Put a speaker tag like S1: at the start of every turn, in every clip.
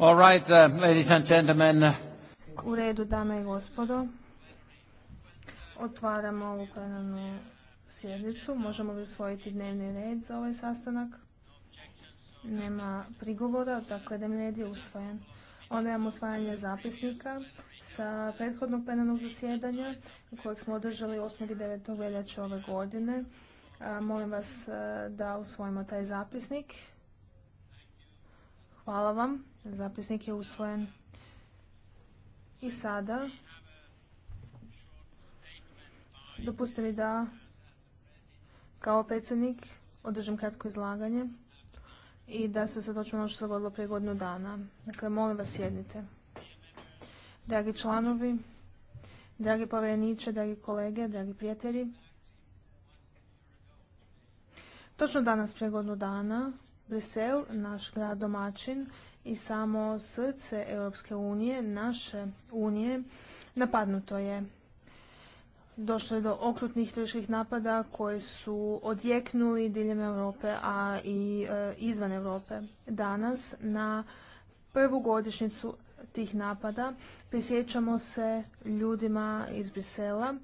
S1: Uh,
S2: U redu, dame i gospodo. Otvaramo ovu plenarnu sjednicu. Možemo li usvojiti dnevni red za ovaj sastanak? Nema prigovora, dakle dnevni red je usvojen. Onda imamo usvajanje zapisnika sa prethodnog plenarnog zasjedanja kojeg smo održali 8. i 9. veljače ove godine. molim vas e, da usvojimo taj zapisnik. Hvala vam. Zapisnik je usvojen. I sada dopustite mi da kao predsjednik održim kratko izlaganje i da se usredočimo ono što se dogodilo prije godinu dana. Dakle, molim vas sjednite. Dragi članovi, dragi povjereniče, dragi kolege, dragi prijatelji, točno danas prije godinu dana Brisel, naš grad domaćin, i samo srce Europske unije, naše unije, napadnuto je. Došlo je do okrutnih terorističkih napada koje su odjeknuli diljem Europe, a i e, izvan Europe. Danas, na prvu godišnicu tih napada, prisjećamo se ljudima iz Brisela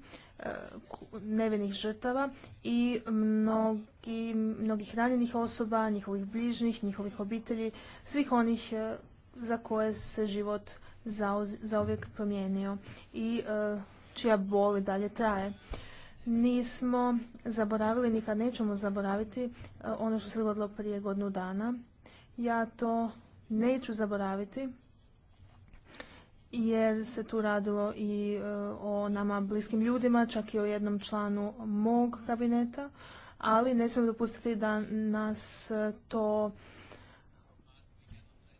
S2: nevinih žrtava i mnogi, mnogih ranjenih osoba, njihovih bližnjih, njihovih obitelji, svih onih e, za koje se život zauvijek promijenio i e, čija bol i dalje traje. Nismo zaboravili, nikad nećemo zaboraviti e, ono što se dogodilo prije godinu dana. Ja to neću zaboraviti jer se tu radilo i e, o nama bliskim ljudima, čak i o jednom članu mog kabineta, ali ne smijemo dopustiti da nas to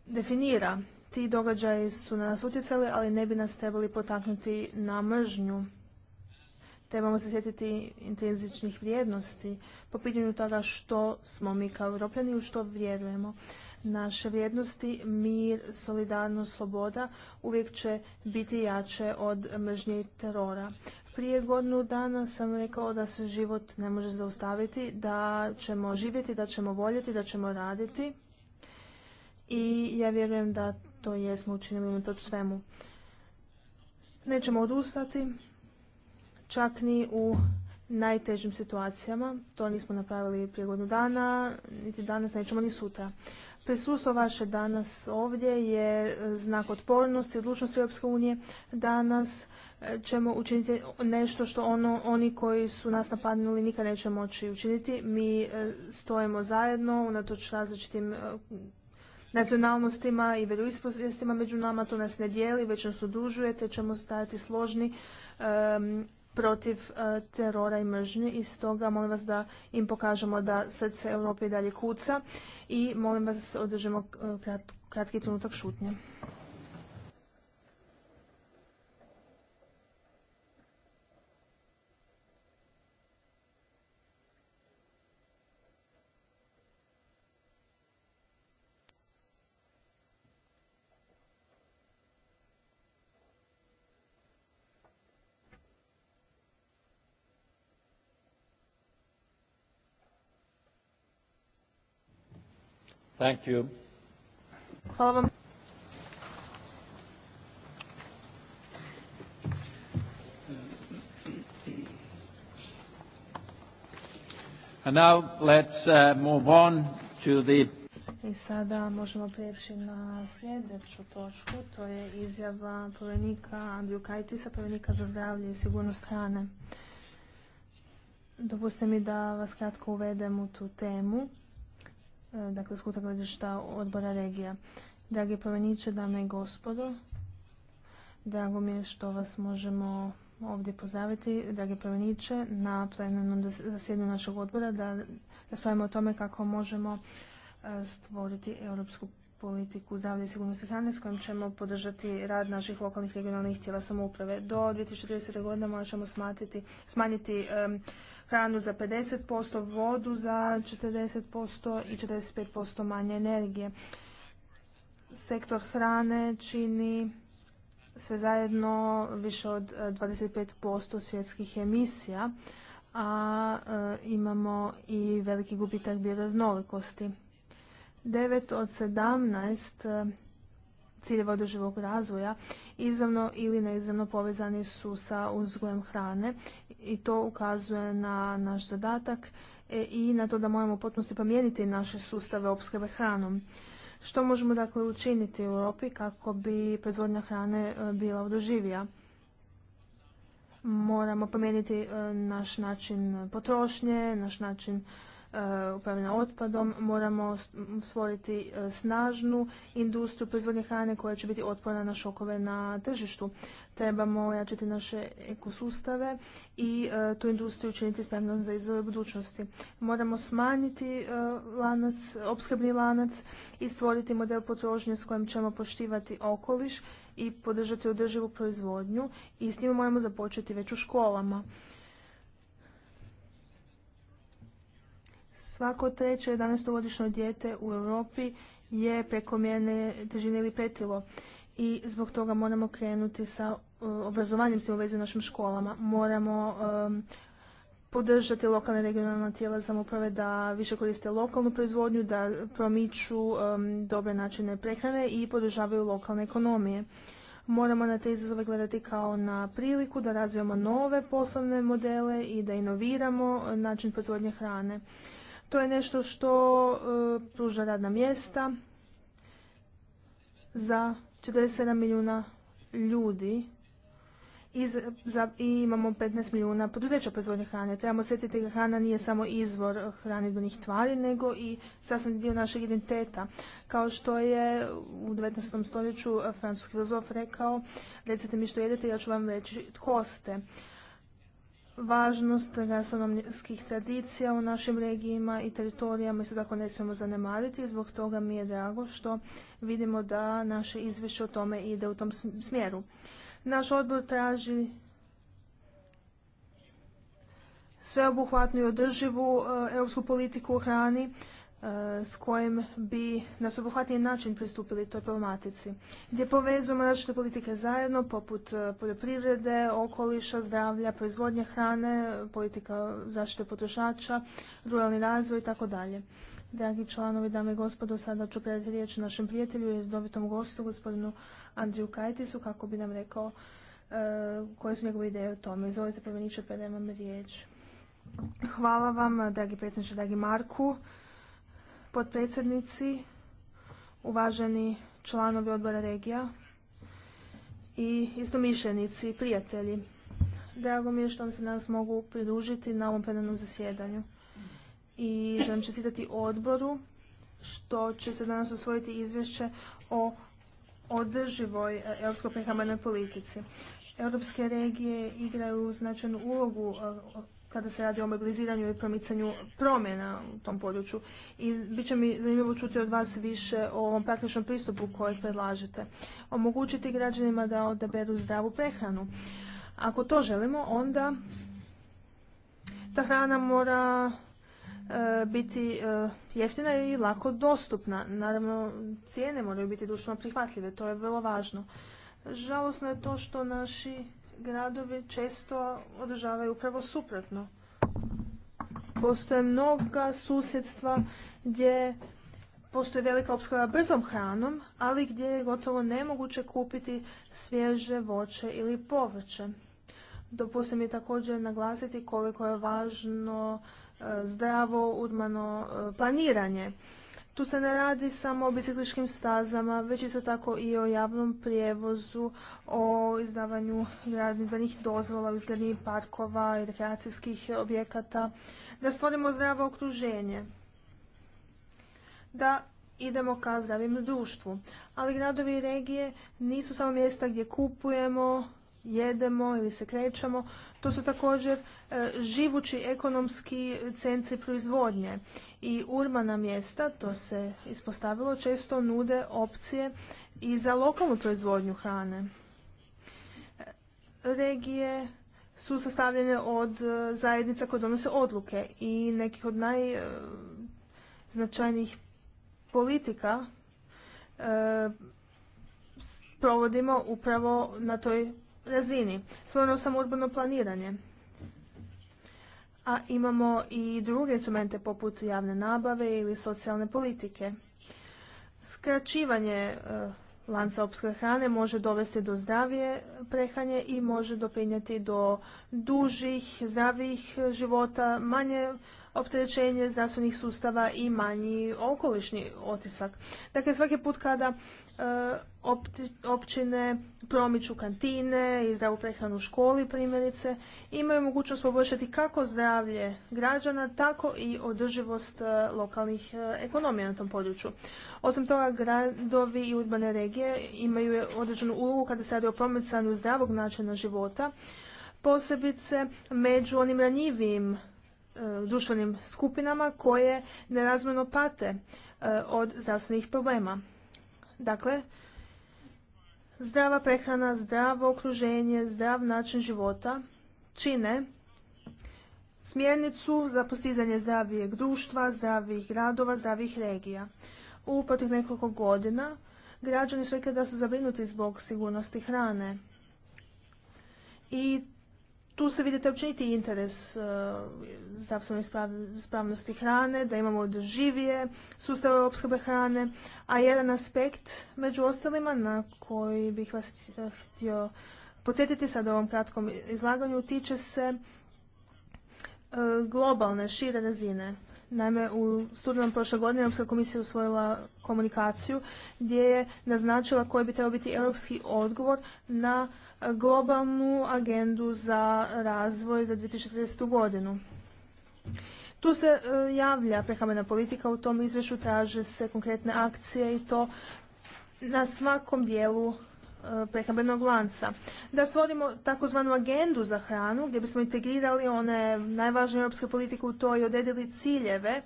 S2: definira. Ti događaji su na nas utjecali, ali ne bi nas trebali potaknuti na mržnju. Trebamo se sjetiti intenzičnih vrijednosti po pitanju toga što smo mi kao europljani u što vjerujemo naše vrijednosti, mir, solidarnost, sloboda uvijek će biti jače od mržnje i terora. Prije godinu dana sam rekao da se život ne može zaustaviti, da ćemo živjeti, da ćemo voljeti, da ćemo raditi i ja vjerujem da to jesmo učinili unatoč svemu. Nećemo odustati, čak ni u najtežim situacijama. To nismo napravili prije godinu dana, niti danas, nećemo ni sutra. Prisustvo vaše danas ovdje je e, znak otpornosti, odlučnosti Europske unije. Danas e, ćemo učiniti nešto što ono, oni koji su nas napadnuli nikad neće moći učiniti. Mi e, stojimo zajedno unatoč različitim nacionalnostima i vjeroispovijestima među nama. To nas ne dijeli, već nas udružujete, te ćemo stajati složni protiv e, terora i mržnje i stoga molim vas da im pokažemo da srce Europe i dalje kuca i molim vas održimo e, kratki trenutak šutnje.
S1: Thank you. Hvala vam. And now uh, on to
S2: I sada možemo preći na sljedeću točku, to je izjava povjerenika Andriju Kajtisa, povjerenika za zdravlje i sigurnost hrane. Dopustite mi da vas kratko uvedem u tu temu. E, dakle, skuta gledišta odbora regija. Dragi poveniče, dame i gospodo, drago mi je što vas možemo ovdje pozdraviti, dragi poveniče, na plenarnom zasjednju našeg odbora da raspravimo o tome kako možemo e, stvoriti europsku politiku zdravlja i sigurnosti hrane s kojom ćemo podržati rad naših lokalnih regionalnih tijela samouprave. Do 2030. godine možemo smanjiti hranu za 50%, vodu za 40% i 45% manje energije. Sektor hrane čini sve zajedno više od 25% e, svjetskih emisija, a e, imamo i veliki gubitak bioraznolikosti. 9 od 17 ciljeva održivog razvoja izravno ili neizravno povezani su sa uzgojem hrane i to ukazuje na naš zadatak e, i na to da moramo potpunosti promijeniti naše sustave opskrbe hranom. Što možemo dakle učiniti u Europi kako bi proizvodnja hrane e, bila održivija? Moramo promijeniti e, naš način potrošnje, naš način E, upravljanja otpadom moramo stvoriti e, snažnu industriju proizvodnje hrane koja će biti otporna na šokove na tržištu. Trebamo jačiti naše ekosustave i e, tu industriju učiniti spremnom za izove budućnosti. Moramo smanjiti lanac, opskrbni lanac i stvoriti model potrošnje s kojim ćemo poštivati okoliš i podržati održivu proizvodnju i s njima moramo započeti već u školama. Svako treće 11-godišnje dijete u Europi je prekomjerne težine ili pretilo i zbog toga moramo krenuti sa e, obrazovanjem se u vezi u našim školama. Moramo podržati lokalne regionalna tijela samoprave da više koriste lokalnu proizvodnju, da promiču dobre načine prehrane i podržavaju lokalne ekonomije. Moramo na te izazove gledati kao na priliku da razvijamo nove poslovne modele i da inoviramo način proizvodnje hrane. To je nešto što e, pruža radna mjesta za 47 milijuna ljudi i, imamo 15 milijuna poduzeća proizvodnje hrane. Trebamo sjetiti da hrana nije samo izvor hranidbenih tvari, nego i sasvim dio našeg identiteta. Kao što je u 19. stoljeću francuski filozof rekao, recite mi što jedete, ja ću vam reći tko ste važnost gastronomskih tradicija u našim regijima i teritorijama isto tako ne smijemo zanemariti. Zbog toga mi je drago što vidimo da naše izvješće o tome ide u tom smjeru. Naš odbor traži sveobuhvatnu i održivu e, europsku politiku u hrani E, s kojim bi na sveobuhvatniji način pristupili toj problematici, gdje povezujemo različite politike zajedno, poput e, poljoprivrede, okoliša, zdravlja, proizvodnje hrane, politika zaštite potrošača, ruralni razvoj i tako dalje. Dragi članovi, dame i gospodo, sada ću predati riječ našem prijatelju i dobitom gostu, gospodinu Andriju Kajtisu, kako bi nam rekao e, koje su njegove ideje o tome. Izvolite, promjeniče, predajem vam riječ. Hvala vam, dragi predsjedniče, dragi Marku potpredsjednici, uvaženi članovi odbora regija i istomišljenici prijatelji. Drago mi je što vam se danas mogu pridružiti na ovom plenarnom zasjedanju. I želim čestitati odboru što će se danas usvojiti izvješće o održivoj e, europskoj prehrambenoj politici. Europske regije igraju značajnu ulogu e, kada se radi o mobiliziranju i promicanju promjena u tom području. I bit će mi zanimljivo čuti od vas više o ovom praktičnom pristupu koje predlažete. Omogućiti građanima da odaberu zdravu prehranu. Ako to želimo, onda ta hrana mora e, biti e, jeftina i lako dostupna. Naravno, cijene moraju biti dušno prihvatljive, to je vrlo važno. Žalosno je to što naši gradovi često održavaju upravo suprotno. Postoje mnoga susjedstva gdje postoji velika opskrba brzom hranom, ali gdje je gotovo nemoguće kupiti svježe voće ili povrće. Dopustim mi također naglasiti koliko je važno e, zdravo udmano e, planiranje tu se ne radi samo o bicikličkim stazama, već isto tako i o javnom prijevozu, o izdavanju gradnih dozvola u izgradnji parkova i rekreacijskih objekata, da stvorimo zdravo okruženje, da idemo ka zdravim društvu. Ali gradovi i regije nisu samo mjesta gdje kupujemo, jedemo ili se krećemo. To su također e, živući ekonomski centri proizvodnje i urbana mjesta, to se ispostavilo, često nude opcije i za lokalnu proizvodnju hrane. E, regije su sastavljene od e, zajednica koje donose odluke i nekih od najznačajnijih politika provodimo upravo na toj razini. Spomenuo sam urbano planiranje. A imamo i druge instrumente poput javne nabave ili socijalne politike. Skraćivanje e, lanca opskrbe hrane može dovesti do zdravije prehanje i može doprinijeti do dužih, zdravijih života, manje opterećenje zdravstvenih sustava i manji okolišni otisak. Dakle, svaki put kada E, općine promiču kantine i zdravu prehranu u školi primjerice, imaju mogućnost poboljšati kako zdravlje građana, tako i održivost e, lokalnih e, ekonomija na tom području. Osim toga, gradovi i urbane regije imaju određenu ulogu kada se radi o promicanju zdravog načina života, posebice među onim ranjivijim društvenim skupinama koje nerazmjerno pate od zdravstvenih problema. Dakle, zdrava prehrana, zdravo okruženje, zdrav način života čine smjernicu za postizanje zdravijeg društva, zdravijih gradova, zdravijih regija. U protiv nekoliko godina građani su rekli da su zabrinuti zbog sigurnosti hrane. I tu se vidite općeniti interes uh, zdravstvene ispravnosti hrane, da imamo održivije sustave opskrbe hrane, a jedan aspekt među ostalima na koji bih vas e, htio podsjetiti sad u ovom kratkom izlaganju tiče se e, globalne šire razine. Naime, u studenom prošle godine Europska komisija usvojila komunikaciju gdje je naznačila koji bi trebao biti europski odgovor na globalnu agendu za razvoj za 2030. godinu. Tu se e, javlja prehrambena politika, u tom izvješću traže se konkretne akcije i to na svakom dijelu Eh, prehrambenog lanca. Da stvorimo takozvanu agendu za hranu gdje bismo integrirali one najvažnije europske politike u to i odredili ciljeve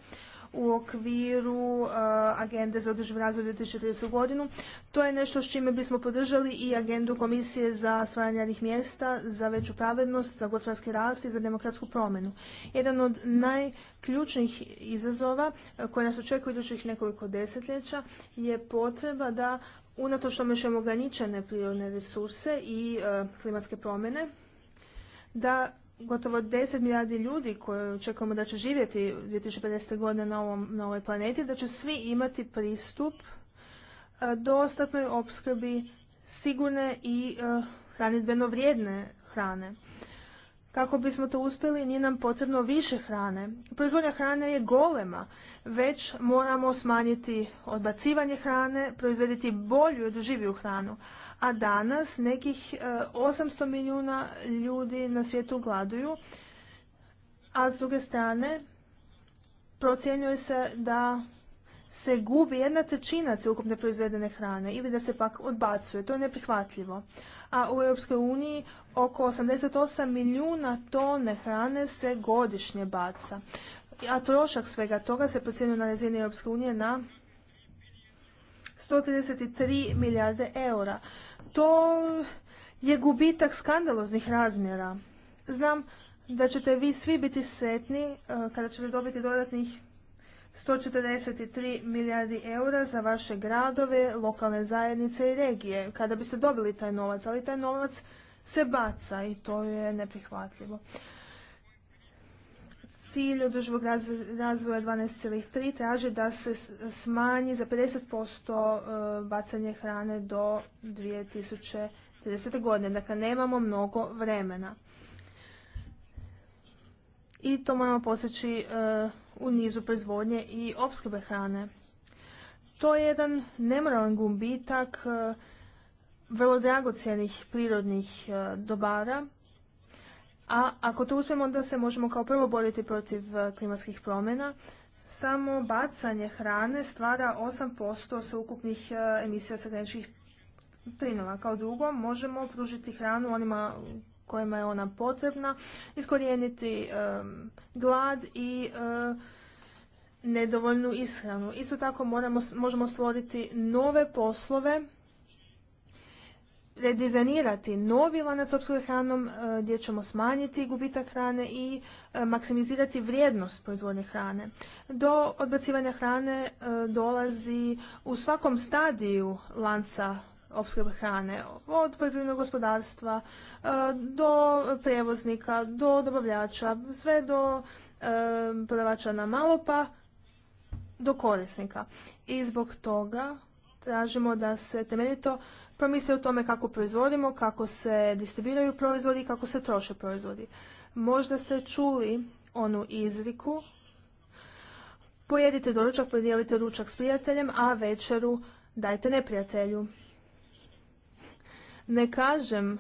S2: u okviru eh, agende za održiv razvoj 2030. godinu. To je nešto s čime bismo podržali i agendu Komisije za stvaranje radnih mjesta, za veću pravednost, za gospodarski rast i za demokratsku promjenu. Jedan od najključnijih izazova eh, koji nas očekuje idućih nekoliko desetljeća je potreba da unatoč tome što imamo ograničene prirodne resurse i e, klimatske promjene, da gotovo 10 milijardi ljudi koje očekujemo da će živjeti 2050. godine na, ovom, na ovoj planeti, da će svi imati pristup e, dostatnoj opskrbi sigurne i e, hranidbeno vrijedne hrane. Kako bismo to uspjeli, nije nam potrebno više hrane. Proizvodnja hrane je golema, već moramo smanjiti odbacivanje hrane, proizvediti bolju i održiviju hranu. A danas nekih 800 e, milijuna ljudi na svijetu gladuju, a s druge strane procjenjuje se da se gubi jedna trećina cjelokupne proizvedene hrane ili da se pak odbacuje. To je neprihvatljivo. A u EU uniji oko 88 milijuna tone hrane se godišnje baca. A trošak svega toga se procjenjuje na razini Europske unije na 133 milijarde eura. To je gubitak skandaloznih razmjera. Znam da ćete vi svi biti sretni e, kada ćete dobiti dodatnih 143 milijardi eura za vaše gradove, lokalne zajednice i regije, kada biste dobili taj novac, ali taj novac se baca i to je neprihvatljivo. Cilj održivog razvoja 12,3 traži da se smanji za 50% e, bacanje hrane do 2030. godine. Dakle, nemamo mnogo vremena. I to moramo posjeći e, u nizu prezvodnje i opskrbe hrane. To je jedan nemoralan gubitak e, vrlo dragocijenih prirodnih e, dobara, a ako to uspijemo onda se možemo kao prvo boriti protiv e, klimatskih promjena. Samo bacanje hrane stvara 8% ukupnih e, emisija stakleničkih plinova. Kao drugo, možemo pružiti hranu onima kojima je ona potrebna, iskorijeniti glad i nedovoljnu ishranu. Isto tako možemo stvoriti nove poslove redizajnirati novi lanac opskrbe hranom e, gdje ćemo smanjiti gubitak hrane i e, maksimizirati vrijednost proizvodnje hrane. Do odbacivanja hrane e, dolazi u svakom stadiju lanca opskrbe hrane, od poljoprivrednog gospodarstva do prevoznika, do dobavljača, sve do prodavača na malo pa do korisnika. I zbog toga tražimo da se temeljito promisle pa o tome kako proizvodimo, kako se distribuiraju proizvodi i kako se troše proizvodi. Možda ste čuli onu izriku pojedite doručak, podijelite ručak s prijateljem, a večeru dajte neprijatelju. Ne kažem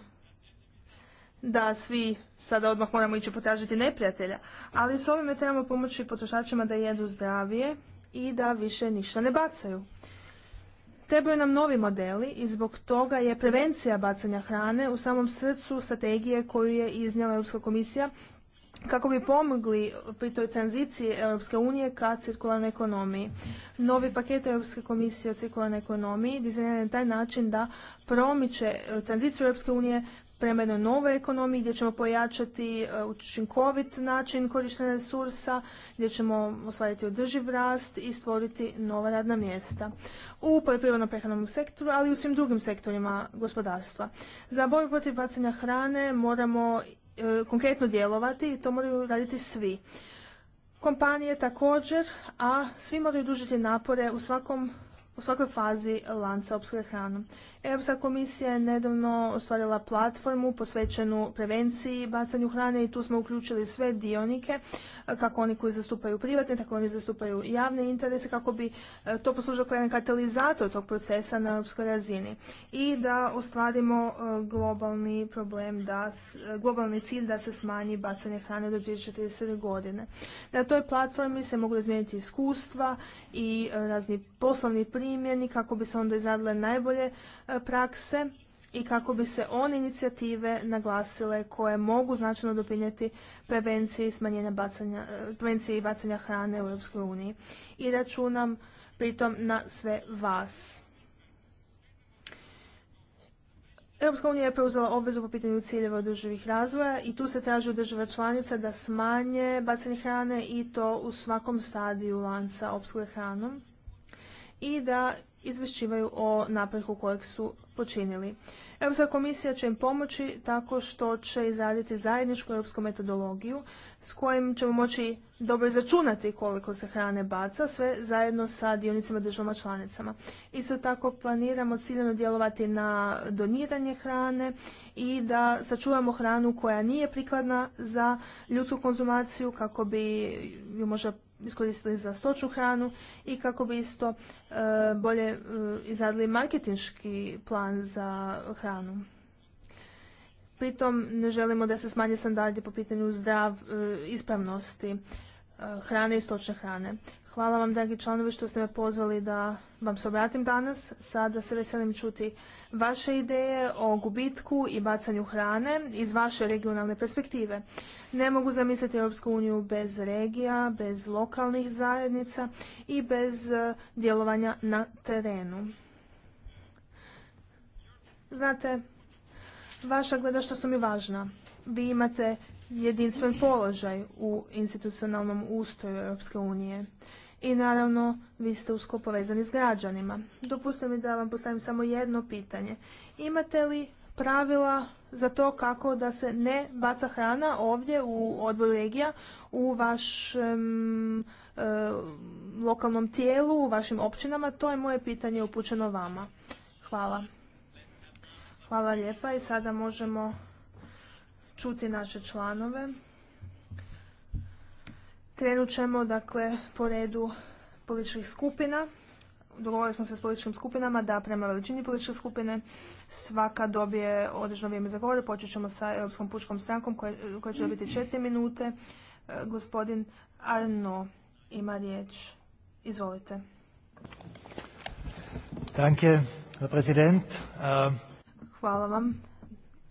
S2: da svi sada odmah moramo ići potražiti neprijatelja, ali s ovime trebamo pomoći potrošačima da jedu zdravije i da više ništa ne bacaju. Trebaju nam novi modeli i zbog toga je prevencija bacanja hrane u samom srcu strategije koju je iznijela Europska komisija kako bi pomogli pri toj tranziciji Europske unije ka cirkularnoj ekonomiji. Novi paket Europske komisije o cirkularnoj ekonomiji dizajniran na taj način da promiče eh, tranziciju Europske unije prema jednoj novoj ekonomiji gdje ćemo pojačati e, učinkovit način korištenja resursa, gdje ćemo ostvariti održiv rast i stvoriti nova radna mjesta u poljoprivredno-prehranom sektoru, ali i u svim drugim sektorima gospodarstva. Za borbu protiv bacanja hrane moramo e, konkretno djelovati i to moraju raditi svi. Kompanije također, a svi moraju dužiti napore u svakom u svakoj fazi lanca opskrbe hranom. Europska komisija je nedavno ostvarila platformu posvećenu prevenciji bacanju hrane i tu smo uključili sve dionike, kako oni koji zastupaju privatne, tako oni zastupaju javne interese, kako bi to poslužilo kao jedan katalizator tog procesa na europskoj razini i da ostvarimo globalni problem, da, globalni cilj da se smanji bacanje hrane do 2040. godine. Na toj platformi se mogu razmijeniti iskustva i razni poslovni primjeni kako bi se onda izradile najbolje prakse i kako bi se one inicijative naglasile koje mogu značajno doprinijeti prevenciji, smanjenja bacanja, e, prevenciji bacanja hrane u Europskoj uniji. I računam pritom na sve vas. Europska unija je preuzela obvezu po pitanju ciljeva održivih razvoja i tu se traži od država članica da smanje bacanje hrane i to u svakom stadiju lanca opskrbe hranom i da izvješćivaju o napretku kojeg su počinili. Europska komisija će im pomoći tako što će izraditi zajedničku europsku metodologiju s kojim ćemo moći dobro izračunati koliko se hrane baca, sve zajedno sa dionicima državama članicama. Isto tako planiramo ciljeno djelovati na doniranje hrane i da sačuvamo hranu koja nije prikladna za ljudsku konzumaciju kako bi ju možda iskoristili za stočnu hranu i kako bi isto e, bolje e, izradili marketinški plan za hranu. Pritom ne želimo da se smanje standardi po pitanju zdrav e, ispravnosti hrane i stočne hrane. Hvala vam, dragi članovi, što ste me pozvali da vam se obratim danas. Sada se veselim čuti vaše ideje o gubitku i bacanju hrane iz vaše regionalne perspektive. Ne mogu zamisliti Europsku uniju bez regija, bez lokalnih zajednica i bez e, djelovanja na terenu. Znate, vaša gleda što su mi važna. Vi imate jedinstven položaj u institucionalnom ustroju Europske unije i naravno vi ste usko povezani s građanima. Dopustite mi da vam postavim samo jedno pitanje. Imate li pravila za to kako da se ne baca hrana ovdje u odboru regija u vašem e, lokalnom tijelu, u vašim općinama? To je moje pitanje upućeno vama. Hvala. Hvala lijepa i sada možemo čuti naše članove. Krenut ćemo dakle po redu političkih skupina. Dogovorili smo se s političkim skupinama da prema veličini političke skupine svaka dobije određeno vrijeme za govor. Počet ćemo sa Europskom pučkom strankom koja, će dobiti četiri minute. E, gospodin Arno ima riječ. Izvolite.
S3: Danke, prezident.
S4: Ähm,
S2: Hvala vam,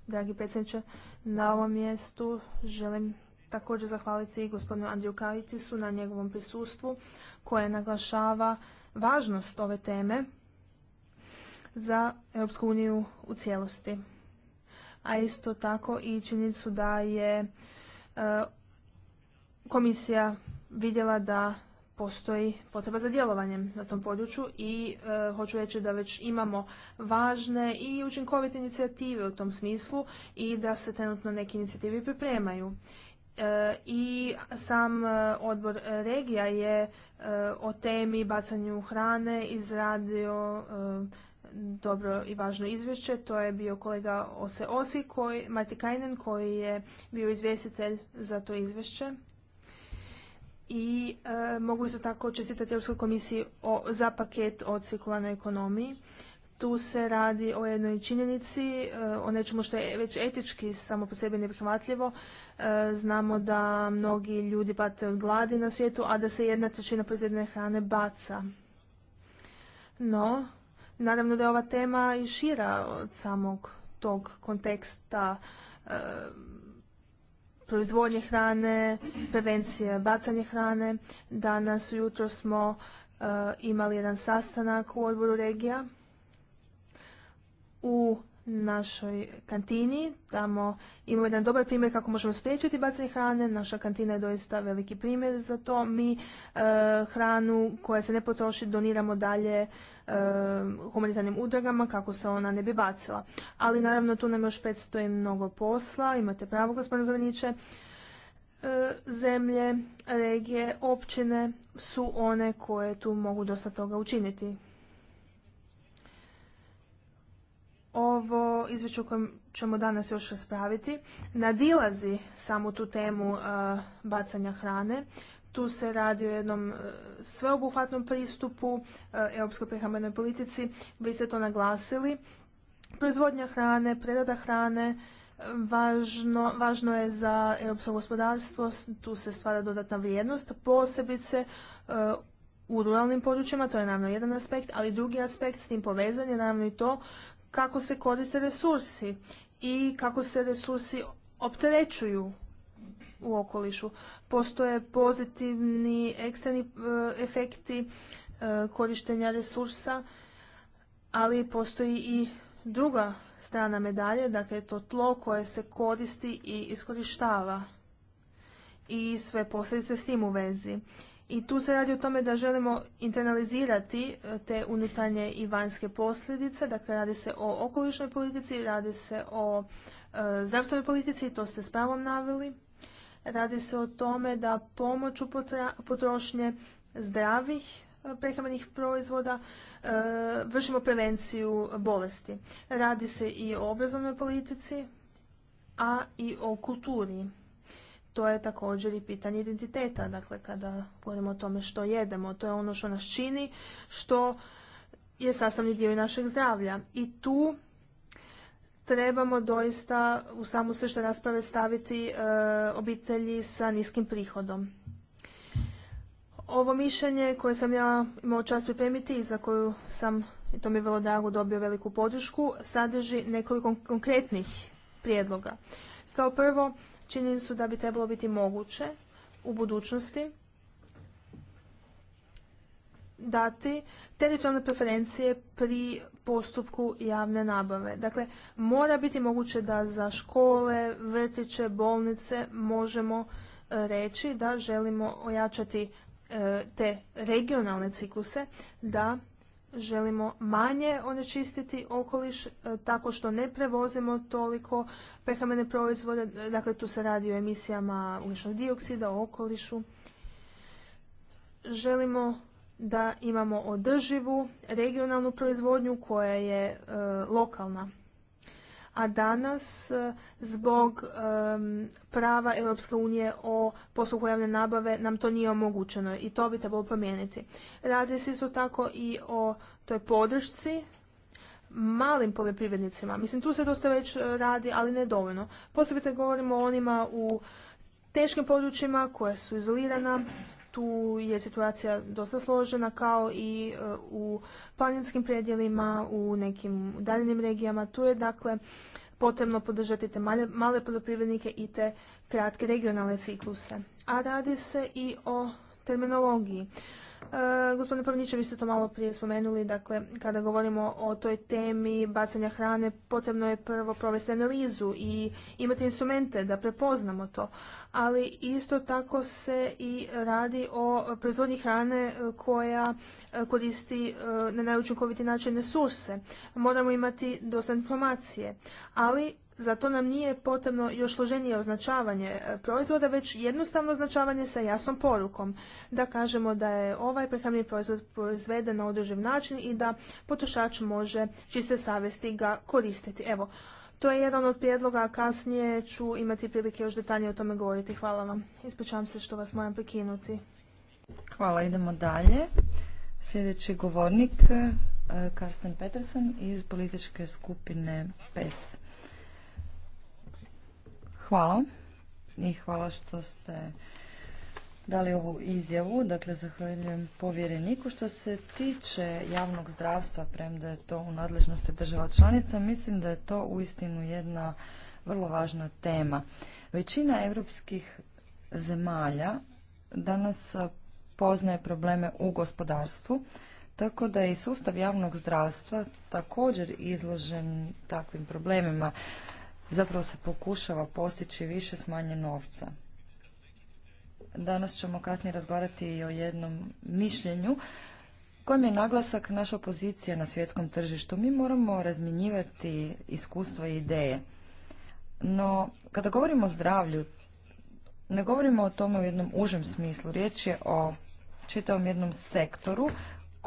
S2: dragi predsjedniče. Na ovom mjestu želim također zahvaliti i gospodinu Andriju su na njegovom prisustvu koje naglašava važnost ove teme za Europsku uniju u cijelosti. A isto tako i činjenicu da je e, komisija vidjela da postoji potreba za djelovanjem na tom području i e, hoću reći da već imamo važne i učinkovite inicijative u tom smislu i da se trenutno neke inicijative pripremaju i sam e, odbor regija je e, o temi bacanju hrane izradio e, dobro i važno izvješće. To je bio kolega Ose Osi, koji, Marti Kajnen, koji je bio izvjestitelj za to izvješće. I mogu isto tako čestitati Europskoj komisiji za paket o cirkularnoj ekonomiji tu se radi o jednoj činjenici, e, o nečemu što je već etički samo po sebi neprihvatljivo. E, znamo da mnogi ljudi pate od gladi na svijetu, a da se jedna trećina proizvedene hrane baca. No, naravno da je ova tema i šira od samog tog konteksta e, proizvodnje hrane, prevencije bacanje hrane. Danas ujutro smo imali jedan sastanak u odboru regija u našoj kantini. Tamo imamo jedan dobar primjer kako možemo spriječiti bacanje hrane. Naša kantina je doista veliki primjer za to. Mi e, hranu koja se ne potroši doniramo dalje e, humanitarnim udragama kako se ona ne bi bacila. Ali naravno tu nam još predstoji mnogo posla. Imate pravo gospodine Vrniće. E, zemlje, regije, općine su one koje tu mogu dosta toga učiniti. ovo izvješće o kojem ćemo danas još raspraviti nadilazi samo tu temu uh, bacanja hrane. Tu se radi o jednom uh, sveobuhvatnom pristupu uh, europskoj prehrambenoj politici. Vi ste to naglasili. Proizvodnja hrane, prerada hrane, Važno, je za europsko gospodarstvo, tu se stvara dodatna vrijednost, posebice u ruralnim područjima, to je naravno jedan aspekt, ali drugi aspekt s tim povezan je naravno i to kako se koriste resursi i kako se resursi opterećuju u okolišu. Postoje pozitivni eksterni e, efekti e, korištenja resursa, ali postoji i druga strana medalje, dakle to tlo koje se koristi i iskorištava i sve posljedice s tim u vezi. I tu se radi o tome da želimo internalizirati e, te unutarnje i vanjske posljedice. Dakle, radi se o okolišnoj politici, radi se o e, zdravstvenoj politici, to ste s pravom naveli. Radi se o tome da pomoću potrošnje zdravih e, prehrambenih proizvoda vršimo prevenciju bolesti. Radi se i o obrazovnoj politici, a i o kulturi to je također i pitanje identiteta. Dakle, kada govorimo o tome što jedemo, to je ono što nas čini, što je sastavni dio i našeg zdravlja. I tu trebamo doista u samu što rasprave staviti e, obitelji sa niskim prihodom. Ovo mišljenje koje sam ja imao čast pripremiti i za koju sam, i to mi je vrlo drago, dobio veliku podršku, sadrži nekoliko konkretnih prijedloga. Kao prvo, činjenicu da bi trebalo biti moguće u budućnosti dati teritorijalne preferencije pri postupku javne nabave. Dakle, mora biti moguće da za škole, vrtiće, bolnice možemo e, reći da želimo ojačati e, te regionalne cikluse, da želimo manje onečistiti okoliš e, tako što ne prevozimo toliko pehamene proizvode, dakle tu se radi o emisijama ugljičnog dioksida, u okolišu. Želimo da imamo održivu regionalnu proizvodnju koja je e, lokalna a danas e, zbog prava Europske unije o posluhu javne nabave nam to nije omogućeno i to bi trebalo promijeniti. Radi se isto tako i o toj podršci malim poljoprivrednicima. Mislim, tu se dosta već e, radi, ali ne dovoljno. Posebno govorimo o onima u teškim područjima koja su izolirana, tu je situacija dosta složena kao i e, u planinskim predjelima, u nekim udaljenim regijama. Tu je dakle potrebno podržati te male, male poljoprivrednike i te kratke regionalne cikluse. A radi se i o terminologiji. E, gospodine Pavniće, vi ste to malo prije spomenuli, dakle, kada govorimo o toj temi bacanja hrane, potrebno je prvo provesti analizu i imati instrumente da prepoznamo to. Ali isto tako se i radi o proizvodnji hrane e, koja e, koristi na najučinkoviti način resurse. Moramo imati dosta informacije, ali zato to nam nije potrebno još složenije označavanje e, proizvoda, već jednostavno označavanje sa jasnom porukom. Da kažemo da je ovaj prehrambeni proizvod proizveden na održiv način i da potrošač može čiste savesti ga koristiti. Evo, to je jedan od prijedloga, kasnije ću imati prilike još detaljnije o tome govoriti. Hvala vam. Ispričavam se što vas moram prekinuti.
S4: Hvala, idemo dalje. Sljedeći govornik, e, Karsten Peterson iz političke skupine PES. Hvala i hvala što ste dali ovu izjavu. Dakle, zahvaljujem povjereniku. Što se tiče javnog zdravstva, premda je to u nadležnosti država članica, mislim da je to uistinu jedna vrlo važna tema. Većina europskih zemalja danas poznaje probleme u gospodarstvu, tako da je i sustav javnog zdravstva također izložen takvim problemima zapravo se pokušava postići više s manje novca. Danas ćemo kasnije razgovarati i o jednom mišljenju kojem je naglasak naša pozicija na svjetskom tržištu. Mi moramo razminjivati iskustva i ideje. No, kada govorimo o zdravlju, ne govorimo o tome u jednom užem smislu. Riječ je o čitavom jednom sektoru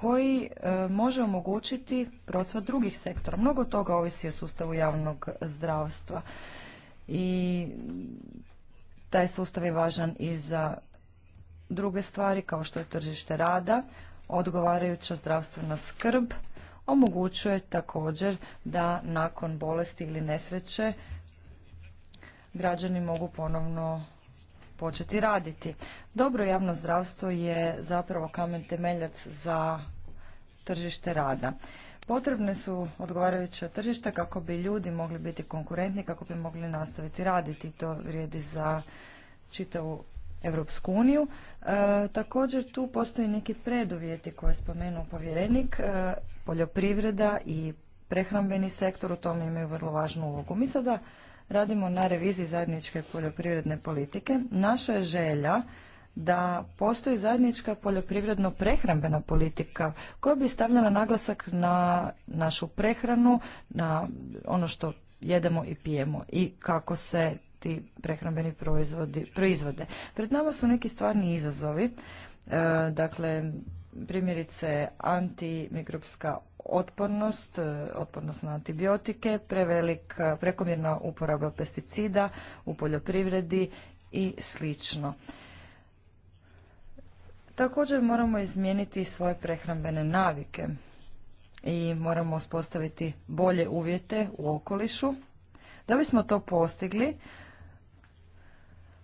S4: koji e, može omogućiti procvat drugih sektora. Mnogo toga ovisi o sustavu javnog zdravstva i taj sustav je važan i za druge stvari kao što je tržište rada, odgovarajuća zdravstvena skrb, omogućuje također da nakon bolesti ili nesreće građani mogu ponovno početi raditi. Dobro javno zdravstvo je zapravo kamen temeljac za tržište rada. Potrebne su odgovarajuća tržišta kako bi ljudi mogli biti konkurentni, kako bi mogli nastaviti raditi. To vrijedi za čitavu Europsku uniju. E, također tu postoji neki preduvjeti koje je spomenuo povjerenik, e, poljoprivreda i prehrambeni sektor u tome imaju vrlo važnu ulogu. Mi sada radimo na reviziji zajedničke poljoprivredne politike. Naša je želja da postoji zajednička poljoprivredno prehrambena politika koja bi stavljala naglasak na našu prehranu, na ono što jedemo i pijemo i kako se ti prehrambeni proizvodi proizvode. Pred nama su neki stvarni izazovi, e, dakle primjerice antimikropska otpornost, e, otpornost na antibiotike, prevelik, e, prekomjerna uporaba pesticida u poljoprivredi i slično. Također moramo izmijeniti svoje prehrambene navike i moramo uspostaviti bolje uvjete u okolišu. Da bismo to postigli,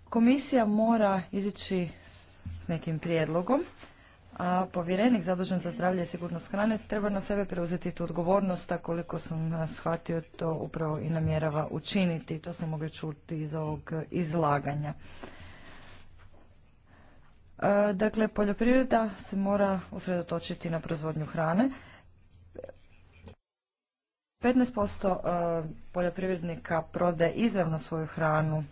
S4: komisija mora izići s nekim prijedlogom a povjerenik zadužen za zdravlje i sigurnost hrane treba na sebe preuzeti tu odgovornost, a koliko sam shvatio to upravo i namjerava učiniti. To smo mogli čuti iz ovog izlaganja. Dakle, poljoprivreda se mora usredotočiti na proizvodnju hrane. 15% poljoprivrednika prode izravno svoju hranu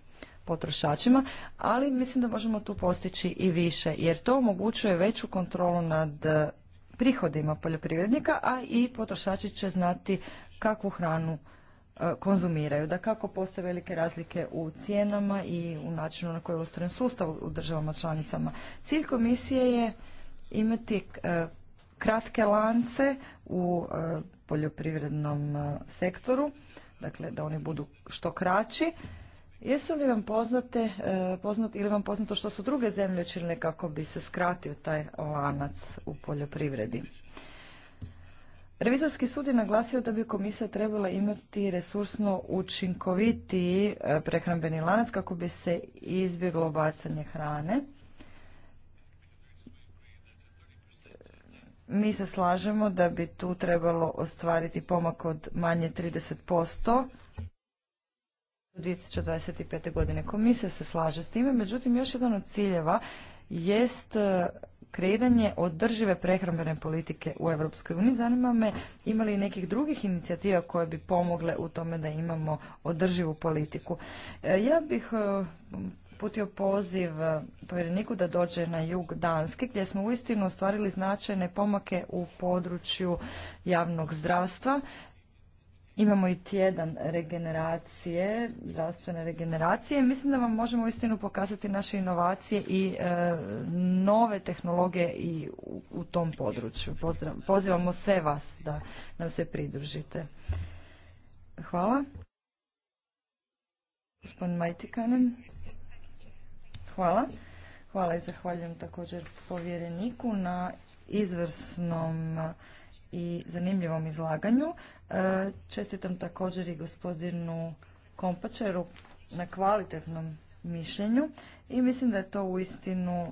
S4: potrošačima, ali mislim da možemo tu postići i više, jer to omogućuje veću kontrolu nad e, prihodima poljoprivrednika, a i potrošači će znati kakvu hranu e, konzumiraju. Da kako postoje velike razlike u cijenama i u načinu na koji je ustrojen sustav u državama članicama. Cilj komisije je imati e, kratke lance u poljoprivrednom sektoru, dakle da oni budu što kraći, Jesu li vam poznate, ili e, vam poznato što su druge zemlje učinile kako bi se skratio taj lanac u poljoprivredi? Revizorski sud je naglasio da bi komisija trebala imati resursno učinkovitiji e, prehrambeni lanac kako bi se izbjeglo bacanje hrane. Mi se slažemo da bi tu trebalo ostvariti pomak od manje 30%. 2025. godine. Komisija se slaže s time, međutim još jedan od ciljeva jest e, kreiranje održive prehrambene politike u Europskoj uniji. Zanima me imali li nekih drugih inicijativa koje bi pomogle u tome da imamo održivu politiku. E, ja bih e, putio poziv povjereniku da dođe na jug Danske gdje smo uistinu ostvarili značajne pomake u području javnog zdravstva Imamo i tjedan regeneracije, zdravstvene regeneracije. Mislim da vam možemo istinu pokazati naše inovacije i e, nove tehnologije i u, tom području. Pozdrav, pozivamo sve vas da nam se pridružite. Hvala. Gospodin Majtikanen. Hvala. Hvala i zahvaljujem također povjereniku na izvrsnom i zanimljivom izlaganju. E, čestitam također i gospodinu Kompačeru na kvalitetnom mišljenju i mislim da je to uistinu e,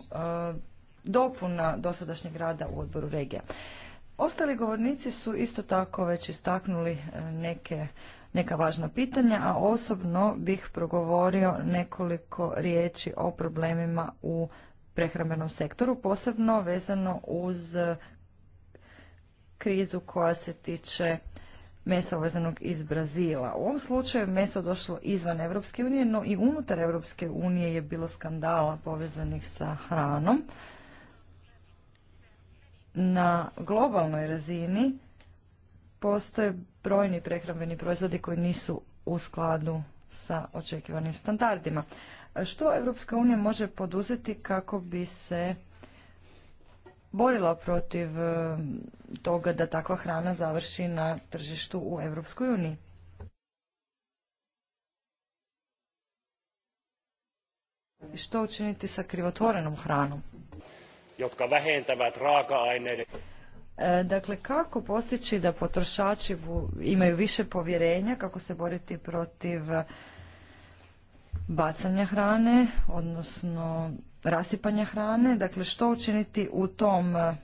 S4: dopuna dosadašnjeg rada u odboru regija. Ostali govornici su isto tako već istaknuli e, neke, neka važna pitanja, a osobno bih progovorio nekoliko riječi o problemima u prehrambenom sektoru, posebno vezano uz krizu koja se tiče mesa uvezenog iz Brazila. U ovom slučaju meso došlo izvan Europske unije, no i unutar Europske unije je bilo skandala povezanih sa hranom. Na globalnoj razini postoje brojni prehrambeni proizvodi koji nisu u skladu sa očekivanim standardima. Što Europska unija može poduzeti kako bi se borila protiv e, toga da takva hrana završi na tržištu u Europskoj uniji. Što učiniti sa krivotvorenom hranom? E, dakle, kako postići da potrošači imaju više povjerenja, kako se boriti protiv bacanja hrane, odnosno rasipanja hrane, dakle što učiniti u tom e,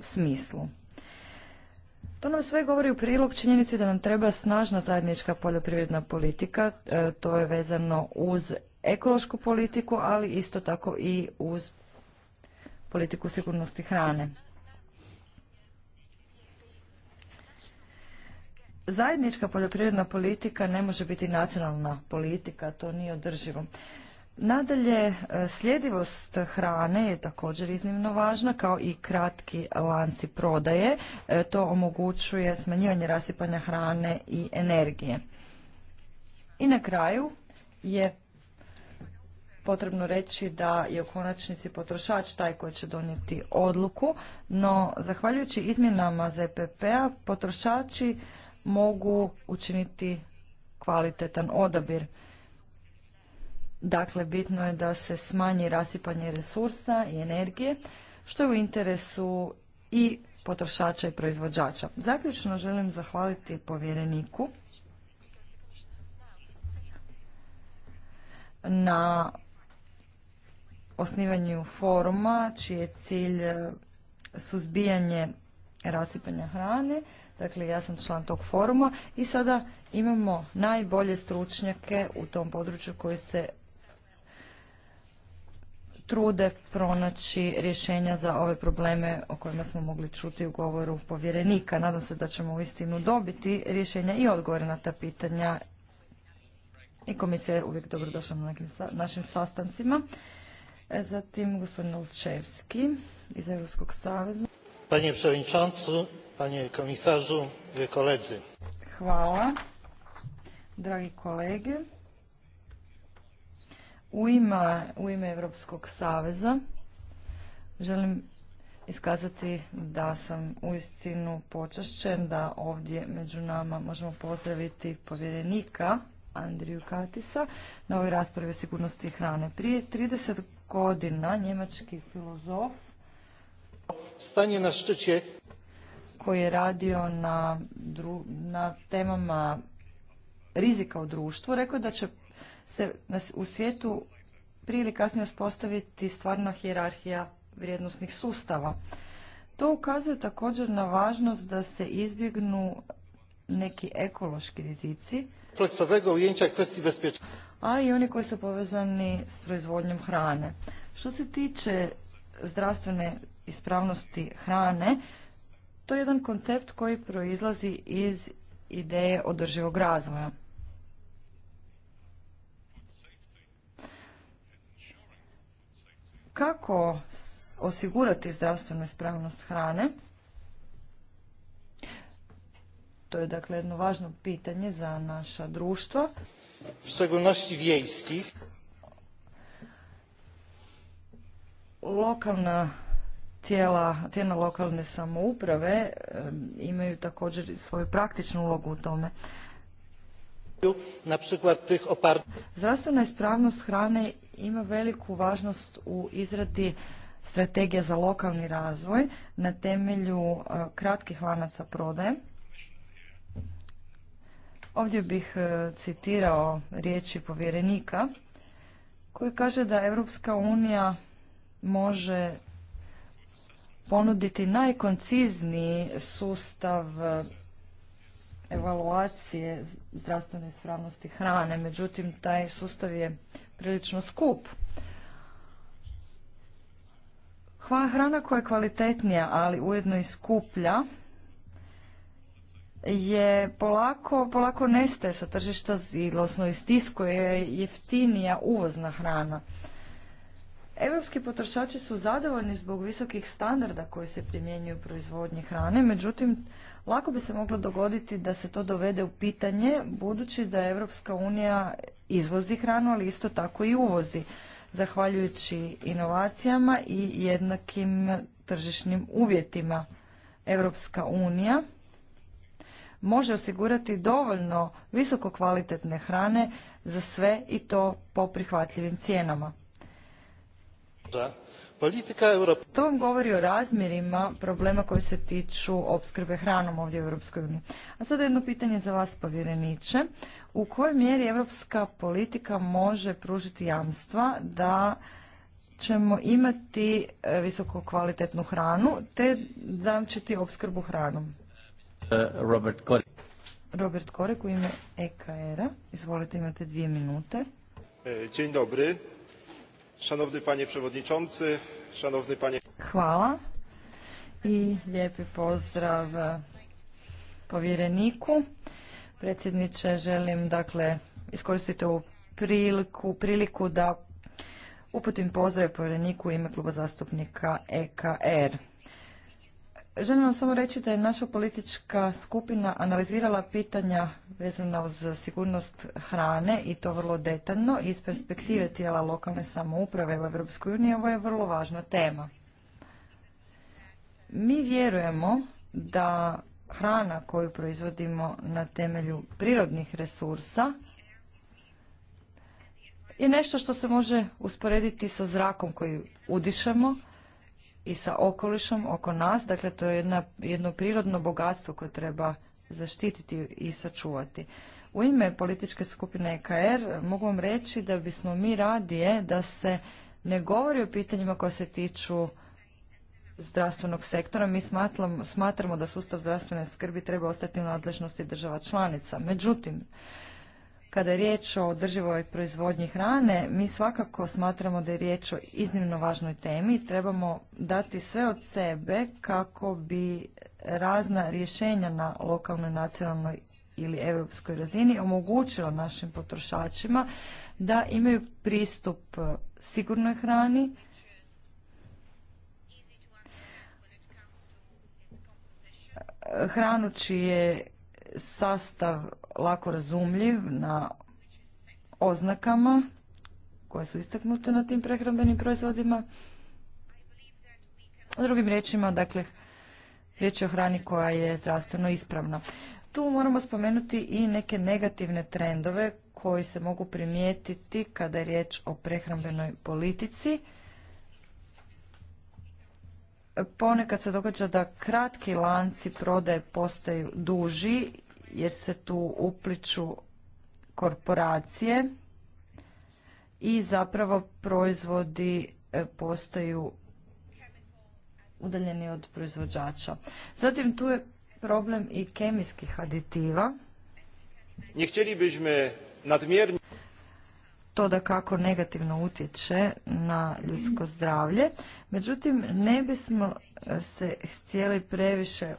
S4: smislu. To nam sve govori u prilog činjenici da nam treba snažna zajednička poljoprivredna politika, e, to je vezano uz ekološku politiku, ali isto tako i uz politiku sigurnosti hrane. Zajednička poljoprivredna politika ne može biti nacionalna politika, to nije održivo. Nadalje, e, sljedivost hrane je također iznimno važna, kao i kratki lanci prodaje. E, to omogućuje smanjivanje rasipanja hrane i energije. I na kraju je potrebno reći da je u konačnici potrošač taj koji će donijeti odluku, no zahvaljujući izmjenama ZPP-a potrošači mogu učiniti kvalitetan odabir. Dakle, bitno je da se smanji rasipanje resursa i energije, što je u interesu i potrošača i proizvođača. Zaključno želim zahvaliti povjereniku na osnivanju foruma čiji je cilj suzbijanje rasipanja hrane. Dakle, ja sam član tog foruma i sada imamo najbolje stručnjake u tom području koji se trude pronaći rješenja za ove probleme o kojima smo mogli čuti u govoru povjerenika. Nadam se da ćemo uistinu dobiti rješenja i odgovore na ta pitanja i komisija je uvijek dobrodošla na našim sastancima. E, zatim gospodin Olčevski iz Europskog saveza.
S1: Panie przewodniczący, panie komisarzu, koledzy.
S4: Hvala, dragi kolege. U ime, Europskog saveza želim iskazati da sam uistinu počašćen da ovdje među nama možemo pozdraviti povjerenika Andriju Katisa na ovoj raspravi o sigurnosti hrane. Prije 30 godina njemački filozof stanje na koji je radio na, na temama rizika u društvu, rekao da će se u svijetu prije ili kasnije uspostaviti stvarna hijerarhija vrijednosnih sustava. To ukazuje također na važnost da se izbjegnu neki ekološki rizici, a i oni koji su povezani s proizvodnjom hrane. Što se tiče zdravstvene ispravnosti hrane, to je jedan koncept koji proizlazi iz ideje održivog razvoja. kako osigurati zdravstvenu ispravnost hrane. To je dakle jedno važno pitanje za naša društva. Lokalna tijela, tijela lokalne samouprave imaju također svoju praktičnu ulogu u tome na Zdravstvena ispravnost hrane ima veliku važnost u izradi strategija za lokalni razvoj na temelju e, kratkih lanaca prodaje. Ovdje bih e, citirao riječi povjerenika koji kaže da Europska unija može ponuditi najkoncizniji sustav evaluacije zdravstvene ispravnosti hrane. Međutim, taj sustav je prilično skup. Hrana koja je kvalitetnija, ali ujedno i skuplja, je polako, polako nestaje sa tržišta, odnosno je jeftinija uvozna hrana. Europski potrošači su zadovoljni zbog visokih standarda koji se primjenjuju u proizvodnji hrane, međutim Lako bi se moglo dogoditi da se to dovede u pitanje budući da Europska unija izvozi hranu, ali isto tako i uvozi zahvaljujući inovacijama i jednakim tržišnim uvjetima. Europska unija može osigurati dovoljno visoko kvalitetne hrane za sve i to po prihvatljivim cijenama. Politika To vam govori o razmjerima problema koji se tiču opskrbe hranom ovdje u Europskoj uniji. A sada jedno pitanje za vas, povjereniče. U kojoj mjeri europska politika može pružiti jamstva da ćemo imati e, visoko kvalitetnu hranu te zamčiti opskrbu hranom?
S1: E, Robert Korek.
S4: Robert Korek u ime EKR-a. Izvolite, imate dvije minute.
S1: E, dzień dobri. Szanowny panie przewodniczący, szanowny panie...
S4: Hvala i lijepi pozdrav povjereniku. Predsjedniče, želim dakle iskoristiti ovu priliku, priliku da uputim pozdrav povjereniku u ime kluba zastupnika EKR. Želim vam samo reći da je naša politička skupina analizirala pitanja vezana uz sigurnost hrane i to vrlo detaljno iz perspektive tijela lokalne samouprave u Europskoj uniji. Ovo je vrlo važna tema. Mi vjerujemo da hrana koju proizvodimo na temelju prirodnih resursa je nešto što se može usporediti sa zrakom koji udišemo i sa okolišom oko nas. Dakle, to je jedna, jedno prirodno bogatstvo koje treba zaštititi i sačuvati. U ime političke skupine EKR er mogu vam reći da bismo mi radije da se ne govori o pitanjima koja se tiču zdravstvenog sektora. Mi smatramo da sustav zdravstvene skrbi treba ostati u nadležnosti država članica. Međutim, kada je riječ o održivoj proizvodnji hrane, mi svakako smatramo da je riječ o iznimno važnoj temi. Trebamo dati sve od sebe kako bi razna rješenja na lokalnoj, nacionalnoj ili europskoj razini omogućila našim potrošačima da imaju pristup sigurnoj hrani, hranu čiji je sastav lako razumljiv na oznakama koje su istaknute na tim prehrambenim proizvodima. Drugim riječima, dakle, riječ je o hrani koja je zdravstveno ispravna. Tu moramo spomenuti i neke negativne trendove koji se mogu primijetiti kada je riječ o prehrambenoj politici. Ponekad se događa da kratki lanci prodaje postaju duži jer se tu upliču korporacije i zapravo proizvodi e, postaju udaljeni od proizvođača. Zatim tu je problem i kemijskih aditiva.
S5: Nie nadmjerni
S4: to da kako negativno utječe na ljudsko zdravlje. Međutim, ne bismo e, se htjeli previše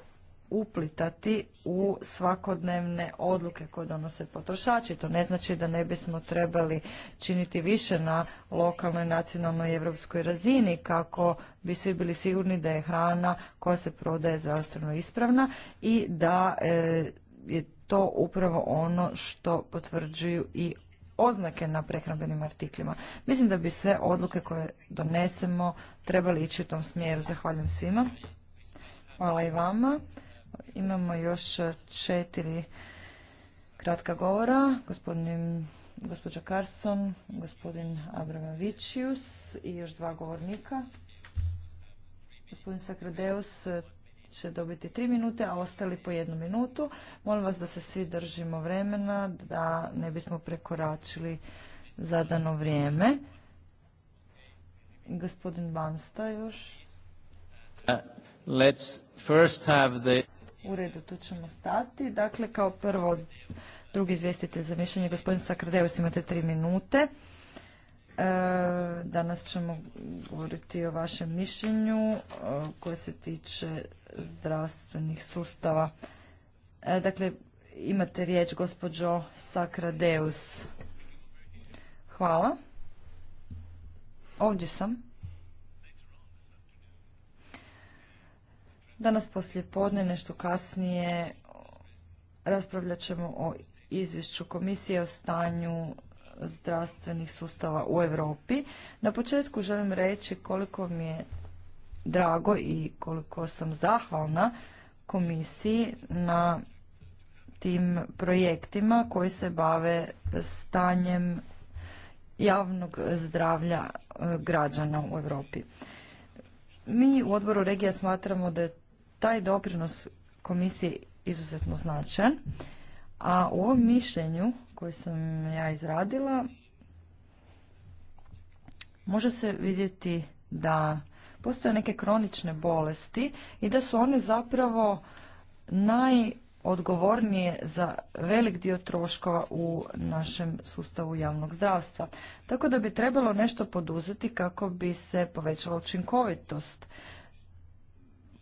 S4: uplitati u svakodnevne odluke koje donose potrošači. To ne znači da ne bismo trebali činiti više na lokalnoj, nacionalnoj i europskoj razini kako bi svi bili sigurni da je hrana koja se prodaje zdravstveno ispravna i da e, je to upravo ono što potvrđuju i oznake na prehrambenim artiklima. Mislim da bi sve odluke koje donesemo trebali ići u tom smjeru. Zahvaljujem svima. Hvala i vama. Imamo još e, četiri kratka govora. Gospodin, gospođa Carson, gospodin Abramavičius i još dva govornika. Gospodin Sakradeus e, će dobiti tri minute, a ostali po jednu minutu. Molim vas da se svi držimo vremena, da ne bismo prekoračili zadano vrijeme. Gospodin Bansta još.
S1: Uh, let's first have the...
S4: U redu, tu ćemo stati. Dakle, kao prvo, drugi izvjestitelj za mišljenje, gospodin Sakradeus, imate tri minute. E, danas ćemo govoriti o vašem mišljenju e, koje se tiče zdravstvenih sustava. E, dakle, imate riječ gospođo Sakradeus. Hvala. Ovdje sam. Danas poslije podne, nešto kasnije, raspravljat ćemo o izvješću Komisije o stanju zdravstvenih sustava u Europi. Na početku želim reći koliko mi je drago i koliko sam zahvalna komisiji na tim projektima koji se bave stanjem javnog zdravlja e, građana u Europi. Mi u odboru regija smatramo da je taj doprinos komisije izuzetno značajan. A u ovom mišljenju koje sam ja izradila može se vidjeti da postoje neke kronične bolesti i da su one zapravo najodgovornije za velik dio troškova u našem sustavu javnog zdravstva. Tako da bi trebalo nešto poduzeti kako bi se povećala učinkovitost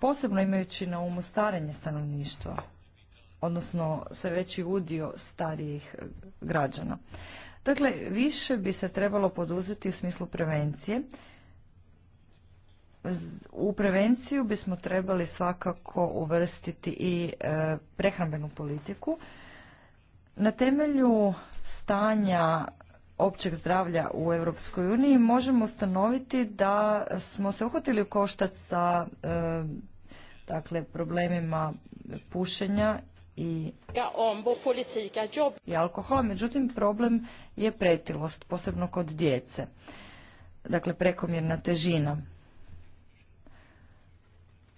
S4: posebno imajući na umu starenje stanovništva, odnosno sve veći udio starijih e, građana. Dakle, više bi se trebalo poduzeti u smislu prevencije. U prevenciju bismo trebali svakako uvrstiti i e, prehrambenu politiku. Na temelju stanja općeg zdravlja u Europskoj uniji možemo ustanoviti da smo se uhvatili u koštac sa e, dakle problemima pušenja i, i alkohola, međutim problem je pretilost, posebno kod djece, dakle prekomjerna težina.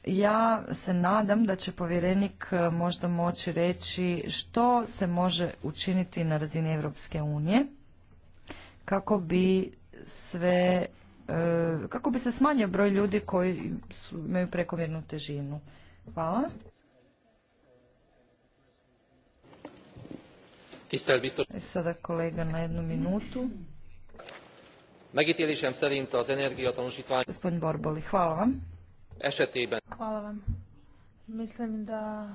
S4: Ja se nadam da će povjerenik e, možda moći reći što se može učiniti na razini Europske unije kako bi sve E, kako bi se smanjio broj ljudi koji su, imaju prekomjernu težinu. Hvala. E, sada kolega na jednu minutu.
S1: Megítélésem szerint az
S4: energiatanúsítvány... Gospodin Borboli, hvala vam.
S3: Esetében.
S2: Hvala vam. Mislim da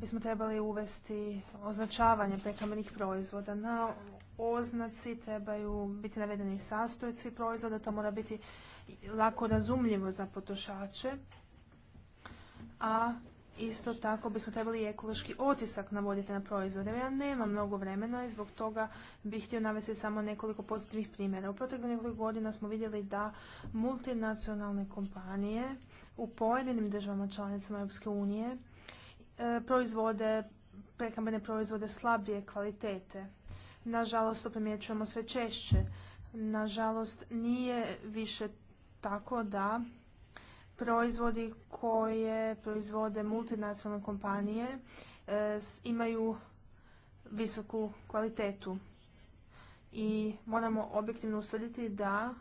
S2: bismo trebali uvesti označavanje prekamenih proizvoda na oznaci, trebaju biti navedeni sastojci proizvoda, to mora biti lako razumljivo za potrošače. A isto tako bismo trebali i ekološki otisak navoditi na proizvode. Ja nemam mnogo vremena i zbog toga bih htio navesti samo nekoliko pozitivnih primjera. U proteklih nekoliko godina smo vidjeli da multinacionalne kompanije u pojedinim državama članicama Europske unije e, proizvode prehrambene proizvode slabije kvalitete nažalost to primjećujemo sve češće. Nažalost nije više tako da proizvodi koje proizvode multinacionalne kompanije e, imaju visoku kvalitetu. I moramo objektivno usvrditi da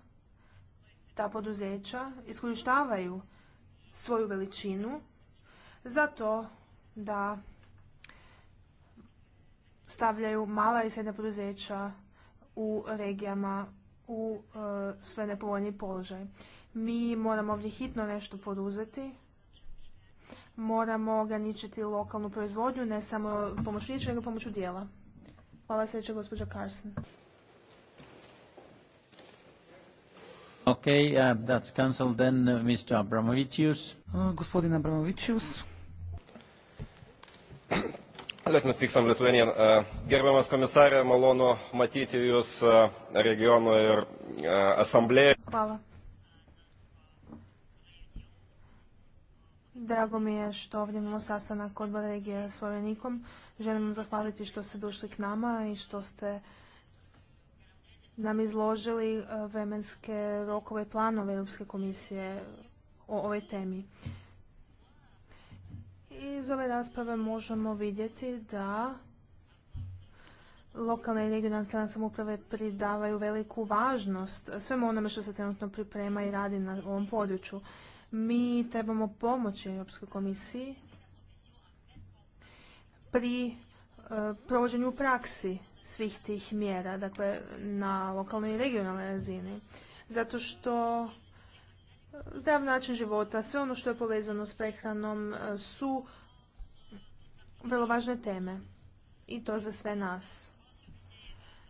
S2: ta poduzeća iskorištavaju svoju veličinu zato da stavljaju mala i srednja poduzeća u regijama u e, sve nepovoljni položaj. Mi moramo ovdje hitno nešto poduzeti. Moramo ograničiti lokalnu proizvodnju, ne samo pomoću nego pomoću dijela. Hvala sljedeća gospođa Carson.
S1: Ok, uh, that's then, uh, Mr. Abramovićius.
S6: gospodin Let me speak some Lithuanian. Uh, gerbiamas komisarė, malonu matyti uh, regiono ir uh,
S2: Hvala. Drago mi je što ovdje imamo sastanak odbora regije s Vorenikom. Želim vam zahvaliti što ste došli k nama i što ste nam izložili vremenske rokove planove Europske komisije o ovoj temi. Iz ove rasprave možemo vidjeti da lokalne i regionalne samouprave pridavaju veliku važnost svemu onome što se trenutno priprema i radi na ovom području. Mi trebamo pomoći Europskoj komisiji pri e, provođenju praksi svih tih mjera, dakle na lokalnoj i regionalnoj razini. Zato što zdrav način života, sve ono što je povezano s prehranom e, su vrlo važne teme i to za sve nas.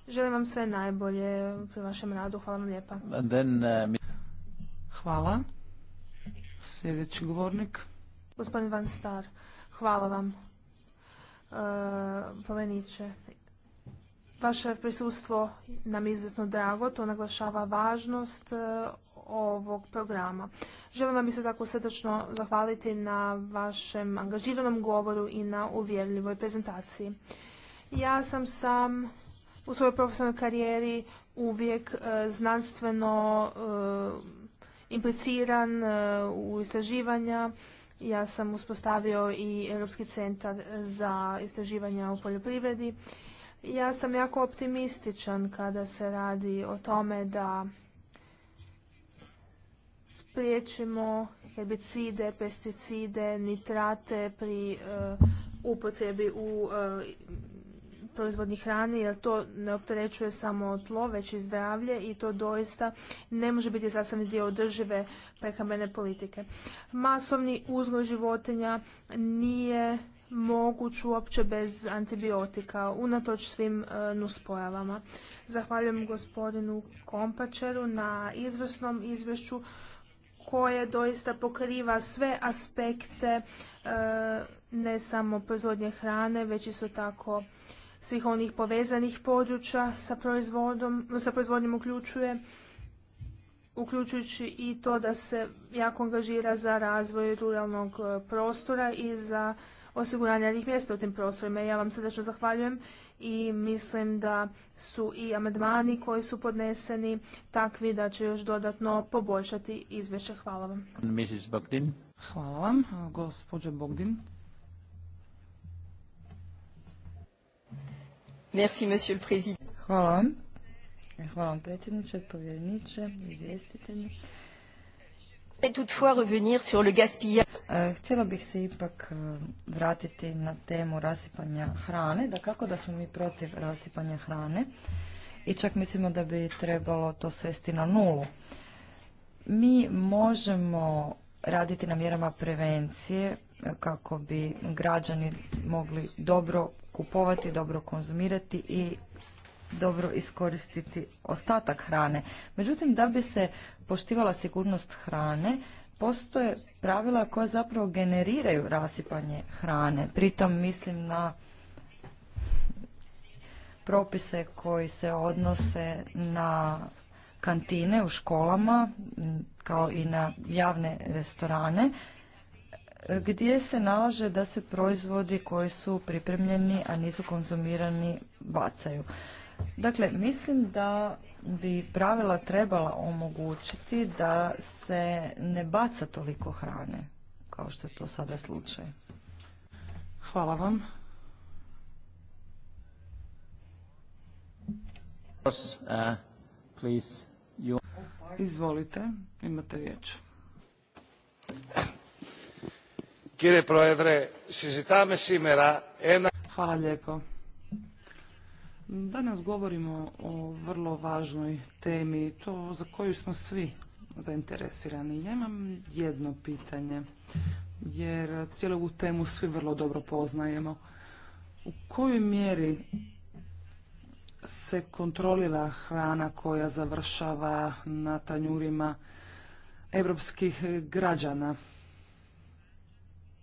S2: Želim vam sve najbolje pri vašem radu. Hvala vam lijepa.
S6: Uh, hvala. Sljedeći govornik.
S2: Gospodin Van Star, hvala vam. E, vaše prisustvo nam je izuzetno drago. To naglašava važnost e, ovog programa. Želim vam isto tako srdečno zahvaliti na vašem angažiranom govoru i na uvjerljivoj prezentaciji. Ja sam sam u svojoj profesionalnoj karijeri uvijek e, znanstveno e, impliciran e, u istraživanja. Ja sam uspostavio i Europski centar za istraživanja u poljoprivredi. Ja sam jako optimističan kada se radi o tome da spriječimo herbicide, pesticide, nitrate pri eh, upotrebi u eh, proizvodnih hrani, jer to ne opterećuje samo tlo, već i zdravlje i to doista ne može biti sastavni dio održive prehrambene politike. Masovni uzgoj životinja nije moguć uopće bez antibiotika, unatoč svim eh, nuspojavama. Zahvaljujem gospodinu Kompačeru na izvrsnom izvješću koje doista pokriva sve aspekte e, ne samo proizvodnje hrane, već isto tako svih onih povezanih područja sa, proizvodom, sa proizvodnjom uključuje, uključujući i to da se jako angažira za razvoj ruralnog e, prostora i za osiguranje radnih mjesta u tim prostorima. Ja vam srdečno zahvaljujem i mislim da su i amandmani koji su podneseni takvi da će još dodatno poboljšati izvješće. Hvala vam.
S1: Mrs. Bogdin.
S6: Hvala vam. Gospođa Bogdin.
S4: Merci, monsieur le Hvala vam. E, hvala vam predsjedniče, povjereniče, izvjestitelji. E, htjela bih se ipak e, vratiti na temu rasipanja hrane, da kako da smo mi protiv rasipanja hrane i čak mislimo da bi trebalo to svesti na nulu. Mi možemo raditi na mjerama prevencije e, kako bi građani mogli dobro kupovati, dobro konzumirati i dobro iskoristiti ostatak hrane. Međutim, da bi se poštivala sigurnost hrane, postoje pravila koja zapravo generiraju rasipanje hrane. Pritom mislim na propise koji se odnose na kantine u školama kao i na javne restorane gdje se nalaže da se proizvodi koji su pripremljeni a nisu konzumirani bacaju. Dakle, mislim da bi pravila trebala omogućiti da se ne baca toliko hrane, kao što je to sada slučaj.
S6: Hvala vam.
S1: Izvolite,
S6: imate riječ. Hvala lijepo. Danas govorimo o vrlo važnoj temi, to za koju smo svi zainteresirani. Ja imam jedno pitanje, jer cijelu ovu temu svi vrlo dobro poznajemo. U kojoj mjeri se kontrolira hrana koja završava na tanjurima evropskih građana?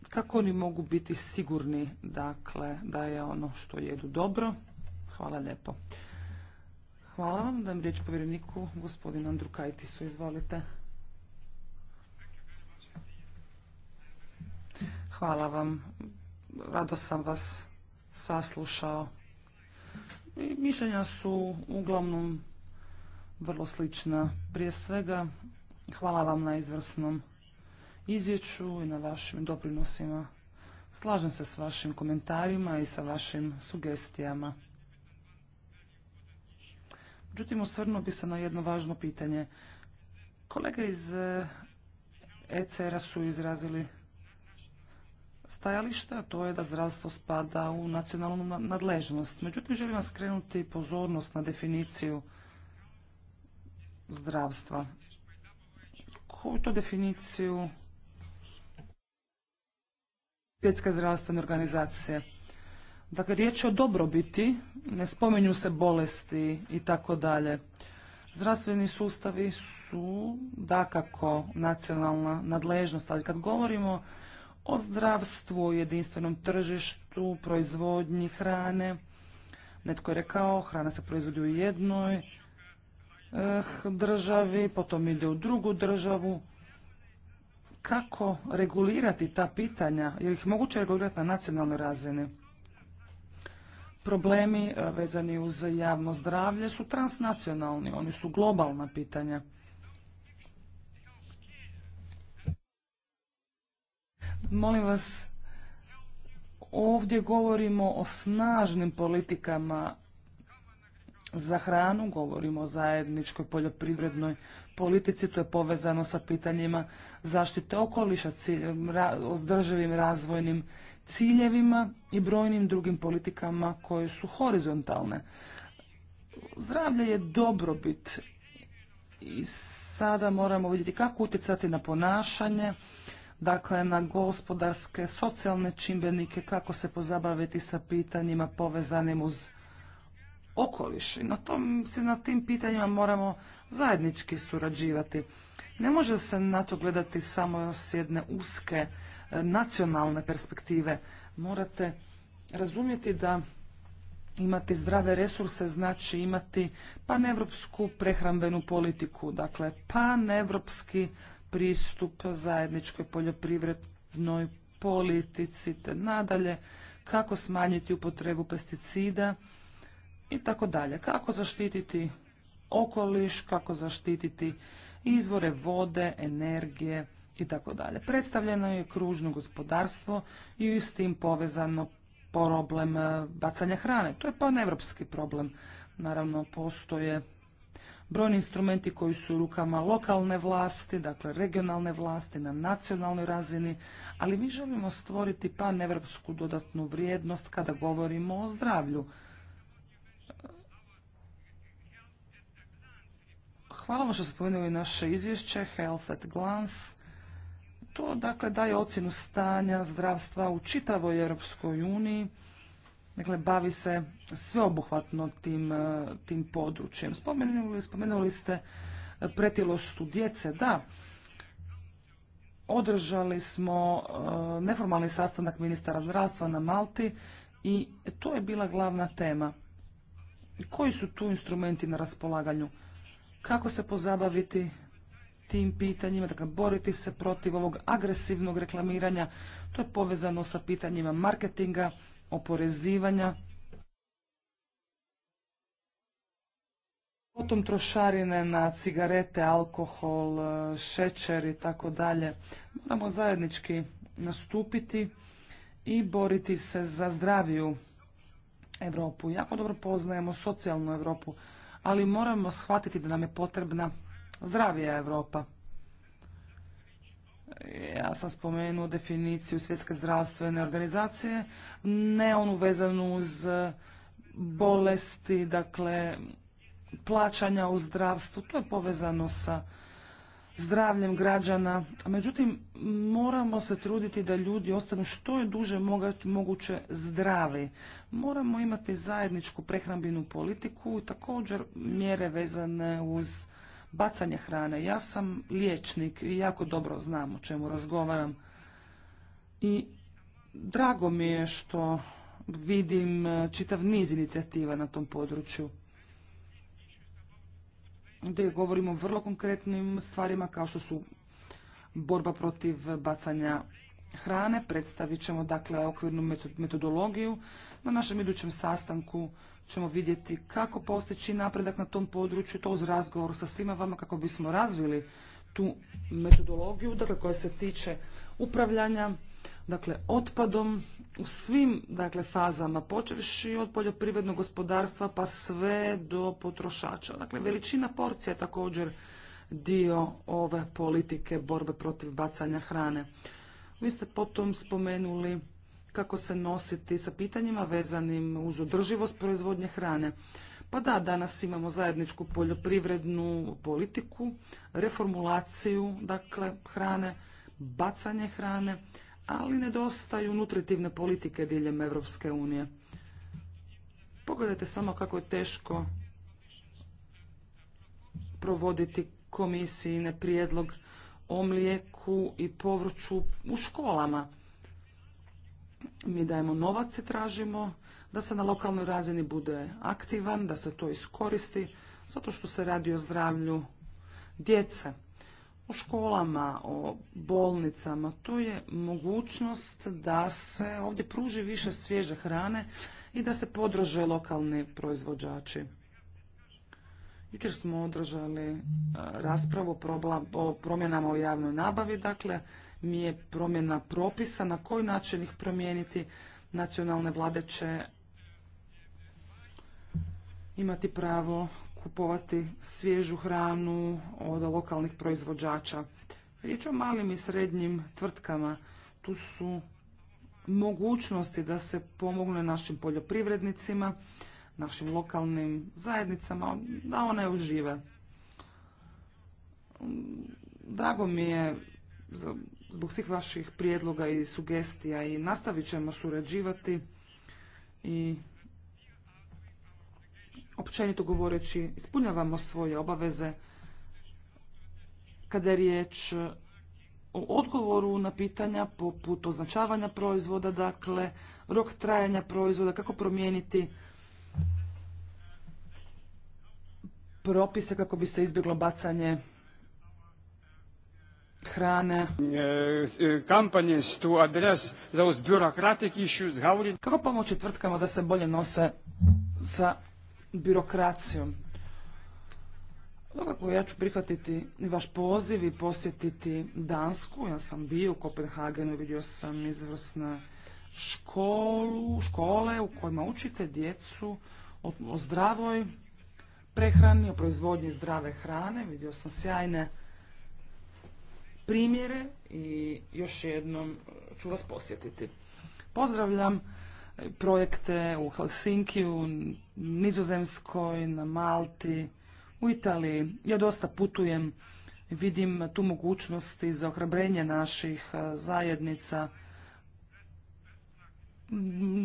S6: Kako oni mogu biti sigurni dakle, da je ono što jedu dobro, Hvala lijepo. Hvala vam. Dajem riječ povjereniku gospodinu Kajtisu, Izvolite. Hvala vam. Rado sam vas saslušao. Mišljenja su uglavnom vrlo slična. Prije svega, hvala vam na izvrsnom izvješću i na vašim doprinosima. Slažem se s vašim komentarima i sa vašim sugestijama. Međutim, osvrnuo bi se na jedno važno pitanje. Kolege iz ECR-a e su izrazili stajalište, a to je da zdravstvo spada u nacionalnu nadležnost. Međutim, želim vam skrenuti pozornost na definiciju zdravstva. Koju to definiciju Svjetske zdravstvene organizacije? Dakle, riječ je o dobrobiti, ne spominju se bolesti i tako dalje. Zdravstveni sustavi su dakako nacionalna nadležnost, ali kad govorimo o zdravstvu, jedinstvenom tržištu, proizvodnji hrane, netko je rekao hrana se proizvodi u jednoj eh, državi, potom ide u drugu državu. Kako regulirati ta pitanja? Je li ih moguće regulirati na nacionalnoj razini? problemi e, vezani uz javno zdravlje su transnacionalni, oni su globalna pitanja. Molim vas, ovdje govorimo o snažnim politikama za hranu, govorimo o zajedničkoj poljoprivrednoj politici, to je povezano sa pitanjima zaštite okoliša, održivim razvojnim ciljevima i brojnim drugim politikama koje su horizontalne. Zdravlje je dobrobit i sada moramo vidjeti kako utjecati na ponašanje, dakle na gospodarske, socijalne čimbenike, kako se pozabaviti sa pitanjima povezanim uz okoliš. na, tom, na tim pitanjima moramo zajednički surađivati. Ne može se na to gledati samo s jedne uske nacionalne perspektive. Morate razumjeti da imati zdrave resurse znači imati panevropsku prehrambenu politiku, dakle panevropski pristup zajedničkoj poljoprivrednoj politici, te nadalje kako smanjiti upotrebu pesticida i tako dalje. Kako zaštititi okoliš, kako zaštititi izvore vode, energije i tako dalje. Predstavljeno je kružno gospodarstvo i s tim povezano problem e, bacanja hrane. To je panevropski problem. Naravno, postoje brojni instrumenti koji su u rukama lokalne vlasti, dakle regionalne vlasti na nacionalnoj razini, ali mi želimo stvoriti panevropsku dodatnu vrijednost kada govorimo o zdravlju. Hvala vam što ste spomenuli naše izvješće Health at Glance. To dakle daje ocjenu stanja zdravstva u čitavoj Europskoj uniji. Dakle, bavi se sveobuhvatno tim, e, tim područjem. Spomenuli, spomenuli ste u djece. Da, održali smo e, neformalni sastanak ministara zdravstva na Malti i to je bila glavna tema. Koji su tu instrumenti na raspolaganju? Kako se pozabaviti tim pitanjima, dakle boriti se protiv ovog agresivnog reklamiranja. To je povezano sa pitanjima marketinga, oporezivanja, potom trošarine na cigarete, alkohol, šećer i tako dalje. Moramo zajednički nastupiti i boriti se za zdraviju Europu. Jako dobro poznajemo socijalnu Europu, ali moramo shvatiti da nam je potrebna zdravija Europa. Ja sam spomenuo definiciju svjetske zdravstvene organizacije, ne onu vezanu uz e, bolesti, dakle plaćanja u zdravstvu, to je povezano sa zdravljem građana. Međutim, moramo se truditi da ljudi ostanu što je duže moguće zdravi. Moramo imati zajedničku prehrambenu politiku i također mjere vezane uz bacanje hrane. Ja sam liječnik i jako dobro znam o čemu razgovaram. I drago mi je što vidim e, čitav niz inicijativa na tom području. Gdje govorimo o vrlo konkretnim stvarima kao što su borba protiv bacanja hrane. Predstavit ćemo dakle okvirnu metodologiju na našem idućem sastanku ćemo vidjeti kako postići napredak na tom području, to uz razgovor sa svima vama kako bismo razvili tu metodologiju dakle, koja se tiče upravljanja dakle, otpadom u svim dakle, fazama, počevši od poljoprivrednog gospodarstva pa sve do potrošača. Dakle, veličina porcija je također dio ove politike borbe protiv bacanja hrane. Vi ste potom spomenuli kako se nositi sa pitanjima vezanim uz održivost proizvodnje hrane. Pa da, danas imamo zajedničku poljoprivrednu politiku, reformulaciju dakle, hrane, bacanje hrane, ali nedostaju nutritivne politike diljem Europske unije. Pogledajte samo kako je teško provoditi komisijine prijedlog o mlijeku i povrću u školama. Mi dajemo novac i tražimo da se na lokalnoj razini bude aktivan, da se to iskoristi, zato što se radi o zdravlju djece. U školama, o bolnicama, tu je mogućnost da se ovdje pruži više svježe hrane i da se podrže lokalni proizvođači. Jučer smo održali raspravu o promjenama u javnoj nabavi, dakle mi je promjena propisa, na koji način ih promijeniti. Nacionalne vlade će imati pravo kupovati svježu hranu od lokalnih proizvođača. Riječ o malim i srednjim tvrtkama. Tu su mogućnosti da se pomogne našim poljoprivrednicima, našim lokalnim zajednicama, da one užive. Drago mi je zbog svih vaših prijedloga i sugestija i nastavit ćemo surađivati i općenito govoreći ispunjavamo svoje obaveze kada je riječ o odgovoru na pitanja poput označavanja proizvoda, dakle rok trajanja proizvoda, kako promijeniti propise kako bi se izbjeglo bacanje hrane. E, e, uz Kako pomoći tvrtkama da se bolje nose sa birokracijom? Dakle, ja ću prihvatiti vaš poziv i posjetiti Dansku. Ja sam bio u Kopenhagenu, vidio sam izvrsne školu, škole u kojima učite djecu o zdravoj prehrani, o proizvodnji zdrave hrane. Vidio sam sjajne primjere i još jednom ću vas posjetiti. Pozdravljam projekte u Helsinki, u Nizozemskoj, na Malti, u Italiji. Ja dosta putujem vidim tu mogućnosti za ohrabrenje naših e, zajednica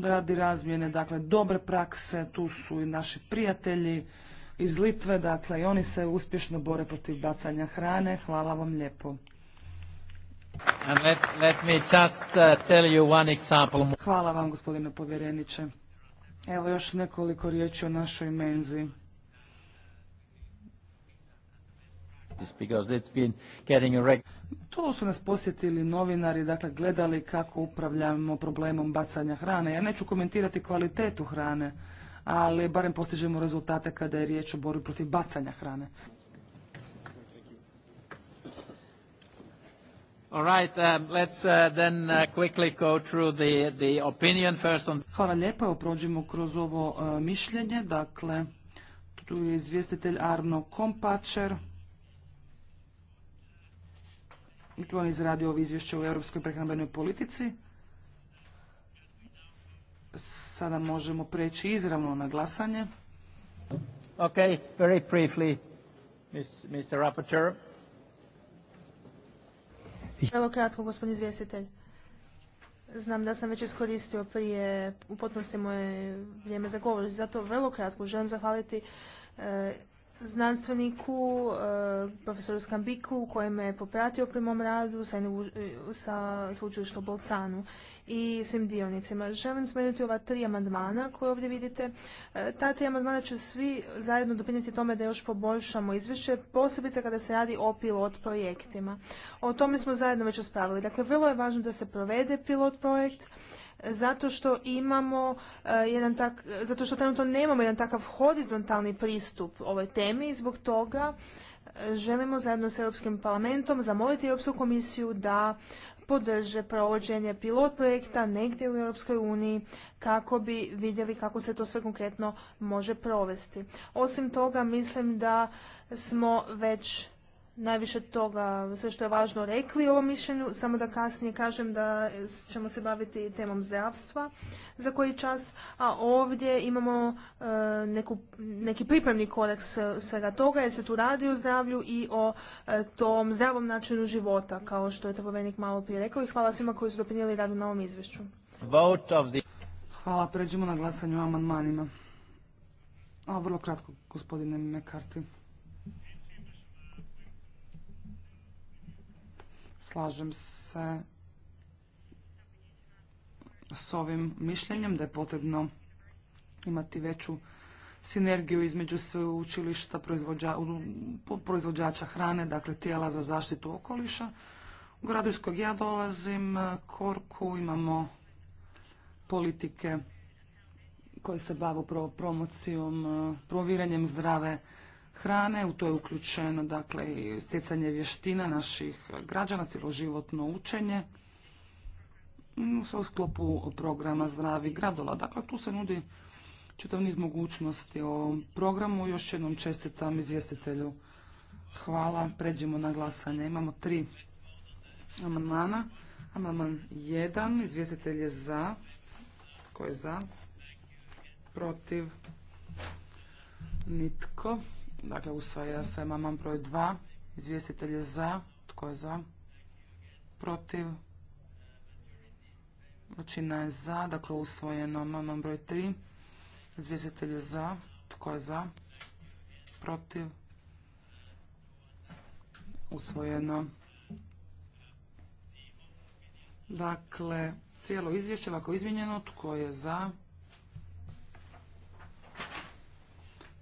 S6: radi razmjene, dakle, dobre prakse, tu su i naši prijatelji iz Litve, dakle, i oni se uspješno bore protiv bacanja hrane. Hvala vam lijepo. Uh, Hvala vam gospodine povjereniče. Evo još nekoliko riječi o našoj menzi. Tu su nas posjetili novinari, dakle gledali kako upravljamo problemom bacanja hrane. Ja neću komentirati kvalitetu hrane, ali barem postižemo rezultate kada je riječ o borbi protiv bacanja hrane.
S1: All um, let's uh, then uh, quickly go through
S6: the, the Hvala lijepa, prođemo kroz ovo uh, mišljenje. Dakle, tu je izvjestitelj Arno Kompačer. Tu on izradio ovo izvješće o europskoj prehrambenoj politici. Sada možemo preći izravno na glasanje. Ok, very briefly, Mr. Rapporteur.
S2: Vrlo kratko, gospodin izvjestitelj. Znam da sam već iskoristio prije u potpunosti moje vrijeme za govor, zato vrlo kratko želim zahvaliti e, znanstveniku, eh, profesoru Skambiku, koji me je popratio pri mom radu sa, eh, sa u Bolcanu i svim dionicima. Želim spomenuti ova tri amandmana koje ovdje vidite. Eh, ta tri amandmana će svi zajedno doprinijeti tome da još poboljšamo izvješće, posebice kada se radi o pilot projektima. O tome smo zajedno već raspravili. Dakle, vrlo je važno da se provede pilot projekt, zato što imamo e, jedan tak, zato što trenutno nemamo jedan takav horizontalni pristup ovoj temi i zbog toga e, želimo zajedno s Europskim parlamentom zamoliti Europsku komisiju da podrže provođenje pilot projekta negdje u Europskoj uniji kako bi vidjeli kako se to sve konkretno može provesti. Osim toga mislim da smo već najviše toga, sve što je važno rekli o ovom mišljenju, samo da kasnije kažem da ćemo se baviti temom zdravstva za koji čas, a ovdje imamo e, neku, neki pripremni koreks svega toga jer se tu radi o zdravlju i o e, tom zdravom načinu života, kao što je trgovenik malo prije rekao i hvala svima koji su doprinijeli radu na ovom izvješću.
S6: Hvala, pređemo na glasanje o amandmanima. A vrlo kratko, gospodine McCarthy. Slažem se s ovim mišljenjem da je potrebno imati veću sinergiju između sveučilišta, proizvođa, proizvođača hrane, dakle tijela za zaštitu okoliša. U gradu iz kojeg ja dolazim, Korku, imamo politike koje se bavu promocijom, eh, proviranjem zdrave hrane, u to je uključeno dakle i stjecanje vještina naših građana, cjeloživotno učenje mm, u sklopu programa Zdravi gradova. Dakle, tu se nudi čitav niz mogućnosti o ovom programu. Još jednom čestitam izvjestitelju. Hvala. Pređemo na glasanje. Imamo tri amandmana. Amandman 1. Izvjestitelj je za. Tko je za? Protiv? Nitko. Dakle, usvaja se amandman broj 2. Izvjestitelj je za. Tko je za? Protiv? Većina je za. Dakle, usvojeno amandman broj 3. Izvjestitelj je za. Tko je za? Protiv? Usvojeno. Dakle, cijelo izvješće ovako izmijenjeno. Tko je za?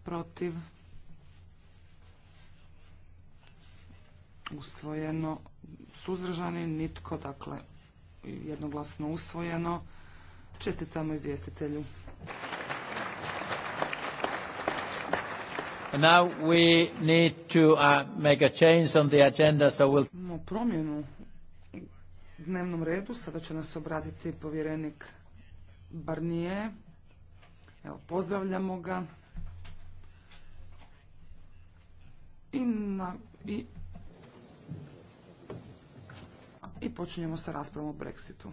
S6: Protiv? usvojeno, suzdržani, nitko, dakle, jednoglasno usvojeno. Čestitamo izvjestitelju.
S1: Now we need to uh, make a change on the agenda, so we'll...
S6: No, promjenu u dnevnom redu, sada će nas obratiti povjerenik Barnije. Evo, pozdravljamo ga. I, na, i i počinjemo sa raspravom o Brexitu.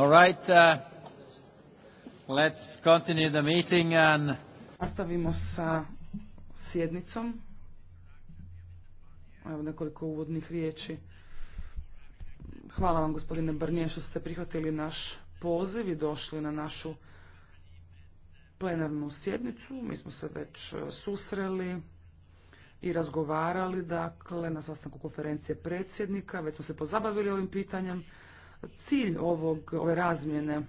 S1: All right, uh, let's continue the meeting
S6: and... Nastavimo sa sjednicom. Evo nekoliko uvodnih riječi. Hvala vam gospodine Brnije, što ste prihvatili naš poziv i došli na našu plenarnu sjednicu. Mi smo se već e, susreli i razgovarali, dakle, na sastanku konferencije predsjednika. Već smo se pozabavili ovim pitanjem cilj ovog, ove razmjene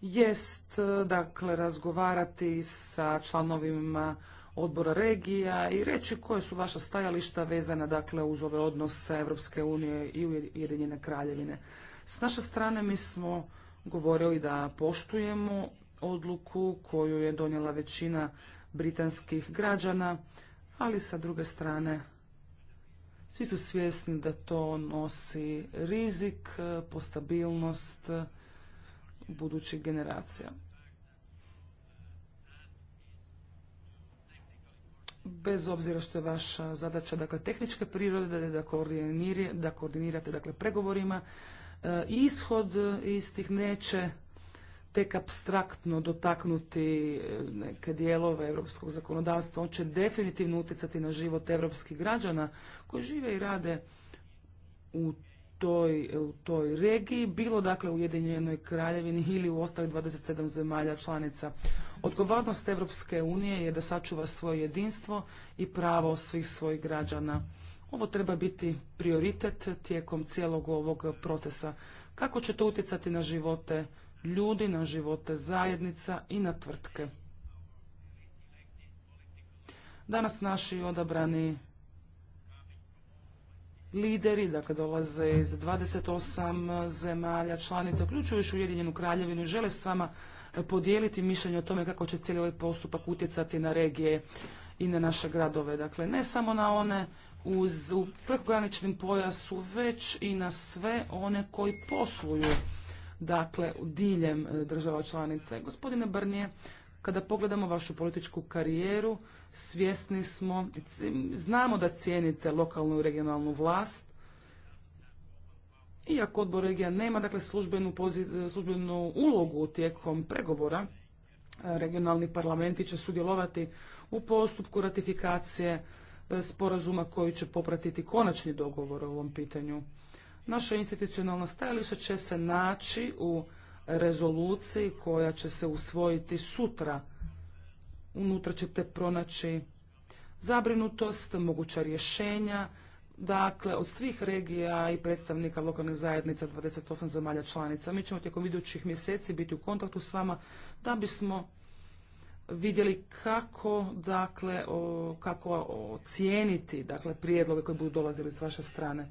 S6: jest dakle razgovarati sa članovima odbora regija i reći koje su vaša stajališta vezana dakle uz ove odnose Europske unije i Ujedinjene kraljevine. S naše strane mi smo govorili da poštujemo odluku koju je donijela većina britanskih građana, ali sa druge strane svi su svjesni da to nosi rizik po stabilnost budućih generacija. Bez obzira što je vaša zadaća dakle, tehničke prirode, da, koordinirate, da koordinirate dakle, pregovorima, e, ishod istih neće tek abstraktno dotaknuti e, neke dijelove europskog zakonodavstva. On će definitivno utjecati na život europskih građana koji žive i rade u toj, e, u toj regiji, bilo dakle u Ujedinjenoj kraljevini ili u ostalih 27 zemalja članica. Odgovornost Europske unije je da sačuva svoje jedinstvo i pravo svih svojih građana. Ovo treba biti prioritet tijekom cijelog ovog procesa. Kako će to utjecati na živote ljudi, na živote zajednica i na tvrtke. Danas naši odabrani lideri, dakle dolaze iz 28 zemalja, članica, uključujući Ujedinjenu kraljevinu i žele s vama podijeliti mišljenje o tome kako će cijeli ovaj postupak utjecati na regije i na naše gradove. Dakle, ne samo na one uz, u prekograničnim pojasu, već i na sve one koji posluju dakle, diljem e, država članica. Gospodine Barnije, kada pogledamo vašu političku karijeru, svjesni smo, znamo da cijenite lokalnu i regionalnu vlast, iako odbor regija nema dakle, službenu, e, službenu ulogu tijekom pregovora, e, regionalni parlamenti će sudjelovati u postupku ratifikacije sporazuma koji će popratiti konačni dogovor o ovom pitanju. Naše institucionalno stajalište će se naći u rezoluciji koja će se usvojiti sutra. Unutra ćete pronaći zabrinutost, moguća rješenja, dakle od svih regija i predstavnika lokalnih zajednica 28 zemalja članica. Mi ćemo tijekom idućih mjeseci biti u kontaktu s vama da bismo vidjeli kako dakle o, kako ocijeniti dakle prijedloge koji budu dolazili s vaše strane.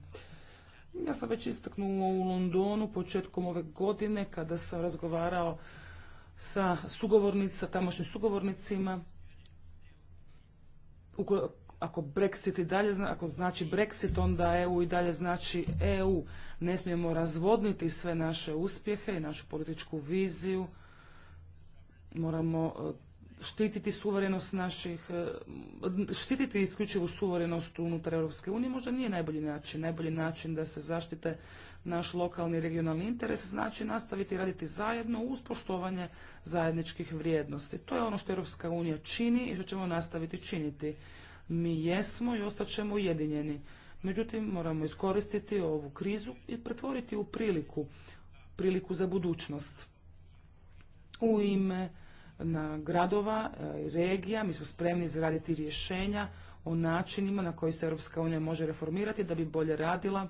S6: Ja sam već istaknuo u Londonu početkom ove godine kada sam razgovarao sa sugovornica, tamošnjim sugovornicima. ako Brexit i dalje ako znači Brexit, onda EU i dalje znači EU. Ne smijemo razvodniti sve naše uspjehe i našu političku viziju. Moramo e, štititi suverenost naših, e, štititi isključivu suverenost unutar Europske unije možda nije najbolji način. Najbolji način da se zaštite naš lokalni i regionalni interes znači nastaviti raditi zajedno uz poštovanje zajedničkih vrijednosti. To je ono što Europska unija čini i što ćemo nastaviti činiti. Mi jesmo i ostaćemo ujedinjeni. Međutim, moramo iskoristiti ovu krizu i pretvoriti u priliku, priliku za budućnost. U ime na gradova e, regija. Mi smo spremni izraditi rješenja o načinima na koji se Europska unija može reformirati da bi bolje radila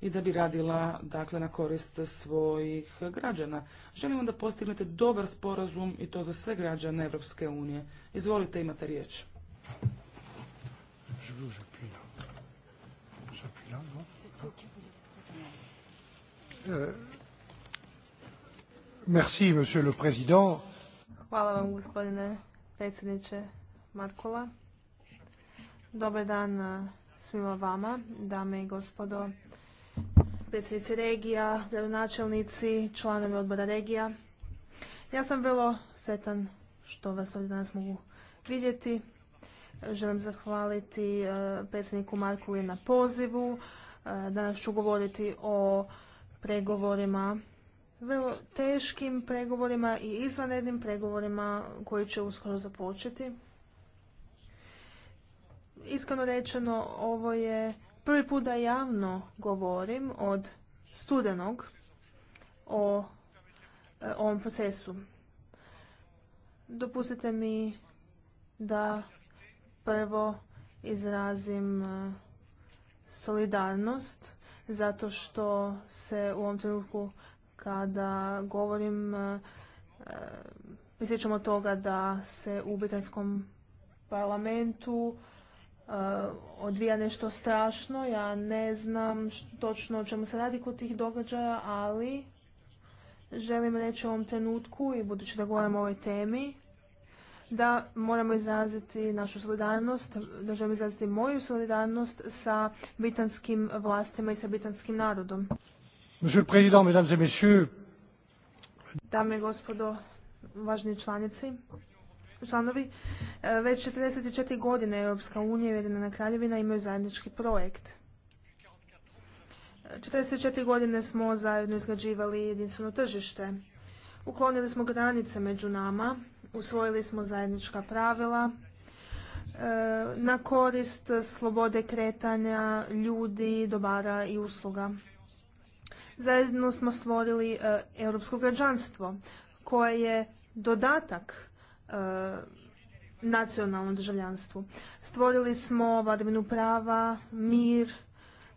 S6: i da bi radila dakle, na korist svojih građana. Želimo da postignete dobar sporazum i to za sve građane Europske unije. Izvolite, imate riječ.
S1: Euh, merci, monsieur le président.
S2: Hvala vam gospodine predsjedniče Markula. Dobar dan eh, svima vama, dame i gospodo, predsjednici regija, gradonačelnici, članovi odbora regija. Ja sam vrlo sretan što vas ovdje danas mogu vidjeti. Želim zahvaliti eh, predsjedniku Markuli na pozivu. Eh, danas ću govoriti o pregovorima vrlo teškim pregovorima i izvanrednim pregovorima koji će uskoro započeti. Iskreno rečeno, ovo je prvi put da javno govorim od studenog o e, ovom procesu. Dopustite mi da prvo izrazim e, solidarnost zato što se u ovom trenutku kada govorim, prisjećamo e, e, toga da se u britanskom parlamentu e, odvija nešto strašno. Ja ne znam točno o čemu se radi kod tih događaja, ali želim reći u ovom trenutku i budući da govorim o ovoj temi, da moramo izraziti našu solidarnost, da želim izraziti moju solidarnost sa britanskim vlastima i sa britanskim narodom.
S3: Monsieur le Président, Mesdames et Messieurs,
S2: Dame i gospodo, važni članici, članovi, e, već 44 godine Europska unija i Ujedinjena kraljevina imaju zajednički projekt. 44 godine smo zajedno izgrađivali jedinstveno tržište. Uklonili smo granice među nama, usvojili smo zajednička pravila e, na korist slobode kretanja ljudi, dobara i usluga. Zajedno smo stvorili e, europsko građanstvo koje je dodatak e, nacionalnom državljanstvu. Stvorili smo vladavinu prava, mir,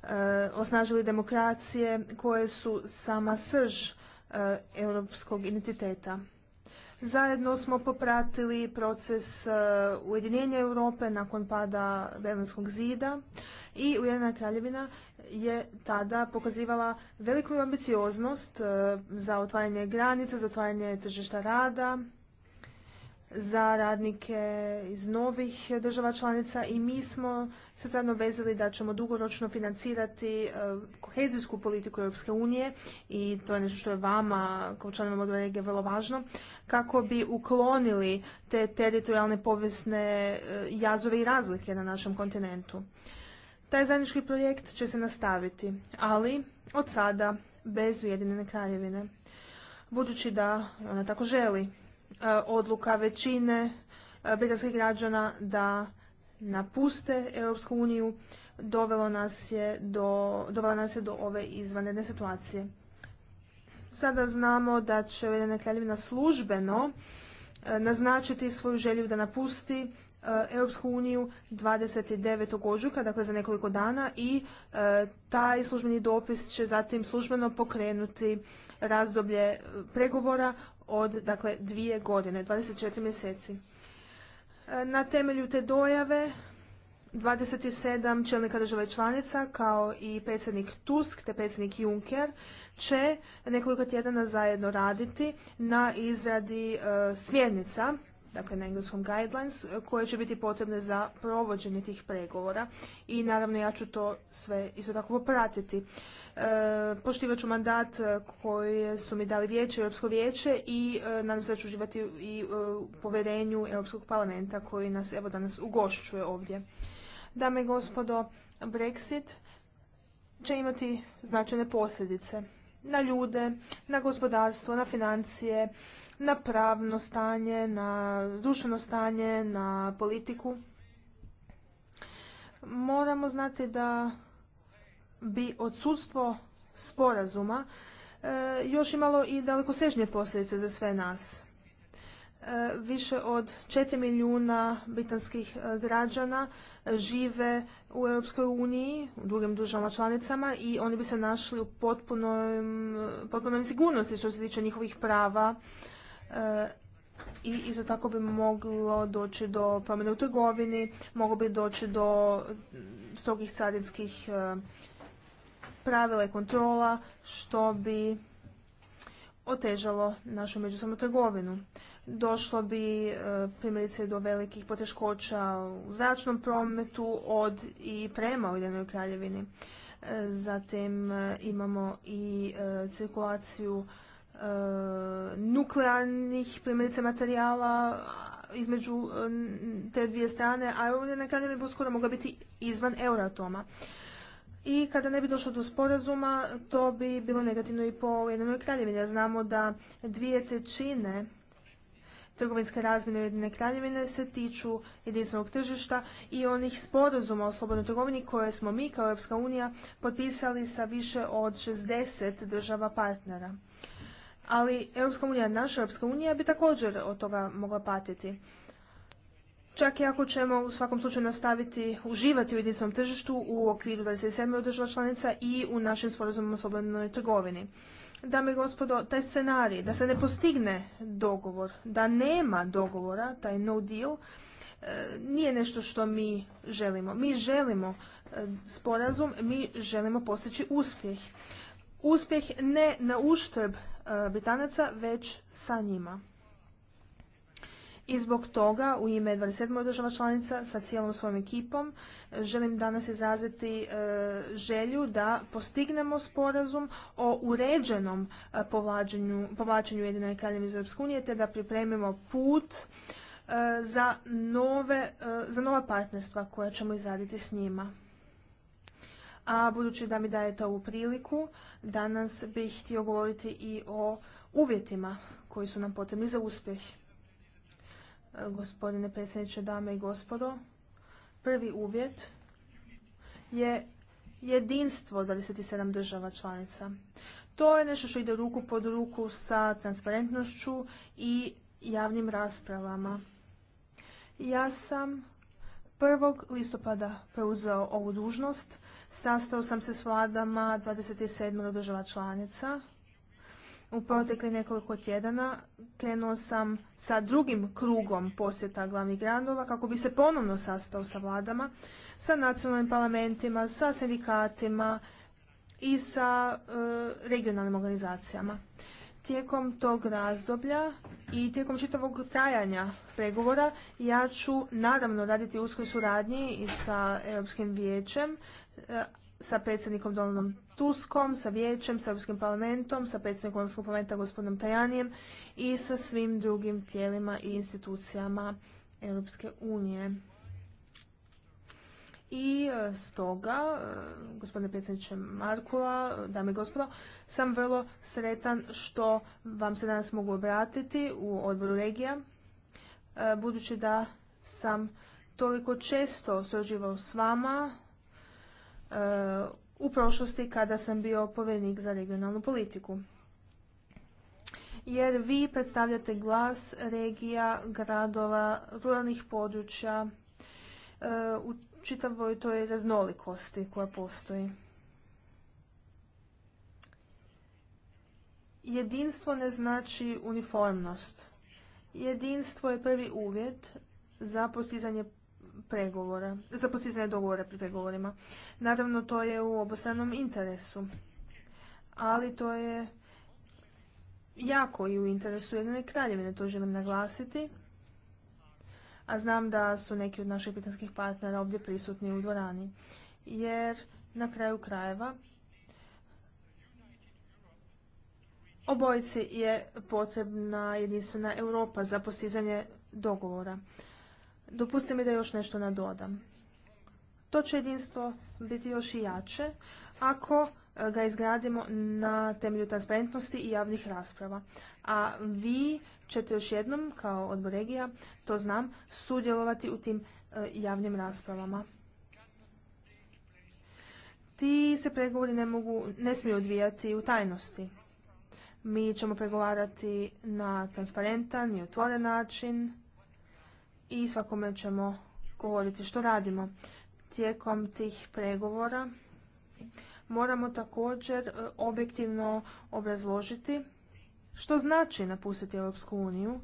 S2: e, osnažili demokracije koje su sama srž europskog identiteta. Zajedno smo popratili proces e, ujedinjenja Europe nakon pada Berlinskog zida i Ujedinjena kraljevina je tada pokazivala veliku ambicioznost e, za otvaranje granica, za otvaranje tržišta rada, za radnike iz novih država članica i mi smo se stvarno vezili da ćemo dugoročno financirati e, kohezijsku politiku Europske unije i to je nešto što je vama kao članovima odbora vrlo važno kako bi uklonili te teritorijalne povijesne e, jazove i razlike na našem kontinentu. Taj zajednički projekt će se nastaviti, ali od sada bez Ujedinjene kraljevine. Budući da ona tako želi, e, odluka većine e, britanskih građana da napuste Europsku uniju dovelo nas je do, dovela nas je do ove izvanredne situacije. Sada znamo da će Ujedinjena kraljevina službeno e, naznačiti svoju želju da napusti e, Europsku uniju 29. ožujka, dakle za nekoliko dana i e, taj službeni dopis će zatim službeno pokrenuti razdoblje pregovora od dakle dvije godine, 24 mjeseci. na temelju te dojave 27 čelnika država članica kao i predsjednik Tusk te predsjednik Juncker će nekoliko tjedana zajedno raditi na izradi e, smjernica dakle na engleskom guidelines, koje će biti potrebne za provođenje tih pregovora i naravno ja ću to sve isto tako popratiti. E, poštivat ću mandat koje su mi dali vijeće, Europsko vijeće i e, nadam se da ću uživati i u Europskog parlamenta koji nas evo danas ugošćuje ovdje. Dame i gospodo, Brexit će imati značajne posljedice na ljude, na gospodarstvo, na financije, na pravno stanje, na društveno stanje, na politiku. Moramo znati da bi odsudstvo sporazuma e, još imalo i dalekosežnje posljedice za sve nas više od 4 milijuna britanskih e, građana e, žive u Europskoj uniji, u drugim državama članicama i oni bi se našli u potpunoj, e, potpunoj sigurnosti što se tiče njihovih prava i isto tako bi moglo doći do promjene u trgovini, moglo bi doći do stokih carinskih pravila i kontrola što bi otežalo našu međusobnu trgovinu došlo bi e, primjerice do velikih poteškoća u zračnom prometu od i prema ujedinoj kraljevini. E, zatim e, imamo i cirkulaciju nuklearnih primjerice materijala između te dvije strane, a Ujedinoj Kraljevini bi uskoro mogla biti izvan Euratoma. I kada ne bi došlo do sporazuma, to bi bilo negativno i po Ujedinjenoj kraljevini. Znamo da dvije trećine trgovinske razmjene Ujedine kraljevine se tiču jedinstvenog tržišta i onih sporazuma o slobodnoj trgovini koje smo mi kao Europska unija potpisali sa više od 60 država partnera. Ali Europska unija, naša Europska unija bi također od toga mogla patiti. Čak i ako ćemo u svakom slučaju nastaviti uživati u jedinstvenom tržištu u okviru 27. država članica i u našim sporazumima o slobodnoj trgovini. Dame i gospodo, taj scenarij, da se ne postigne dogovor, da nema dogovora, taj no deal, e, nije nešto što mi želimo. Mi želimo e, sporazum, mi želimo postići uspjeh. Uspjeh ne na uštrb e, Britanaca, već sa njima. I zbog toga u ime 27. država članica sa cijelom svojom ekipom želim danas izraziti e, želju da postignemo sporazum o uređenom e, povlačenju, povlačenju Ujedinjene iz Europske unije te da pripremimo put e, za, nove, za nova partnerstva koja ćemo izraditi s njima. A budući da mi dajete ovu priliku, danas bih htio govoriti i o uvjetima koji su nam potrebni za uspjeh gospodine predsjedniče, dame i gospodo. Prvi uvjet je jedinstvo 27 država članica. To je nešto što ide ruku pod ruku sa transparentnošću i javnim raspravama. Ja sam 1. listopada preuzeo ovu dužnost. Sastao sam se s vladama 27 država članica u protekli nekoliko tjedana krenuo sam sa drugim krugom posjeta glavnih gradova kako bi se ponovno sastao sa vladama, sa nacionalnim parlamentima, sa sindikatima i sa e, regionalnim organizacijama. Tijekom tog razdoblja i tijekom čitavog trajanja pregovora ja ću naravno raditi uskoj suradnji i sa Europskim vijećem, e, sa predsjednikom Donaldom Tuskom, sa vijećem, sa Europskim parlamentom, sa predsjednikom Europskog parlamenta gospodinom Tajanijem i sa svim drugim tijelima i institucijama Europske unije. I e, stoga, e, gospodine predsjedniče Markula, dame i gospodo, sam vrlo sretan što vam se danas mogu obratiti u odboru regija, e, budući da sam toliko često surađivao s vama u prošlosti kada sam bio povjerenik za regionalnu politiku. Jer vi predstavljate glas regija, gradova, ruralnih područja e, u čitavoj toj raznolikosti koja postoji. Jedinstvo ne znači uniformnost. Jedinstvo je prvi uvjet za postizanje pregovora, za postizanje dogovora pri pregovorima. Naravno, to je u obostranom interesu, ali to je jako i u interesu Ujedinjene kraljevine, to želim naglasiti. A znam da su neki od naših britanskih partnera ovdje prisutni u dvorani. Jer na kraju krajeva obojici je potrebna jedinstvena Europa za postizanje dogovora. Dopustite mi da još nešto nadodam. To će jedinstvo biti još i jače ako e, ga izgradimo na temelju transparentnosti i javnih rasprava. A vi ćete još jednom, kao odbor regija, to znam, sudjelovati u tim e, javnim raspravama. Ti se pregovori ne, mogu, ne smiju odvijati u tajnosti. Mi ćemo pregovarati na transparentan i otvoren način i svakome ćemo govoriti što radimo. Tijekom tih pregovora moramo također e, objektivno obrazložiti što znači napustiti Europsku uniju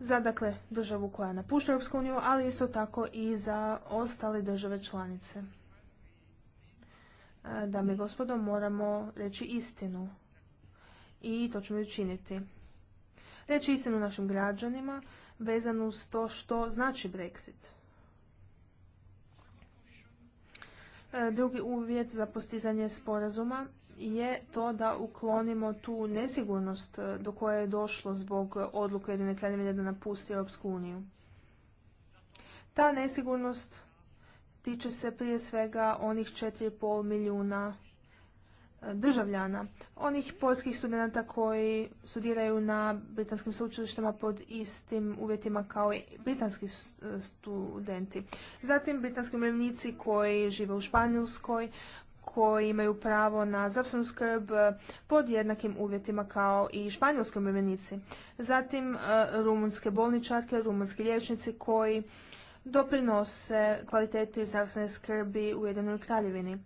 S2: za dakle državu koja napušta Europsku uniju, ali isto tako i za ostale države članice. E, dame i gospodo, moramo reći istinu i to ćemo i učiniti. Reći istinu našim građanima, vezano uz to što znači Brexit. E, drugi uvjet za postizanje sporazuma je to da uklonimo tu nesigurnost e, do koje je došlo zbog odluke Jedine kraljevine da napusti Europsku uniju. Ta nesigurnost tiče se prije svega onih 4,5 milijuna državljana, onih polskih studenta koji studiraju na britanskim sveučilištima pod istim uvjetima kao i britanski e, studenti. Zatim britanski umirovljenici koji žive u Španjolskoj, koji imaju pravo na zdravstvenu skrb e, pod jednakim uvjetima kao i španjolski umirovljenici. Zatim e, rumunske bolničarke, rumunski liječnici koji doprinose kvaliteti zdravstvene skrbi u Jedinoj kraljevini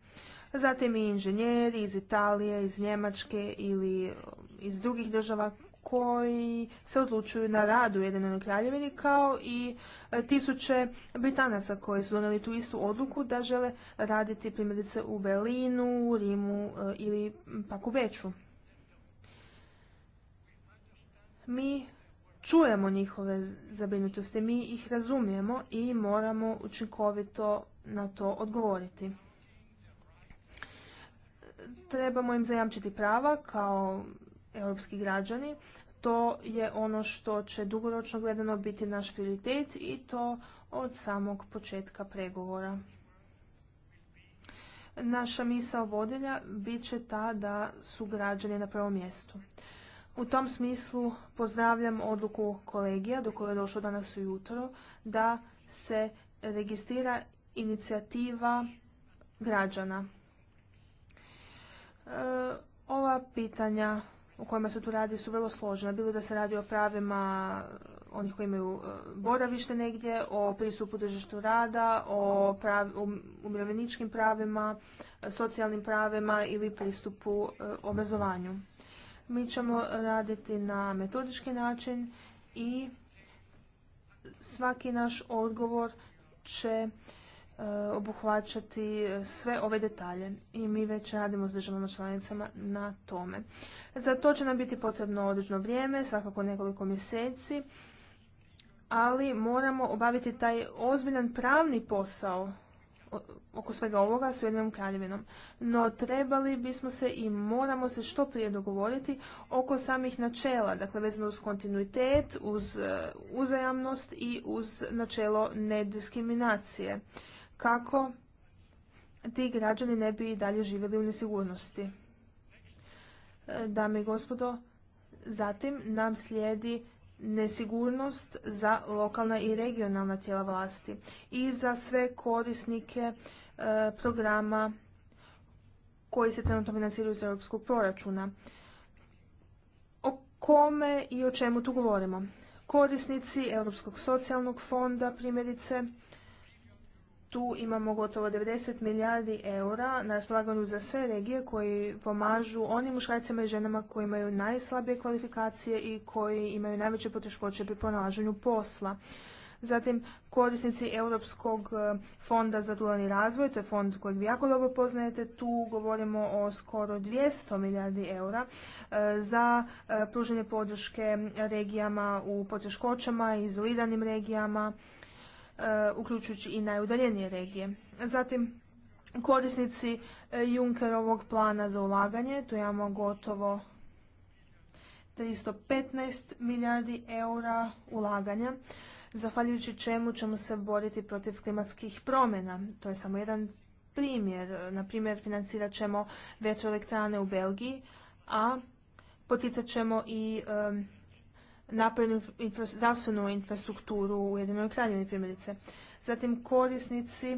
S2: zatim i inženjeri iz Italije, iz Njemačke ili iz drugih država koji se odlučuju na rad u Jedinoj kraljevini kao i e, tisuće Britanaca koji su donijeli tu istu odluku da žele raditi primjerice u Berlinu, Rimu e, ili pak u Beču. Mi čujemo njihove zabrinutosti, mi ih razumijemo i moramo učinkovito na to odgovoriti trebamo im zajamčiti prava kao europski građani. To je ono što će dugoročno gledano biti naš prioritet i to od samog početka pregovora. Naša misa vodilja bit će ta da su građani na prvom mjestu. U tom smislu pozdravljam odluku kolegija do koje je došlo danas ujutro da se registrira inicijativa građana E, ova pitanja o kojima se tu radi su vrlo složena. Bilo da se radi o pravima onih koji imaju e, boravište negdje, o pristupu tržištu rada, o pravi, umirovljeničkim pravima, socijalnim pravima ili pristupu e, obrazovanju. Mi ćemo raditi na metodički način i svaki naš odgovor će E, obuhvaćati sve ove detalje i mi već radimo s državama članicama na tome. Za to će nam biti potrebno određeno vrijeme, svakako nekoliko mjeseci, ali moramo obaviti taj ozbiljan pravni posao oko svega ovoga s Ujedinom kraljevinom. No trebali bismo se i moramo se što prije dogovoriti oko samih načela, dakle vezano uz kontinuitet, uz e, uzajamnost i uz načelo nediskriminacije kako ti građani ne bi i dalje živjeli u nesigurnosti. E, dame i gospodo, zatim nam slijedi nesigurnost za lokalna i regionalna tijela vlasti i za sve korisnike e, programa koji se trenutno financiraju iz europskog proračuna. O kome i o čemu tu govorimo? Korisnici Europskog socijalnog fonda, primjerice, tu imamo gotovo 90 milijardi eura na raspolaganju za sve regije koji pomažu onim muškarcima i ženama koji imaju najslabije kvalifikacije i koji imaju najveće poteškoće pri pronalaženju posla. Zatim korisnici Europskog e, fonda za ruralni razvoj, to je fond kojeg vi jako dobro poznajete, tu govorimo o skoro 200 milijardi eura e, za e, pružanje podrške regijama u poteškoćama, izoliranim regijama, E, uključujući i najudaljenije regije. Zatim, korisnici e, Junkerovog plana za ulaganje, tu imamo gotovo 315 milijardi eura ulaganja, zahvaljujući čemu ćemo se boriti protiv klimatskih promjena. To je samo jedan primjer. Na primjer, financirat ćemo vetroelektrane u Belgiji, a poticat ćemo i e, napravljenu zdravstvenu infrastrukturu u Jedinoj kraljevini primjerice. Zatim korisnici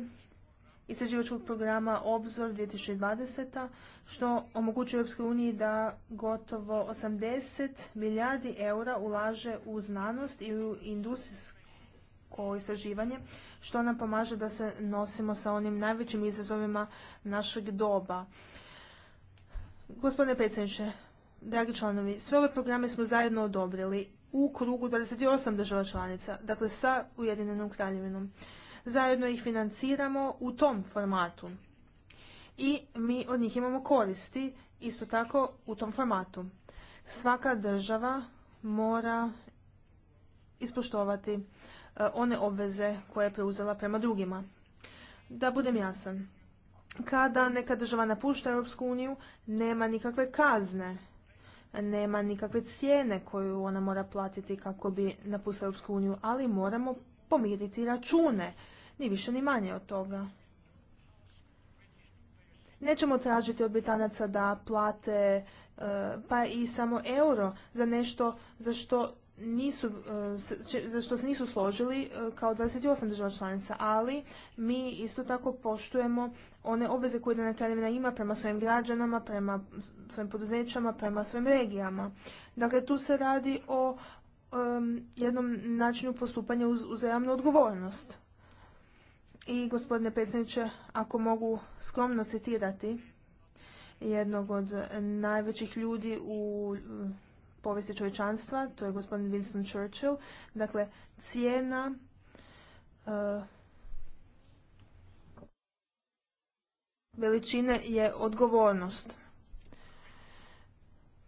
S2: istraživačkog programa Obzor 2020. što omogućuje Europskoj uniji da gotovo 80 milijardi eura ulaže u znanost i u industrijsko istraživanje, što nam pomaže da se nosimo sa onim najvećim izazovima našeg doba. Gospodine predsjedniče, dragi članovi, sve ove programe smo zajedno odobrili u krugu 28 država članica, dakle sa Ujedinjenom kraljevinom. Zajedno ih financiramo u tom formatu i mi od njih imamo koristi isto tako u tom formatu. Svaka država mora ispoštovati e, one obveze koje je preuzela prema drugima. Da budem jasan, kada neka država napušta Europsku uniju, nema nikakve kazne nema nikakve cijene koju ona mora platiti kako bi napustila Europsku uniju, ali moramo pomiriti račune, ni više ni manje od toga. Nećemo tražiti od Britanaca da plate e, pa i samo euro za nešto za što nisu, e, za što se nisu složili e, kao 28 država članica, ali mi isto tako poštujemo one obveze koje Ujedinjena kraljevina ima prema svojim građanama, prema svojim poduzećama, prema svojim regijama. Dakle, tu se radi o jednom načinu postupanja uz uzajamnu odgovornost. I gospodine predsjedniče, ako mogu skromno citirati jednog od najvećih ljudi u povijesti čovječanstva, to je gospodin Winston Churchill. Dakle, cijena e, veličine je odgovornost.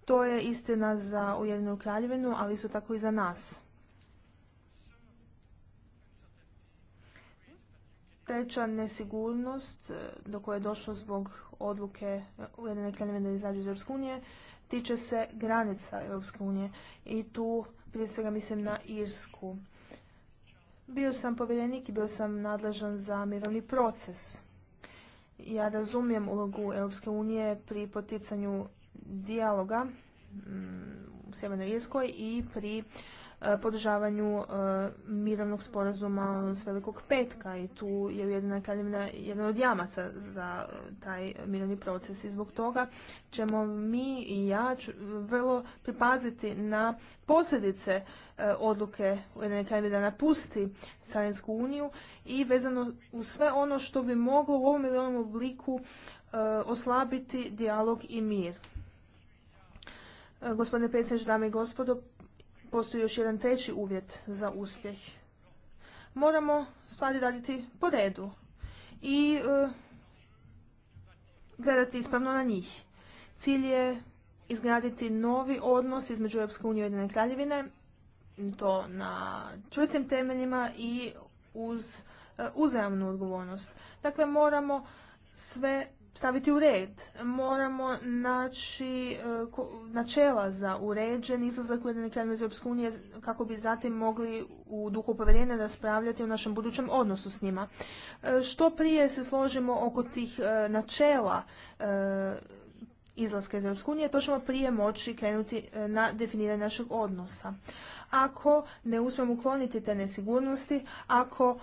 S2: To je istina za Ujedinu kraljevinu, ali su tako i za nas. Treća nesigurnost e, do koje je došlo zbog odluke Ujedine kraljevine da izađe iz Europske unije tiče se granica Europske unije i tu prije svega mislim na Irsku. Bio sam povjerenik i bio sam nadležan za mirovni proces. Ja razumijem ulogu Europske unije pri poticanju dijaloga mm, u Sjevernoj Irskoj i pri E, podržavanju e, mirovnog sporazuma s Velikog petka i tu je Ujedina kraljevina jedan od jamaca za taj mirovni proces i zbog toga ćemo mi i ja vrlo pripaziti na posljedice e, odluke Ujedine kraljevine da napusti Carinsku uniju i vezano u sve ono što bi moglo u ovom ili onom obliku oslabiti dijalog i mir. Gospodine predsjedniče, dame i gospodo, postoji još jedan treći uvjet za uspjeh. Moramo stvari raditi po redu i e, gledati ispravno na njih. Cilj je izgraditi novi odnos između Europske unije i Ujedine kraljevine, to na čvrstim temeljima i uz e, uzajamnu odgovornost. Dakle, moramo sve staviti u red. Moramo naći e, načela za uređen izlazak Ujedinjene kraljevine iz Europske unije kako bi zatim mogli u duhu povjerenja raspravljati o našem budućem odnosu s njima. E, što prije se složimo oko tih e, načela izlaska iz Europske unije, to ćemo prije moći krenuti e, na definiranje našeg odnosa. Ako ne uspijemo ukloniti te nesigurnosti, ako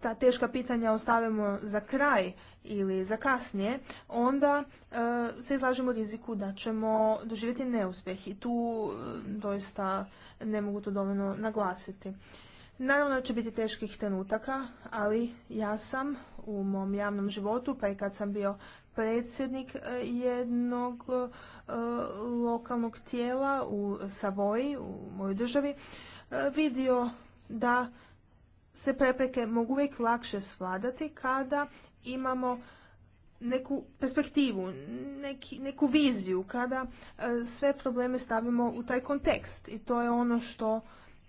S2: ta teška pitanja ostavimo za kraj ili za kasnije, onda e, se izlažemo riziku da ćemo doživjeti neuspjeh i tu e, doista ne mogu to dovoljno naglasiti. Naravno će biti teških trenutaka, ali ja sam u mom javnom životu, pa i kad sam bio predsjednik e, jednog e, lokalnog tijela u Savoji, u mojoj državi, e, vidio da se prepreke mogu uvijek lakše svladati kada imamo neku perspektivu, neku viziju, kada sve probleme stavimo u taj kontekst i to je ono što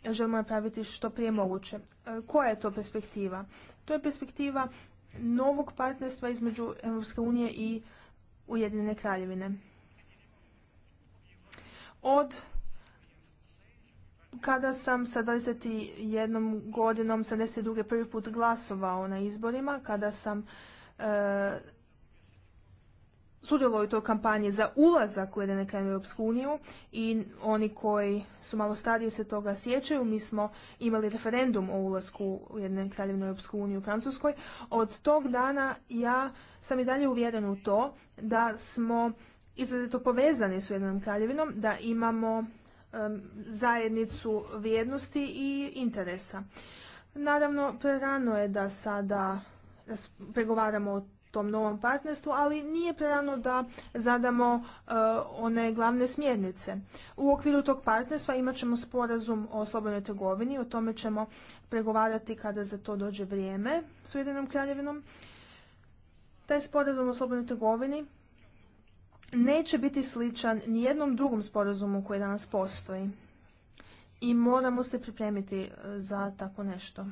S2: želimo napraviti što prije moguće. Koja je to perspektiva? To je perspektiva novog partnerstva između Europske unije i Ujedinjene kraljevine. Od kada sam sa 21 godinom 72. prvi put glasovao na izborima, kada sam e, sudjelo u toj kampanji za ulazak u Ujedine kraljevine Europsku uniju i oni koji su malo stariji se toga sjećaju, mi smo imali referendum o ulasku u jedne kraljevine Europsku uniju u Francuskoj. Od tog dana ja sam i dalje uvjeren u to da smo izrazito povezani s Jednom kraljevinom, da imamo zajednicu vrijednosti i interesa. Naravno, prerano je da sada pregovaramo o tom novom partnerstvu, ali nije prerano da zadamo e, one glavne smjernice. U okviru tog partnerstva imat ćemo sporazum o slobodnoj trgovini, o tome ćemo pregovarati kada za to dođe vrijeme s Ujedinom kraljevinom. Taj sporazum o slobodnoj trgovini neće biti sličan nijednom drugom sporazumu koji danas postoji. I moramo se pripremiti e, za tako nešto.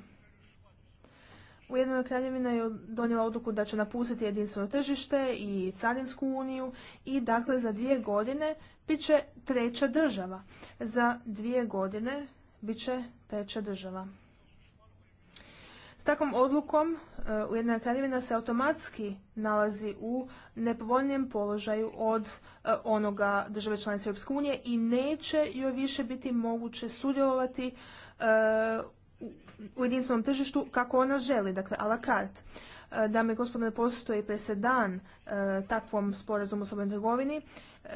S2: Ujedinjena kraljevina je donijela odluku da će napustiti jedinstveno tržište i carinsku uniju i dakle za dvije godine bit će treća država. Za dvije godine bit će treća država. S takvom odlukom e, Ujedna kraljevina se automatski nalazi u nepovoljnijem položaju od e, onoga države članice Europske unije i neće joj više biti moguće sudjelovati e, u jedinstvenom tržištu kako ona želi, dakle a la carte. E, dame i gospodine, postoji presedan e, takvom sporazumu o slobodnoj trgovini, e,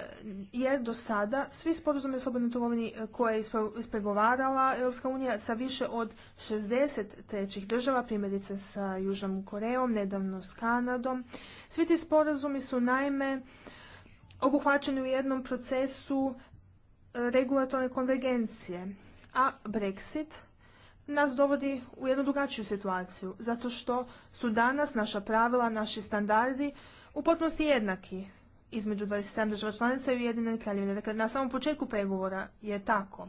S2: jer do sada svi sporazumi o slobodnoj trgovini koje je ispregovarala Europska unija sa više od 60 trećih država, primjerice sa Južnom Korejom, nedavno s Kanadom, svi ti sporazumi su naime obuhvaćeni u jednom procesu regulatorne konvergencije, a Brexit nas dovodi u jednu drugačiju situaciju, zato što su danas naša pravila, naši standardi u potpunosti jednaki između 27 država članica i Ujedinjene kraljevine. Dakle, na samom početku pregovora je tako.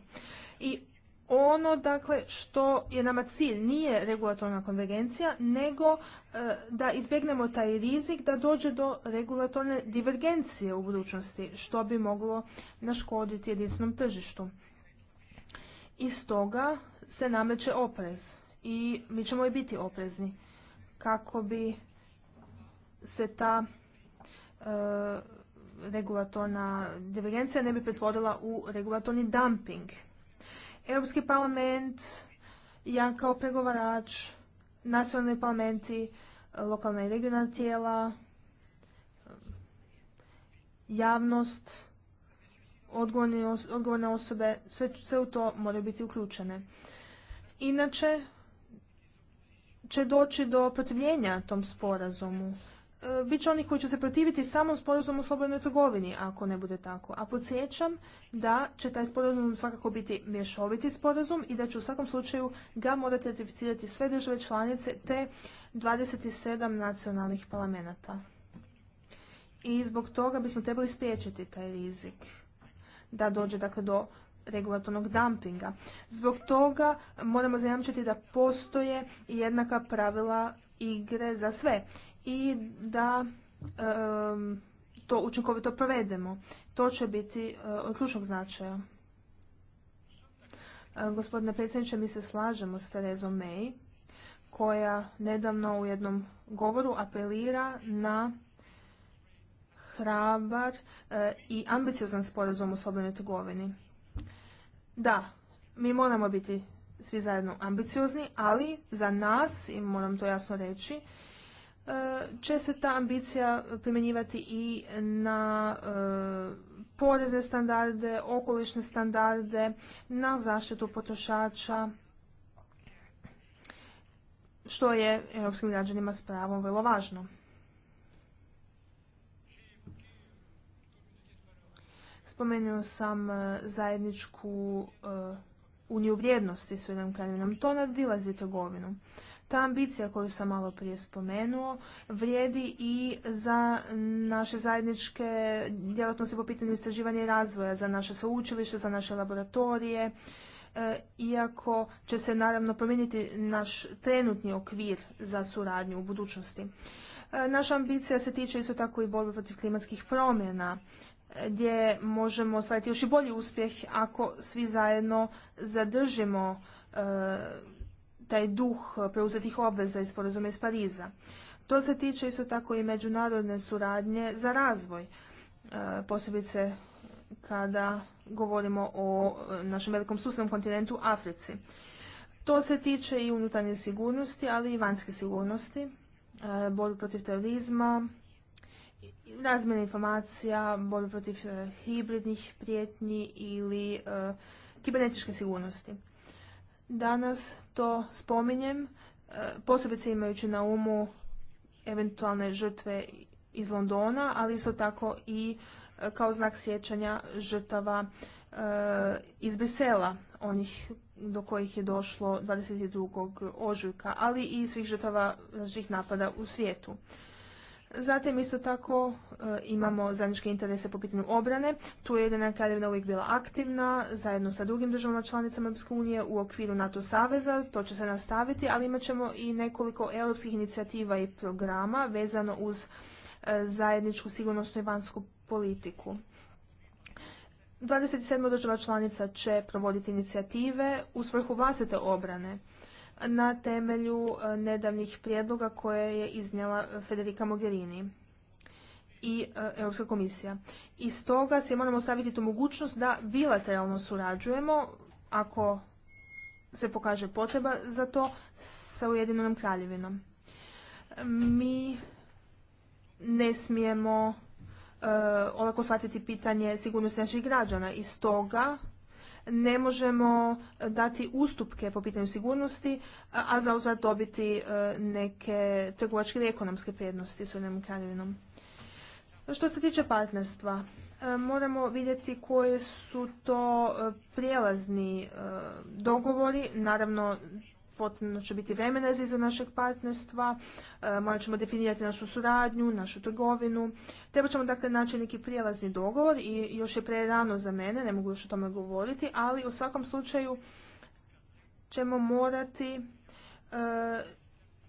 S2: I ono dakle što je nama cilj nije regulatorna konvergencija, nego e, da izbjegnemo taj rizik da dođe do regulatorne divergencije u budućnosti, što bi moglo naškoditi jedinstvenom tržištu i stoga se nameće oprez i mi ćemo i biti oprezni kako bi se ta e, regulatorna divergencija ne bi pretvorila u regulatorni dumping. Europski parlament, ja kao pregovarač, nacionalni parlamenti, lokalna i regionalna tijela, javnost, odgovorne osobe, sve, sve u to moraju biti uključene. Inače će doći do protivljenja tom sporazumu. E, bit Biće onih koji će se protiviti samom sporazumu o slobodnoj trgovini, ako ne bude tako. A podsjećam da će taj sporazum svakako biti mješoviti sporazum i da će u svakom slučaju ga morati ratificirati sve države članice te 27 nacionalnih parlamenta. I zbog toga bismo trebali spriječiti taj rizik da dođe dakle, do regulatornog dumpinga. Zbog toga moramo zajamčiti da postoje jednaka pravila igre za sve i da to učinkovito provedemo. To će biti e, od ključnog značaja. E, gospodine predsjedniče, mi se slažemo s Terezom May, koja nedavno u jednom govoru apelira na hrabar e, i ambiciozan sporazum u slobodnoj trgovini. Da, mi moramo biti svi zajedno ambiciozni, ali za nas, i moram to jasno reći, e, će se ta ambicija primjenjivati i na e, porezne standarde, okolišne standarde, na zaštitu potrošača, što je europskim građanima s pravom vrlo važno. Spomenuo sam e, zajedničku e, uniju vrijednosti s Ujedinom kraljevinom. To nadilazi trgovinu. Ta ambicija koju sam malo prije spomenuo vrijedi i za naše zajedničke djelatnosti po pitanju istraživanja i razvoja, za naše sveučilište, za naše laboratorije, e, iako će se naravno promijeniti naš trenutni okvir za suradnju u budućnosti. Naša ambicija se tiče isto tako i borbe protiv klimatskih promjena gdje možemo ostvariti još i bolji uspjeh ako svi zajedno zadržimo e, taj duh preuzetih obveza iz sporazuma iz Pariza. To se tiče isto tako i međunarodne suradnje za razvoj, e, posebice kada govorimo o e, našem velikom susjednom kontinentu Africi. To se tiče i unutarnje sigurnosti, ali i vanjske sigurnosti, e, protiv terorizma, razmjene informacija, borbe protiv e, hibridnih prijetnji ili e, kibernetičke sigurnosti. Danas to spominjem, e, posebice imajući na umu eventualne žrtve iz Londona, ali isto tako i kao znak sjećanja žrtava iz Brisela, onih do kojih je došlo 22. ožujka, ali i svih žrtava različitih napada u svijetu. Zatim isto tako e, imamo zajedničke interese po pitanju obrane. Tu je jedna kraljevina uvijek bila aktivna zajedno sa drugim državama članicama Europske unije u okviru NATO saveza. To će se nastaviti, ali imat ćemo i nekoliko europskih inicijativa i programa vezano uz e, zajedničku sigurnosnu i vanjsku politiku. 27. država članica će provoditi inicijative u svrhu vlastite obrane na temelju e, nedavnih prijedloga koje je iznijela Federica Mogherini i e, Europska komisija. I stoga se moramo staviti tu mogućnost da bilateralno surađujemo ako se pokaže potreba za to sa ujedinunom kraljevinom. Mi ne smijemo e, olako shvatiti pitanje sigurnosti naših građana i stoga ne možemo eh, dati ustupke po pitanju sigurnosti, a za dobiti eh, neke trgovačke ili ekonomske prednosti s Ujedinom kraljevinom. Što se tiče partnerstva, eh, moramo vidjeti koje su to prijelazni dogovori. Naravno, potrebno će biti vremena za našeg partnerstva, e, morat ćemo definirati našu suradnju, našu trgovinu. Treba ćemo dakle naći neki prijelazni dogovor i još je pre rano za mene, ne mogu još o tome govoriti, ali u svakom slučaju ćemo morati e,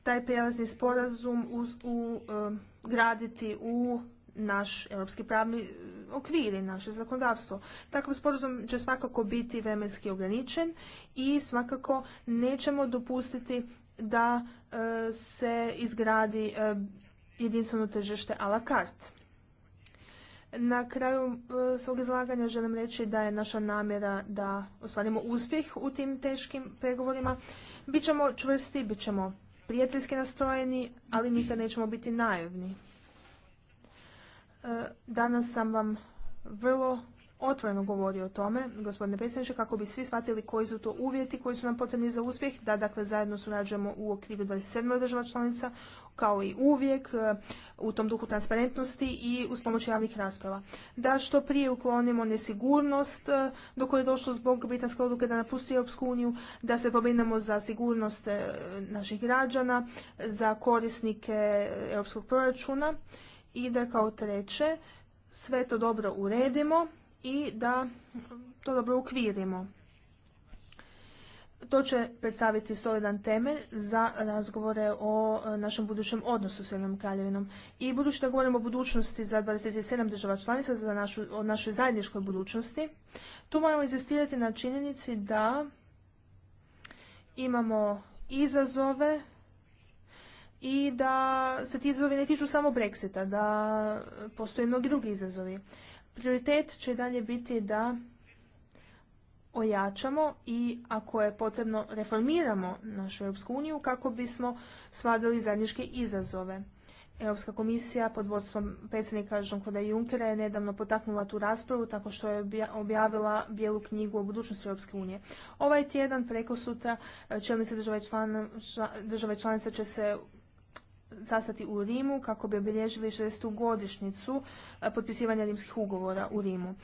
S2: taj prijelazni sporazum u, e, graditi u naš europski pravni okviri, naše zakonodavstvo. Takav sporazum će svakako biti vremenski ograničen i svakako nećemo dopustiti da e, se izgradi e, jedinstveno tržište a la carte. Na kraju e, svog izlaganja želim reći da je naša namjera da ostvarimo uspjeh u tim teškim pregovorima. Bićemo čvrsti, bit ćemo prijateljski nastrojeni, ali nikad nećemo biti naivni. E, danas sam vam vrlo otvoreno govorio o tome, gospodine predsjedniče, kako bi svi shvatili koji su to uvjeti koji su nam potrebni za uspjeh, da dakle zajedno surađujemo u okviru 27. država članica, kao i uvijek, e, u tom duhu transparentnosti i uz pomoć javnih rasprava. Da što prije uklonimo nesigurnost e, do koje je došlo zbog britanske odluke da napusti Europsku uniju, da se pobrinemo za sigurnost naših građana, za korisnike europskog proračuna i da kao treće sve to dobro uredimo i da to dobro ukvirimo. To će predstaviti solidan temelj za razgovore o e, našem budućem odnosu s Ujedinjenom kraljevinom. I budući da govorimo o budućnosti za 27 država članica, za našu, o našoj zajedničkoj budućnosti, tu moramo izistirati na činjenici da imamo izazove i da se ti izazovi ne tiču samo Brexita, da postoje mnogi drugi izazovi. Prioritet će dalje biti da ojačamo i ako je potrebno reformiramo našu Europsku uniju kako bismo svadili zajedničke izazove. Europska komisija pod vodstvom predsjednika Jean-Claude Junckera je nedavno potaknula tu raspravu tako što je objavila bijelu knjigu o budućnosti Europske unije. Ovaj tjedan preko sutra eh, čelnice države, član, države članice će se sastati u Rimu kako bi obilježili 60. godišnicu e, potpisivanja rimskih ugovora u Rimu.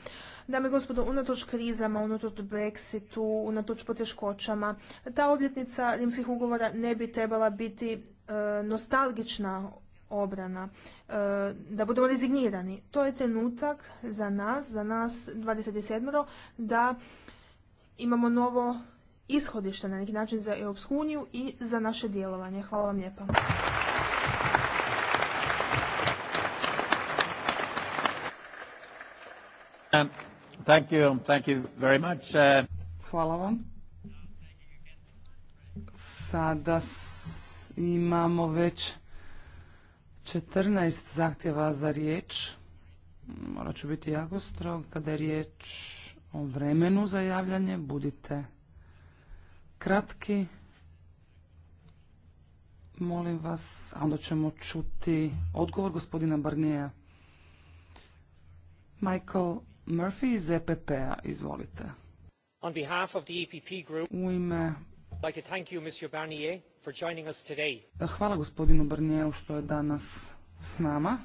S2: Dame i gospodo, unatoč krizama, unatoč Brexitu, unatoč poteškoćama, ta obljetnica rimskih ugovora ne bi trebala biti e, nostalgična obrana, e, da budemo rezignirani. To je trenutak za nas, za nas 27. da imamo novo ishodište na neki način za Europsku uniju i za naše djelovanje. Hvala vam lijepa.
S1: Um, thank you, thank you uh,
S6: Hvala vam. Sada imamo već 14 zahtjeva za riječ. Morat ću biti jako strog kada je riječ o vremenu za javljanje. Budite kratki. Molim vas, a onda ćemo čuti odgovor gospodina Barnijeja. Michael Murphy iz EPP-a. Izvolite. E U ime Hvala gospodinu Barnieru što je danas s nama.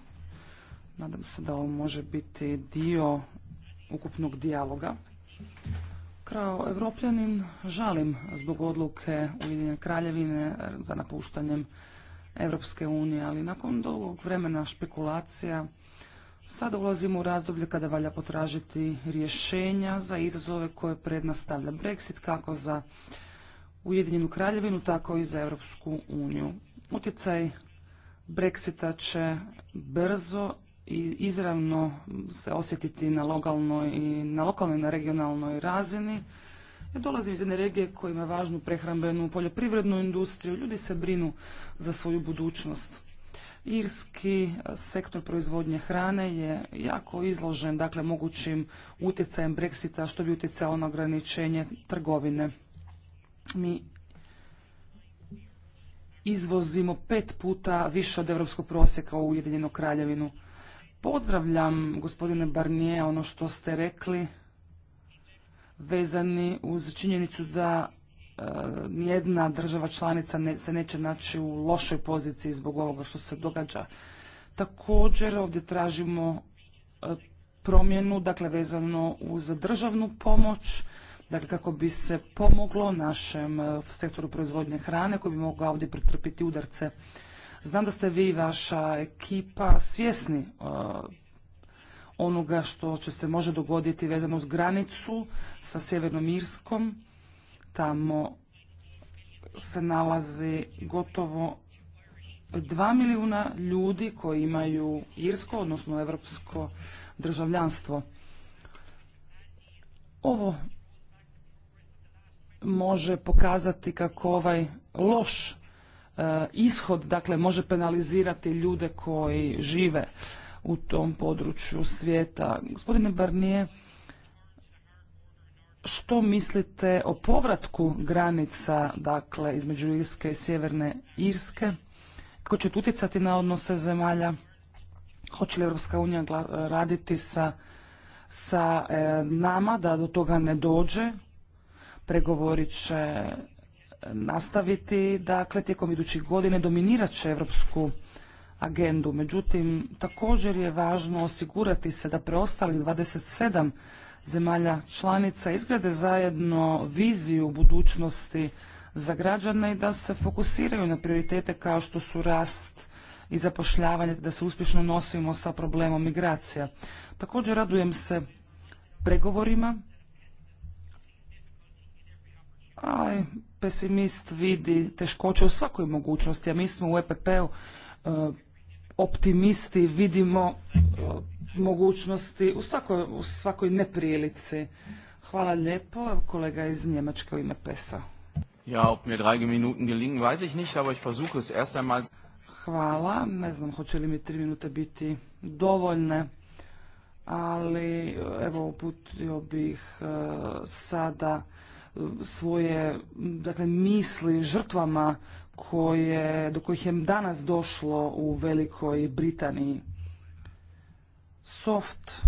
S6: Nadam se da ovo može biti dio ukupnog dijaloga. Kao evropljanin žalim zbog odluke Ujedinjene kraljevine za napuštanjem Evropske unije, ali nakon dugog vremena špekulacija Sada ulazimo u razdoblje kada valja potražiti rješenja za izazove koje pred Brexit, kako za Ujedinjenu kraljevinu, tako i za Europsku uniju. Utjecaj Brexita će brzo i izravno se osjetiti na lokalnoj i na, lokalnoj, na regionalnoj razini. Ja dolazim iz jedne regije koja ima važnu prehrambenu poljoprivrednu industriju. Ljudi se brinu za svoju budućnost. Irski sektor proizvodnje hrane je jako izložen dakle, mogućim utjecajem Brexita što bi utjecao na ograničenje trgovine. Mi izvozimo pet puta više od europskog prosjeka u Ujedinjenu kraljevinu. Pozdravljam, gospodine Barnije, ono što ste rekli vezani uz činjenicu da nijedna država članica se neće naći u lošoj poziciji zbog ovoga što se događa. Također ovdje tražimo e, promjenu, dakle vezano uz državnu pomoć, dakle kako bi se pomoglo našem e, sektoru proizvodnje hrane koji bi mogao ovdje pretrpiti udarce. Znam da ste vi i vaša ekipa svjesni e, onoga što će se može dogoditi vezano uz granicu sa Sjevernom Irskom. Tamo se nalazi gotovo dva milijuna ljudi koji imaju irsko, odnosno evropsko državljanstvo. Ovo može pokazati kako ovaj loš e, ishod, dakle može penalizirati ljude koji žive u tom području svijeta. Gospodine Barnije, što mislite o povratku granica dakle između Irske i Sjeverne Irske? Kako će to utjecati na odnose zemalja? Hoće li Europska unija raditi sa, sa e, nama da do toga ne dođe? Pregovori će nastaviti, dakle tijekom idućih godine dominirat će Europsku agendu. Međutim, također je važno osigurati se da preostalih 27 zemalja članica izgrade zajedno viziju budućnosti za građane i da se fokusiraju na prioritete kao što su rast i zapošljavanje, da se uspješno nosimo sa problemom migracija. Također radujem se pregovorima, a pesimist vidi teškoće u svakoj mogućnosti, a mi smo u EPP-u e, optimisti, vidimo e, mogućnosti u svakoj, u svakoj neprilici. Hvala lijepo, kolega iz Njemačke u ime PESA. Ja, ob mir drei Minuten gelingen, weiß ich nicht, aber ich versuche es erst Hvala, ne znam hoće li mi tri minute biti dovoljne, ali evo uputio bih e, sada e, svoje dakle, misli žrtvama koje, do kojih je danas došlo u Velikoj Britaniji soft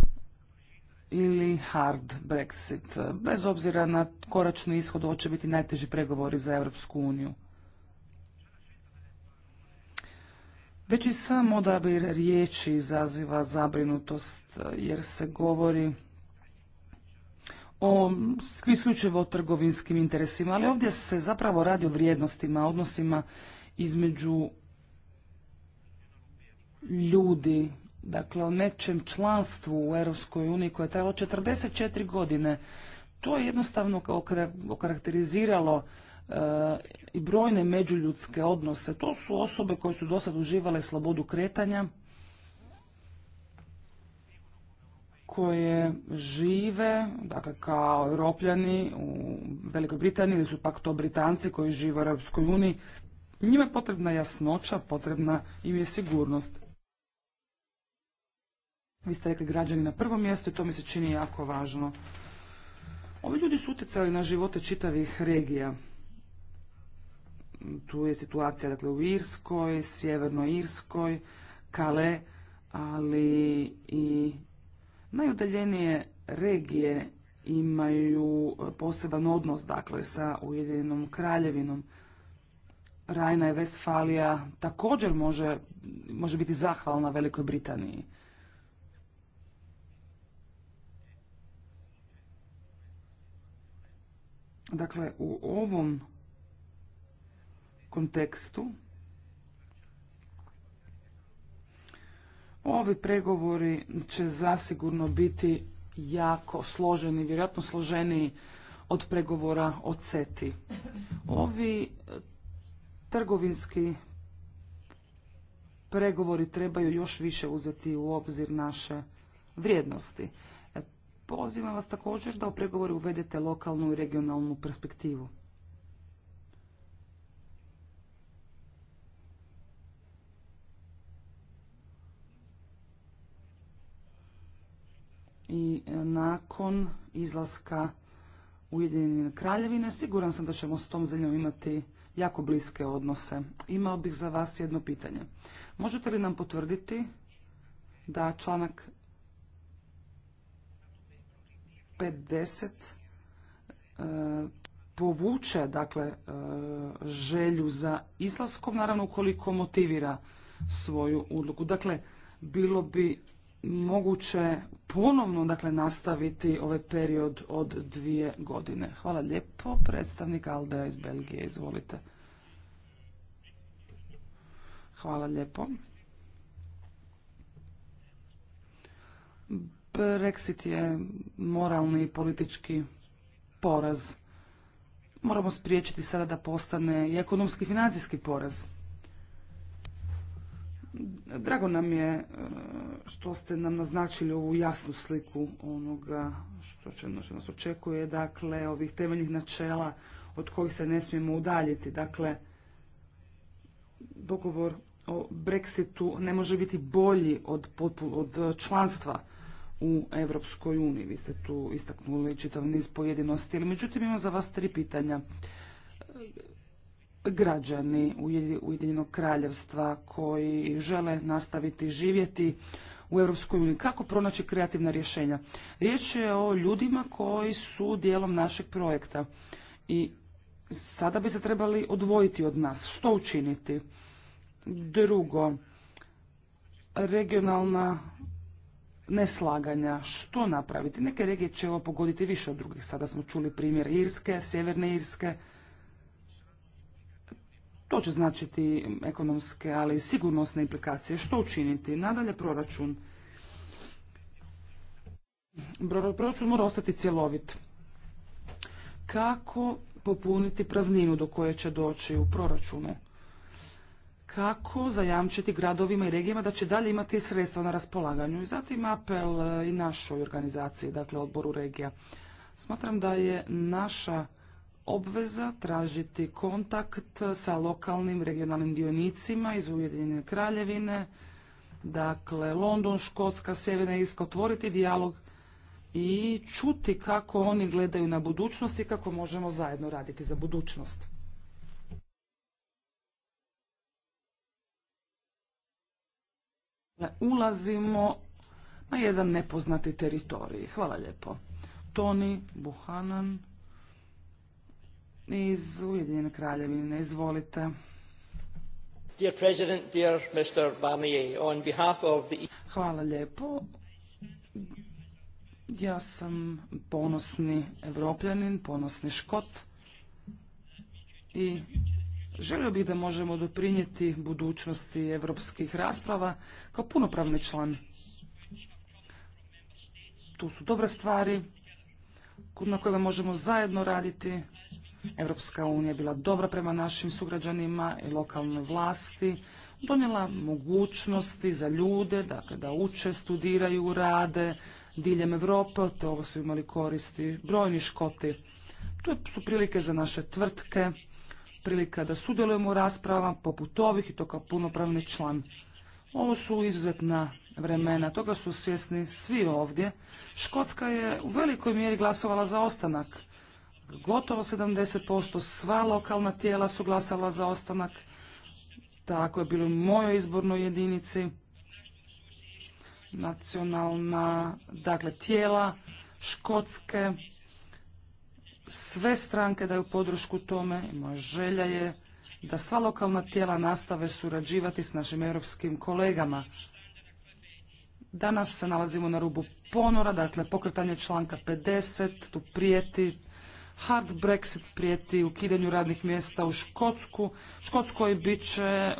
S6: ili hard Brexit, bez obzira na koračni ishod, ovo će biti najteži pregovori za Europsku uniju. Već i sam odabir riječi izaziva zabrinutost jer se govori o isključivo o trgovinskim interesima, ali ovdje se zapravo radi o vrijednostima, odnosima između ljudi dakle o nečem članstvu u Europskoj uniji koje je trajalo 44 godine. To je jednostavno okarakteriziralo eh, i brojne međuljudske odnose. To su osobe koje su dosad uživale slobodu kretanja, koje žive, dakle kao europljani u Velikoj Britaniji ili su pak to Britanci koji žive u Europskoj uniji, njima je potrebna jasnoća, potrebna im je sigurnost. Vi ste rekli građani na prvom mjestu i to mi se čini jako važno. Ovi ljudi su utjecali na živote čitavih regija. Tu je situacija dakle, u Irskoj, Sjevernoj Irskoj, Kale, ali i najudaljenije regije imaju poseban odnos dakle, sa Ujedinjenom kraljevinom. Rajna i Vestfalija također može, može biti zahvalna Velikoj Britaniji. Dakle, u ovom kontekstu ovi pregovori će zasigurno biti jako složeni, vjerojatno složeniji od pregovora o CETI. Ovi e, trgovinski pregovori trebaju još više uzeti u obzir naše vrijednosti pozivam vas također da u pregovore uvedete lokalnu i regionalnu perspektivu. I e, nakon izlaska Ujedinjene kraljevine siguran sam da ćemo s tom zemljom imati jako bliske odnose. Imao bih za vas jedno pitanje. Možete li nam potvrditi da članak 50 e, povuče dakle e, želju za izlaskom, naravno ukoliko motivira svoju odluku. Dakle, bilo bi moguće ponovno dakle nastaviti ovaj period od dvije godine. Hvala lijepo. Predstavnik Aldea iz Belgije, izvolite. Hvala lijepo. Brexit je moralni i politički poraz. Moramo spriječiti sada da postane i ekonomski i financijski poraz. Drago nam je e, što ste nam naznačili ovu jasnu sliku onoga što će nas očekuje, dakle, ovih temeljnih načela od kojih se ne smijemo udaljiti. Dakle, dogovor o Brexitu ne može biti bolji od, od članstva u Europskoj uniji. Vi ste tu istaknuli čitav niz pojedinosti, ali međutim imam za vas tri pitanja. Građani Ujedinjenog kraljevstva koji žele nastaviti živjeti u Europskoj uniji. Kako pronaći kreativna rješenja? Riječ je o ljudima koji su dijelom našeg projekta i sada bi se trebali odvojiti od nas. Što učiniti? Drugo, regionalna neslaganja što napraviti. Neke regije će ovo pogoditi više od drugih. Sada smo čuli primjer Irske, Sjeverne Irske. To će značiti ekonomske, ali i sigurnosne implikacije. Što učiniti? Nadalje proračun. Proračun mora ostati cjelovit. Kako popuniti prazninu do koje će doći u proračunu? kako zajamčiti gradovima i regijama da će dalje imati sredstva na raspolaganju. I zatim apel e, i našoj organizaciji, dakle odboru regija. Smatram da je naša obveza tražiti kontakt sa lokalnim regionalnim dionicima iz Ujedinjene kraljevine, dakle London, Škotska, Sjeverna Irska, otvoriti dijalog i čuti kako oni gledaju na budućnost i kako možemo zajedno raditi za budućnost. ulazimo na jedan nepoznati teritorij. Hvala lijepo. Toni Buhanan iz Ujedinjene kraljevine. Izvolite.
S1: Dear President, dear Mr. Barnier, on behalf of the... E
S6: Hvala lijepo. Ja sam ponosni evropljanin, ponosni škot i Želio bih da možemo doprinijeti budućnosti europskih rasprava kao punopravni član. Tu su dobre stvari na kojima možemo zajedno raditi. Evropska unija je bila dobra prema našim sugrađanima i lokalnoj vlasti, donijela mogućnosti za ljude dakle, da uče, studiraju, rade diljem Evrope. To toga su imali koristi brojni škoti. Tu su prilike za naše tvrtke, prilika da sudjelujemo u raspravama poput ovih i to kao punopravni član. Ovo su izuzetna vremena, toga su svjesni svi ovdje. Škotska je u velikoj mjeri glasovala za ostanak. Gotovo 70% sva lokalna tijela su glasala za ostanak. Tako je bilo u mojoj izbornoj jedinici. Nacionalna, dakle, tijela Škotske sve stranke daju podršku tome i moja želja je da sva lokalna tijela nastave surađivati s našim europskim kolegama. Danas se nalazimo na rubu ponora, dakle pokretanje članka 50, tu prijeti hard Brexit prijeti ukidanju radnih mjesta u Škotsku. Škotskoj bit će,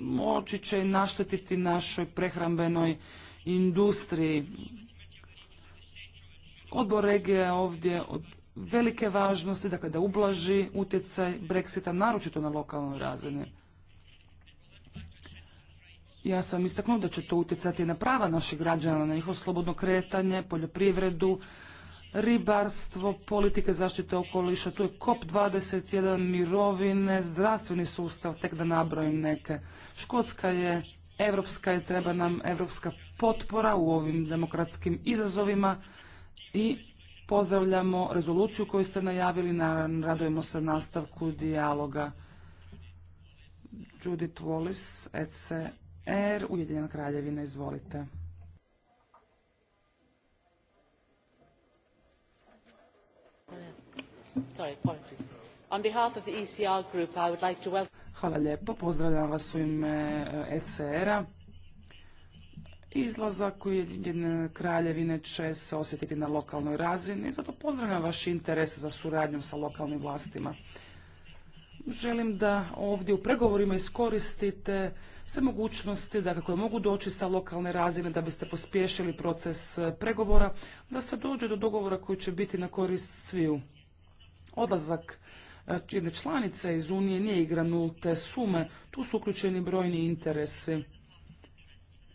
S6: moći će naštetiti našoj prehrambenoj industriji. Odbor regije ovdje od velike važnosti, dakle da ublaži utjecaj Brexita, naročito na lokalnoj razini. Ja sam istaknuo da će to utjecati na prava naših građana, na njihovo slobodno kretanje, poljoprivredu, ribarstvo, politike zaštite okoliša, tu je COP21, mirovine, zdravstveni sustav, tek da nabrojim neke. Škotska je evropska je, treba nam evropska potpora u ovim demokratskim izazovima i Pozdravljamo rezoluciju koju ste najavili, naravno radujemo se nastavku dijaloga. Judith Wallis, ECR, Ujedinjena kraljevina, izvolite. E Hvala lijepo, pozdravljam vas u ime ECR-a izlazak Ujedinjene kraljevine će se osjetiti na lokalnoj razini. Zato pozdravljam vaš interes za suradnjom sa lokalnim vlastima. Želim da ovdje u pregovorima iskoristite sve mogućnosti da kako mogu doći sa lokalne razine da biste pospješili proces e, pregovora, da se dođe do dogovora koji će biti na korist sviju. Odlazak e, jedne članice iz Unije nije igra nulte sume, tu su uključeni brojni interesi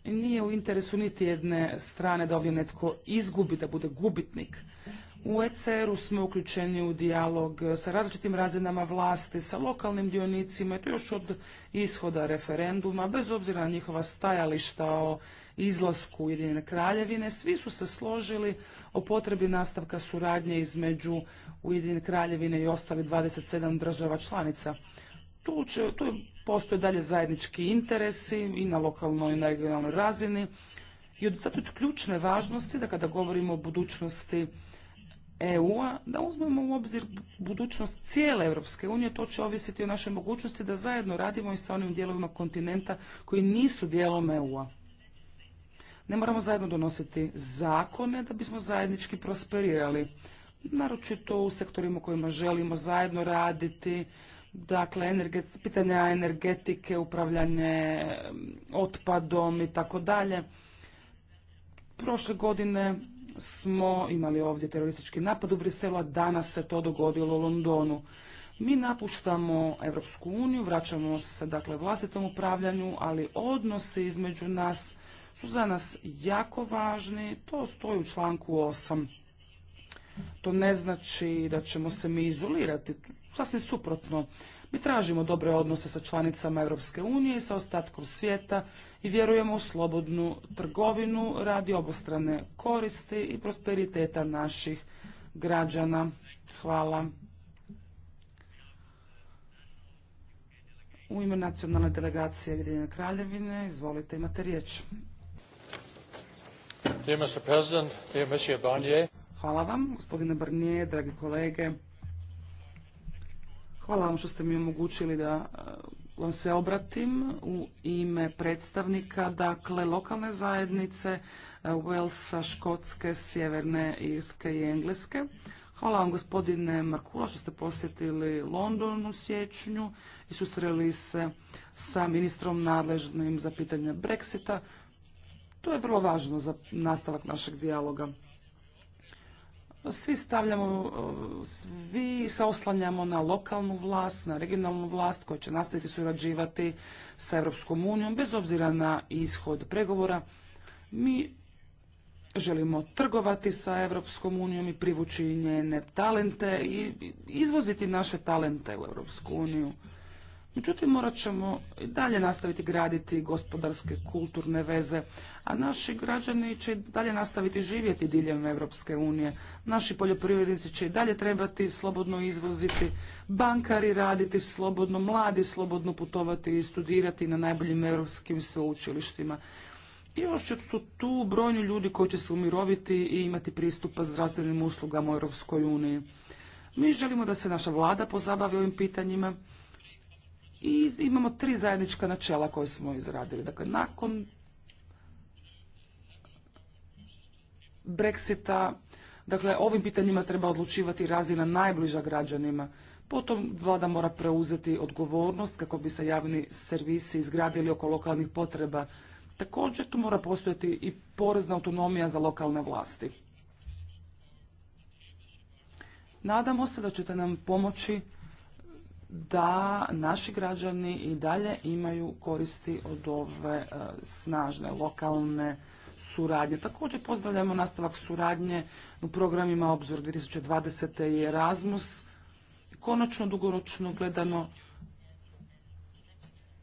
S6: nije u interesu niti jedne strane da ovdje netko izgubi, da bude gubitnik. U ECR-u smo uključeni u dijalog sa različitim razinama vlasti, sa lokalnim dionicima to još od ishoda referenduma, bez obzira na njihova stajališta o izlasku Ujedinjene kraljevine, svi su se složili o potrebi nastavka suradnje između Ujedinjene kraljevine i ostalih 27 država članica. Tu, će, postoje dalje zajednički interesi i na lokalnoj i na regionalnoj razini. I od zato ključne važnosti da kada govorimo o budućnosti EU-a, da uzmemo u obzir budućnost cijele Europske unije, to će ovisiti o našoj mogućnosti da zajedno radimo i sa onim dijelovima kontinenta koji nisu dijelom EU-a. Ne moramo zajedno donositi zakone da bismo zajednički prosperirali, naročito u sektorima u kojima želimo zajedno raditi, dakle energet, pitanja energetike, upravljanje otpadom i tako dalje. Prošle godine smo imali ovdje teroristički napad u Briselu, a danas se to dogodilo u Londonu. Mi napuštamo Europsku uniju, vraćamo se dakle vlastitom upravljanju, ali odnosi između nas su za nas jako važni, to stoji u članku 8. To ne znači da ćemo se mi izolirati, sasvim suprotno. Mi tražimo dobre odnose sa članicama Europske unije i sa ostatkom svijeta i vjerujemo u slobodnu trgovinu radi obostrane koristi i prosperiteta naših građana. Hvala. U ime nacionalne delegacije kraljevine, izvolite, imate riječ. Hvala vam, gospodine Barnier, dragi kolege. Hvala vam što ste mi omogućili da eh, vam se obratim u ime predstavnika, dakle, lokalne zajednice eh, Walesa, Škotske, Sjeverne Irske i Engleske. Hvala vam gospodine Markula što ste posjetili London u siječnju i susreli se sa ministrom nadležnim za pitanje Brexita. To je vrlo važno za nastavak našeg dijaloga. Svi stavljamo, svi se oslanjamo na lokalnu vlast, na regionalnu vlast koja će nastaviti surađivati sa Europskom unijom bez obzira na ishod pregovora. Mi želimo trgovati sa Europskom unijom i privući njene talente i izvoziti naše talente u Europsku uniju. Međutim, morat ćemo i dalje nastaviti graditi gospodarske, kulturne veze, a naši građani će i dalje nastaviti živjeti diljem Europske unije. Naši poljoprivrednici će i dalje trebati slobodno izvoziti, bankari raditi slobodno, mladi slobodno putovati i studirati na najboljim europskim sveučilištima. I još će su tu brojni ljudi koji će se umiroviti i imati pristupa zdravstvenim uslugama u Europskoj uniji. Mi želimo da se naša vlada pozabavi ovim pitanjima, i imamo tri zajednička načela koje smo izradili. Dakle, nakon Brexita, dakle, ovim pitanjima treba odlučivati razina najbliža građanima. Potom vlada mora preuzeti odgovornost kako bi se javni servisi izgradili oko lokalnih potreba. Također tu mora postojati i porezna autonomija za lokalne vlasti. Nadamo se da ćete nam pomoći da naši građani i dalje imaju koristi od ove e, snažne lokalne suradnje. Također pozdravljamo nastavak suradnje u programima Obzor 2020. i Erasmus. Konačno, dugoročno gledano,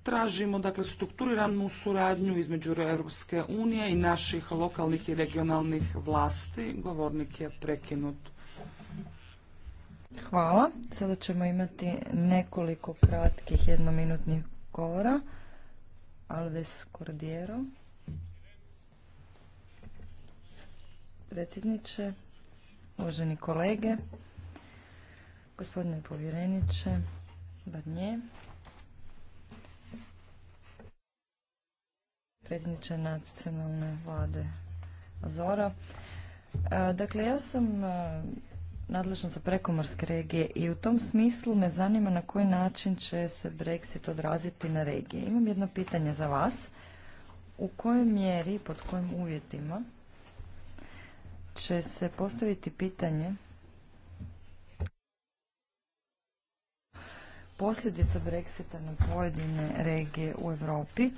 S6: tražimo dakle, strukturiranu suradnju između Europske unije i naših lokalnih i regionalnih vlasti. Govornik je prekinut.
S4: Hvala. Sada ćemo imati nekoliko kratkih jednominutnih govora. Alves Cordiero. Predsjedniče, uvaženi kolege, gospodine povjereniče, Barnje, predsjedniče nacionalne vlade Azora. E, dakle, ja sam e, nadležna za prekomorske regije i u tom smislu me zanima na koji način će se Brexit odraziti na regije. Imam jedno pitanje za vas. U kojoj mjeri, pod kojim uvjetima će se postaviti pitanje posljedica Brexita na pojedine regije u
S6: Europi?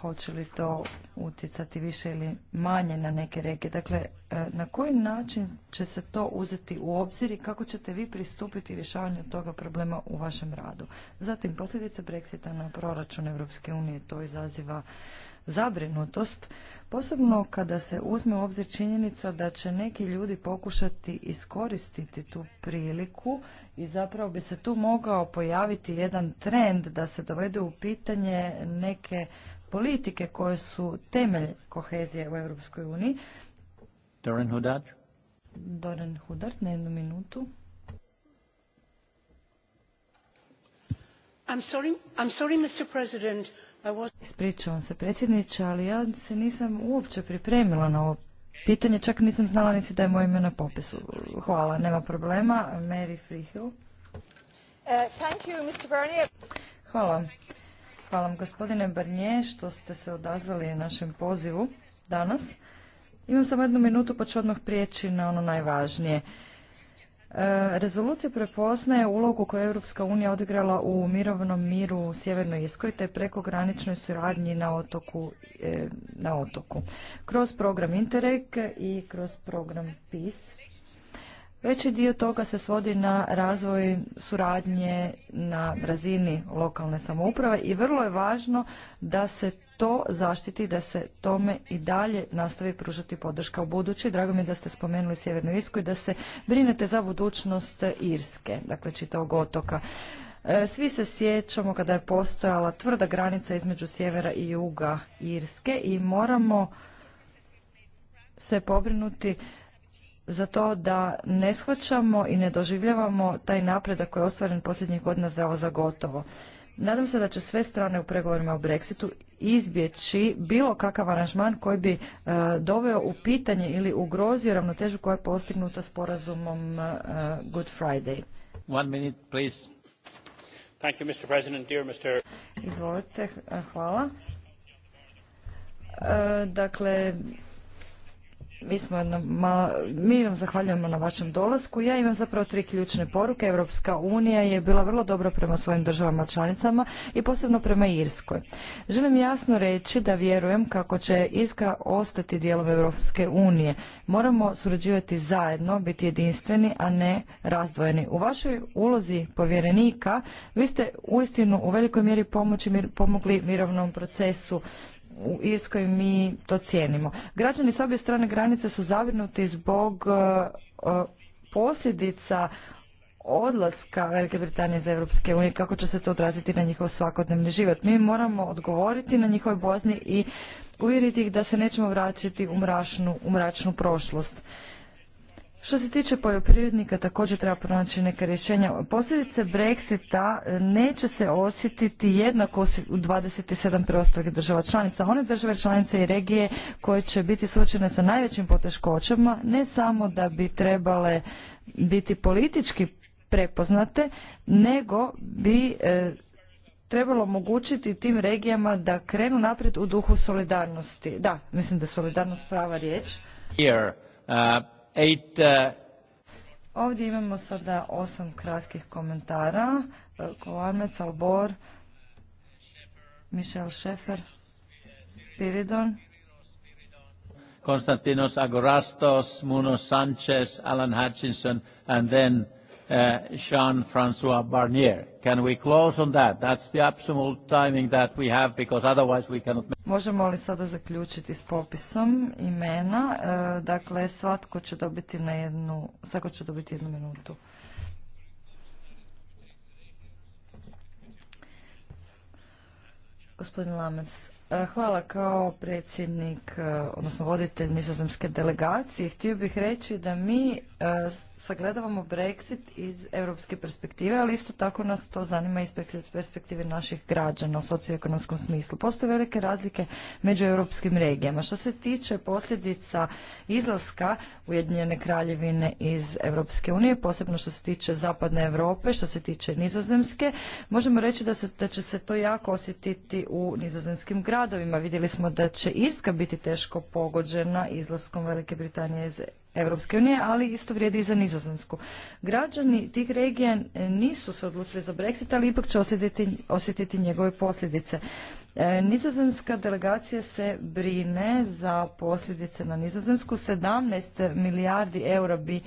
S4: hoće li to utjecati više ili manje na neke reke. Dakle, e, na koji način će se to uzeti u obzir i kako ćete vi pristupiti rješavanju toga problema u vašem radu? Zatim, posljedice Brexita na proračun Europske unije to izaziva zabrinutost, posebno kada se uzme u obzir činjenica da će neki ljudi pokušati iskoristiti tu priliku i zapravo bi se tu mogao pojaviti jedan trend da se dovede u pitanje neke politike koje su temelj kohezije u Europskoj uniji. Doran Hudar. Doran Hudard, na jednu minutu.
S3: I'm sorry, I'm sorry, Mr. President.
S4: I was... Ispričavam se predsjedniče, ali ja se nisam uopće pripremila na ovo pitanje, čak nisam znala niti da je moje ime na popisu. Hvala, nema problema. Mary Freehill. Uh, thank you, Mr. Hvala. Hvala vam gospodine Brnje, što ste se odazvali našem pozivu danas. Imam samo jednu minutu pa ću odmah prijeći na ono najvažnije. E, rezolucija prepoznaje ulogu koju je Europska unija odigrala u mirovnom miru u Sjevernoj Iskoj te prekograničnoj suradnji na otoku, e, na otoku. Kroz program Interreg i kroz program PIS Veći dio toga se svodi na razvoj suradnje na razini lokalne samouprave i vrlo je važno da se to zaštiti, da se tome i dalje nastavi pružati podrška u budući. Drago mi je da ste spomenuli Sjevernu Irsku i da se brinete za budućnost Irske, dakle čitavog otoka. E, svi se sjećamo kada je postojala tvrda granica između sjevera i juga Irske i moramo se pobrinuti za to da ne shvaćamo i ne doživljavamo taj napredak koji je ostvaren posljednjih godina zdravo za gotovo. Nadam se da će sve strane u pregovorima o Brexitu izbjeći bilo kakav aranžman koji bi e, doveo u pitanje ili ugrozio ravnotežu koja je postignuta sporazumom e, Good Friday.
S1: One minute, please. Thank you, Mr. President. Dear Mr.
S4: Izvolite, e, hvala. E, dakle, mi, smo malo, mi vam zahvaljujemo na vašem dolasku. Ja imam zapravo tri ključne poruke. Europska unija je bila vrlo dobra prema svojim državama članicama i posebno prema Irskoj. Želim jasno reći da vjerujem kako će Irska ostati dijelom Europske unije. Moramo surađivati zajedno, biti jedinstveni, a ne razdvojeni. U vašoj ulozi povjerenika vi ste uistinu u velikoj mjeri pomogli mirovnom procesu u Irskoj mi to cijenimo. Građani s obje strane granice su zabrinuti zbog e, e, posljedica odlaska Velike Britanije iz Europske unije, kako će se to odraziti na njihov svakodnevni život. Mi moramo odgovoriti na njihove bozni i uvjeriti ih da se nećemo vraćati u mračnu prošlost. Što se tiče poljoprivrednika, također treba pronaći neke rješenja. Posljedice Brexita e, neće se osjetiti jednako u 27 preostalih država članica. One države članice i regije koje će biti suočene sa najvećim poteškoćama, ne samo da bi trebale biti politički prepoznate, nego bi e, trebalo omogućiti tim regijama da krenu naprijed u duhu solidarnosti. Da, mislim da je solidarnost prava riječ.
S1: Here, uh, eight, uh...
S4: Ovdje imamo sada osam kratkih komentara. E, Kolarmec, Albor, Michel Šefer, Spiridon.
S1: Konstantinos Agorastos, Muno Sanchez, Alan Hutchinson, and then Uh, Jean-François Barnier. Can we close on that? That's the absolute timing that we have because otherwise we cannot...
S4: Možemo li sada zaključiti s popisom imena? Uh, dakle, svatko će dobiti na jednu, svatko će dobiti jednu minutu. Gospodin Lamec, uh, Hvala kao predsjednik, odnosno voditelj nizozemske delegacije. Htio bih reći da mi sagledavamo Brexit iz europske perspektive, ali isto tako nas to zanima iz perspektive naših građana u socioekonomskom smislu. Postoje velike razlike među europskim regijama. Što se tiče posljedica izlaska Ujedinjene kraljevine iz Europske unije, posebno što se tiče zapadne Europe, što se tiče nizozemske, možemo reći da, se, da će se to jako osjetiti u nizozemskim gradovima. Vidjeli smo da će Irska biti teško pogođena izlaskom Velike Britanije iz Europske unije, ali isto vrijedi i za Nizozemsku. Građani tih regija nisu se odlučili za Brexit, ali ipak će osjetiti, osjetiti njegove posljedice. E, nizozemska delegacija se brine za posljedice na Nizozemsku. 17 milijardi eura bi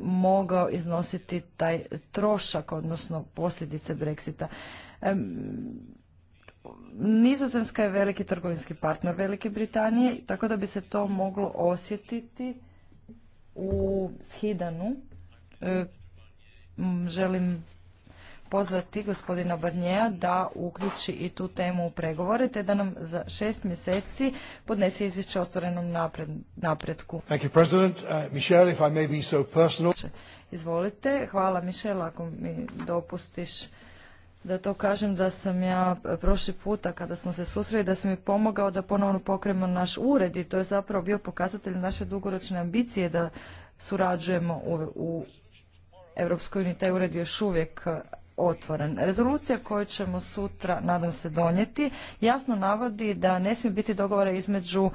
S4: mogao iznositi taj trošak, odnosno posljedice Brexita. E, nizozemska je veliki trgovinski partner Velike Britanije, tako da bi se to moglo osjetiti u Hidanu e, želim pozvati gospodina Barnjeja da uključi i tu temu u pregovore, te da nam za šest mjeseci podnese izvješće o ostvarenom napretku. Izvolite. Hvala, mišela ako mi dopustiš da to kažem da sam ja prošli puta kada smo se susreli da sam mi pomogao da ponovno pokrenemo naš ured i to je zapravo bio pokazatelj naše dugoročne ambicije da surađujemo u, u Europskoj uniji. Taj ured još uvijek e, otvoren. Rezolucija koju ćemo sutra, nadam se, donijeti jasno navodi da ne smije biti dogovora između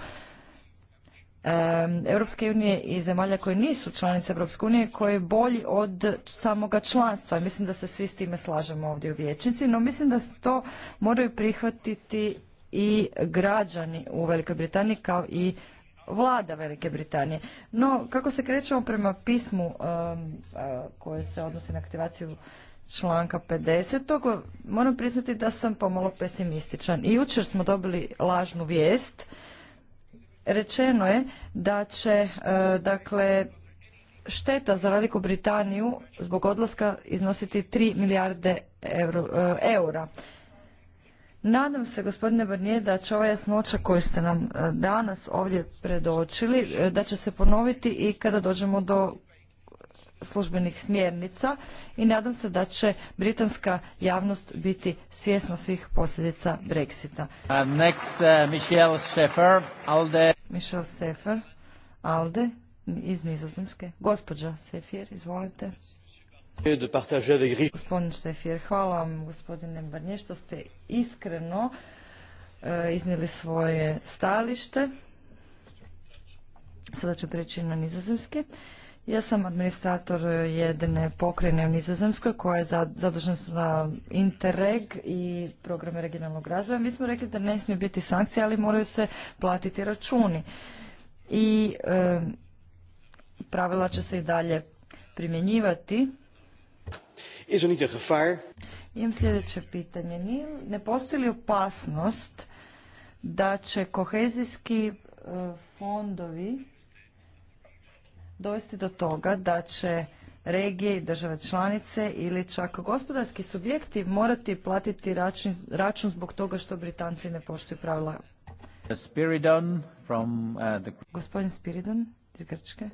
S4: Europske unije i zemalja koje nisu članice Europske unije koji je bolji od samoga članstva. Mislim da se svi s time slažemo ovdje u vijećnici, no mislim da se to moraju prihvatiti i građani u Velikoj Britaniji kao i vlada Velike Britanije. No, kako se krećemo prema pismu um, koje se odnosi na aktivaciju članka 50. moram priznati da sam pomalo pesimističan. I jučer smo dobili lažnu vijest Rečeno je da će e, dakle šteta za Veliku Britaniju zbog odlaska iznositi 3 milijarde e, eura. Nadam se, gospodine Barnier, da će ova jasnoća koju ste nam e, danas ovdje predočili, da će se ponoviti i kada dođemo do službenih smjernica i nadam se da će britanska javnost biti svjesna svih posljedica Brexita. Uh, next, uh, Michel Sefer, Alde. Michel Sefer, Alde, iz Nizozemske. Gospođa Sefir, izvolite. Gospodin Sefir, hvala vam gospodine Barnje što ste iskreno uh, iznijeli svoje stalište. Sada ću preći na nizozemske. Ja sam administrator jedne pokrajine u Nizozemskoj koja je zadužena za Interreg i programe regionalnog razvoja. Mi smo rekli da ne smije biti sankcije, ali moraju se platiti računi. I pravila će se i dalje primjenjivati. Is er Imam sljedeće pitanje. Nije, ne postoji li opasnost da će kohezijski eh, fondovi dovesti do toga da će regije i države članice ili čak gospodarski subjekti morati platiti račun, zbog toga što Britanci ne poštuju pravila. Spiridon from, uh, the... Gospodin Spiridon iz Grčke.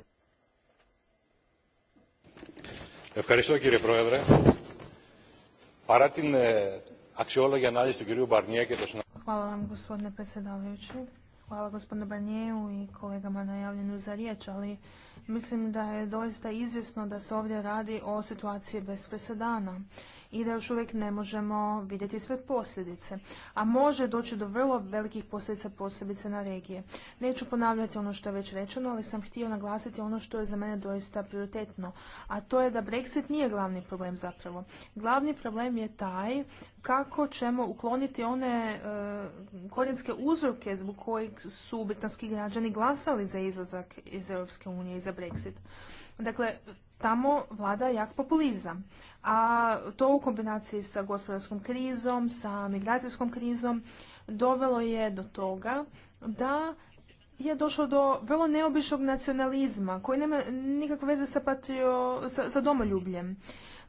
S2: Hvala vam gospodine predsjedavajući. Hvala gospodine Barnijevu i kolegama najavljenu za riječ, ali Mislim da je doista izvjesno da se ovdje radi o situaciji bez presedana i da još uvijek ne možemo vidjeti sve posljedice. A može doći do vrlo velikih posljedica posebice na regije. Neću ponavljati ono što je već rečeno, ali sam htio naglasiti ono što je za mene doista prioritetno. A to je da Brexit nije glavni problem zapravo. Glavni problem je taj kako ćemo ukloniti one e, korijenske uzroke zbog kojih su britanski građani glasali za izlazak iz Europske unije i za Brexit. Dakle, tamo vlada jak populizam. A to u kombinaciji sa gospodarskom krizom, sa migracijskom krizom, dovelo je do toga da je došlo do vrlo neobičnog nacionalizma koji nema nikakve veze sa, patrio, sa, domoljubljem.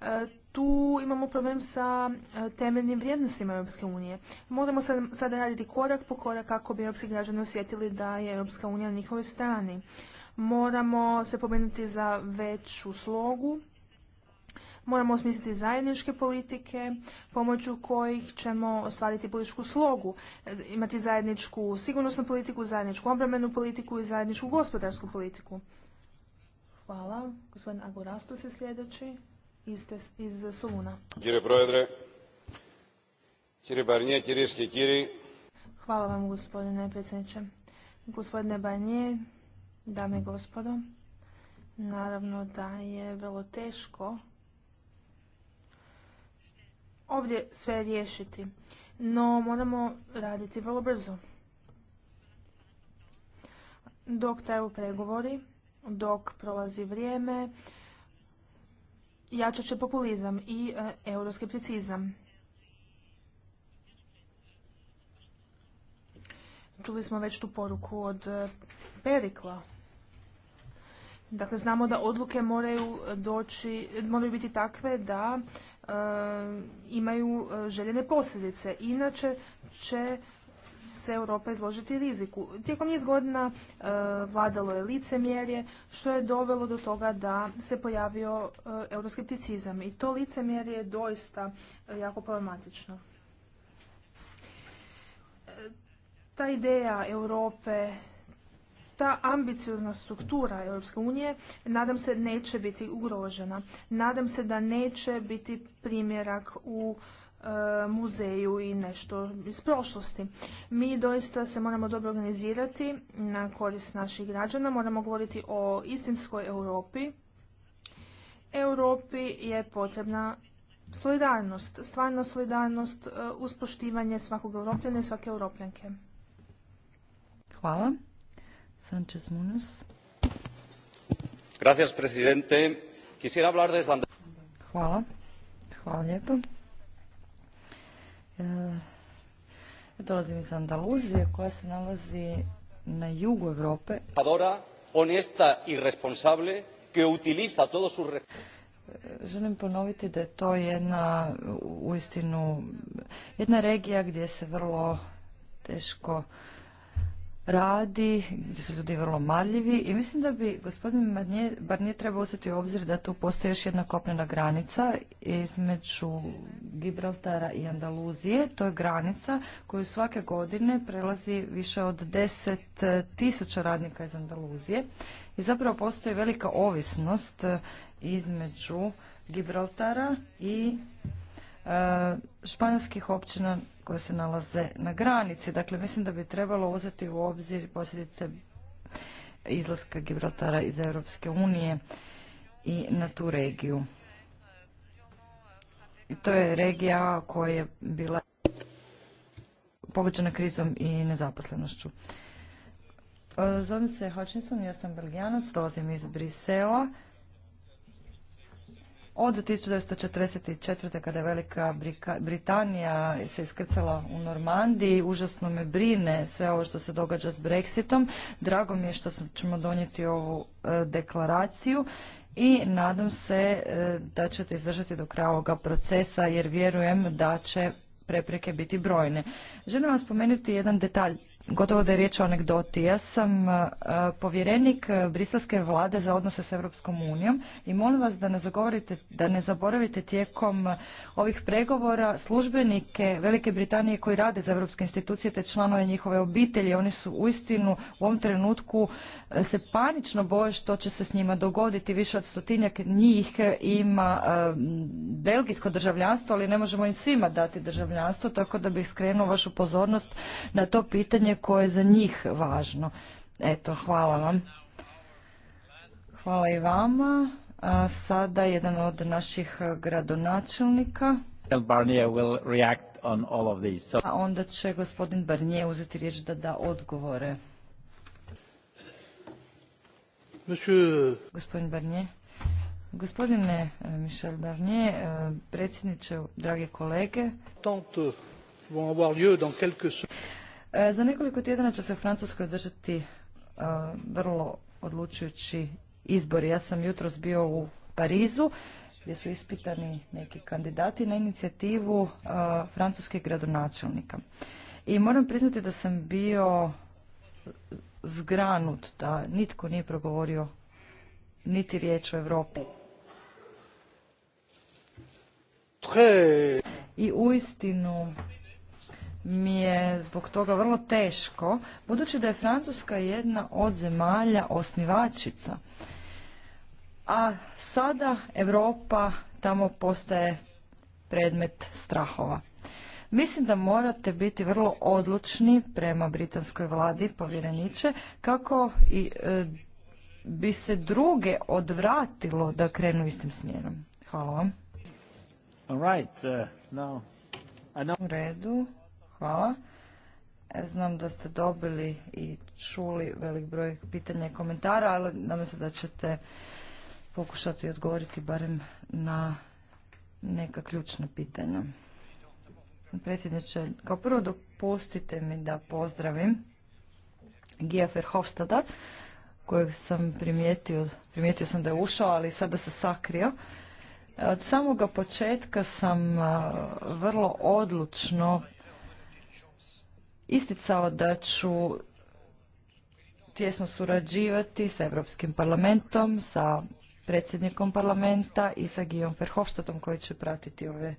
S2: E, tu imamo problem sa e, temeljnim vrijednostima Europske unije. Moramo sad raditi korak po korak kako bi europski građani osjetili da je Europska unija na njihovoj strani moramo se pomenuti za veću slogu, moramo osmisliti zajedničke politike pomoću kojih ćemo ostvariti političku slogu, imati zajedničku sigurnosnu politiku, zajedničku obrambenu politiku i zajedničku gospodarsku politiku. Hvala. Gospodin Agorastus je sljedeći iz, Suluna. Hvala vam gospodine predsjedniče. Gospodine Barnier, Dame i gospodo, naravno da je vrlo teško ovdje sve riješiti, no moramo raditi vrlo brzo. Dok traju pregovori, dok prolazi vrijeme, jačat će populizam i europski euroskepticizam. Čuli smo već tu poruku od e, Perikla, Dakle, znamo da odluke moraju, doći, moraju biti takve da e, imaju e, željene posljedice. Inače će se Europa izložiti riziku. Tijekom niz godina e, vladalo je licemjerje što je dovelo do toga da se pojavio e, euroskepticizam i to licemjerje je doista jako problematično. Ta ideja Europe ta ambiciozna struktura Europske unije nadam se neće biti ugrožena. Nadam se da neće biti primjerak u e, muzeju i nešto iz prošlosti. Mi doista se moramo dobro organizirati na korist naših građana, moramo govoriti o istinskoj Europi. Europi je potrebna solidarnost, stvarna solidarnost e, uz poštivanje svakog europljene i svake europljanke.
S4: Hvala. Sánchez Munoz.
S3: presidente. Quisiera hablar de andalucía.
S4: Hvala. lijepo. E, dolazim iz Andaluzije koja se nalazi na jugu Europe.
S3: honesta i responsable que utiliza todos sus e,
S4: želim ponoviti da je to jedna uistinu jedna regija gdje se vrlo teško radi, gdje su ljudi vrlo marljivi i mislim da bi gospodin Barnier trebao uzeti u obzir da tu postoji još jedna kopnena granica između Gibraltara i Andaluzije. To je granica koju svake godine prelazi više od deset tisuća radnika iz Andaluzije i zapravo postoji velika ovisnost između Gibraltara i e, španjolskih općina koje se nalaze na granici. Dakle, mislim da bi trebalo uzeti u obzir posljedice izlaska Gibraltara iz Europske unije i na tu regiju. I to je regija koja je bila pogođena krizom i nezaposlenošću. E, zovem se Hutchinson, ja sam Belgijanac, dolazim iz Brisela. Od 1944. kada je Velika Britanija se iskrcala u Normandiji, užasno me brine sve ovo što se događa s Brexitom. Drago mi je što ćemo donijeti ovu e, deklaraciju i nadam se e, da ćete izdržati do kraja ovoga procesa jer vjerujem da će prepreke biti brojne. Želim vam spomenuti jedan detalj gotovo da je riječ o anegdoti. Ja sam e, povjerenik briselske vlade za odnose s Europskom unijom i molim vas da ne, zagovorite, da ne zaboravite tijekom ovih pregovora službenike Velike Britanije koji rade za europske institucije te članove njihove obitelji. Oni su uistinu u ovom trenutku e, se panično boje što će se s njima dogoditi. Više od stotinjak njih ima e, belgijsko državljanstvo, ali ne možemo im svima dati državljanstvo, tako da bih skrenuo vašu pozornost na to pitanje koje je za njih važno. Eto, hvala vam. Hvala i vama. sada jedan od naših gradonačelnika. A onda će gospodin Barnier uzeti riječ da da odgovore. Monsieur... Gospodin Barnier. Gospodine e, Michel Barnier, e, predsjedniče, drage kolege. Tante vont avoir E, za nekoliko tjedana će se u Francuskoj održati e, vrlo odlučujući izbori. Ja sam jutros bio u Parizu gdje su ispitani neki kandidati na inicijativu e, francuskih gradonačelnika. I moram priznati da sam bio zgranut da nitko nije progovorio niti riječ o Europi. I uistinu mi je zbog toga vrlo teško, budući da je Francuska jedna od zemalja osnivačica. A sada Europa tamo postaje predmet strahova. Mislim da morate biti vrlo odlučni prema britanskoj vladi, povjereniče, kako i e, bi se druge odvratilo da krenu istim smjerom. Hvala vam.
S1: Uh,
S4: U redu. Hvala. E, znam da ste dobili i čuli velik broj pitanja i komentara, ali nadam se da ćete pokušati odgovoriti barem na neka ključna pitanja. Predsjedniče, kao prvo dopustite mi da pozdravim Gija Verhofstada, kojeg sam primijetio, primijetio sam da je ušao, ali sada se sakrio. Od samoga početka sam vrlo odlučno isticao da ću tjesno surađivati sa Europskim parlamentom, sa predsjednikom parlamenta i sa Gijom Verhofstadtom koji će pratiti ove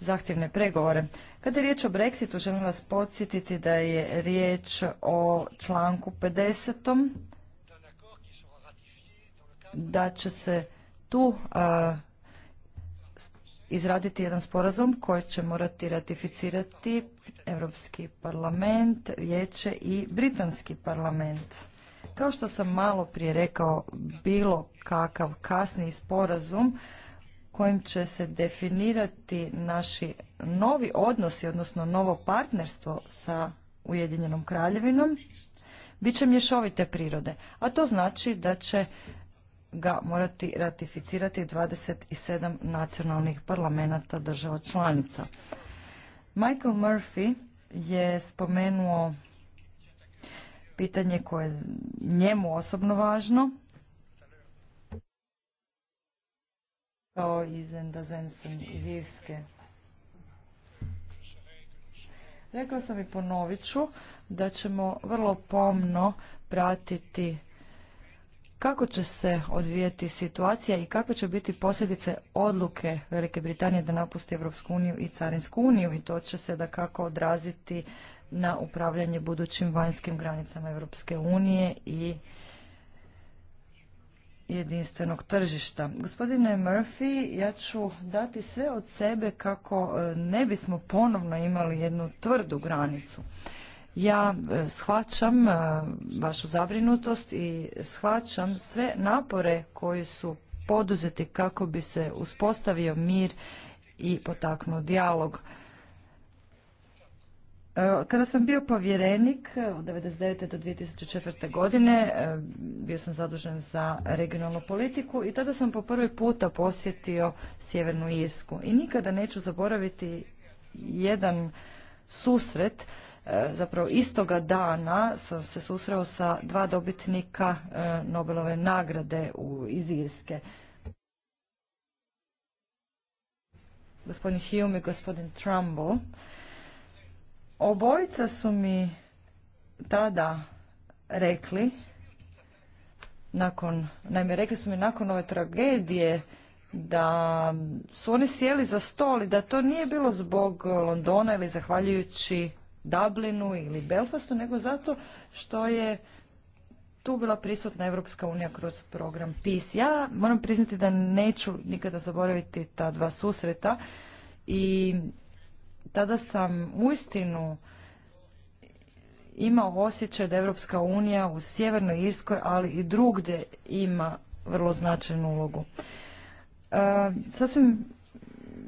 S4: zahtjevne pregovore. Kada je riječ o Brexitu, želim vas podsjetiti da je riječ o članku 50. da će se tu izraditi jedan sporazum koji će morati ratificirati Europski parlament, vijeće i Britanski parlament. Kao što sam malo prije rekao, bilo kakav kasni sporazum kojim će se definirati naši novi odnosi, odnosno novo partnerstvo sa Ujedinjenom kraljevinom, bit će mješovite prirode. A to znači da će ga morati ratificirati 27 nacionalnih parlamenta država članica. Michael Murphy je spomenuo pitanje koje je njemu osobno važno, kao iz iz Irske. Rekla sam i ponovit ću da ćemo vrlo pomno pratiti kako će se odvijeti situacija i kakve će biti posljedice odluke Velike Britanije da napusti Europsku uniju i Carinsku uniju i to će se da kako odraziti na upravljanje budućim vanjskim granicama Europske unije i jedinstvenog tržišta. Gospodine Murphy, ja ću dati sve od sebe kako e, ne bismo ponovno imali jednu tvrdu granicu. Ja e, shvaćam e, vašu zabrinutost i shvaćam sve napore koji su poduzeti kako bi se uspostavio mir i potaknuo dijalog. E, kada sam bio povjerenik od 1999. do 2004. godine, bio sam zadužen za regionalnu politiku i tada sam po prvi puta posjetio Sjevernu Irsku. I nikada neću zaboraviti jedan susret E, zapravo istoga dana sam se susreo sa dva dobitnika e, Nobelove nagrade u, iz Irske. Gospodin Hume i gospodin Trumbull. Obojica su mi tada rekli, nakon, naime rekli su mi nakon ove tragedije, da su oni sjeli za stol i da to nije bilo zbog Londona ili zahvaljujući Dublinu ili Belfastu, nego zato što je tu bila prisutna Evropska unija kroz program PIS. Ja moram priznati da neću nikada zaboraviti ta dva susreta i tada sam uistinu imao osjećaj da Evropska unija u Sjevernoj Irskoj, ali i drugdje ima vrlo značajnu ulogu. E, sasvim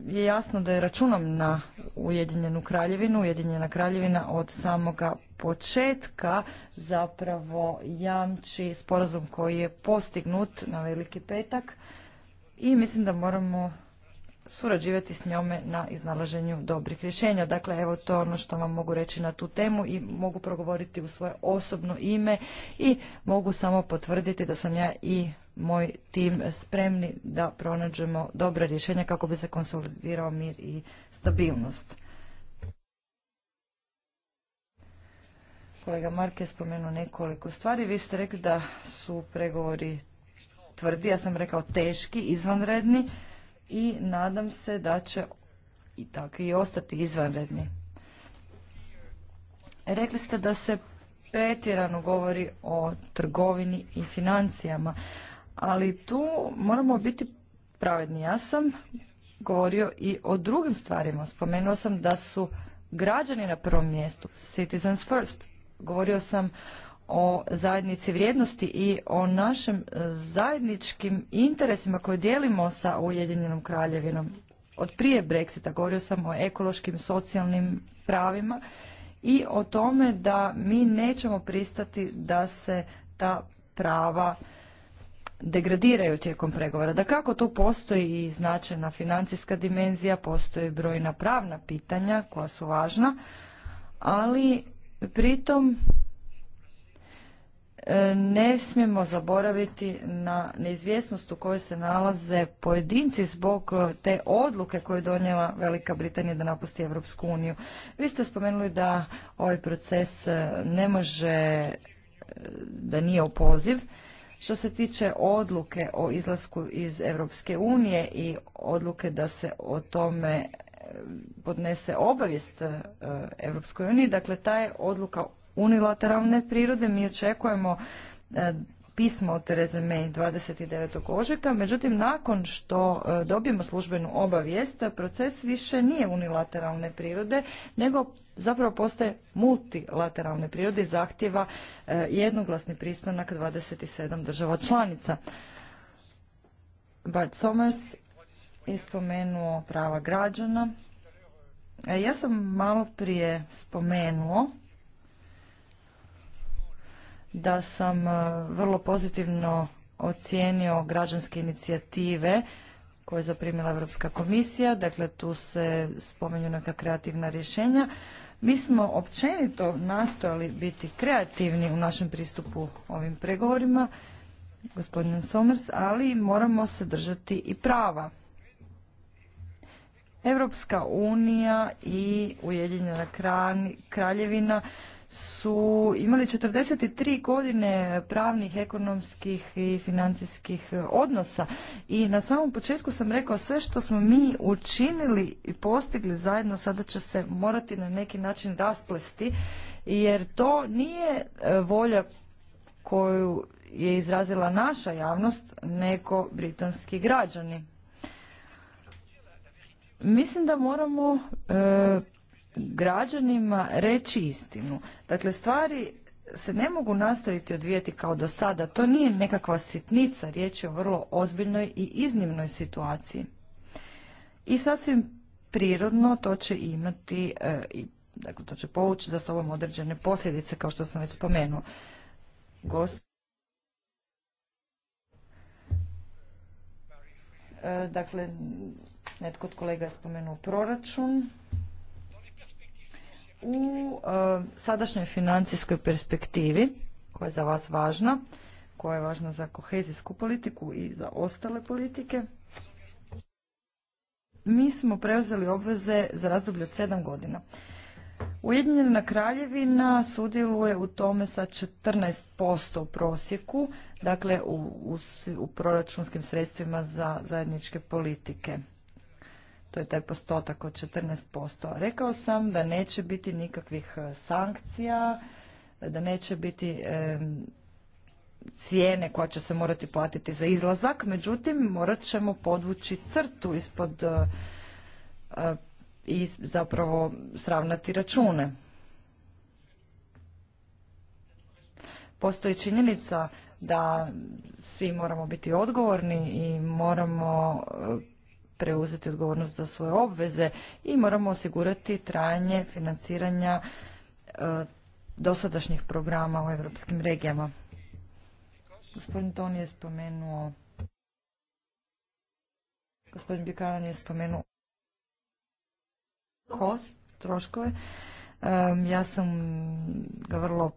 S4: je jasno da je računom na Ujedinjenu kraljevinu. Ujedinjena kraljevina od samoga početka zapravo jamči sporazum koji je postignut na veliki petak i mislim da moramo surađivati s njome na iznalaženju dobrih rješenja. Dakle, evo to je ono što vam mogu reći na tu temu i mogu progovoriti u svoje osobno ime i mogu samo potvrditi da sam ja i moj tim spremni da pronađemo dobra rješenja kako bi se konsolidirao mir i stabilnost. Kolega Mark je spomenuo nekoliko stvari. Vi ste rekli da su pregovori tvrdi, ja sam rekao teški, izvanredni i nadam se da će i tako i ostati izvanredni. Rekli ste da se pretjerano govori o trgovini i financijama, ali tu moramo biti pravedni. Ja sam govorio i o drugim stvarima. Spomenuo sam da su građani na prvom mjestu, citizens first. Govorio sam o zajednici vrijednosti i o našim e, zajedničkim interesima koje dijelimo sa Ujedinjenom kraljevinom. Od prije Brexita govorio sam o ekološkim, socijalnim pravima i o tome da mi nećemo pristati da se ta prava degradiraju tijekom pregovora. Da kako tu postoji i značajna financijska dimenzija, postoji brojna pravna pitanja koja su važna, ali pritom E, ne smijemo zaboraviti na neizvjesnost u kojoj se nalaze pojedinci zbog e, te odluke koju je donijela Velika Britanija da napusti Europsku uniju. Vi ste spomenuli da ovaj proces e, ne može, da nije opoziv. Što se tiče odluke o izlasku iz Europske unije i odluke da se o tome podnese obavijest Europskoj uniji, dakle ta je odluka unilateralne prirode. Mi očekujemo e, pismo od Tereze May 29. ožujka, međutim nakon što e, dobijemo službenu obavijest, proces više nije unilateralne prirode, nego zapravo postaje multilateralne prirode i zahtjeva e, jednoglasni pristanak 27 država članica. Bart Somers je spomenuo prava građana. Ja sam malo prije spomenuo da sam e, vrlo pozitivno ocijenio građanske inicijative koje je zaprimila Europska komisija, dakle tu se spomenju neka kreativna rješenja. Mi smo općenito nastojali biti kreativni u našem pristupu ovim pregovorima, gospodin Somers, ali moramo se držati i prava. Europska unija i Ujedinjena kraljevina su imali 43 godine pravnih, ekonomskih i financijskih odnosa i na samom početku sam rekao sve što smo mi učinili i postigli zajedno sada će se morati na neki način rasplesti jer to nije e, volja koju je izrazila naša javnost neko britanski građani. Mislim da moramo e, građanima reći istinu. Dakle, stvari se ne mogu nastaviti odvijati kao do sada. To nije nekakva sitnica, riječ je o vrlo ozbiljnoj i iznimnoj situaciji. I sasvim prirodno to će imati, e, i dakle to će povući za sobom određene posljedice kao što sam već spomenuo. Gost... E, dakle, netko od kolega je spomenuo proračun. U e, sadašnjoj financijskoj perspektivi, koja je za vas važna, koja je važna za kohezijsku politiku i za ostale politike, mi smo preuzeli obveze za razdoblje od sedam godina. Ujedinjena kraljevina sudjeluje u tome sa 14% u prosjeku, dakle u, u proračunskim sredstvima za zajedničke politike to je taj postotak od 14%. Rekao sam da neće biti nikakvih e, sankcija, da neće biti cijene koja će se morati platiti za izlazak, međutim morat ćemo podvući crtu ispod e, e, i zapravo sravnati račune. Postoji činjenica da svi moramo biti odgovorni i moramo preuzeti odgovornost za svoje obveze i moramo osigurati trajanje financiranja e, dosadašnjih programa u europskim regijama. Gospodin Ton je spomenuo gospodin Bikaran je spomenuo kost, troškove. ja sam ga vrlo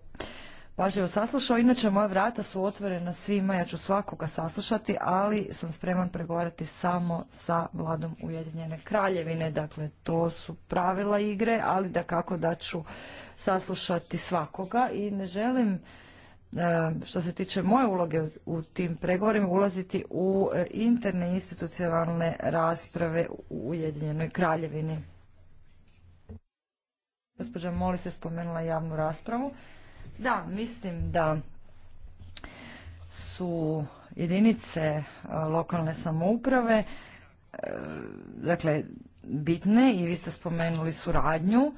S4: pažljivo saslušao. Inače, moja vrata su otvorena svima, ja ću svakoga saslušati, ali sam spreman pregovarati samo sa vladom Ujedinjene kraljevine. Dakle, to su pravila igre, ali da kako da ću saslušati svakoga i ne želim e, što se tiče moje uloge u tim pregovorima ulaziti u e, interne institucionalne rasprave u Ujedinjenoj kraljevini. Gospođa Moli se spomenula javnu raspravu. Da, mislim da su jedinice e, lokalne samouprave e, dakle bitne i vi ste spomenuli suradnju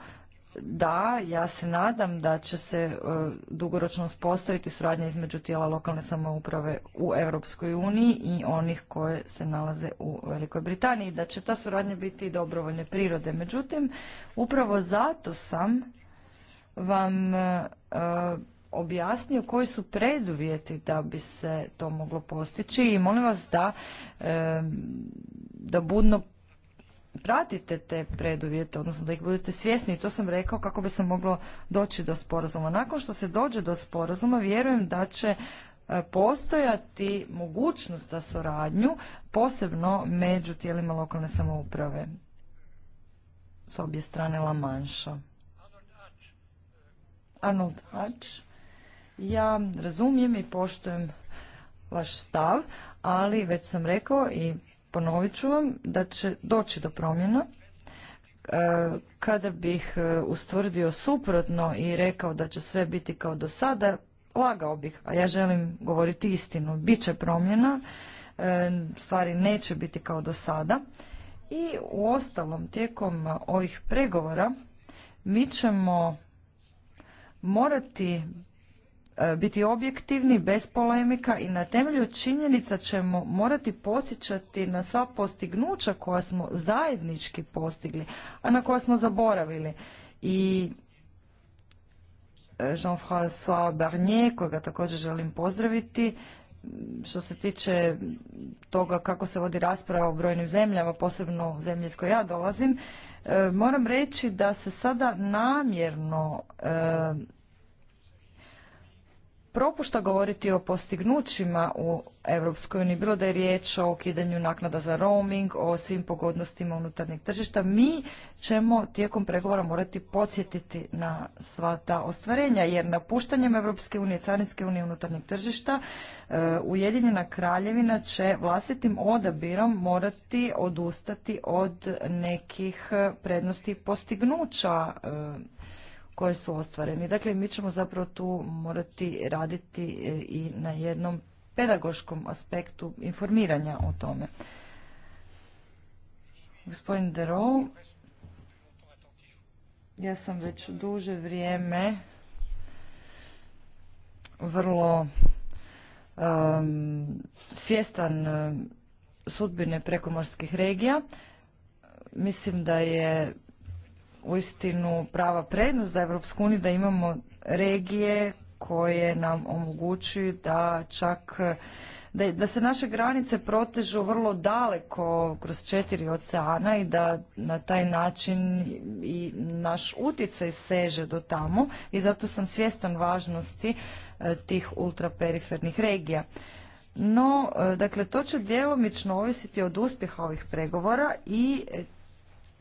S4: da, ja se nadam da će se e, dugoročno uspostaviti suradnja između tijela lokalne samouprave u Europskoj uniji i onih koje se nalaze u Velikoj Britaniji, da će ta suradnja biti dobrovoljne prirode. Međutim, upravo zato sam vam e, e, objasnio koji su preduvjeti da bi se to moglo postići i molim vas da, e, da budno pratite te preduvjete, odnosno da ih budete svjesni i to sam rekao kako bi se moglo doći do sporazuma. Nakon što se dođe do sporazuma vjerujem da će postojati mogućnost za suradnju, posebno među tijelima lokalne samouprave s obje strane La Manša. Arnold Hatch, Ja razumijem i poštujem vaš stav, ali već sam rekao i ponovit ću vam da će doći do promjena. E, kada bih e, ustvrdio suprotno i rekao da će sve biti kao do sada, lagao bih, a ja želim govoriti istinu. Biće promjena, e, stvari neće biti kao do sada. I u ostalom, tijekom ovih pregovora, mi ćemo morati e, biti objektivni, bez polemika i na temelju činjenica ćemo morati posjećati na sva postignuća koja smo zajednički postigli, a na koja smo zaboravili. I e, Jean-François Barnier, kojega također želim pozdraviti, što se tiče toga kako se vodi rasprava o brojnim zemljama, posebno zemlje iz koje ja dolazim, E, moram reći da se sada namjerno e, propušta govoriti o postignućima u Europskoj uniji, bilo da je riječ o ukidanju naknada za roaming, o svim pogodnostima unutarnjeg tržišta, mi ćemo tijekom pregovora morati podsjetiti na sva ta ostvarenja, jer napuštanjem Europske unije, Carinske unije unutarnjeg tržišta, e, Ujedinjena kraljevina će vlastitim odabirom morati odustati od nekih prednosti postignuća e, koje su ostvareni. Dakle, mi ćemo zapravo tu morati raditi e, i na jednom pedagoškom aspektu informiranja o tome. Gospodin Derou, ja sam već duže vrijeme vrlo um, svjestan sudbine prekomorskih regija. Mislim da je uistinu prava prednost za Europsku uniju da imamo regije koje nam omogućuju da čak da, da se naše granice protežu vrlo daleko kroz četiri oceana i da na taj način i naš utjecaj seže do tamo i zato sam svjestan važnosti e, tih ultraperifernih regija. No, e, dakle, to će djelomično ovisiti od uspjeha ovih pregovora i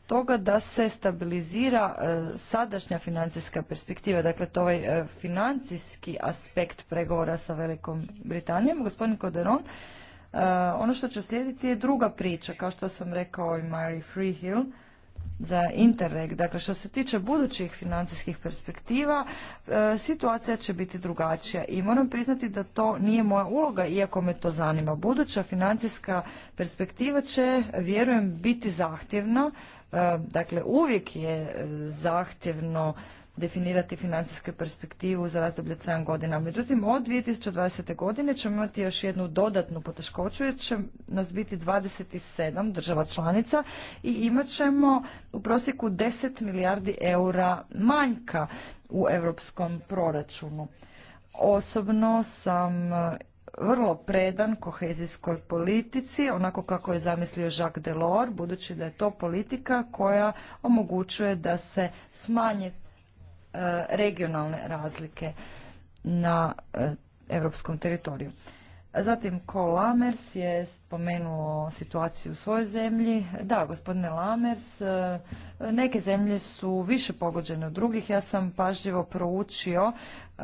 S4: toga da se stabilizira e, sadašnja financijska perspektiva, dakle to ovaj e, financijski aspekt pregovora sa Velikom Britanijom. Gospodin Koderon, e, ono što će slijediti je druga priča, kao što sam rekao i Mary Freehill, za Interreg. Dakle, što se tiče budućih financijskih perspektiva, e, situacija će biti drugačija i moram priznati da to nije moja uloga, iako me to zanima. Buduća financijska perspektiva će, vjerujem, biti zahtjevna. E, dakle, uvijek je e, zahtjevno definirati financijsku perspektivu za razdoblje od 7 godina. Međutim, od 2020. godine ćemo imati još jednu dodatnu poteškoću jer će nas biti 27 država članica i imat ćemo u prosjeku 10 milijardi eura manjka u europskom proračunu. Osobno sam vrlo predan kohezijskoj politici, onako kako je zamislio Jacques Delors, budući da je to politika koja omogućuje da se smanje E, regionalne razlike na europskom teritoriju. Zatim, ko Lamers je spomenuo situaciju u svojoj zemlji. Da, gospodine Lamers, e, neke zemlje su više pogođene od drugih. Ja sam pažljivo proučio e,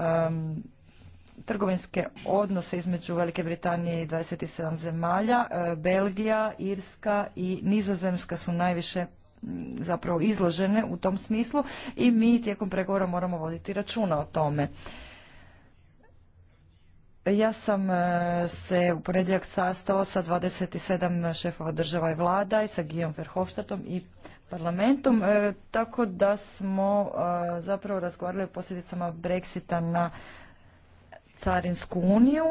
S4: trgovinske odnose između Velike Britanije i 27 zemalja. Belgija, Irska i Nizozemska su najviše zapravo izložene u tom smislu i mi tijekom pregovora moramo voditi računa o tome. Ja sam e, se u ponedjeljak sastao sa 27 šefova država i vlada i sa Gijom Verhofstadtom i parlamentom, e, tako da smo e, zapravo razgovarali o posljedicama Brexita na Carinsku uniju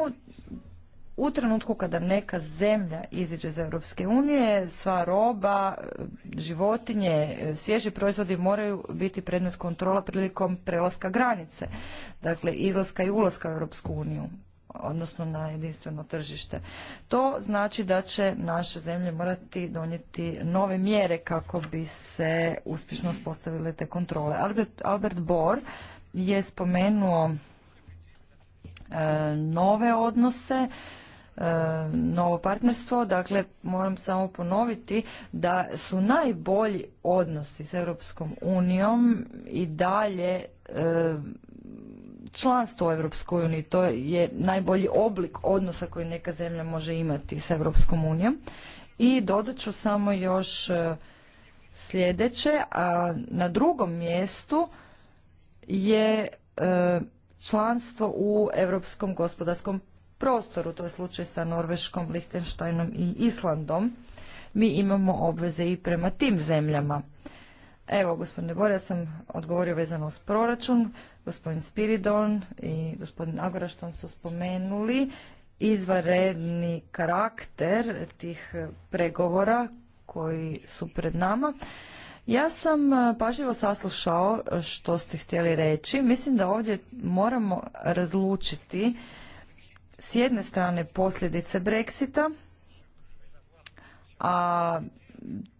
S4: u trenutku kada neka zemlja iziđe iz Europske unije, sva roba, životinje, svježi proizvodi moraju biti predmet kontrola prilikom prelaska granice, dakle izlaska i ulaska u Europsku uniju odnosno na jedinstveno tržište. To znači da će naše zemlje morati donijeti nove mjere kako bi se uspješno uspostavile te kontrole. Albert, Albert Bohr je spomenuo e, nove odnose E, novo partnerstvo. Dakle, moram samo ponoviti da su najbolji odnosi s Europskom unijom i dalje e, članstvo u Europskoj uniji. To je najbolji oblik odnosa koji neka zemlja može imati s Europskom unijom. I dodat ću samo još e, sljedeće, a na drugom mjestu je članstvo u Europskom gospodarskom prostoru. To je slučaj sa Norveškom, Lichtensteinom i Islandom. Mi imamo obveze i prema tim zemljama. Evo, gospodine Bore, ja sam odgovorio vezano uz proračun. Gospodin Spiridon i gospodin Agorašton su spomenuli izvaredni karakter tih pregovora koji su pred nama. Ja sam pažljivo saslušao što ste htjeli reći. Mislim da ovdje moramo razlučiti s jedne strane posljedice Brexita, a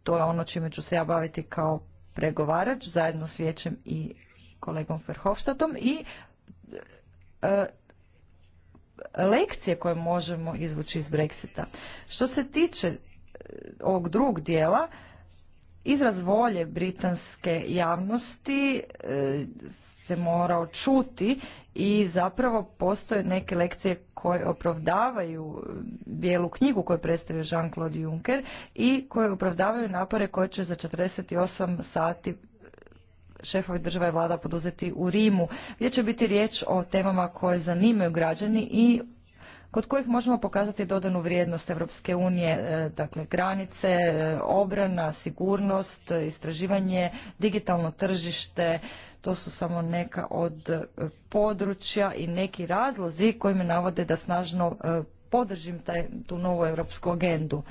S4: to je ono čime ću se ja baviti kao pregovarač zajedno s vijećem i kolegom Verhofstadtom i e, lekcije koje možemo izvući iz Brexita. Što se tiče e, ovog drugog dijela, izraz volje britanske javnosti e, se morao čuti i zapravo postoje neke lekcije koje opravdavaju e, bijelu knjigu koju predstavio Jean-Claude Juncker i koje opravdavaju napore koje će za 48 sati e, šefovi država i vlada poduzeti u Rimu, gdje će biti riječ o temama koje zanimaju građani i kod kojih možemo pokazati dodanu vrijednost Europske unije, e, dakle granice, obrana, sigurnost, istraživanje, digitalno tržište, to su samo neka od e, područja i neki razlozi koji me navode da snažno e, podržim taj, tu novu europsku agendu.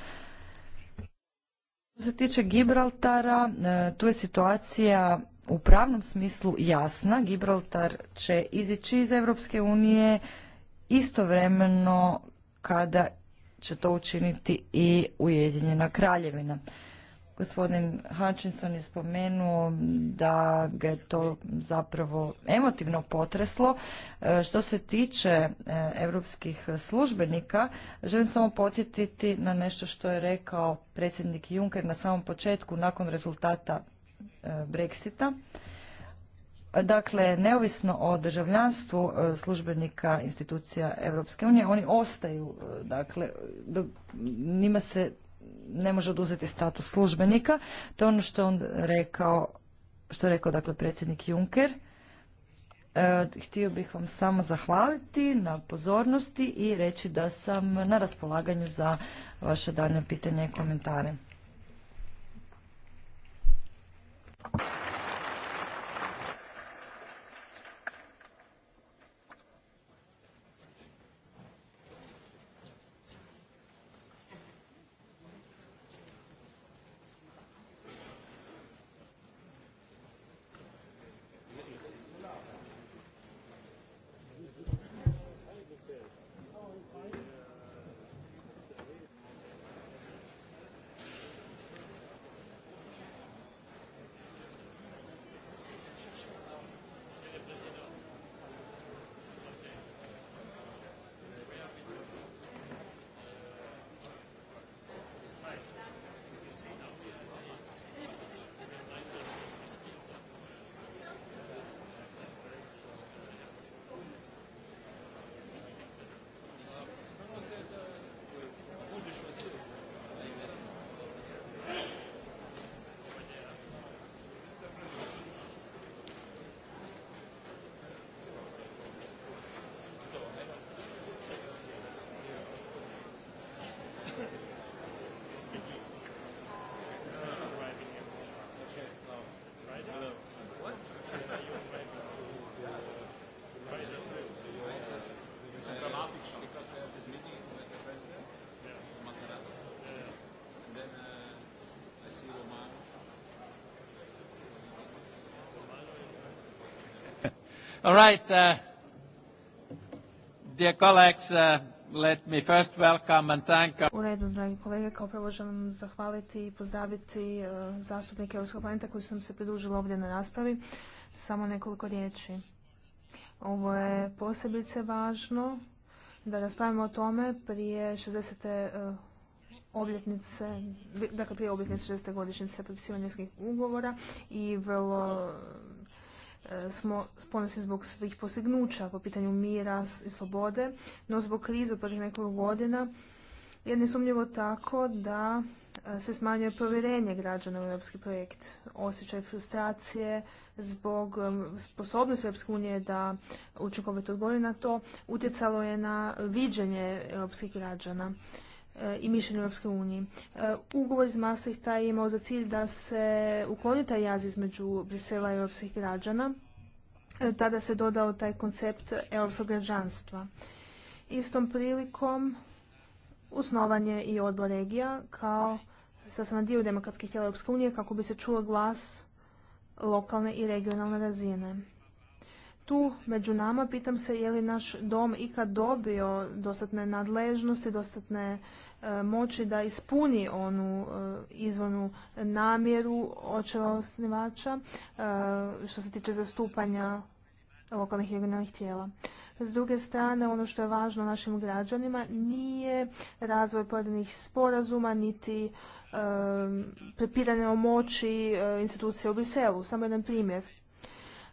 S4: Što se tiče Gibraltara, e, tu je situacija u pravnom smislu jasna. Gibraltar će izići iz Europske unije istovremeno kada će to učiniti i Ujedinjena kraljevina. Gospodin Hutchinson je spomenuo da ga je to zapravo emotivno potreslo. E, što se tiče europskih službenika, želim samo podsjetiti na nešto što je rekao predsjednik Juncker na samom početku nakon rezultata e, Brexita. Dakle, neovisno o državljanstvu e, službenika institucija Europske unije, oni ostaju, dakle, njima se ne može oduzeti status službenika. To je ono što on rekao, što je rekao dakle predsjednik Juncker. E, htio bih vam samo zahvaliti na pozornosti i reći da sam na raspolaganju za vaše daljnje pitanje i komentare.
S1: All right, uh, dear colleagues, uh, let me first welcome and thank... U
S2: redu, dragi kolege, kao prvo želim zahvaliti i pozdraviti uh, zastupnike Europskog parlamenta koji su nam se pridružili ovdje na raspravi. Samo nekoliko riječi. Ovo je posebice važno da raspravimo o tome prije 60 obljetnice, dakle prije obljetnice 60. godišnjice potpisivanja ugovora i vrlo E, smo ponosni zbog svih postignuća po pitanju mira i slobode, no zbog krize u prvih nekoliko godina je nesumnjivo tako da e, se smanjuje povjerenje građana u europski projekt, osjećaj frustracije zbog e, sposobnosti Europske unije da učinkovito odgovori na to, utjecalo je na viđenje europskih građana i mišljenju Europske unije. E, ugovor iz Maastrichta je imao za cilj da se ukloni taj jaz između Brisela i europskih građana. E, tada se dodao taj koncept europskog građanstva. Istom prilikom osnovan je i odbor regija kao na dio demokratskih tijela Europske unije kako bi se čuo glas lokalne i regionalne razine tu među nama pitam se je li naš dom ikad dobio dostatne nadležnosti, dostatne e, moći da ispuni onu e, izvornu namjeru očeva osnivača e, što se tiče zastupanja lokalnih i regionalnih tijela. S druge strane, ono što je važno našim građanima nije razvoj pojedinih sporazuma, niti prepiranje o moći institucije u Briselu. Samo jedan primjer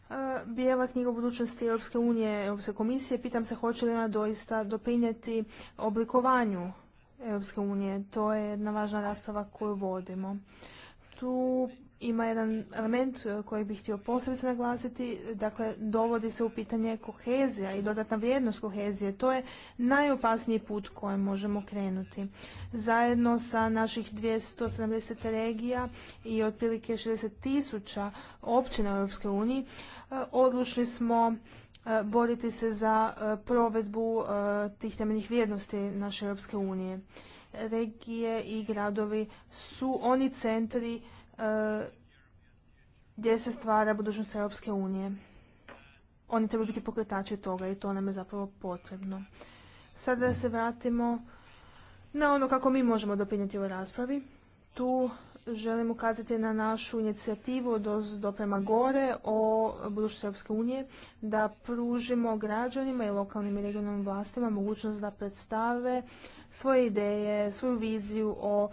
S2: Eh, bijela knjiga o budućnosti Europske unije, Europske komisije, pitam se hoće li ona doista doprinijeti oblikovanju Europske unije. To je jedna važna rasprava koju vodimo. Tu ima jedan element e, koji bih htio posebno naglasiti, dakle dovodi se u pitanje kohezija i dodatna vrijednost kohezije. To je najopasniji put kojem možemo krenuti. Zajedno sa naših 270 regija i otprilike 60 tisuća općina u EU uniji e, odlučili smo e, boriti se za provedbu tih temeljnih vrijednosti naše Europske unije. Regije i gradovi su oni centri E, gdje se stvara budućnost Europske unije. Oni trebaju biti pokretači toga i to nam je zapravo potrebno. Sada da se vratimo na ono kako mi možemo doprinijeti ovoj raspravi. Tu želim ukazati na našu inicijativu do prema gore o budućnosti Europske unije da pružimo građanima i lokalnim i regionalnim vlastima mogućnost da predstave svoje ideje, svoju viziju o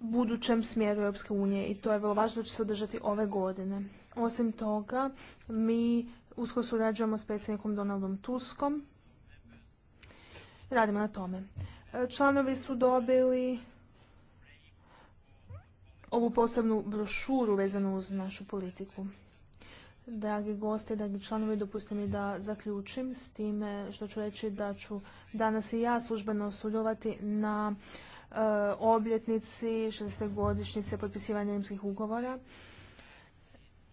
S2: budućem smjeru Europske unije i to je vrlo važno da će se održati ove godine. Osim toga, mi usko surađujemo s predsjednikom Donaldom Tuskom. Radimo na tome. E, članovi su dobili ovu posebnu brošuru vezanu uz našu politiku. Dragi gosti, dragi članovi, dopustite mi da zaključim s time što ću reći da ću danas i ja službeno sudjelovati na E, obljetnici 60. godišnjice potpisivanja rimskih ugovora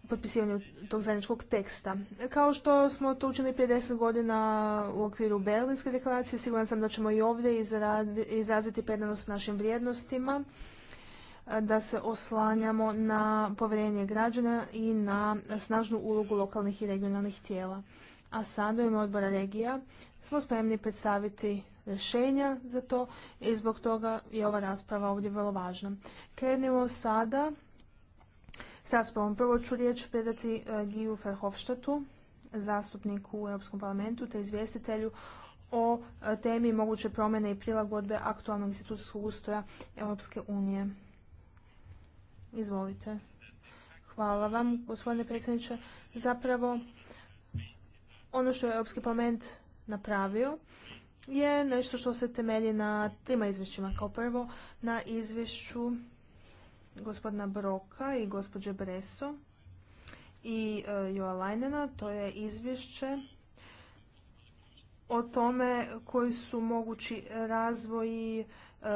S2: potpisivanju tog zajedničkog teksta. Kao što smo to učili prije deset godina u okviru Berlinske deklaracije, siguran sam da ćemo i ovdje izraziti predanost našim vrijednostima, e, da se oslanjamo na povjerenje građana i na snažnu ulogu lokalnih i regionalnih tijela. A sada u ime odbora regija smo spremni predstaviti rješenja za to i zbog toga je ova rasprava ovdje vrlo važna. Krenimo sada s raspravom. Prvo ću riječ predati e, Giju Ferhofštatu, zastupniku u Europskom parlamentu te izvjestitelju o e, temi moguće promjene i prilagodbe aktualnog institucijskog ustroja Europske unije. Izvolite. Hvala vam, gospodine predsjedniče. Zapravo, ono što je Europski parlament napravio je nešto što se temelji na trima izvješćima. Kao prvo na izvješću gospodina Broka i gospođe Breso i e, Joa Lajnena. To je izvješće o tome koji su mogući razvoji e,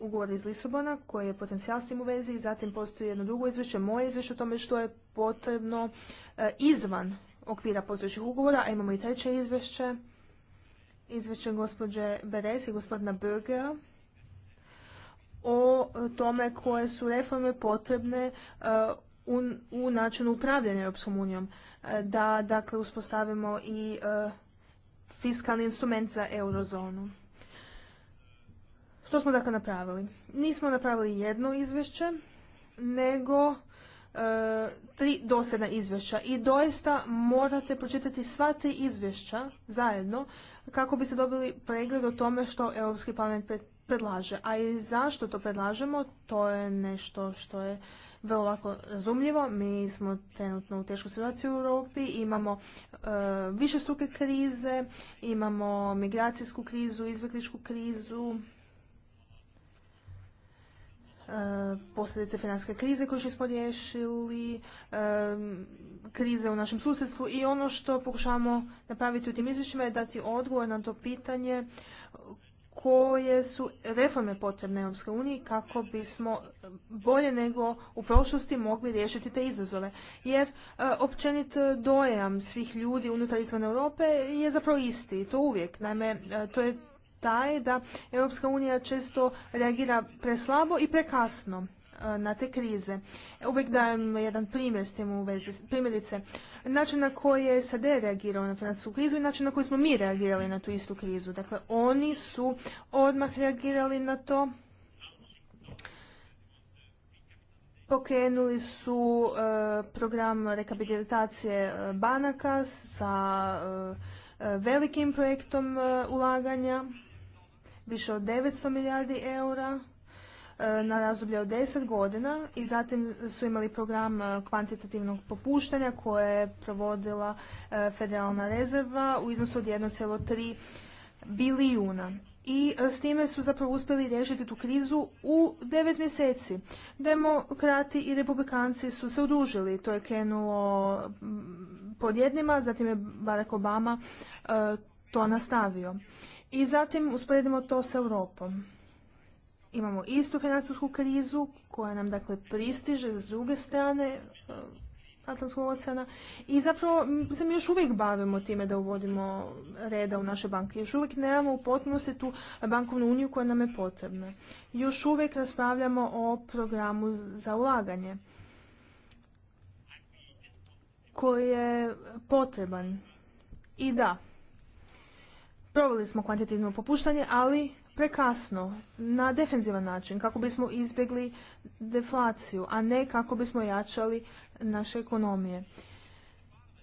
S2: ugovora iz Lisobona koji je potencijal s tim u vezi i zatim postoji jedno drugo izvješće, moje izvješće o tome što je potrebno e, izvan okvira postojećih ugovora, a imamo i treće izvješće izvješće gospođe Beres i gospodina Burgera o tome koje su reforme potrebne e, u, načinu upravljanja Europskom unijom. E, da, dakle, uspostavimo i e, fiskalni instrument za eurozonu. Što smo dakle napravili? Nismo napravili jedno izvješće, nego tri dosljedna izvješća i doista morate pročitati sva tri izvješća zajedno kako bi se dobili pregled o tome što Europski parlament predlaže. A i zašto to predlažemo, to je nešto što je vrlo lako razumljivo. Mi smo trenutno u teškoj situaciji u Europi, imamo e, više struke krize, imamo migracijsku krizu, izbjegličku krizu, E, posljedice financijske krize koju smo riješili, e, krize u našem susjedstvu i ono što pokušavamo napraviti u tim izvješćima je dati odgovor na to pitanje koje su reforme potrebne Europske unije kako bismo bolje nego u prošlosti mogli riješiti te izazove. Jer e, općenit dojam svih ljudi unutar izvan Europe je zapravo isti. To uvijek. Naime, to je taj da Europska unija često reagira preslabo i prekasno e, na te krize. Uvijek dajem jedan primjer s tim u vezi. Primjerice, način na koji je SAD reagirao na financijsku krizu i način na koji smo mi reagirali na tu istu krizu. Dakle, oni su odmah reagirali na to. Pokrenuli su e, program rekabilitacije e, banaka sa velikim projektom ulaganja više od 900 milijardi eura e, na razdoblje od 10 godina i zatim su imali program e, kvantitativnog popuštanja koje je provodila e, Federalna rezerva u iznosu od 1,3 bilijuna. I s time su zapravo uspjeli riješiti tu krizu u 9 mjeseci. Demokrati i republikanci su se udužili To je krenulo pod jednima, zatim je Barack Obama to nastavio. I zatim usporedimo to s Europom. Imamo istu financijsku krizu koja nam dakle pristiže s druge strane e, Atlantskog oceana i zapravo se mi još uvijek bavimo time da uvodimo reda u naše banke. Još uvijek nemamo u potpunosti tu bankovnu uniju koja nam je potrebna. Još uvijek raspravljamo o programu za ulaganje koji je potreban. I da, Proveli smo kvantitativno popuštanje, ali prekasno, na defenzivan način, kako bismo izbjegli deflaciju, a ne kako bismo jačali naše ekonomije.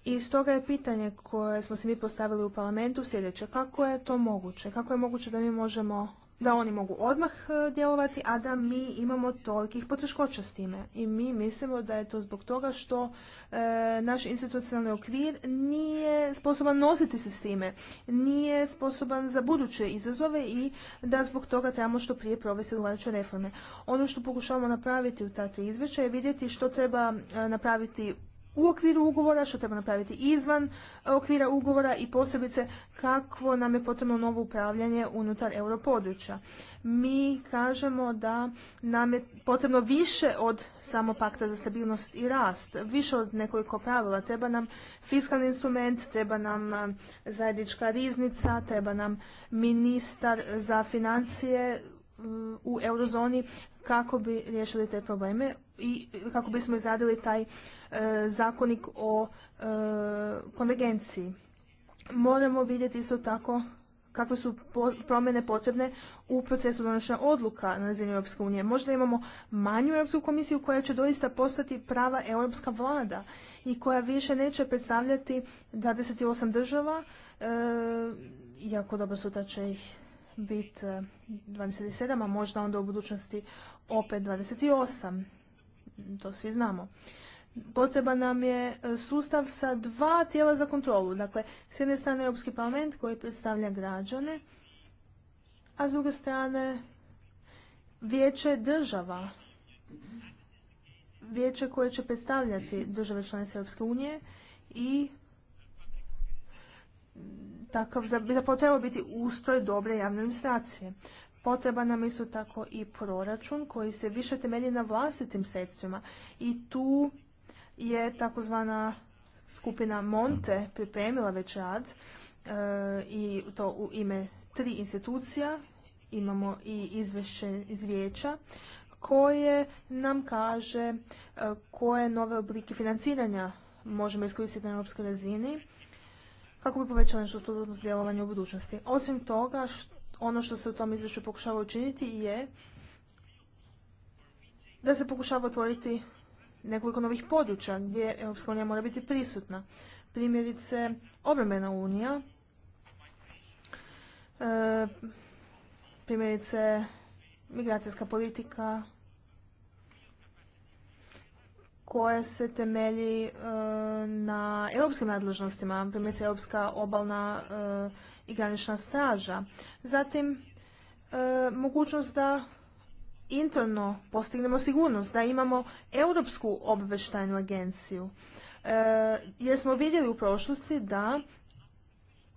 S2: I stoga je pitanje koje smo se mi postavili u parlamentu sljedeće. Kako je to moguće? Kako je moguće da mi možemo da oni mogu odmah e, djelovati, a da mi imamo tolikih poteškoća s time. I mi mislimo da je to zbog toga što e, naš institucionalni okvir nije sposoban nositi se s time, nije sposoban za buduće izazove i da zbog toga trebamo što prije provesti odgovarajuće reforme. Ono što pokušavamo napraviti u ta tri izvješća je vidjeti što treba e, napraviti u okviru ugovora, što treba napraviti izvan e, okvira ugovora i posebice kakvo nam je potrebno novo upravljanje unutar europodručja. Mi kažemo da nam je potrebno više od samo pakta za stabilnost i rast, više od nekoliko pravila. Treba nam fiskalni instrument, treba nam e, zajednička riznica, treba nam ministar za financije u eurozoni kako bi riješili te probleme i kako bismo izradili taj E, zakonik o e, konvergenciji. Moramo vidjeti isto tako kakve su promjene potrebne u procesu donošenja odluka na razini Europske unije. Možda imamo manju Europsku komisiju koja će doista postati prava europska vlada i koja više neće predstavljati 28 država, e, iako dobro da će ih biti 27, a možda onda u budućnosti opet 28. To svi znamo potreban nam je e, sustav sa dva tijela za kontrolu. Dakle, s jedne strane Europski parlament koji predstavlja građane, a s druge strane vijeće država, vijeće koje će predstavljati države članice Europske unije i takav zapravo potrebo biti ustroj dobre javne administracije. Potreba nam isto tako i proračun koji se više temelji na vlastitim sredstvima i tu je takozvana skupina Monte pripremila već rad e, i to u ime tri institucija. Imamo i izvješće iz koje nam kaže e, koje nove oblike financiranja možemo iskoristiti na europskoj razini kako bi povećali nešto studentnost djelovanje u budućnosti. Osim toga, ono što se u tom izvješću pokušava učiniti je da se pokušava otvoriti nekoliko novih područja gdje Europska unija mora biti prisutna. Primjerice, obrambena unija, e, primjerice migracijska politika koja se temelji e, na europskim nadležnostima, primjerice Europska obalna e, i granična straža. Zatim, mogućnost da interno postignemo sigurnost, da imamo Europsku obveštajnu agenciju. E, jer smo vidjeli u prošlosti da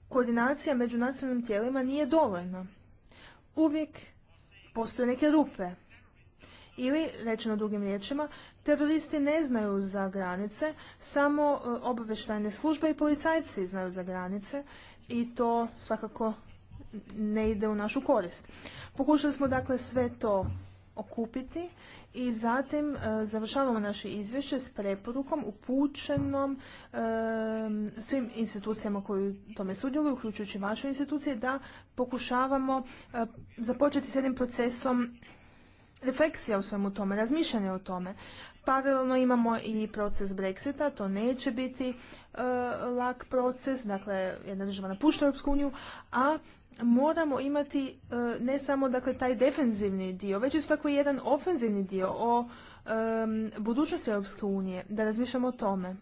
S2: koordinacija među nacionalnim tijelima nije dovoljna. Uvijek postoje neke rupe. Ili, rečeno drugim riječima, teroristi ne znaju za granice, samo e, obavještajne službe i policajci znaju za granice i to svakako ne ide u našu korist. Pokušali smo dakle sve to okupiti i zatim e, završavamo naše izvješće s preporukom upućenom e, svim institucijama koji u tome sudjeluju, uključujući vaše institucije, da pokušavamo e, započeti s jednim procesom refleksija u svemu tome, razmišljanje o tome. Paralelno imamo i proces Brexita, to neće biti lak proces, dakle jedna država napušta Europsku uniju, a moramo imati e, ne samo dakle taj defenzivni dio, već isto tako jedan ofenzivni dio o budućnosti Europske unije, da razmišljamo o tome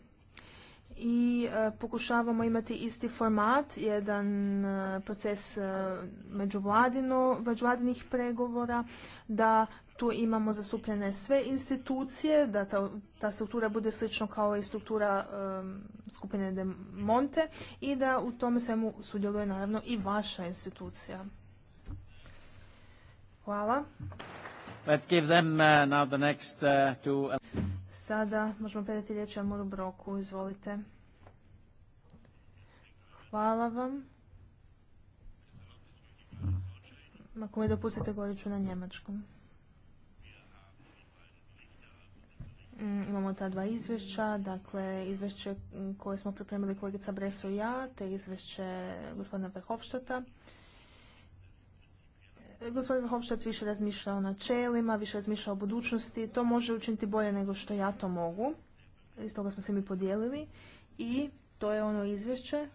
S2: i e, pokušavamo imati isti format, jedan e, proces e, međuvladinih pregovora, da tu imamo zastupljene sve institucije, da ta, struktura bude slično kao i struktura um, skupine De Monte i da u tome svemu sudjeluje naravno i vaša institucija. Hvala.
S1: Let's give them, uh, now the next, uh,
S2: Sada možemo predati riječ Amoru Broku. Izvolite. Hvala vam. Ako mi dopustite, govorit ću na njemačkom. Mm, imamo ta dva izvješća, dakle izvješće koje smo pripremili kolegica Breso i ja, te izvješće gospodina Verhofštata gospodin Hofstadt više razmišlja o načelima, više razmišlja o budućnosti. To može učiniti bolje nego što ja to mogu. Iz toga smo se mi podijelili. I to je ono izvješće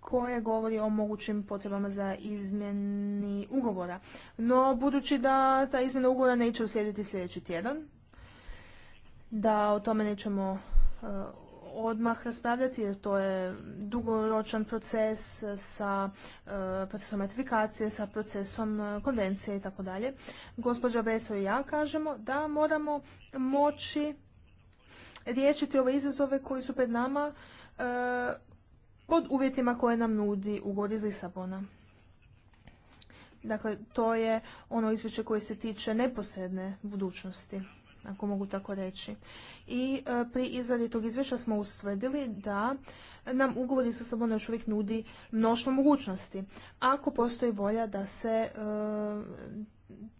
S2: koje govori o mogućim potrebama za izmjeni ugovora. No, budući da ta izmjena ugovora neće uslijediti sljedeći tjedan, da o tome nećemo e, odmah raspravljati jer to je dugoročan proces sa e, procesom ratifikacije, sa procesom e, konvencije i tako dalje. Gospođa Beso i ja kažemo da moramo moći riješiti ove izazove koji su pred nama e, pod uvjetima koje nam nudi ugovor iz Lisabona. Dakle, to je ono izvješće koje se tiče neposredne budućnosti ako mogu tako reći. I e, pri izradi tog izvješća smo ustvrdili da nam ugovori sa sobom još uvijek nudi mnoštvo mogućnosti. Ako postoji volja da se e,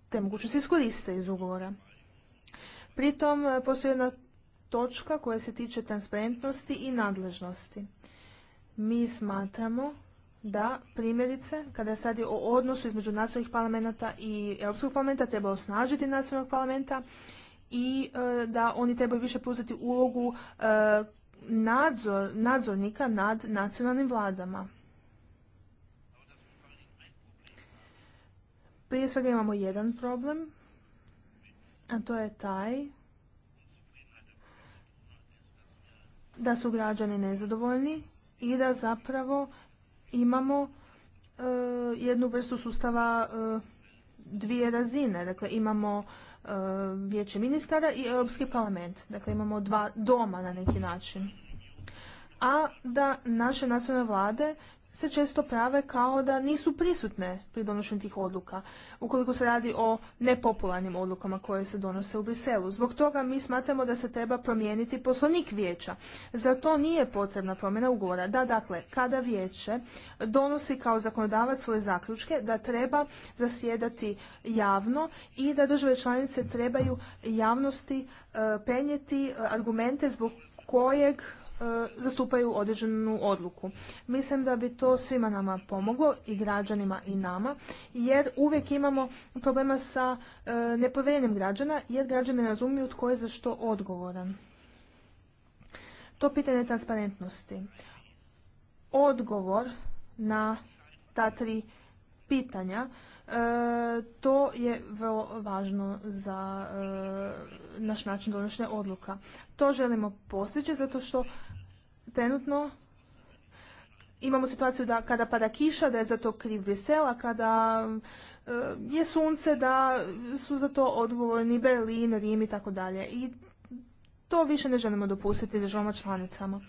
S2: te mogućnosti iskoriste iz ugovora. Pritom e, postoji jedna točka koja se tiče transparentnosti i nadležnosti. Mi smatramo da primjerice kada je sad o odnosu između nacionalnih parlamenta i Europskog parlamenta treba osnažiti nacionalnog parlamenta i e, da oni trebaju više preuzeti ulogu e, nadzornika nad nacionalnim vladama. Prije svega imamo jedan problem, a to je taj da su građani nezadovoljni i da zapravo imamo e, jednu vrstu sustava dvije razine. Dakle, imamo Eh, vijeće ministara i Europski parlament. Dakle, imamo dva doma na neki način. A da naše nacionalne vlade se često prave kao da nisu prisutne pri donošenju tih odluka, ukoliko se radi o nepopularnim odlukama koje se donose u Briselu. Zbog toga mi smatramo da se treba promijeniti poslovnik vijeća. Za to nije potrebna promjena ugovora. Da, dakle, kada vijeće donosi kao zakonodavac svoje zaključke, da treba zasjedati javno i da države članice trebaju javnosti e, penjeti e, argumente zbog kojeg E, zastupaju određenu odluku. Mislim da bi to svima nama pomoglo i građanima i nama jer uvijek imamo problema sa e, nepovjerenjem građana jer građani ne razumiju tko je za što odgovoran. To pitanje transparentnosti. Odgovor na ta tri pitanja, e, to je vrlo važno za e, naš način donošenja odluka. To želimo postići zato što trenutno imamo situaciju da kada pada kiša da je za to kriv Brisel, a kada e, je sunce da su za to odgovorni Berlin, Rim i tako dalje. I to više ne želimo dopustiti državama članicama.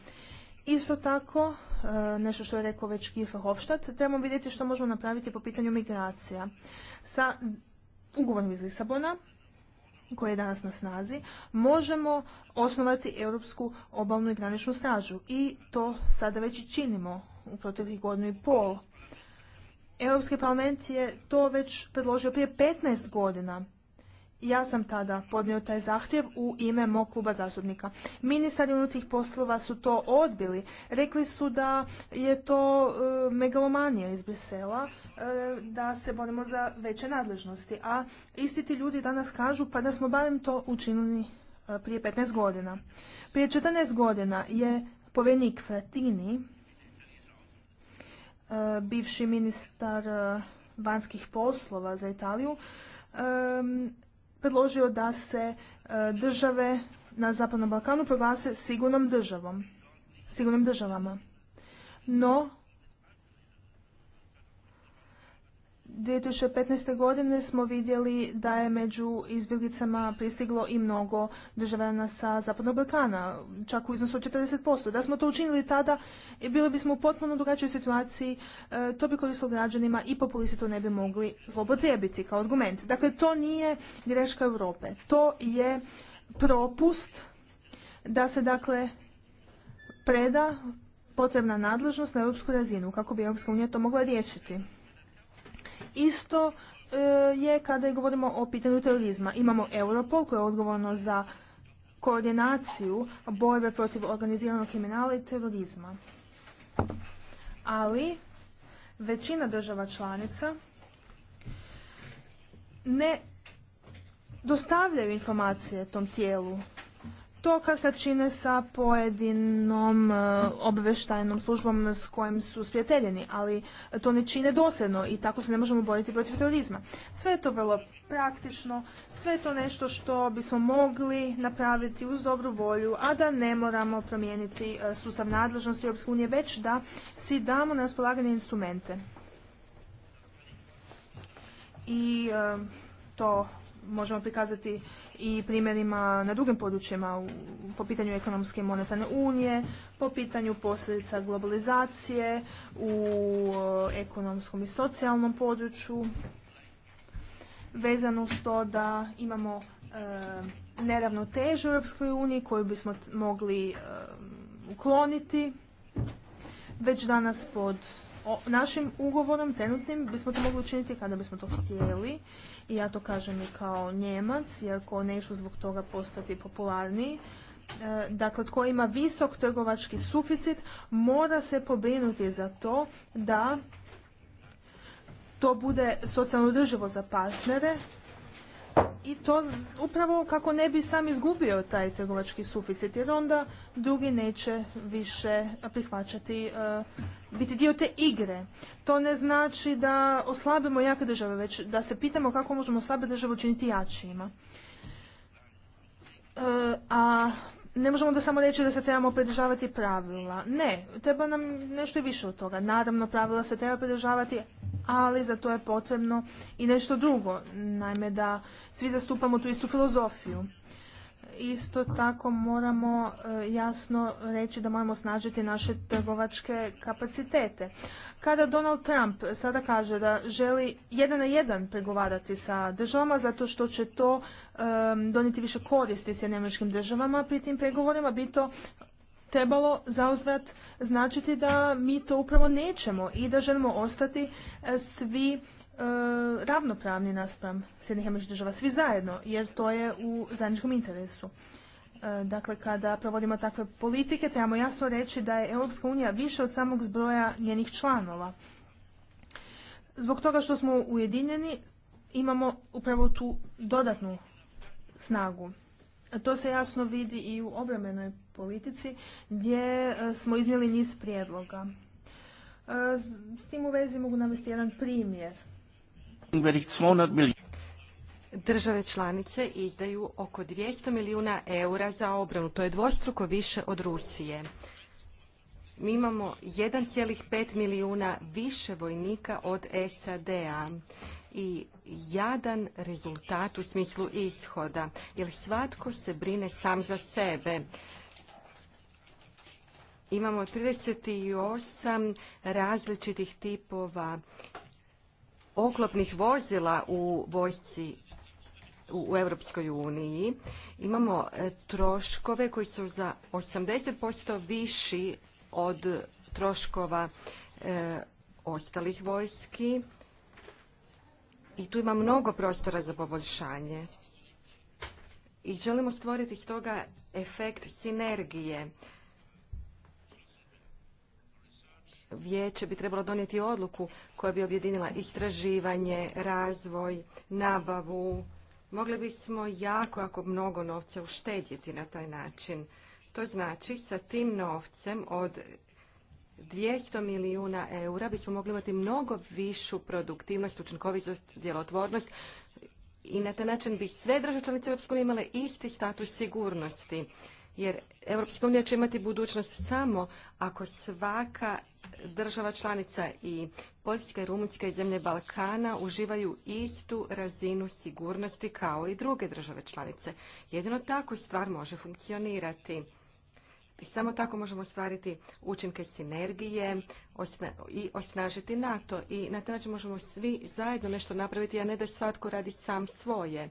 S2: Isto tako, e, nešto što je rekao već Kif Hofstadt, trebamo vidjeti što možemo napraviti po pitanju migracija. Sa ugovorom iz Lisabona, koji je danas na snazi, možemo osnovati Europsku obalnu i graničnu stražu. I to sada već i činimo u proteklih godinu i pol. Europski parlament je to već predložio prije 15 godina ja sam tada podnio taj zahtjev u ime mog kluba zastupnika. Ministar unutarnjih poslova su to odbili. Rekli su da je to e, megalomanija iz Brisela, e, da se borimo za veće nadležnosti. A isti ti ljudi danas kažu pa da smo barem to učinili e, prije 15 godina. Prije 14 godina je povjerenik Fratini, bivši ministar vanjskih poslova za Italiju, predložio da se e, države na Zapadnom Balkanu proglase sigurnom državom, sigurnim državama. No, 2015. godine smo vidjeli da je među izbjeglicama pristiglo i mnogo državljana sa Zapadnog Balkana, čak u iznosu od 40%. Da smo to učinili tada, bili bismo u potpuno drugačijoj situaciji, e, to bi koristilo građanima i populisti to ne bi mogli zlobotrijebiti kao argument. Dakle, to nije greška Europe, to je propust da se dakle preda potrebna nadležnost na europsku razinu kako bi Europska unija to mogla riješiti isto e, je kada govorimo o pitanju terorizma. Imamo Europol koje je odgovorno za koordinaciju borbe protiv organiziranog kriminala i terorizma. Ali većina država članica ne dostavljaju informacije tom tijelu to kakva čine sa pojedinom e, obveštajnom službom s kojim su sprijateljeni, ali to ne čine dosljedno i tako se ne možemo boriti protiv terorizma. Sve je to vrlo praktično, sve je to nešto što bismo mogli napraviti uz dobru volju, a da ne moramo promijeniti e, sustav nadležnosti Europske unije, već da si damo na raspolaganje instrumente. I e, to možemo prikazati i primjerima na drugim područjima po pitanju ekonomske i monetarne unije, po pitanju posljedica globalizacije u e, ekonomskom i socijalnom području, vezano s to da imamo neravno neravnotežu u Europskoj uniji koju bismo mogli e, ukloniti već danas pod našim ugovorom trenutnim bismo to mogli učiniti kada bismo to htjeli. I ja to kažem i kao Njemac, iako neću zbog toga postati popularniji. E, dakle, tko ima visok trgovački suficit mora se pobrinuti za to da to bude socijalno održivo za partnere i to upravo kako ne bi sam izgubio taj trgovački suficit jer onda drugi neće više prihvaćati e, biti dio te igre. To ne znači da oslabimo jake države, već da se pitamo kako možemo slabe državu učiniti jačijima. E, a ne možemo da samo reći da se trebamo pridržavati pravila. Ne, treba nam nešto više od toga. Naravno, pravila se treba pridržavati, ali za to je potrebno i nešto drugo. Naime, da svi zastupamo tu istu filozofiju isto tako moramo e, jasno reći da moramo snažiti naše trgovačke kapacitete. Kada Donald Trump sada kaže da želi jedan na jedan pregovarati sa državama zato što će to e, doniti više koristi s američkim državama pri tim pregovorima, bi to trebalo zauzvrat značiti da mi to upravo nećemo i da želimo ostati e, svi E, ravnopravni naspram Sjednih američkih država, svi zajedno, jer to je u zajedničkom interesu. E, dakle, kada provodimo takve politike, trebamo jasno reći da je Europska unija više od samog zbroja njenih članova. Zbog toga što smo ujedinjeni, imamo upravo tu dodatnu snagu. To se jasno vidi i u obrambenoj politici gdje e, smo iznijeli niz prijedloga. S tim u vezi
S5: mogu navesti jedan primjer. Države članice izdaju oko 200 milijuna eura za obranu. To je dvostruko više od Rusije. Mi imamo 1,5 milijuna više vojnika od SAD-a i jadan rezultat u smislu ishoda, jer svatko se brine sam za sebe. Imamo 38 različitih tipova oklopnih vozila u vojsci u Europskoj uniji. Imamo e, troškove koji su za 80% viši od troškova e, ostalih vojski i tu ima mnogo prostora za poboljšanje. I želimo stvoriti stoga efekt sinergije vijeće bi trebalo donijeti odluku koja bi objedinila istraživanje, razvoj, nabavu. Mogli bismo jako, jako mnogo novca uštedjeti na taj način. To znači sa tim novcem od 200 milijuna eura bismo mogli imati mnogo višu produktivnost, učinkovitost, djelotvornost i na taj način bi sve države članice imale isti status sigurnosti jer Europska unija će imati budućnost samo ako svaka država članica i Poljska i Rumunjska i zemlje Balkana uživaju istu razinu sigurnosti kao i druge države članice. Jedino tako stvar može funkcionirati. I samo tako možemo ostvariti učinke sinergije i osnažiti NATO. I na taj način možemo svi zajedno nešto napraviti, a ne da svatko radi sam svoje.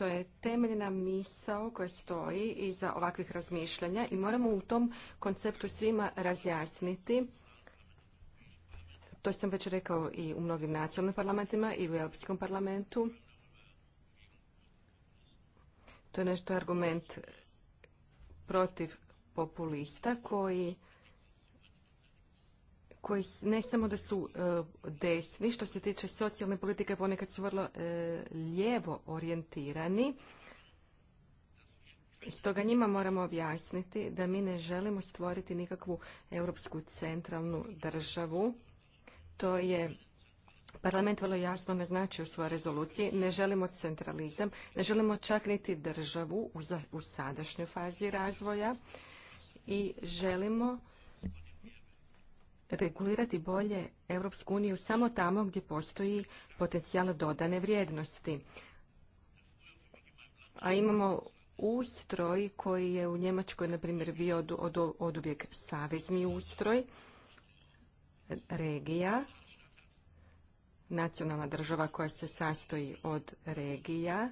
S5: To je temeljna misao koja stoji iza ovakvih razmišljanja i moramo u tom konceptu svima razjasniti to sam već rekao i u mnogim nacionalnim parlamentima i u Europskom parlamentu. To je nešto argument protiv populista koji koji ne samo da su e, desni, što se tiče socijalne politike, ponekad su vrlo e, lijevo orijentirani. Stoga njima moramo objasniti da mi ne želimo stvoriti nikakvu europsku centralnu državu. To je parlament vrlo jasno znači u svojoj rezoluciji. Ne želimo centralizam, ne želimo čak niti državu u sadašnjoj fazi razvoja i želimo regulirati bolje Europsku uniju samo tamo gdje postoji potencijal dodane vrijednosti. A imamo ustroj koji je u Njemačkoj, na primjer, bio od, od, od uvijek savezni ustroj, regija, nacionalna država koja se sastoji od regija.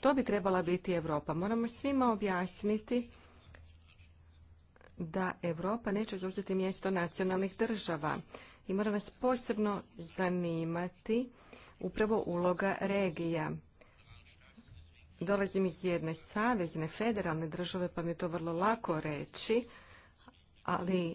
S5: to bi trebala biti Europa. Moramo svima objasniti da Europa neće zauzeti mjesto nacionalnih država. I mora nas posebno zanimati upravo uloga regija. Dolazim iz jedne savezne federalne države, pa mi je to vrlo lako reći, ali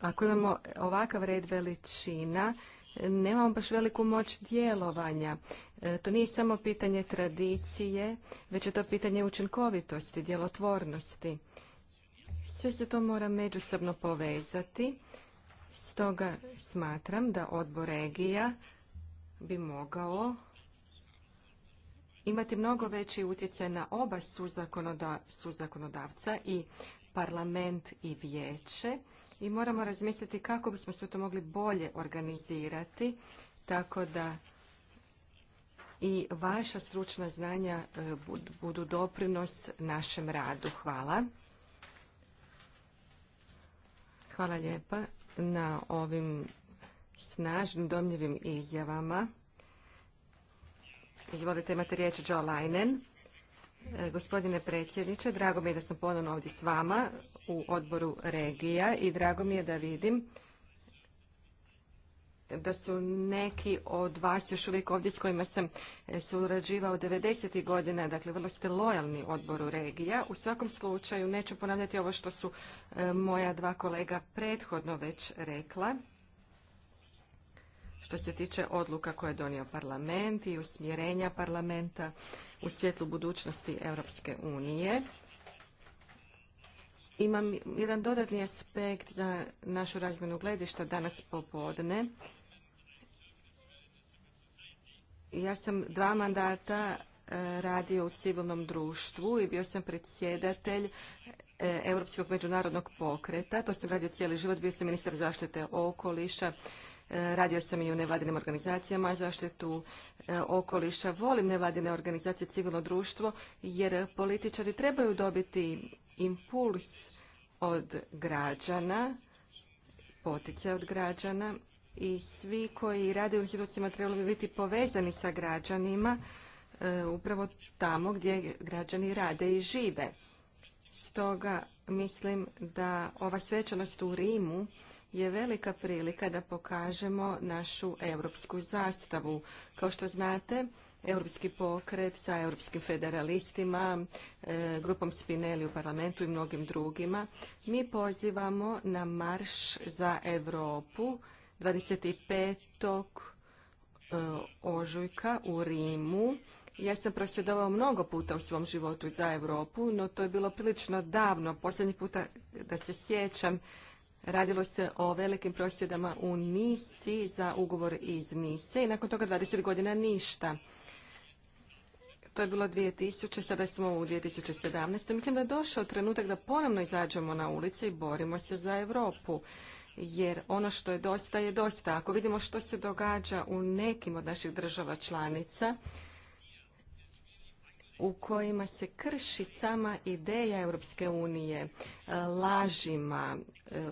S5: ako imamo ovakav red veličina, nemamo baš veliku moć djelovanja. E, to nije samo pitanje tradicije, već je to pitanje učinkovitosti, djelotvornosti. Sve se to mora međusobno povezati. Stoga smatram da odbor regija bi mogao imati mnogo veći utjecaj na oba suzakonodavca i parlament i vijeće i moramo razmisliti kako bismo sve to mogli bolje organizirati tako da i vaša stručna znanja e, budu doprinos našem radu. Hvala. Hvala lijepa na ovim snažnim domljivim izjavama. Izvolite, imate riječ Joe Leinen. E, gospodine predsjedniče, drago mi je da sam ponovno ovdje s vama u odboru regija i drago mi je da vidim da su neki od vas još uvijek ovdje s kojima sam e, surađivao 90. godina, dakle vrlo ste lojalni odboru regija. U svakom slučaju neću ponavljati ovo što su e, moja dva kolega prethodno već rekla što se tiče odluka koje je donio parlament i usmjerenja parlamenta u svjetlu budućnosti Europske unije. Imam jedan dodatni aspekt za našu razmjenu gledišta danas popodne. Ja sam dva mandata e, radio u civilnom društvu i bio sam predsjedatelj e, Europskog međunarodnog pokreta. To sam radio cijeli život, bio sam ministar zaštite okoliša, e, radio sam i u nevladinim organizacijama zaštitu okoliša. Volim nevladine organizacije civilno društvo jer političari trebaju dobiti impuls od građana, potiče od građana i svi koji rade u institucijama trebali bi biti povezani sa građanima e, upravo tamo gdje građani rade i žive. Stoga mislim da ova svečanost u Rimu je velika prilika da pokažemo našu europsku zastavu. Kao što znate, europski pokret sa europskim federalistima, e, grupom Spinelli u parlamentu i mnogim drugima. Mi pozivamo na marš za Europu 25. E, ožujka u Rimu. Ja sam prosvjedovao mnogo puta u svom životu za Europu, no to je bilo prilično davno. Posljednji puta da se sjećam, Radilo se o velikim prosvjedama u Nisi za ugovor iz Nise i nakon toga 20 godina ništa. To je bilo 2000, sada smo u 2017. Mislim da je došao trenutak da ponovno izađemo na ulice i borimo se za Europu. Jer ono što je dosta je dosta. Ako vidimo što se događa u nekim od naših država članica, u kojima se krši sama ideja Europske unije e, lažima, e,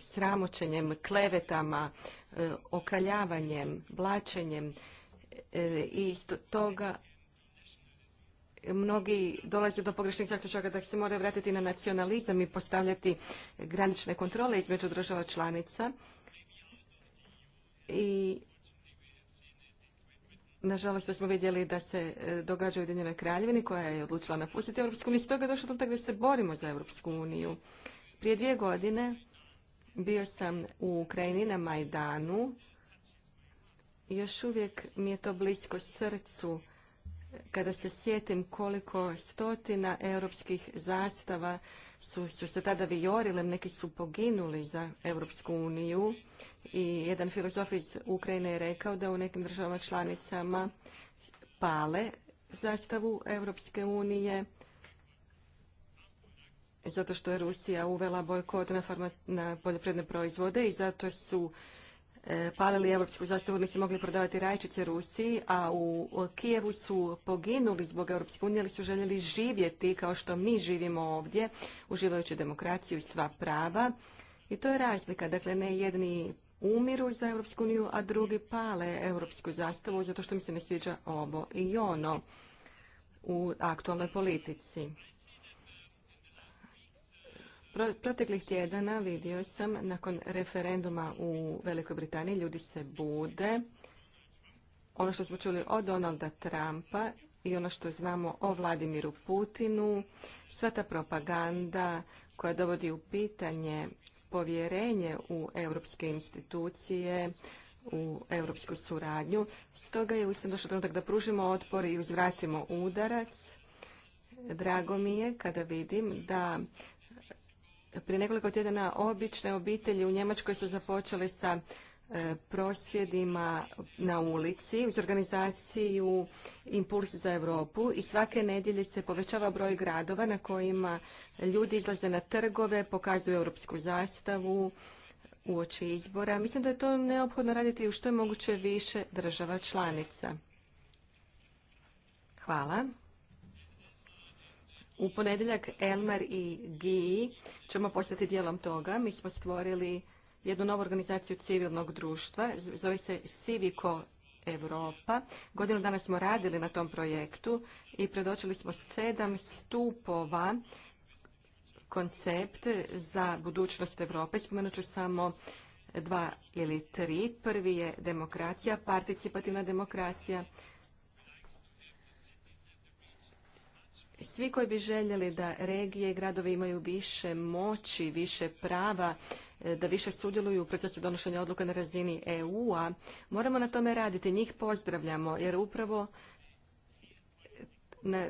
S5: sramoćenjem, klevetama, e, okaljavanjem, blačenjem i toga mnogi dolaze do pogrešnih zaključaka da se moraju vratiti na nacionalizam i postavljati granične kontrole između država članica. I Nažalost, smo vidjeli da se e, događa u Ujedinjenoj kraljevini koja je odlučila napustiti Europsku uniju. Stoga je došlo do toga da se borimo za Europsku uniju. Prije dvije godine bio sam u Ukrajini na Majdanu. Još uvijek mi je to blisko srcu kada se sjetim koliko stotina europskih zastava su, se tada vijorile, neki su poginuli za Europsku uniju i jedan filozof iz Ukrajine je rekao da u nekim državama članicama pale zastavu Europske unije zato što je Rusija uvela bojkot na, na poljoprivredne proizvode i zato su palili europsku zastavu nisu mogli prodavati rajčice Rusiji, a u Kijevu su poginuli zbog Europske unije, ali su željeli živjeti kao što mi živimo ovdje, uživajući demokraciju i sva prava. I to je razlika. Dakle, ne jedni umiru za Europsku uniju, a drugi pale europsku zastavu zato što mi se ne sviđa ovo i ono u aktualnoj politici. Proteklih tjedana vidio sam nakon referenduma u Velikoj Britaniji ljudi se bude. Ono što smo čuli od Donalda Trumpa i ono što znamo o Vladimiru Putinu, sva ta propaganda koja dovodi u pitanje povjerenje u europske institucije, u europsku suradnju. Stoga je uistinu došao trenutak da pružimo otpor i uzvratimo udarac. Drago mi je kada vidim da prije nekoliko tjedana obične obitelji u Njemačkoj su započele sa e, prosvjedima na ulici uz organizaciju Impuls za Europu i svake nedjelje se povećava broj gradova na kojima ljudi izlaze na trgove, pokazuju europsku zastavu u izbora. Mislim da je to neophodno raditi u što je moguće više država članica. Hvala. U ponedjeljak Elmar i Gi ćemo postati dijelom toga. Mi smo stvorili jednu novu organizaciju civilnog društva, zove se Civico Europa. Godinu dana smo radili na tom projektu i predočili smo sedam stupova koncept za budućnost Europe. Spomenut ću samo dva ili tri. Prvi je demokracija, participativna demokracija, svi koji bi željeli da regije i gradovi imaju više moći, više prava, e, da više sudjeluju u procesu donošenja odluka na razini EU-a, moramo na tome raditi. Njih pozdravljamo jer upravo na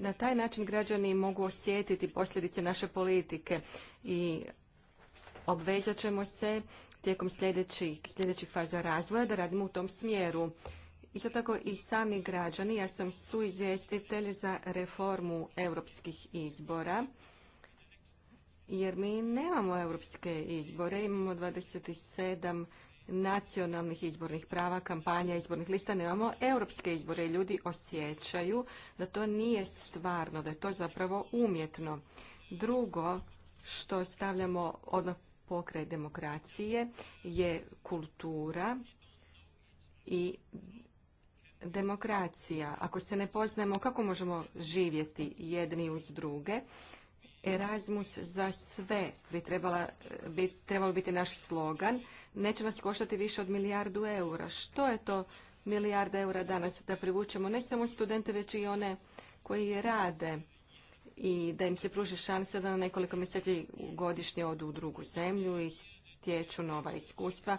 S5: na taj način građani mogu osjetiti posljedice naše politike i obvezat ćemo se tijekom sljedećih, sljedećih faza razvoja da radimo u tom smjeru. Isto tako i sami građani, ja sam suizvjestitelj za reformu europskih izbora, jer mi nemamo europske izbore, imamo 27 nacionalnih izbornih prava, kampanja, izbornih lista, nemamo europske izbore i ljudi osjećaju da to nije stvarno, da je to zapravo umjetno. Drugo što stavljamo odmah pokraj demokracije je kultura i demokracija. Ako se ne poznajemo, kako možemo živjeti jedni uz druge? Erasmus za sve bi, trebala, bi trebalo biti naš slogan. Neće nas koštati više od milijardu eura. Što je to milijarda eura danas da privučemo ne samo studente, već i one koji je rade i da im se pruži šansa da na nekoliko mjeseci godišnje odu u drugu zemlju i stječu nova iskustva.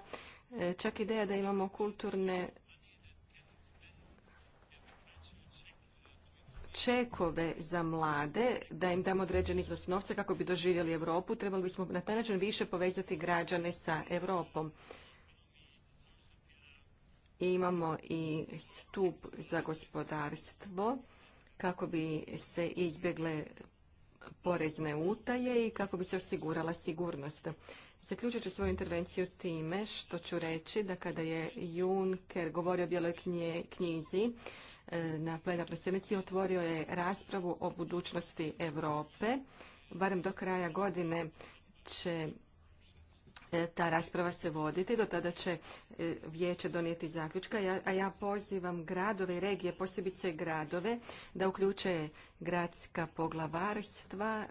S5: E, čak ideja da imamo kulturne čekove za mlade, da im damo određeni iznos novca kako bi doživjeli Europu. Trebali bismo na taj način više povezati građane sa Europom. Imamo i stup za gospodarstvo kako bi se izbjegle porezne utaje i kako bi se osigurala sigurnost. Zaključit ću svoju intervenciju time što ću reći da kada je Juncker govorio o bijeloj knjizi, E, na plenarnoj sjednici otvorio je raspravu o budućnosti Europe. Barem do kraja godine će E, ta rasprava se voditi, do tada će e, vijeće donijeti zaključka, a ja pozivam gradove i regije, posebice gradove, da uključe gradska poglavarstva,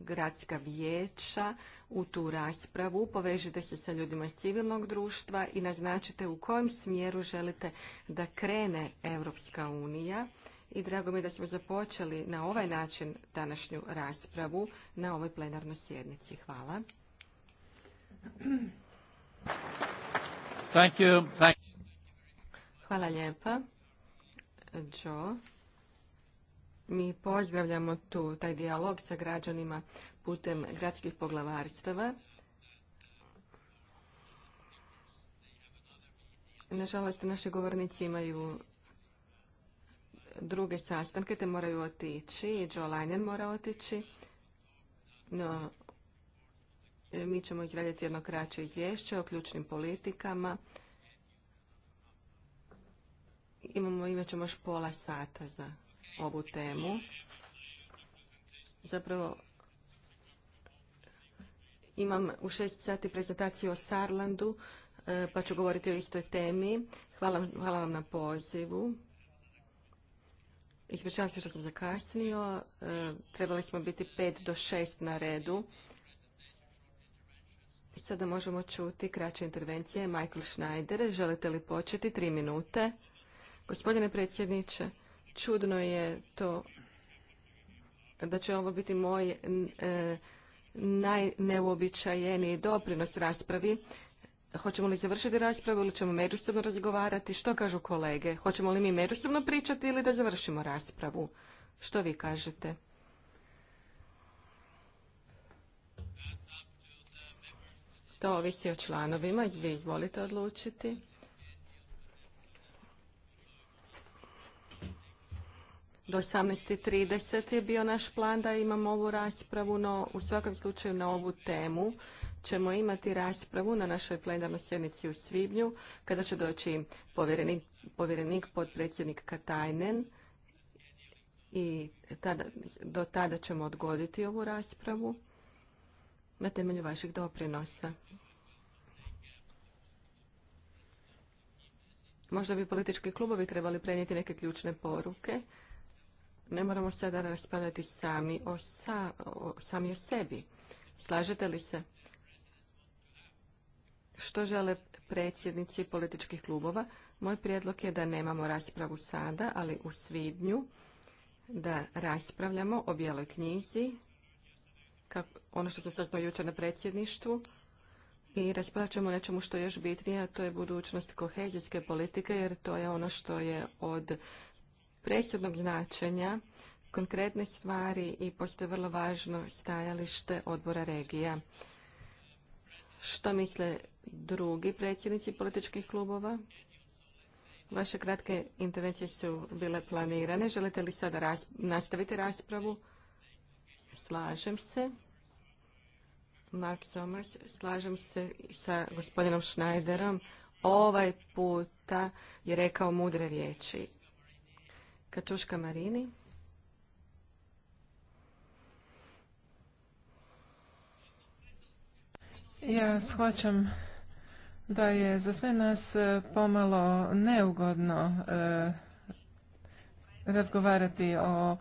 S5: gradska vijeća u tu raspravu, povežite se sa ljudima iz civilnog društva i naznačite u kojem smjeru želite da krene Europska unija. I drago mi je da smo započeli na ovaj način današnju raspravu na ovoj plenarnoj sjednici. Hvala. Thank you. Hvala lijepa. Joe. Mi pozdravljamo tu taj dijalog sa građanima putem gradskih poglavarstava. Nažalost, naši govornici imaju druge sastanke, te moraju otići. Joe Leinen mora otići. No, E, mi ćemo izraditi jedno kraće izvješće o ključnim politikama. Imamo, imat ćemo još pola sata za ovu temu. Zapravo, imam u šest sati prezentaciju o Sarlandu, e, pa ću govoriti o istoj temi. Hvala, hvala vam na pozivu. Ispričavam se što sam zakasnio. E, trebali smo biti pet do šest na redu. Sada možemo čuti kraće intervencije. Michael Schneider, želite li početi? Tri minute. Gospodine predsjedniče, čudno je to da će ovo biti moj e, najneuobičajeniji doprinos raspravi. Hoćemo li završiti raspravu ili ćemo međusobno razgovarati? Što kažu kolege? Hoćemo li mi međusobno pričati ili da završimo raspravu? Što vi kažete? To ovisi o članovima. Vi izvolite odlučiti. Do 18.30 je bio naš plan da imamo ovu raspravu, no u svakom slučaju na ovu temu ćemo imati raspravu na našoj plenarnoj sjednici u Svibnju, kada će doći povjerenik, povjerenik potpredsjednik Katajnen i do tada ćemo odgoditi ovu raspravu na temelju vaših doprinosa. Možda bi politički klubovi trebali prenijeti neke ključne poruke. Ne moramo sada raspravljati sami o, sami o sebi. Slažete li se? Što žele predsjednici političkih klubova? Moj prijedlog je da nemamo raspravu sada, ali u svibnju da raspravljamo o bijeloj knjizi kako, ono što sam saznao jučer na predsjedništvu i raspravit nečemu što je još bitnije, a to je budućnost kohezijske politike, jer to je ono što je od presudnog značenja, konkretne stvari i postoje vrlo važno stajalište odbora regija. Što misle drugi predsjednici političkih klubova? Vaše kratke intervencije su bile planirane. Želite li sada nastaviti raspravu? Slažem se. Mark Somers, slažem se sa gospodinom Schneiderom. Ovaj puta je rekao mudre riječi. Kačuška Marini.
S7: Ja shvaćam da je za sve nas e, pomalo neugodno e, razgovarati o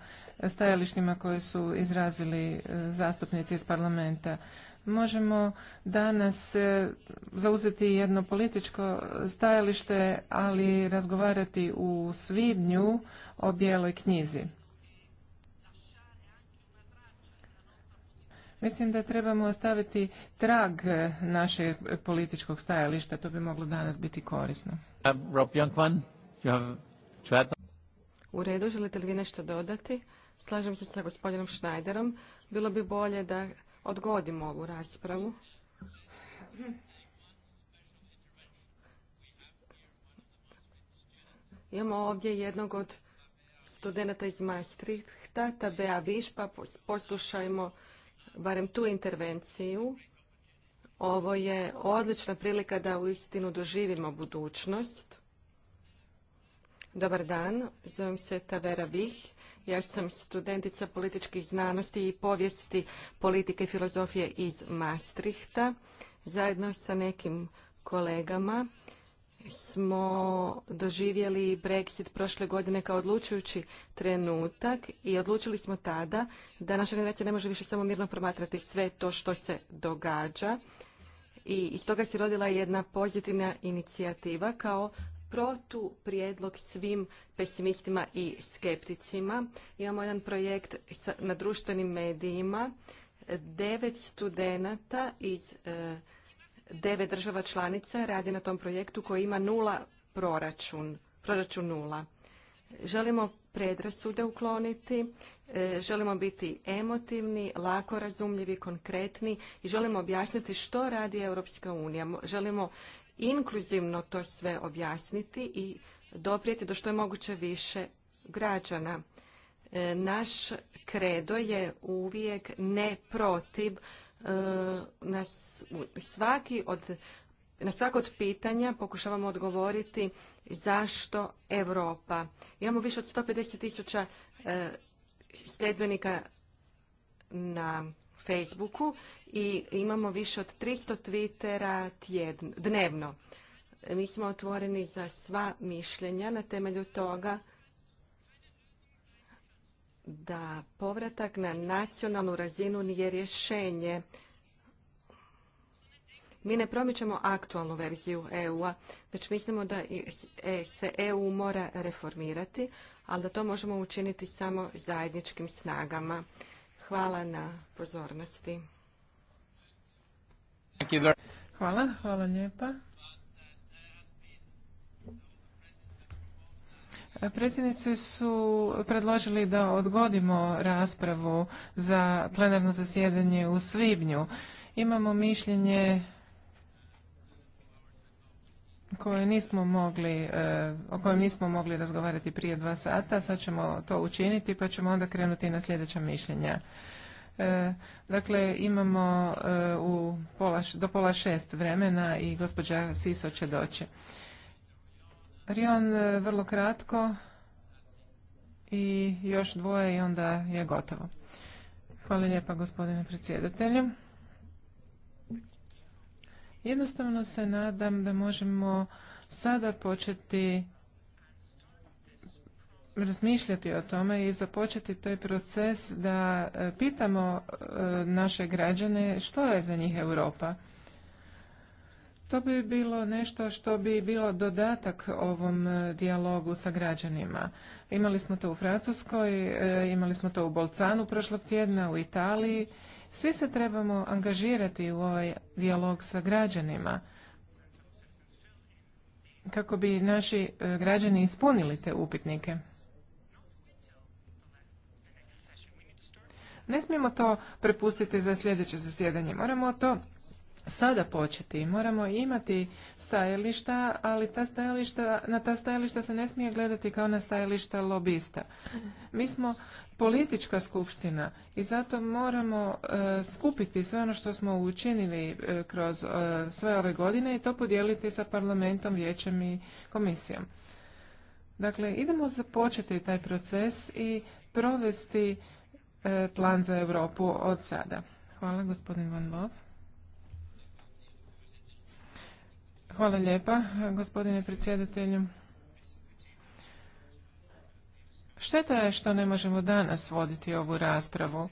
S7: stajalištima koje su izrazili e, zastupnici iz parlamenta možemo danas e, zauzeti jedno političko stajalište, ali razgovarati u svibnju o bijeloj knjizi. Mislim da trebamo ostaviti trag našeg političkog stajališta, to bi moglo danas biti korisno.
S1: Uh,
S5: u redu, želite li vi nešto dodati? Slažem se sa gospodinom Schneiderom. Bilo bi bolje da odgodimo ovu raspravu. Imamo ovdje jednog od studenta iz Maastrichta, Tabea Višpa. Poslušajmo barem tu intervenciju. Ovo je odlična prilika da u istinu doživimo budućnost. Dobar dan, zovem se Tavera Vih ja sam studentica političkih znanosti i povijesti politike i filozofije iz Maastrichta. Zajedno sa nekim kolegama smo doživjeli Brexit prošle godine kao odlučujući trenutak i odlučili smo tada da naša generacija ne može više samo mirno promatrati sve to što se događa. I iz toga se rodila jedna pozitivna inicijativa kao protuprijedlog svim pesimistima i skepticima. Imamo jedan projekt na društvenim medijima. Devet studenata iz e, devet država članica radi na tom projektu koji ima nula proračun, proračun nula. Želimo predrasude ukloniti, e, želimo biti emotivni, lako razumljivi, konkretni i želimo objasniti što radi Europska unija. Želimo inkluzivno to sve objasniti i doprijeti do što je moguće više građana. E, naš kredo je uvijek ne protiv e, na svaki od na svako od pitanja pokušavamo odgovoriti zašto Europa. Imamo više od 150 tisuća e, sljedbenika na Facebooku i imamo više od 300 Twittera tjedno, dnevno. Mi smo otvoreni za sva mišljenja na temelju toga da povratak na nacionalnu razinu nije rješenje. Mi ne promičemo aktualnu verziju EU-a, već mislimo da e, se EU mora reformirati, ali da to možemo učiniti samo zajedničkim snagama. Hvala na pozornosti. Hvala, hvala lijepa.
S7: Predsjednici su predložili da odgodimo raspravu za plenarno zasjedanje u svibnju. Imamo mišljenje koju nismo mogli, eh, o kojem nismo mogli razgovarati prije dva sata, sad ćemo to učiniti pa ćemo onda krenuti na sljedeća mišljenja. Eh, dakle, imamo eh, u pola, do pola šest vremena i gospođa Siso će doći. Rion, vrlo kratko i još dvoje i onda je gotovo. Hvala lijepa gospodine predsjedatelju. Jednostavno se nadam da možemo sada početi razmišljati o tome i započeti taj proces da e, pitamo e, naše građane što je za njih Europa. To bi bilo nešto što bi bilo dodatak ovom e, dijalogu sa građanima. Imali smo to u Francuskoj, imali smo to u Bolcanu prošlog tjedna, u Italiji svi se trebamo angažirati u ovaj dijalog sa građanima kako bi naši e, građani ispunili te upitnike. Ne smijemo to prepustiti za sljedeće zasjedanje. Moramo to sada početi. Moramo imati stajališta, ali ta stajališta, na ta stajališta se ne smije gledati kao na stajališta lobista. Mi smo politička skupština i zato moramo e, skupiti sve ono što smo učinili e, kroz e, sve ove godine i to podijeliti sa parlamentom, vijećem i komisijom. Dakle, idemo započeti taj proces i provesti plan za Europu od sada. Hvala, gospodin Van Lov. Hvala lijepa, gospodine predsjedatelju. Šteta je što ne možemo danas voditi ovu raspravu,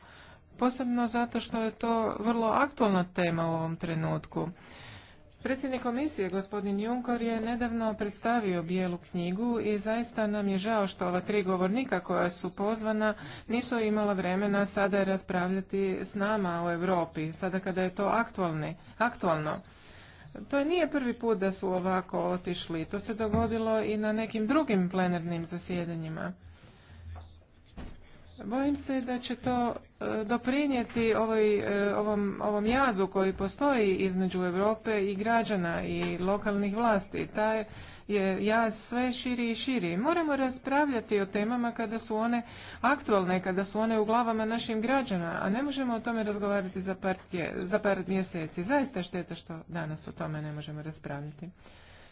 S7: posebno zato što je to vrlo aktualna tema u ovom trenutku. Predsjednik komisije, gospodin Junkor, je nedavno predstavio bijelu knjigu i zaista nam je žao što ova tri govornika koja su pozvana nisu imala vremena sada raspravljati s nama o Europi, sada kada je to aktualno. To nije prvi put da su ovako otišli. To se dogodilo i na nekim drugim plenarnim zasjedanjima. Bojim se da će to e, doprinijeti e, ovom, ovom jazu koji postoji između Europe i građana i lokalnih vlasti. Taj je jaz sve širi i širi. Moramo raspravljati o temama kada su one aktualne, kada su one u glavama našim građana, a ne možemo o tome razgovarati za par, za mjeseci. Zaista šteta što danas o tome ne možemo raspravljati.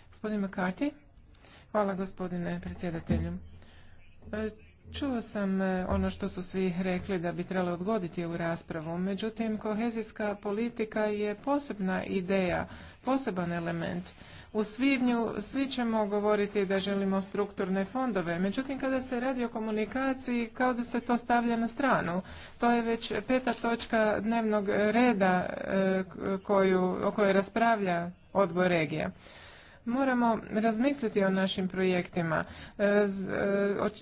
S7: Gospodin McCarthy. Hvala gospodine predsjedatelju. E, čuo sam e, ono što su svi rekli da bi trebalo odgoditi ovu raspravu. Međutim, kohezijska politika je posebna ideja, poseban element. U svibnju svi ćemo govoriti da želimo strukturne fondove, međutim kada se radi o komunikaciji kao da se to stavlja na stranu. To je već peta točka dnevnog reda e, o kojoj raspravlja odbor regije. Moramo razmisliti o našim projektima. E, e,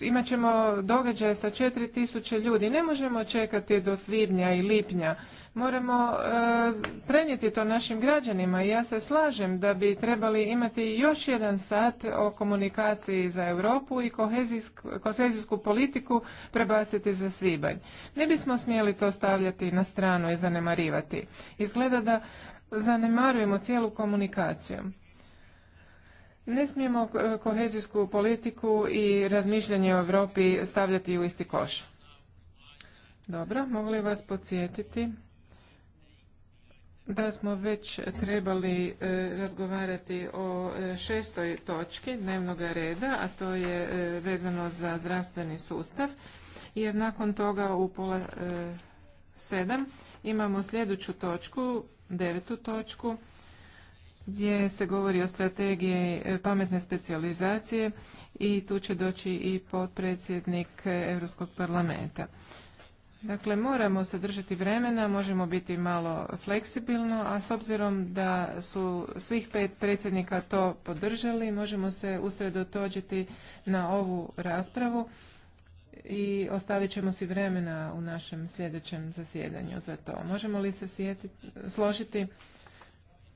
S7: Imaćemo ćemo događaje sa 4000 ljudi. Ne možemo čekati do svibnja i lipnja. Moramo e, prenijeti to našim građanima i ja se slažem da bi trebali imati još jedan sat o komunikaciji za Europu i kohezijsku politiku prebaciti za svibanj. Ne bismo smjeli to stavljati na stranu i zanemarivati. Izgleda da zanemarujemo cijelu komunikaciju. Ne smijemo e, kohezijsku politiku i razmišljanje o Europi stavljati u isti koš. Dobro, mogu li vas podsjetiti da smo već trebali e, razgovarati o e, šestoj točki dnevnog reda, a to je vezano za zdravstveni sustav, jer nakon toga u pola sedam imamo sljedeću točku, devetu točku, gdje se govori o strategiji e, pametne specijalizacije i tu će doći i potpredsjednik e, Europskog parlamenta. Dakle, moramo se držati vremena, možemo biti malo fleksibilno, a s obzirom da su svih pet predsjednika to podržali, možemo se usredotočiti na ovu raspravu i ostavit ćemo si vremena u našem sljedećem zasjedanju za to. Možemo li se složiti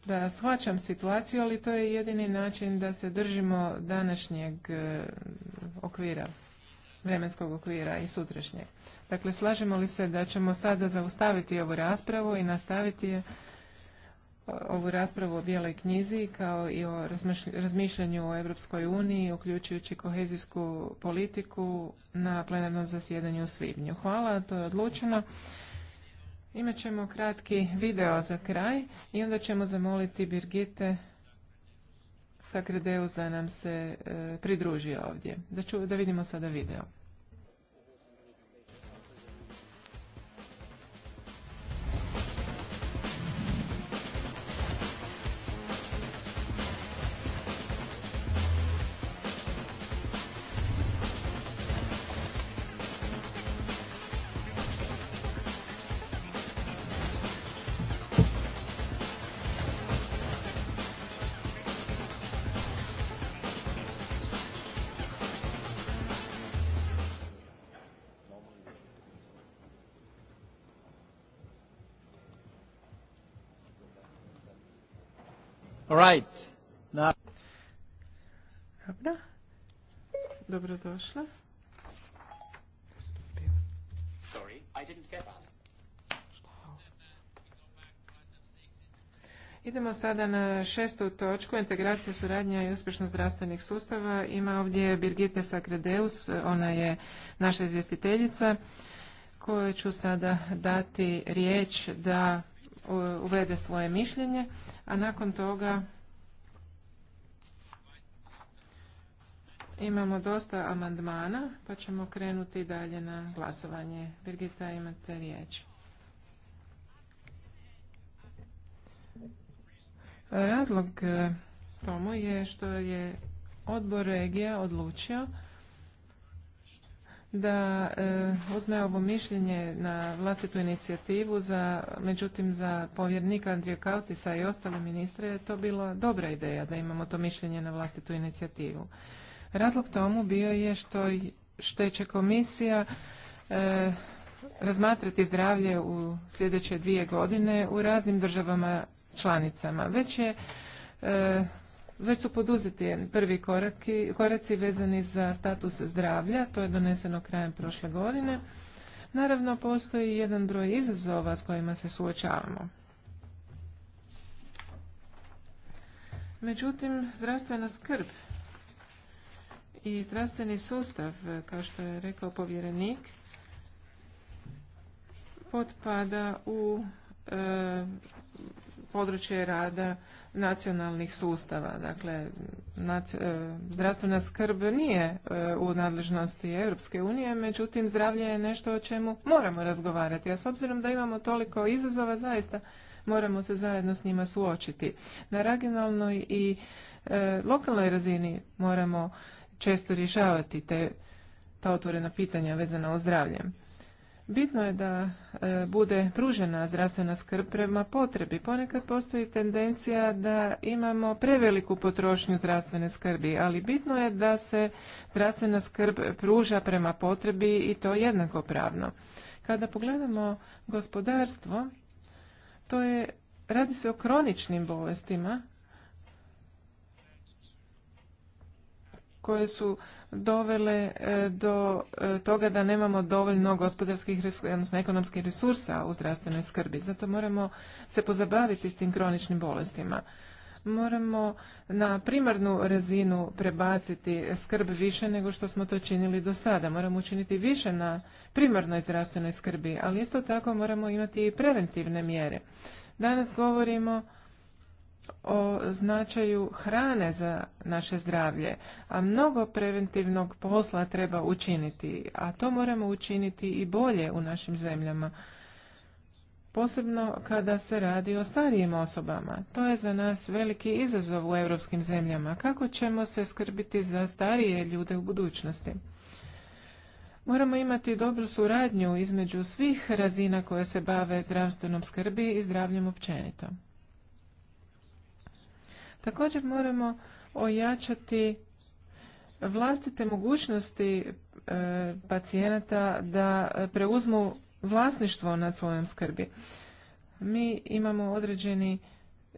S7: da shvaćam situaciju, ali to je jedini način da se držimo današnjeg e, okvira, vremenskog okvira i sutrašnjeg. Dakle, slažemo li se da ćemo sada zaustaviti ovu raspravu i nastaviti je e, ovu raspravu o bijeloj knjizi kao i o razmišljanju o Europskoj uniji, uključujući kohezijsku politiku na plenarnom zasjedanju u Svibnju. Hvala, to je odlučeno. Imat ćemo kratki video za kraj i onda ćemo zamoliti Birgite Sakredeus da nam se e, pridruži ovdje. Da, da vidimo sada video.
S1: Right. Na... Dobrodošla.
S7: Idemo sada na šestu točku, integracija, suradnja i uspješnost zdravstvenih sustava. Ima ovdje Birgitte Sakredeus, ona je naša izvjestiteljica, Koju ću sada dati riječ da uvede svoje mišljenje, a nakon toga imamo dosta amandmana, pa ćemo krenuti dalje na glasovanje. Birgita, imate riječ. Razlog tomu je što je odbor regija odlučio da e, uzme ovo mišljenje na vlastitu inicijativu, za, međutim za povjernika Andrija Kautisa i ostale ministre je to bila dobra ideja da imamo to mišljenje na vlastitu inicijativu. Razlog tomu bio je što, što će komisija e, razmatrati zdravlje u sljedeće dvije godine u raznim državama članicama. Već je e, već su poduzeti prvi koraci vezani za status zdravlja, to je doneseno krajem prošle godine. Naravno, postoji jedan broj izazova s kojima se suočavamo. Međutim, zdravstvena skrb i zdravstveni sustav, kao što je rekao povjerenik, potpada u e, područje rada nacionalnih sustava. Dakle, e, zdravstvena skrb nije e, u nadležnosti Europske unije, međutim zdravlje je nešto o čemu moramo razgovarati. A s obzirom da imamo toliko izazova, zaista moramo se zajedno s njima suočiti. Na regionalnoj i e, lokalnoj razini moramo često rješavati te ta otvorena pitanja vezana o zdravljem. Bitno je da e, bude pružena zdravstvena skrb prema potrebi. Ponekad postoji tendencija da imamo preveliku potrošnju zdravstvene skrbi, ali bitno je da se zdravstvena skrb pruža prema potrebi i to jednakopravno. Kada pogledamo gospodarstvo, to je radi se o kroničnim bolestima koje su dovele e, do e, toga da nemamo dovoljno gospodarskih, odnosno ekonomskih resursa u zdravstvenoj skrbi. Zato moramo se pozabaviti s tim kroničnim bolestima. Moramo na primarnu razinu prebaciti skrb više nego što smo to činili do sada. Moramo učiniti više na primarnoj zdravstvenoj skrbi, ali isto tako moramo imati i preventivne mjere. Danas govorimo o značaju hrane za naše zdravlje, a mnogo preventivnog posla treba učiniti, a to moramo učiniti i bolje u našim zemljama. Posebno kada se radi o starijim osobama. To je za nas veliki izazov u europskim zemljama. Kako ćemo se skrbiti za starije ljude u budućnosti? Moramo imati dobru suradnju između svih razina koje se bave zdravstvenom skrbi i zdravljem općenito. Također moramo ojačati vlastite mogućnosti e, pacijenata da preuzmu vlasništvo nad svojom skrbi. Mi imamo određeni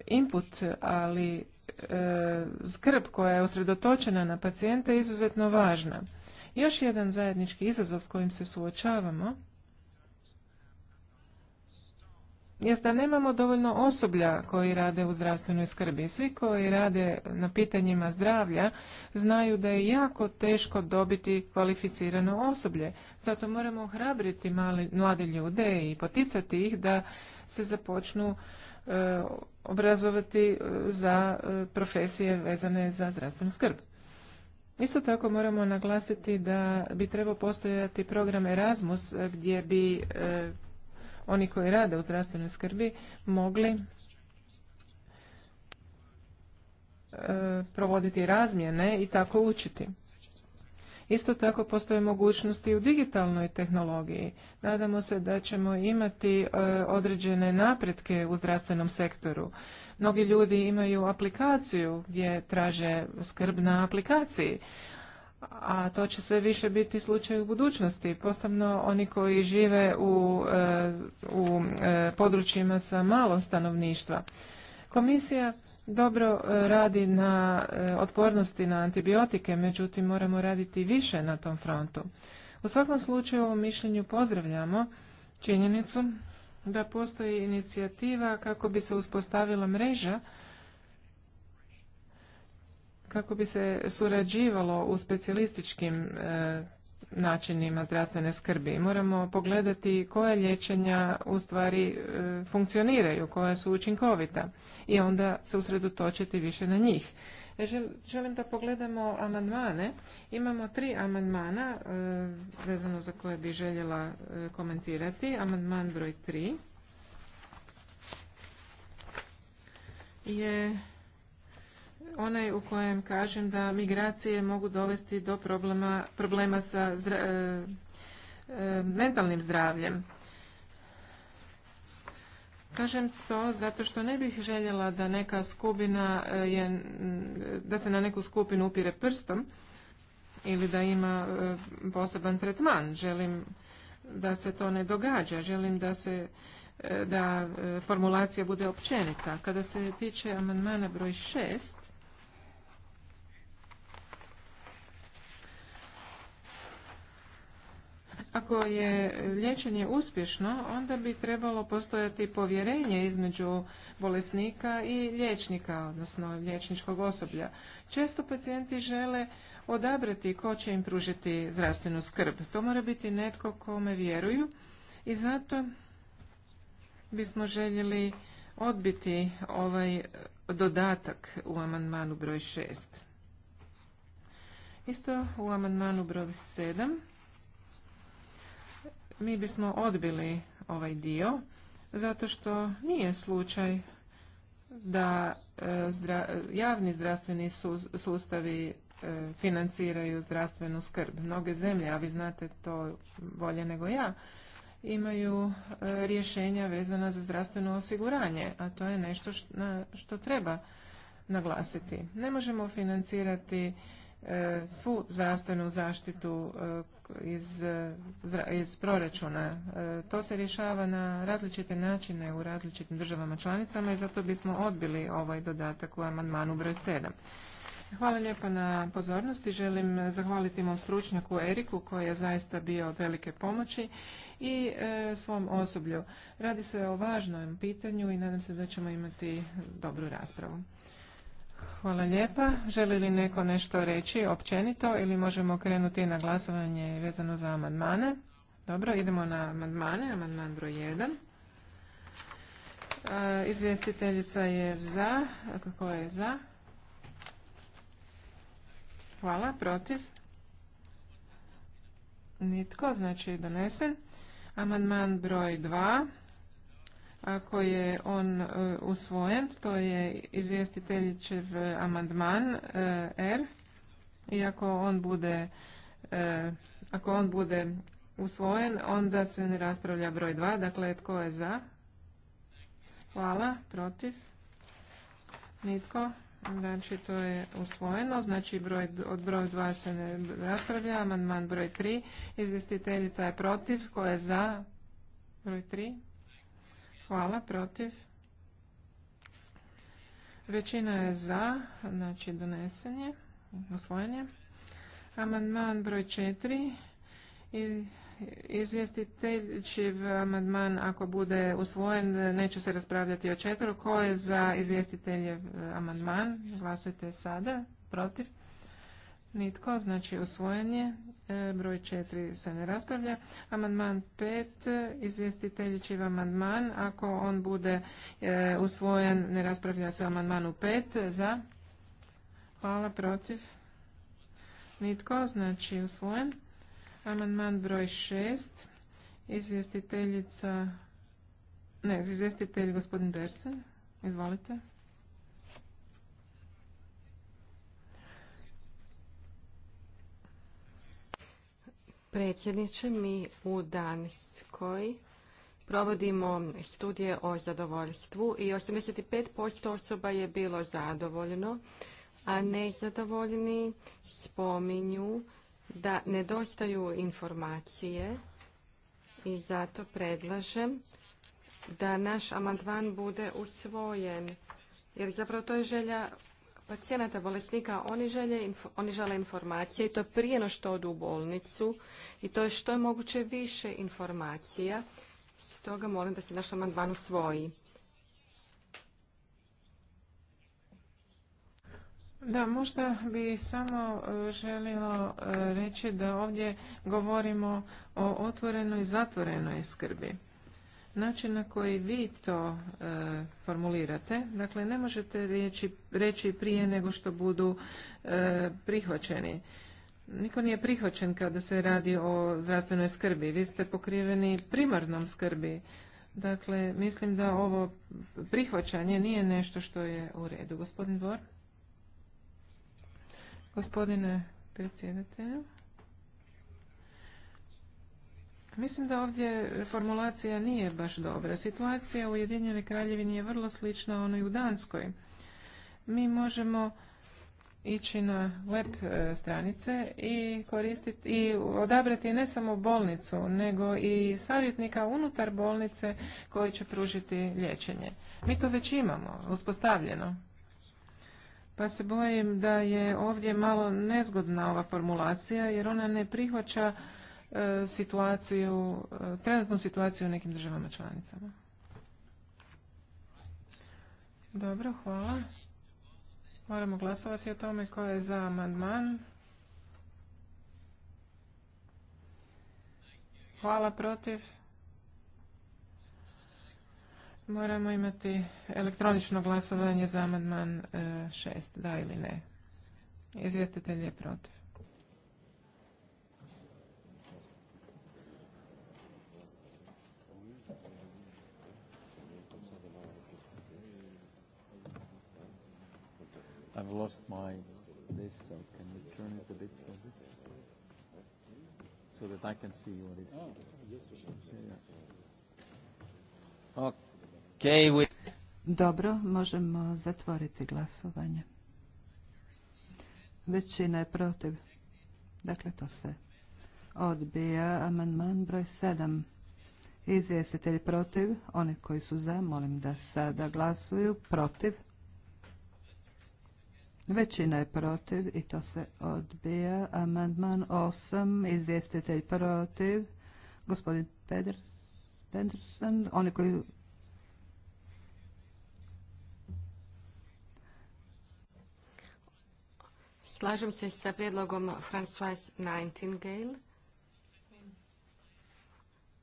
S7: input, ali e, skrb koja je usredotočena na pacijenta je izuzetno važna. Još jedan zajednički izazov s kojim se suočavamo jest da nemamo dovoljno osoblja koji rade u zdravstvenoj skrbi. Svi koji rade na pitanjima zdravlja znaju da je jako teško dobiti kvalificirano osoblje. Zato moramo hrabriti mali, mlade ljude i poticati ih da se započnu e, obrazovati e, za e, profesije vezane za zdravstvenu skrb. Isto tako moramo naglasiti da bi trebao postojati program Erasmus gdje bi oni koji rade u zdravstvenoj skrbi mogli e, provoditi razmjene i tako učiti. Isto tako postoje mogućnosti u digitalnoj tehnologiji. Nadamo se da ćemo imati e, određene napretke u zdravstvenom sektoru. Mnogi ljudi imaju aplikaciju gdje traže skrb na aplikaciji, a to će sve više biti slučaj u budućnosti, posebno oni koji žive u, e, u e, područjima sa malom stanovništva. Komisija dobro e, radi na otpornosti na antibiotike, međutim moramo raditi više na tom frontu. U svakom slučaju u ovom mišljenju pozdravljamo činjenicu da postoji inicijativa kako bi se uspostavila mreža kako bi se surađivalo u specijalističkim e, načinima zdravstvene skrbi. Moramo pogledati koja liječenja u stvari e, funkcioniraju, koja su učinkovita i onda se usredotočiti više na njih. E, želim da pogledamo amandmane. Imamo tri amandmana vezano za koje bi željela komentirati. Amandman broj tri je onaj u kojem kažem da migracije mogu dovesti do problema, problema sa e, e, mentalnim zdravljem. Kažem to zato što ne bih željela da neka skupina e, je, da se na neku skupinu upire prstom ili da ima poseban tretman. Želim da se to ne događa. Želim da se da formulacija bude općenita. Kada se tiče amandmana broj šest, ako je liječenje uspješno, onda bi trebalo postojati povjerenje između bolesnika i liječnika, odnosno liječničkog osoblja. Često pacijenti žele odabrati ko će im pružiti zdravstvenu skrb. To mora biti netko kome vjeruju i zato bismo željeli odbiti ovaj dodatak u amandmanu broj 6. Isto u amandmanu broj 7 mi bismo odbili ovaj dio zato što nije slučaj da e, javni zdravstveni sustavi e, financiraju zdravstvenu skrb. Mnoge zemlje, a vi znate to bolje nego ja, imaju e, rješenja vezana za zdravstveno osiguranje, a to je nešto što, što treba naglasiti. Ne možemo financirati svu zdravstvenu zaštitu iz, iz proračuna. E, to se rješava na različite načine u različitim državama članicama i zato bismo odbili ovaj dodatak u amandmanu broj 7. Hvala lijepa na pozornosti. Želim zahvaliti mom stručnjaku Eriku koji je zaista bio od velike pomoći i e, svom osoblju. Radi se o važnom pitanju i nadam se da ćemo imati dobru raspravu. Hvala lijepa. Želi li neko nešto reći općenito ili možemo krenuti na glasovanje vezano za amandmane? Dobro, idemo na amandmane. Amandman broj 1. E, izvjestiteljica je za. Kako je za? Hvala. Protiv? Nitko, znači donesen. Amandman broj 2 ako je on e, usvojen, to je izvjestiteljičev e, amandman e, R. I ako on bude ako on bude usvojen, onda se ne raspravlja broj 2. Dakle, tko je za? Hvala. Protiv? Nitko? Znači, to je usvojeno. Znači, broj, od broj 2 se ne raspravlja. Amandman broj 3. Izvjestiteljica je protiv. Tko je za? Broj 3. Hvala. Protiv? Većina je za, znači donesen je, Amandman broj četiri. I izvjestitelj će amandman ako bude usvojen neće se raspravljati o četiri. Ko je za izvjestitelje amandman? Glasujte sada. Protiv? Nitko, znači usvojen je. E, broj četiri se ne raspravlja. Amandman pet, e, izvjestitelji će amandman. Ako on bude e, usvojen, ne raspravlja se o amandmanu 5. Za? Hvala, protiv? Nitko, znači usvojen. Amandman broj šest, izvjestiteljica, ne, izvjestitelj gospodin Dersen, Izvolite.
S5: predsjedniče. Mi u Danskoj provodimo studije o zadovoljstvu i 85% osoba je bilo zadovoljno, a nezadovoljni spominju da nedostaju informacije i zato predlažem da naš amandman bude usvojen. Jer zapravo to je želja pacijenata bolesnika oni žele, oni informacije i to prije no što odu u bolnicu i to je što je moguće više informacija. Stoga molim da se naš amandman usvoji. Da, možda bi samo e, želilo e,
S7: reći da ovdje govorimo o otvorenoj i zatvorenoj skrbi način na koji vi to e, formulirate dakle ne možete reći, reći prije nego što budu e, prihvaćeni niko nije prihvaćen kada se radi o zdravstvenoj skrbi vi ste pokriveni primarnom skrbi dakle mislim da ovo prihvaćanje nije nešto što je u redu gospodin dvor gospodine predsjedatelju Mislim da ovdje formulacija nije baš dobra. Situacija u Ujedinjenoj kraljevini je vrlo slična onoj u Danskoj. Mi možemo ići na web e, stranice i koristiti i odabrati ne samo bolnicu, nego i savjetnika unutar bolnice koji će pružiti liječenje. Mi to već imamo, uspostavljeno. Pa se bojim da je ovdje malo nezgodna ova formulacija jer ona ne prihvaća E, situaciju, e, trenutnu situaciju u nekim državama članicama. Dobro, hvala. Moramo glasovati o tome ko je za amandman. Hvala protiv. Moramo imati elektronično glasovanje za amandman 6, e, da ili ne. Izvjestitelj je protiv.
S1: I've lost my this, so can you turn it a bit this?
S8: Dobro, možemo zatvoriti glasovanje. Većina je protiv. Dakle, to se odbija. Amandman broj sedam. Izvjestitelj protiv. Oni koji su za, molim da sada glasuju. Protiv. Većina je protiv i to se odbija. Amandman 8, izvjestitelj protiv. Gospodin Pedersen, oni koji...
S5: Slažem se sa prijedlogom Françoise Nightingale.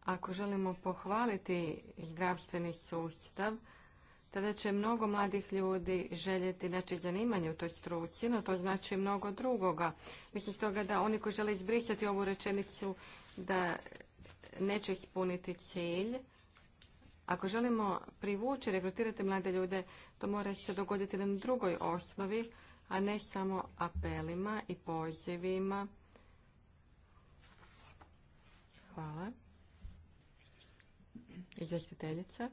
S5: Ako želimo pohvaliti zdravstveni sustav, tada će mnogo mladih ljudi željeti naći zanimanje u toj struci, no to znači mnogo drugoga. Mislim toga da oni koji žele izbrisati ovu rečenicu da neće ispuniti cilj, ako želimo privući, rekrutirati mlade ljude, to mora se dogoditi na drugoj osnovi, a ne samo apelima i pozivima. Hvala. Izvjestiteljica.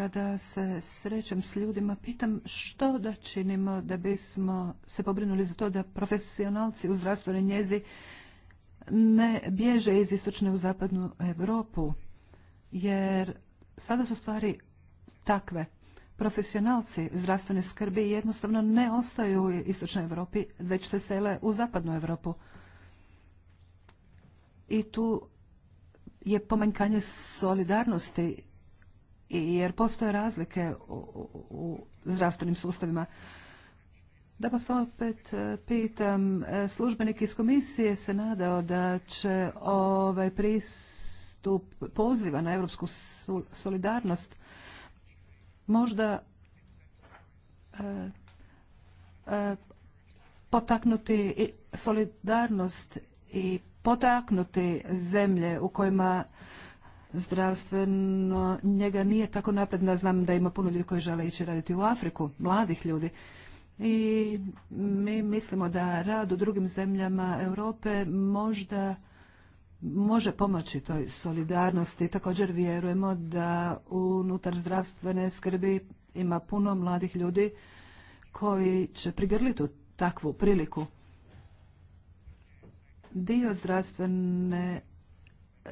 S8: kada se srećem s ljudima, pitam što da činimo da bismo se pobrinuli za to da profesionalci u zdravstvenoj njezi ne bježe iz istočne u zapadnu Europu, jer sada su stvari takve. Profesionalci zdravstvene skrbi jednostavno ne ostaju u istočnoj Europi, već se sele u zapadnu Europu. I tu je pomanjkanje solidarnosti jer postoje razlike u zdravstvenim sustavima. Da vas opet e, pitam, e, službenik iz komisije se nadao da će ovaj pristup poziva na europsku solidarnost možda e, potaknuti solidarnost i potaknuti zemlje u kojima zdravstveno njega nije tako napredna. Znam da ima puno ljudi koji žele ići raditi u Afriku, mladih ljudi. I mi mislimo da rad u drugim zemljama Europe možda može pomoći toj solidarnosti. Također vjerujemo da unutar zdravstvene skrbi ima puno mladih ljudi koji će prigrliti takvu priliku. Dio zdravstvene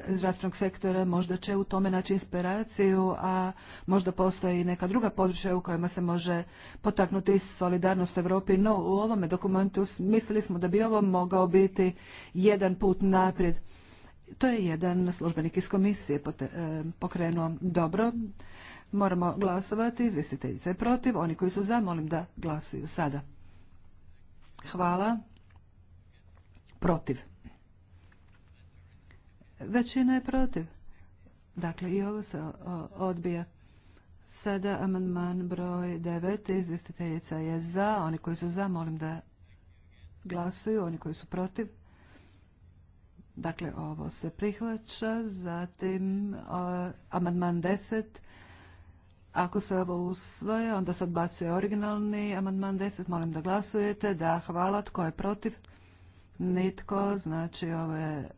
S8: zdravstvenog sektora možda će u tome naći inspiraciju, a možda postoji neka druga područja u kojima se može potaknuti solidarnost Europi. No, u ovome dokumentu mislili smo da bi ovo mogao biti jedan put naprijed. To je jedan službenik iz komisije e, pokrenuo dobro. Moramo glasovati, izvjestiteljica je protiv, oni koji su za, molim da glasuju sada. Hvala. Protiv. Većina je protiv. Dakle, i ovo se odbija. Sada amandman broj 9. Izvjestiteljica je za. Oni koji su za, molim da glasuju. Oni koji su protiv. Dakle, ovo se prihvaća. Zatim, amandman deset. Ako se ovo usvoje, onda se odbacuje originalni amandman deset. Molim da glasujete. Da, hvala. Tko je protiv? Nitko. Znači, ovo je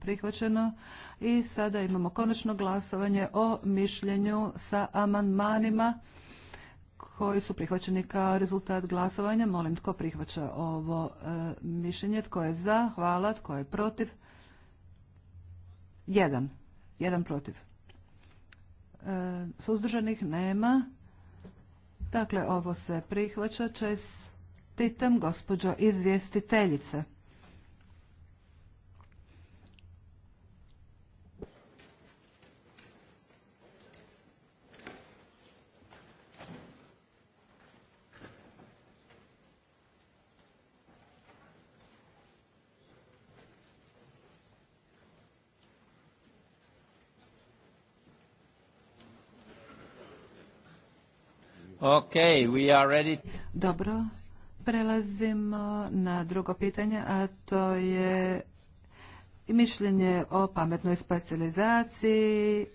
S8: prihvaćeno. I sada imamo konačno glasovanje o mišljenju sa amandmanima koji su prihvaćeni kao rezultat glasovanja. Molim tko prihvaća ovo e, mišljenje, tko je za, hvala, tko je protiv. Jedan. Jedan protiv. E, suzdržanih nema. Dakle, ovo se prihvaća. Čestitam gospođo izvjestiteljice.
S1: Okay, we are ready.
S8: Dobro, prelazimo na drugo pitanje, a to je mišljenje o pametnoj specijalizaciji.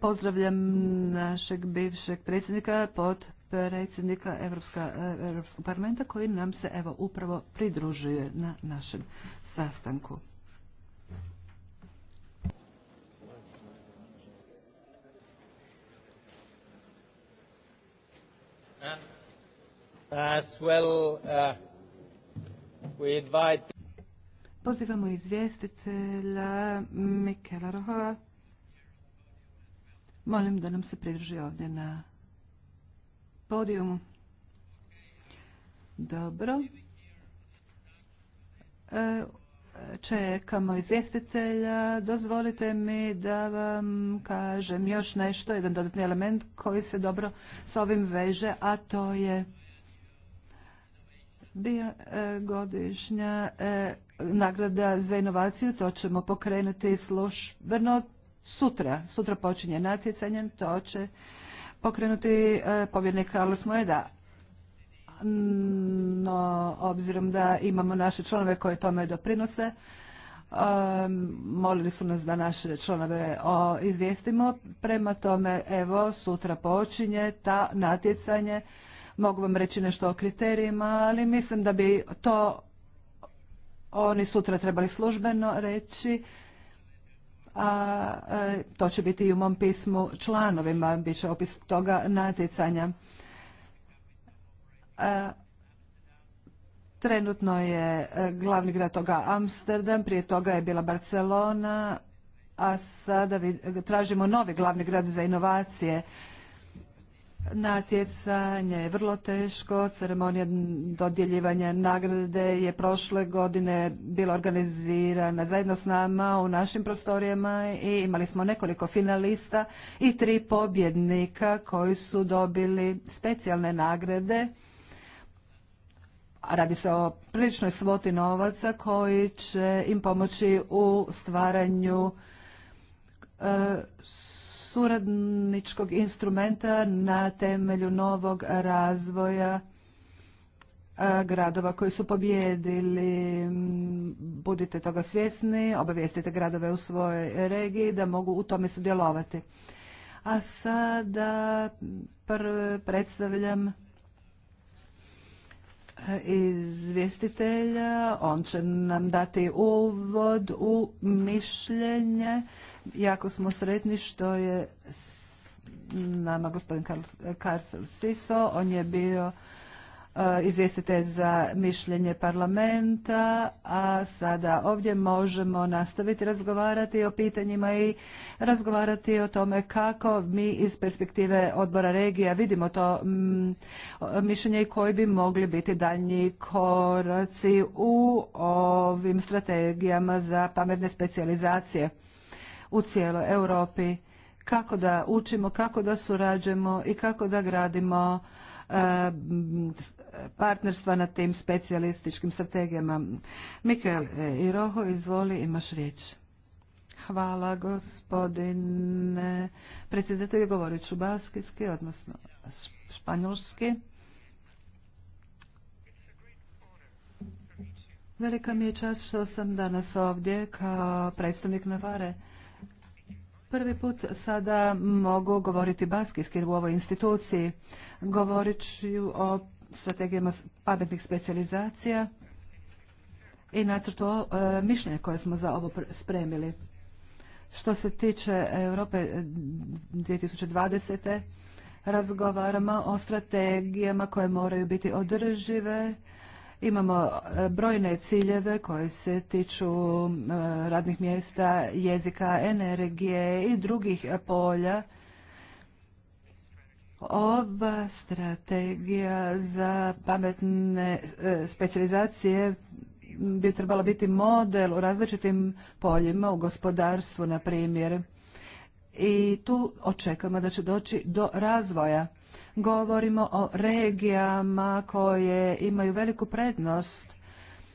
S8: Pozdravljam našeg bivšeg predsjednika, pod predsjednika Europskog parlamenta koji nam se evo upravo pridružuje na našem sastanku.
S1: As well, uh, we
S8: Pozivamo izvjestitelja Mikela Rohova. Molim da nam se pridruži ovdje na podijumu. Dobro. E, čekamo izvjestitelja, dozvolite mi da vam kažem još nešto, jedan dodatni element koji se dobro s ovim veže, a to je bio godišnja e, nagrada za inovaciju, to ćemo pokrenuti službeno sutra. Sutra počinje natjecanjem, to će pokrenuti e, povjernik Carlos Moeda no obzirom da imamo naše članove koje tome doprinose, um, molili su nas da naše članove o, izvijestimo. Prema tome, evo, sutra počinje ta natjecanje. Mogu vam reći nešto o kriterijima, ali mislim da bi to oni sutra trebali službeno reći. A e, to će biti i u mom pismu članovima, bit će opis toga natjecanja. E, trenutno je e, glavni grad toga Amsterdam, prije toga je bila Barcelona, a sada tražimo novi glavni grad za inovacije. Natjecanje je vrlo teško, ceremonija dodjeljivanja nagrade je prošle godine bila organizirana zajedno s nama u našim prostorijama i imali smo nekoliko finalista i tri pobjednika koji su dobili specijalne nagrade Radi se o priličnoj svoti novaca koji će im pomoći u stvaranju e, suradničkog instrumenta na temelju novog razvoja e, gradova koji su pobjedili. Mm, budite toga svjesni, obavijestite gradove u svojoj regiji da mogu u tome sudjelovati. A sada predstavljam izvjestitelja. On će nam dati uvod u mišljenje. Jako smo sretni što je s nama gospodin Karcel Siso. On je bio E, izvjestite za mišljenje parlamenta, a sada ovdje možemo nastaviti razgovarati o pitanjima i razgovarati o tome kako mi iz perspektive odbora regija vidimo to mišljenje i koji bi mogli biti daljnji koraci u ovim strategijama za pametne specijalizacije u cijeloj Europi kako da učimo, kako da surađujemo i kako da gradimo e, partnerstva na tim specijalističkim strategijama. Mikael e, Iroho, izvoli, imaš riječ. Hvala gospodine predsjedatelju, govorit ću baskijski, odnosno španjolski. Velika mi je čast što sam danas ovdje kao predstavnik Navare. Prvi put sada mogu govoriti baskijski u ovoj instituciji. Govorit ću o strategijama pametnih specializacija i nacrtu e, mišljenja koje smo za ovo spremili. Što se tiče Europe 2020. E, razgovaramo o strategijama koje moraju biti održive. Imamo e, brojne ciljeve koji se tiču radnih mjesta, jezika, energije i drugih polja ova strategija za pametne e, specializacije bi trebala biti model u različitim poljima, u gospodarstvu na primjer. I tu očekujemo da će doći do razvoja. Govorimo o regijama koje imaju veliku prednost.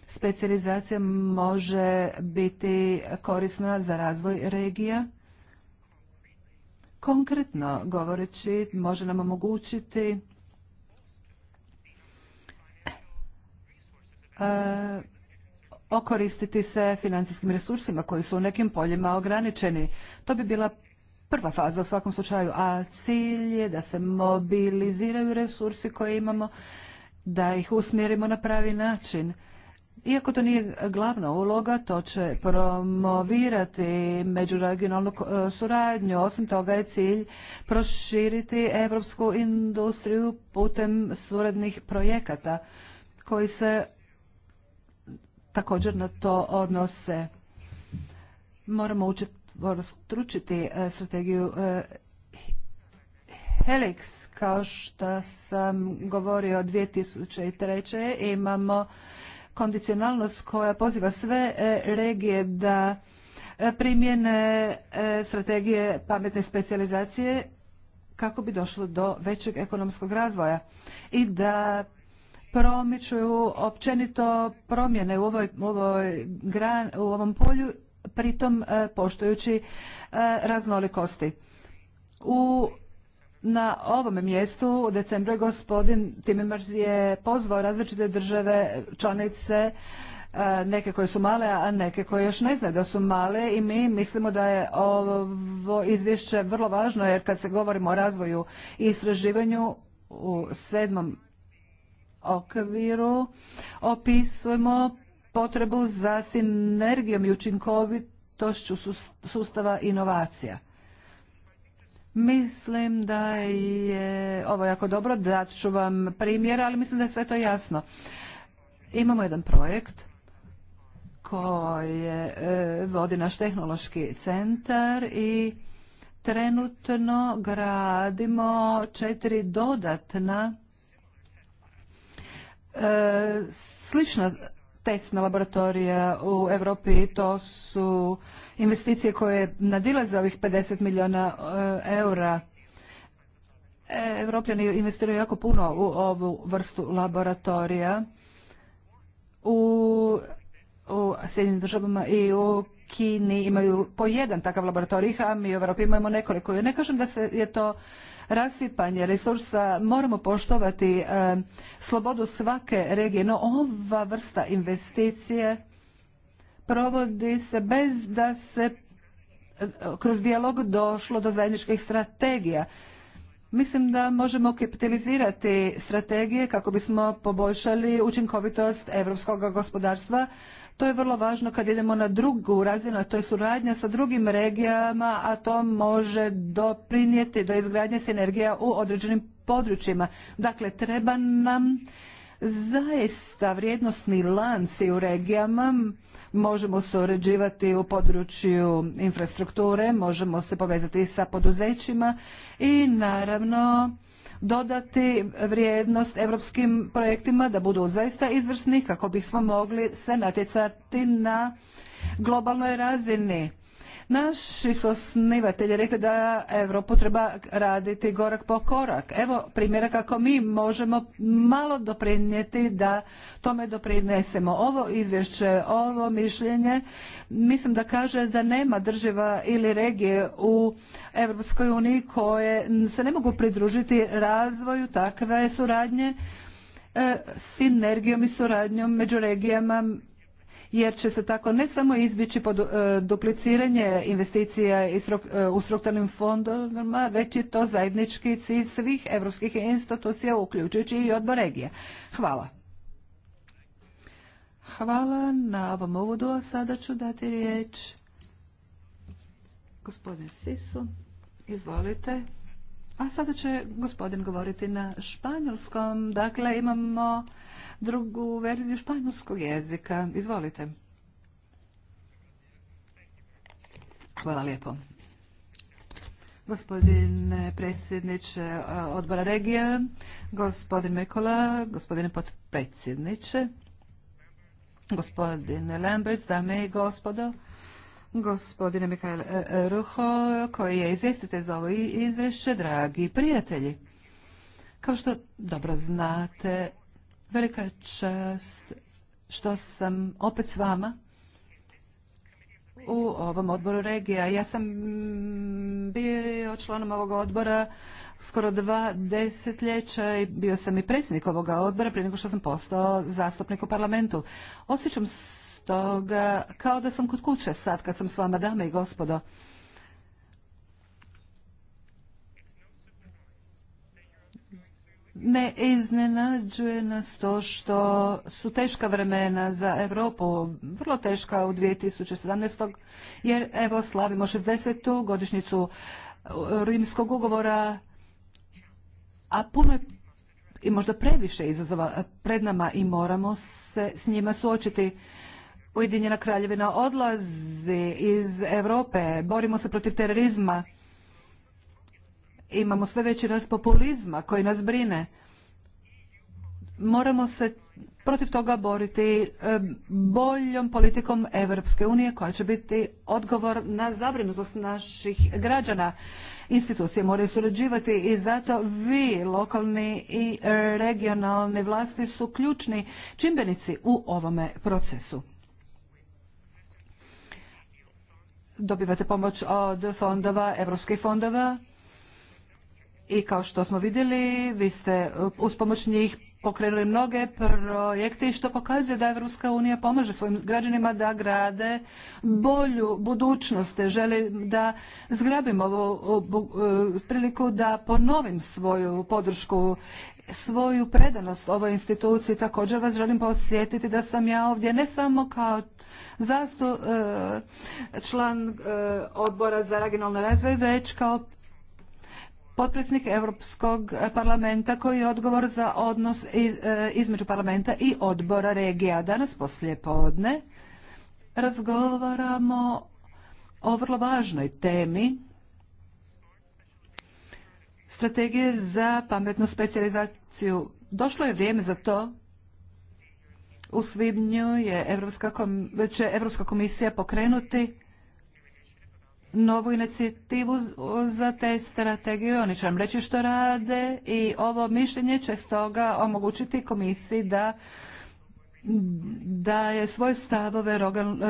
S8: Specijalizacija može biti korisna za razvoj regija Konkretno govoreći, može nam omogućiti e, okoristiti se financijskim resursima koji su u nekim poljima ograničeni. To bi bila prva faza u svakom slučaju, a cilj je da se mobiliziraju resursi koje imamo, da ih usmjerimo na pravi način. Iako to nije glavna uloga, to će promovirati međuregionalnu e, suradnju. Osim toga je cilj proširiti evropsku industriju putem suradnih projekata koji se također na to odnose. Moramo stručiti e, strategiju e, Helix, kao što sam govorio 2003. imamo kondicionalnost koja poziva sve e, regije da e, primjene e, strategije pametne specijalizacije kako bi došlo do većeg ekonomskog razvoja i da promičuju općenito promjene u, ovoj, u ovom polju, pritom poštujući raznolikosti. U na ovom mjestu u decembru je gospodin Timmermans je pozvao različite države članice e, neke koje su male, a neke koje još ne znaju da su male i mi mislimo da je ovo izvješće vrlo važno jer kad se govorimo o razvoju i istraživanju u sedmom okviru opisujemo potrebu za sinergijom i učinkovitošću sustava inovacija. Mislim da je ovo jako dobro, dat ću vam primjer, ali mislim da je sve to jasno. Imamo jedan projekt koji e, vodi naš tehnološki centar i trenutno gradimo četiri dodatna e, slična testna laboratorija u Europi to su investicije koje nadilaze ovih 50 milijuna e, eura. Evropljani investiraju jako puno u ovu vrstu laboratorija u, u Sjedinim državama i u Kini imaju po jedan takav laboratorij, a mi u Europi imamo nekoliko. Ne kažem da se je to rasipanje resursa, moramo poštovati e, slobodu svake regije, no ova vrsta investicije provodi se bez da se e, kroz dijalog došlo do zajedničkih strategija. Mislim da možemo kapitalizirati strategije kako bismo poboljšali učinkovitost evropskog gospodarstva to je vrlo važno kad idemo na drugu razinu, a to je suradnja sa drugim regijama, a to može doprinijeti do izgradnje sinergija u određenim područjima. Dakle, treba nam zaista vrijednostni lanci u regijama možemo se uređivati u području infrastrukture, možemo se povezati sa poduzećima i naravno dodati vrijednost europskim projektima da budu zaista izvrsni kako bismo mogli se natjecati na globalnoj razini Naši su osnivatelji rekli da Europu treba raditi gorak po korak. Evo primjera kako mi možemo malo doprinijeti da tome doprinesemo. Ovo izvješće, ovo mišljenje, mislim da kaže da nema država ili regije u Europskoj uniji koje se ne mogu pridružiti razvoju takve suradnje e, sinergijom i suradnjom među regijama jer će se tako ne samo izbjeći pod e, dupliciranje investicija e, u strukturnim fondovima, već je to zajednički cilj svih europskih institucija, uključujući i odbor regije. Hvala. Hvala na ovom uvodu, a sada ću dati riječ gospodin Sisu. Izvolite. A sada će gospodin govoriti na španjolskom. Dakle, imamo drugu verziju španjolskog jezika. Izvolite. Hvala lijepo. Gospodine predsjedniče e, odbora regija, gospodin Mekola, gospodine potpredsjedniče, gospodine Lamberts, dame i gospodo, gospodine Mikael e, e, Ruho, koji je izvjestite za ovo izvješće, dragi prijatelji. Kao što dobro znate, Velika čast što sam opet s vama u ovom odboru regija. Ja sam bio članom ovog odbora skoro dva desetljeća i bio sam i predsjednik ovoga odbora prije nego što sam postao zastupnik u parlamentu. Osjećam stoga kao da sam kod kuće sad kad sam s vama, dame i gospodo. ne iznenađuje nas to što su teška vremena za Europu, vrlo teška u 2017. jer evo slavimo 60. godišnjicu e, Rimskog ugovora, a puno je i možda previše izazova pred nama i moramo se s njima suočiti. Ujedinjena kraljevina odlazi iz Europe, borimo se protiv terorizma, imamo sve veći rast populizma koji nas brine. Moramo se protiv toga boriti e, boljom politikom Evropske unije koja će biti odgovor na zabrinutost naših građana. Institucije moraju surađivati i zato vi, lokalni i regionalni vlasti su ključni čimbenici u ovome procesu. Dobivate pomoć od fondova, evropskih fondova, i kao što smo vidjeli, vi ste uh, uz pomoć njih pokrenuli mnoge projekte i što pokazuje da Evropska unija pomaže svojim građanima da grade bolju budućnost. Želim da zgrabim ovu uh, uh, priliku da ponovim svoju podršku svoju predanost ovoj instituciji. Također vas želim podsjetiti da sam ja ovdje ne samo kao član odbora za regionalni razvoj, već kao potpredsjednik Europskog parlamenta koji je odgovor za odnos e, između parlamenta i odbora regija. Danas poslije podne razgovaramo o vrlo važnoj temi strategije za pametnu specijalizaciju. Došlo je vrijeme za to u svibnju je Evropska, će Europska komisija pokrenuti novu inicijativu za te strategije. Oni će vam reći što rade i ovo mišljenje će stoga omogućiti komisiji da daje je svoje stavove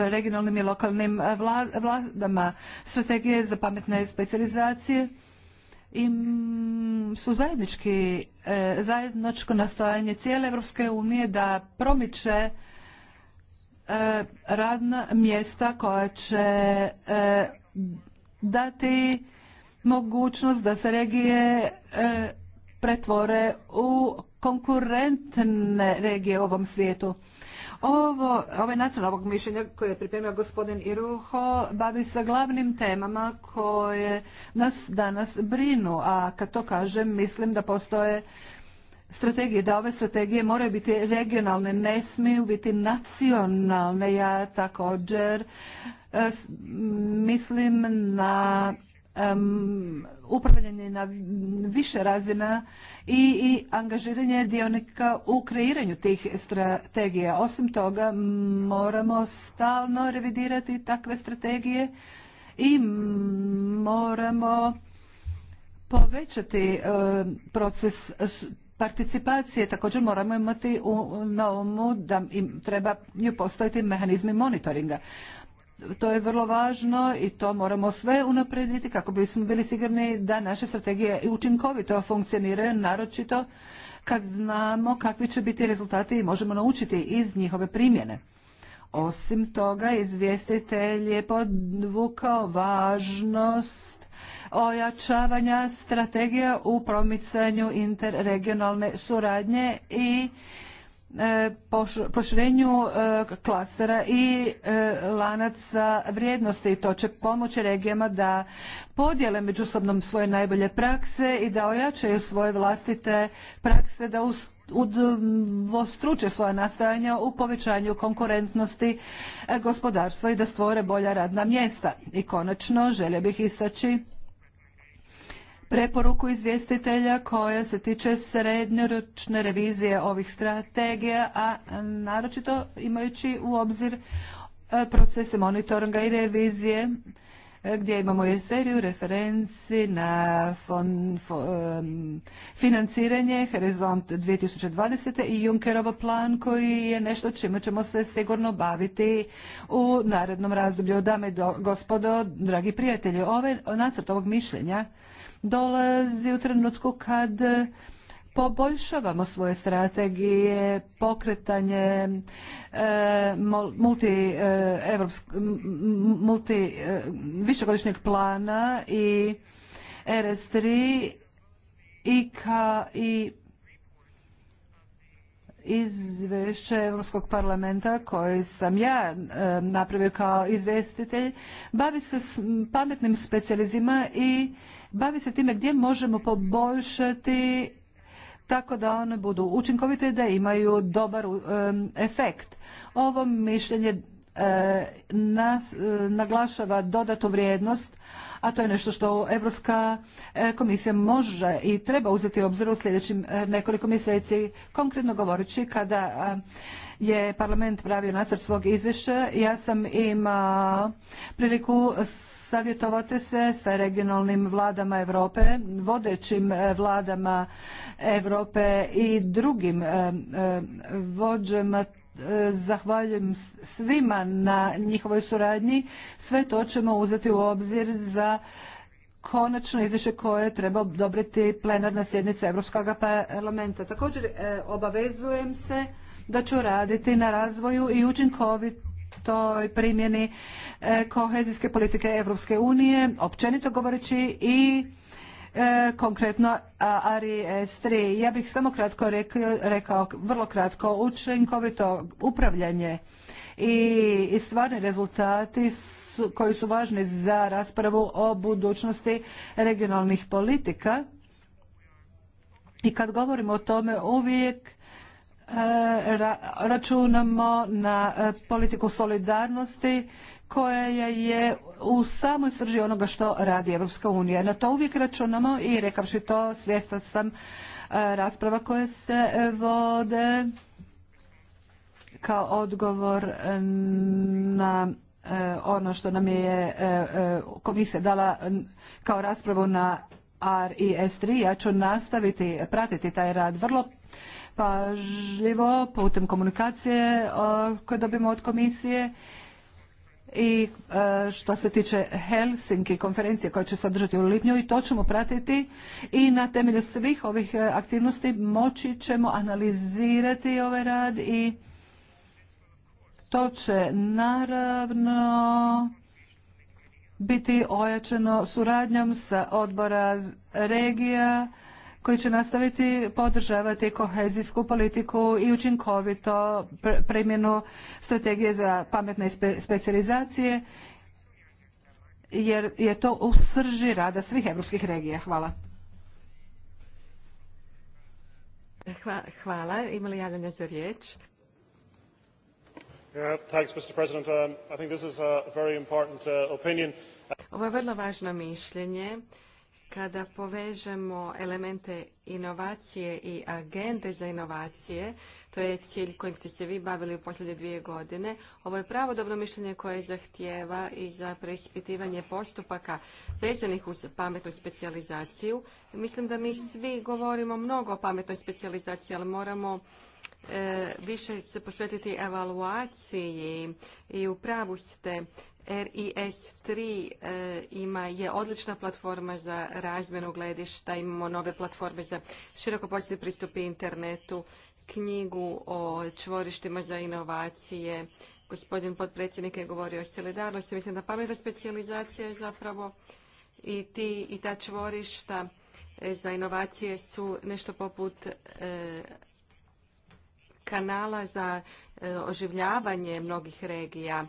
S8: regionalnim i lokalnim eh, vladama strategije za pametne specializacije i su zajednički, eh, zajedničko nastojanje cijele Evropske unije da promiče eh, radna mjesta koja će dati mogućnost da se regije e, pretvore u konkurentne regije u ovom svijetu. Ovo, ovaj ovog mišljenja koje je pripremio gospodin Iruho bavi se glavnim temama koje nas danas brinu, a kad to kažem mislim da postoje strategije, da ove strategije moraju biti regionalne, ne smiju biti nacionalne. Ja također E, mislim na upravljanje na više razina i, angažiranje dionika u kreiranju tih strategija. Osim toga, moramo stalno revidirati takve strategije i moramo povećati e, proces participacije također moramo imati u, na umu da im treba postojiti mehanizmi monitoringa to je vrlo važno i to moramo sve unaprijediti kako bismo bili sigurni da naše strategije i učinkovito funkcioniraju, naročito kad znamo kakvi će biti rezultati i možemo naučiti iz njihove primjene. Osim toga, izvjestitelj je podvukao važnost ojačavanja strategija u promicanju interregionalne suradnje i E, proširenju e, klastera i e, lanaca vrijednosti i to će pomoći regijama da podijele međusobno svoje najbolje prakse i da ojačaju svoje vlastite prakse da udvostruče svoja nastojanja u povećanju konkurentnosti gospodarstva i da stvore bolja radna mjesta. I konačno želio bih istaći preporuku izvjestitelja koja se tiče srednjoročne revizije ovih strategija, a naročito imajući u obzir e, procese monitoringa i revizije e, gdje imamo i seriju referenci na fon, fon, e, financiranje Horizont 2020. i Junkerova plan koji je nešto čime ćemo se sigurno baviti u narednom razdoblju. Dame i gospodo, dragi prijatelji, ove ovaj nacrt ovog mišljenja dolazi u trenutku kad e, poboljšavamo svoje strategije, pokretanje e, multi, e, višegodišnjeg plana i RS3 i ka i izvješće Europskog parlamenta koji sam ja napravio kao izvestitelj bavi se pametnim specijalizima i bavi se time gdje možemo poboljšati tako da one budu učinkovite i da imaju dobar um, efekt. Ovo mišljenje uh, nas, uh, naglašava dodatu vrijednost, a to je nešto što Europska uh, komisija može i treba uzeti u obzir u sljedećim nekoliko mjeseci. Konkretno govoreći, kada je parlament pravio nacrt svog izvješća, ja sam imao priliku s Savjetovati se sa regionalnim vladama Europe, vodećim e, vladama Europe i drugim e, e, vođama zahvaljujem svima na njihovoj suradnji. Sve to ćemo uzeti u obzir za konačno izvješće koje treba odobriti plenarna sjednica Europskog parlamenta. Također obavezujem se da ću raditi na razvoju i učinkovit toj primjeni e, kohezijske politike Europske unije, općenito govoreći i e, konkretno Ari S3. Ja bih samo kratko rekao, vrlo kratko, učinkovito upravljanje i stvarni rezultati koji su važni za raspravu o budućnosti regionalnih politika. I kad govorimo o tome uvijek E, računamo na e, politiku solidarnosti koja je u samoj srži onoga što radi Evropska unija. Na to uvijek računamo i rekavši to svjestan sam e, rasprava koje se vode kao odgovor na ono što nam je komisija dala kao raspravu na RIS3. Ja ću nastaviti pratiti taj rad vrlo pažljivo putem komunikacije e, koje dobimo od komisije i e, što se tiče Helsinki konferencije koja će se održati u lipnju i to ćemo pratiti i na temelju svih ovih e, aktivnosti moći ćemo analizirati ovaj rad i to će naravno biti ojačeno suradnjom sa odbora regija koji će nastaviti podržavati kohezijsku politiku i učinkovito primjenu strategije za pametne specijalizacije jer je to u srži rada svih
S5: europskih regija. Hvala. Hvala. Ima li javljanja za riječ?
S2: Um, uh,
S5: Ovo je vrlo važno mišljenje kada povežemo elemente inovacije i agende za inovacije, to je cilj kojim ste se vi bavili u posljednje dvije godine, ovo je pravo dobro mišljenje koje zahtijeva i za preispitivanje postupaka vezanih uz pametnu specijalizaciju. Mislim da mi svi govorimo mnogo o pametnoj specijalizaciji, ali moramo e, više se posvetiti evaluaciji i u pravu ste RIS3 e, ima, je odlična platforma za razmjenu gledišta, imamo nove platforme za širokopojasni pristup internetu, knjigu o čvorištima za inovacije. Gospodin potpredsjednik je govorio o solidarnosti, mislim da pametna specijalizacija je zapravo i, ti, i ta čvorišta e, za inovacije su nešto poput e, kanala za oživljavanje mnogih regija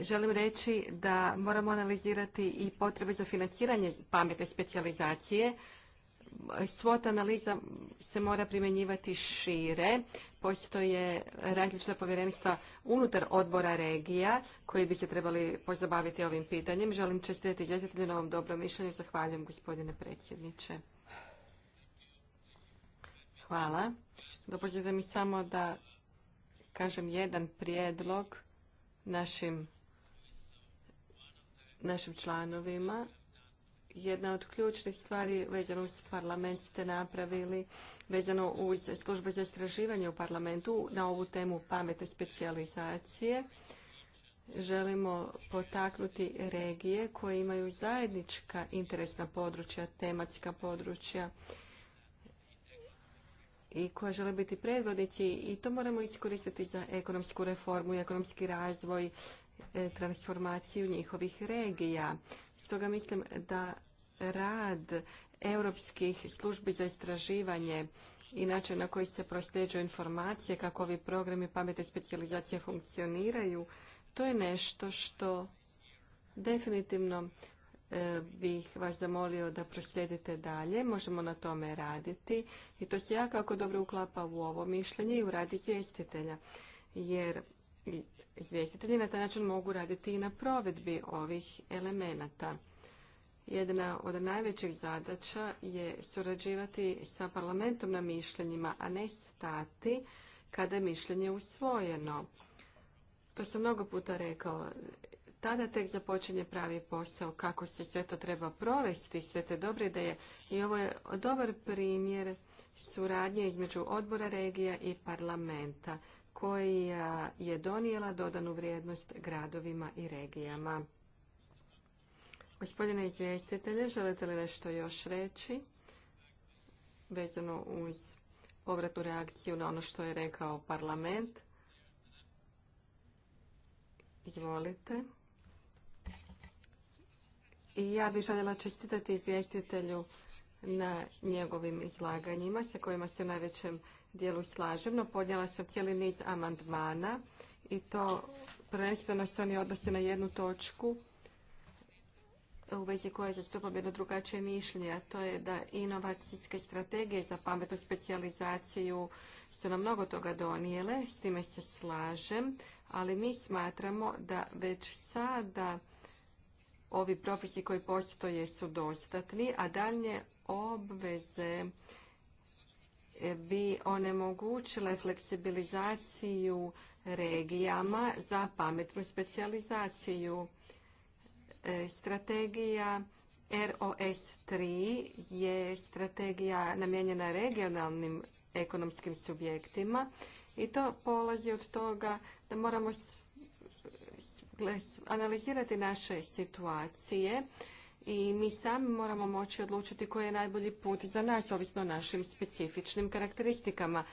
S5: želim reći da moramo analizirati i potrebe za financiranje pametne specijalizacije. Svot analiza se mora primjenjivati šire. Postoje različita povjerenstva unutar odbora regija koji bi se trebali pozabaviti ovim pitanjem. Želim čestiti izvjestitelju na ovom dobrom mišljenju. Zahvaljujem gospodine predsjedniče. Hvala. Dopustite mi samo da kažem jedan prijedlog našim našim članovima. Jedna od ključnih stvari vezano uz parlament ste napravili, vezano uz službe za istraživanje u parlamentu na ovu temu pamete specijalizacije. Želimo potaknuti regije koje imaju zajednička interesna područja, tematska područja i koja žele biti predvodnici i to moramo iskoristiti za ekonomsku reformu i ekonomski razvoj E, transformaciju njihovih regija. Stoga mislim da rad europskih službi za istraživanje i način na koji se prosljeđuju informacije kako ovi programi pametne specijalizacije funkcioniraju, to je nešto što definitivno e, bih vas zamolio da proslijedite dalje. Možemo na tome raditi i to se jako dobro uklapa u ovo mišljenje i u rad izvjestitelja. Jer izvjestitelji na taj način mogu raditi i na provedbi ovih elemenata. Jedna od najvećih zadaća je surađivati sa parlamentom na mišljenjima, a ne stati kada je mišljenje usvojeno. To sam mnogo puta rekao. Tada tek započinje pravi posao kako se sve to treba provesti, sve te dobre ideje. I ovo je dobar primjer suradnje između odbora regija i parlamenta koja je donijela dodanu vrijednost gradovima i regijama. Gospodine izvjestitelje, želite li nešto još reći vezano uz povratnu reakciju na ono što je rekao parlament? Izvolite. I ja bih željela čestitati izvjestitelju na njegovim izlaganjima sa kojima se u najvećem dijelu slažem, no podnijela sam cijeli niz amandmana i to prvenstveno se oni odnose na jednu točku u vezi koje zastupam jedno drugačije mišljenje, a to je da inovacijske strategije za pametnu specijalizaciju su nam mnogo toga donijele, s time se slažem, ali mi smatramo da već sada ovi propisi koji postoje su dostatni, a dalje obveze bi onemogućile fleksibilizaciju regijama za pametnu specijalizaciju. E, strategija ROS 3 je strategija namijenjena regionalnim ekonomskim subjektima i to polazi od toga da moramo analizirati naše situacije i mi sami moramo moći odlučiti koji je najbolji put za nas, ovisno o našim specifičnim karakteristikama.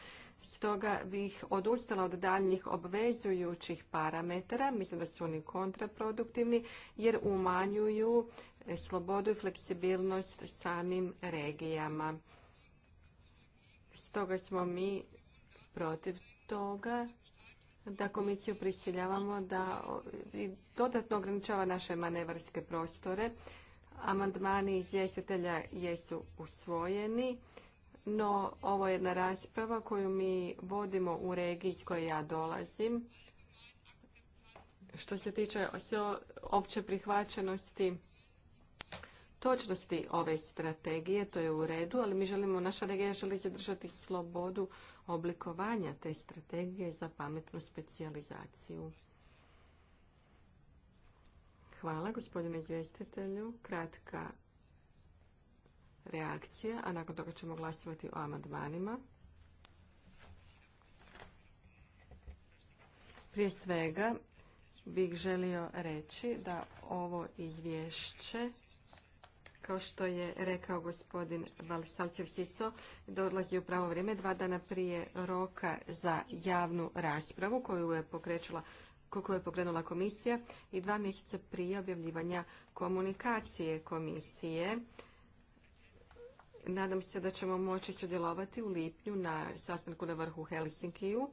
S5: Stoga bih odustala od daljnjih obvezujućih parametara, mislim da su oni kontraproduktivni, jer umanjuju slobodu i fleksibilnost samim regijama. Stoga smo mi protiv toga da komisiju prisiljavamo da dodatno ograničava naše manevarske prostore Amandmani izvjestitelja jesu usvojeni, no ovo je jedna rasprava koju mi vodimo u regiji iz koje ja dolazim. Što se tiče opće prihvaćenosti, točnosti ove strategije, to je u redu, ali mi želimo, naša regija želi zadržati slobodu oblikovanja te strategije za pametnu specijalizaciju. Hvala gospodine izvjestitelju. Kratka reakcija, a nakon toga ćemo glasovati o amandmanima. Prije svega bih želio reći da ovo izvješće kao što je rekao gospodin Valsalcev Siso, dolazi u pravo vrijeme dva dana prije roka za javnu raspravu koju je pokrećula koju je pokrenula komisija i dva mjeseca prije objavljivanja komunikacije komisije. Nadam se da ćemo moći sudjelovati u lipnju na sastanku na vrhu Helsinkiju.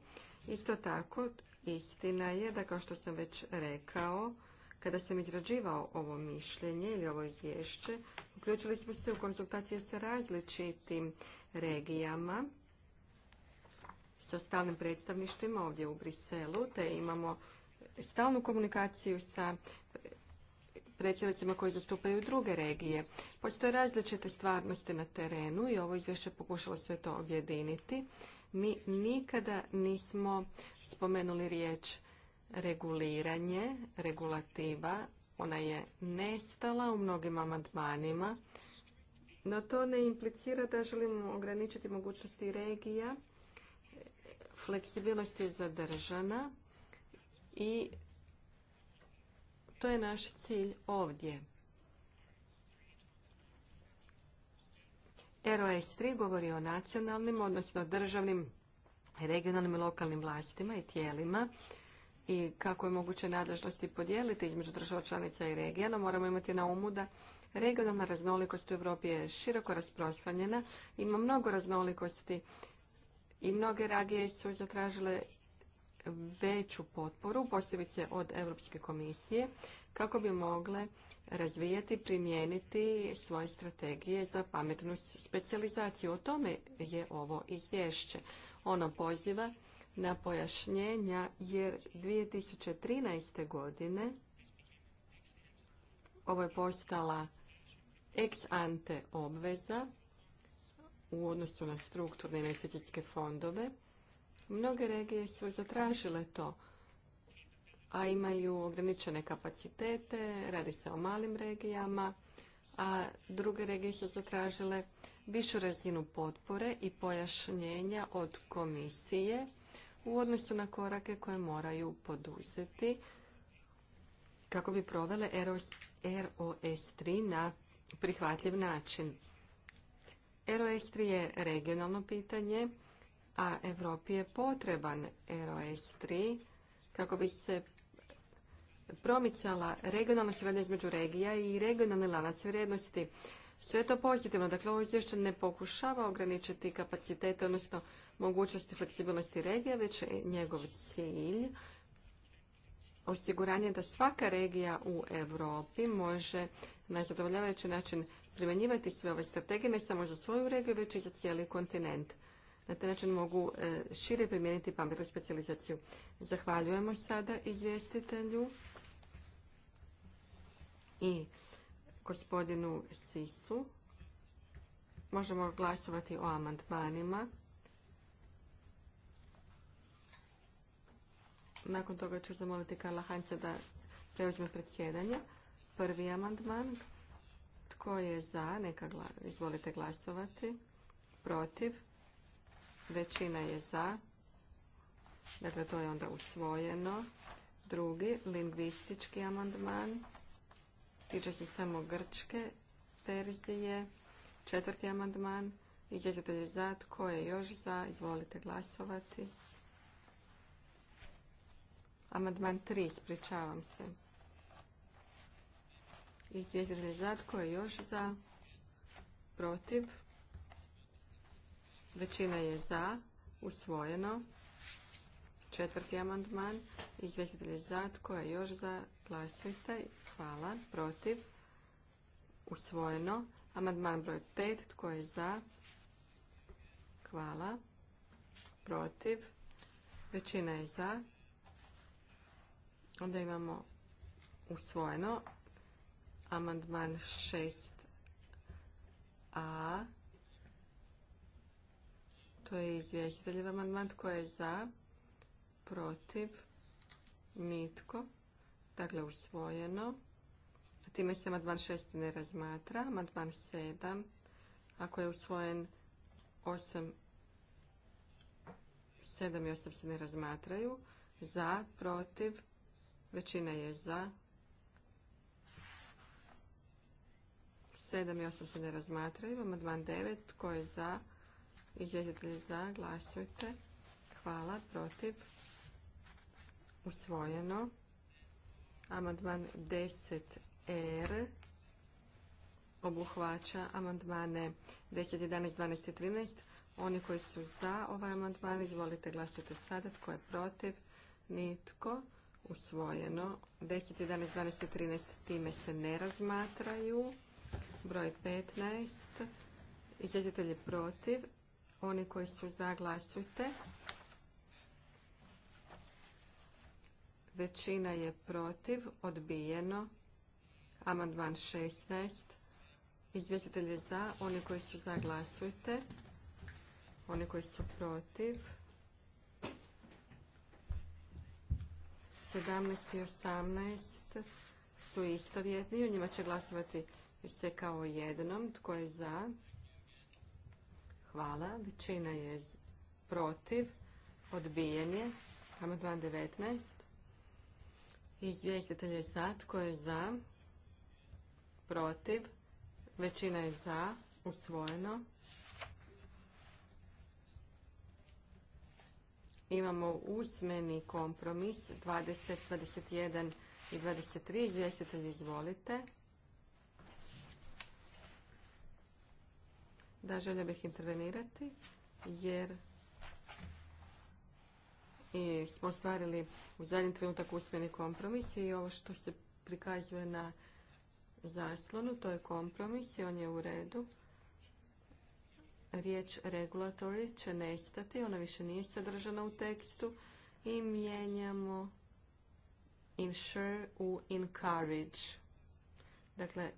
S5: Isto tako, istina je da kao što sam već rekao, kada sam izrađivao ovo mišljenje ili ovo izvješće, uključili smo se u konsultacije sa različitim regijama, sa stalnim predstavništvima ovdje u Briselu, te imamo stalnu komunikaciju sa predsjednicima koji zastupaju druge regije. Postoje različite stvarnosti na terenu i ovo izvješće pokušalo sve to objediniti. Mi nikada nismo spomenuli riječ reguliranje, regulativa. Ona je nestala u mnogim amandmanima, no to ne implicira da želimo ograničiti mogućnosti regija. Fleksibilnost je zadržana i to je naš cilj ovdje. ROS 3 govori o nacionalnim, odnosno državnim, regionalnim i lokalnim vlastima i tijelima i kako je moguće nadležnosti podijeliti između država članica i regija, moramo imati na umu da regionalna raznolikost u Europi je široko rasprostranjena, ima mnogo raznolikosti i mnoge regije su zatražile veću potporu, posebice od Europske komisije, kako bi mogle razvijati, primijeniti svoje strategije za pametnu specijalizaciju. O tome je ovo izvješće. Ono poziva na pojašnjenja jer 2013. godine ovo je postala ex ante obveza u odnosu na strukturne investicijske fondove Mnoge regije su zatražile to, a imaju ograničene kapacitete, radi se o malim regijama, a druge regije su zatražile višu razinu potpore i pojašnjenja od komisije u odnosu na korake koje moraju poduzeti kako bi provele ROS3 na prihvatljiv način. ROS3 je regionalno pitanje a Europi je potreban ROS 3 kako bi se promicala regionalna suradnja između regija i regionalni lanac vrijednosti. Sve to pozitivno, dakle ovo izvješće ne pokušava ograničiti kapacitete, odnosno mogućnosti fleksibilnosti regija, već je njegov cilj osiguranje da svaka regija u Europi može na zadovoljavajući način primjenjivati sve ove strategije, ne samo za svoju regiju, već i za cijeli kontinent. Na taj način mogu e, šire primijeniti pametnu specijalizaciju. Zahvaljujemo sada izvjestitelju i gospodinu Sisu. Možemo glasovati o amandmanima. Nakon toga ću zamoliti Karla Hanca da preuzme predsjedanje. Prvi amandman. Tko je za? Neka izvolite glasovati. Protiv? Većina je za. Dakle, to je onda usvojeno. Drugi, lingvistički amandman. Tiče se samo grčke verzije. Četvrti amandman. Izvjetitelj je za. Tko je još za? Izvolite glasovati. Amandman 3, ispričavam se. Izvjetitelj je za. Tko je još za? Protiv. Većina je za, usvojeno. Četvrti amandman, izvjestitelj je za, tko je još za, glasujte, hvala, protiv, usvojeno. Amandman broj pet. tko je za, hvala, protiv, većina je za. Onda imamo usvojeno, amandman šest. a to je izvjestiteljev amandman. Tko je za? Protiv? Nitko. Dakle, usvojeno. Time se amandman 6 ne razmatra. Amandman 7. Ako je usvojen 8, 7 i 8 se ne razmatraju. Za, protiv, većina je za. 7 i 8 se ne razmatraju. Amandman 9. Tko je za? Izvjestitelj za, glasujte. Hvala, protiv. Usvojeno. Amandman 10R obuhvaća amandmane 10, 11, 12 i 13. Oni koji su za ovaj amandman, izvolite glasujte sada. Tko je protiv? Nitko. Usvojeno. 10, 11, 12 i 13 time se ne razmatraju. Broj 15. Izvjetitelj je protiv. Oni koji su za, glasujte. Većina je protiv, odbijeno. Amandman 16. Izvjestitelj je za, oni koji su za, glasujte. Oni koji su protiv. 17 i 18 su istovjetni, u njima će glasovati se kao jednom. Tko je za? Hvala. Većina je protiv. Odbijen je. Amandman 19. Izvjestitelj je za. Tko je za? Protiv. Većina je za. Usvojeno. Imamo usmeni kompromis 20, 21 i 23. Izvjestitelj izvolite. Da, želio bih intervenirati jer i smo ostvarili u zadnji trenutak uspjeni kompromis i ovo što se prikazuje na zaslonu, to je kompromis i on je u redu. Riječ regulatory će nestati, ona više nije sadržana u tekstu i mijenjamo ensure u encourage. Dakle,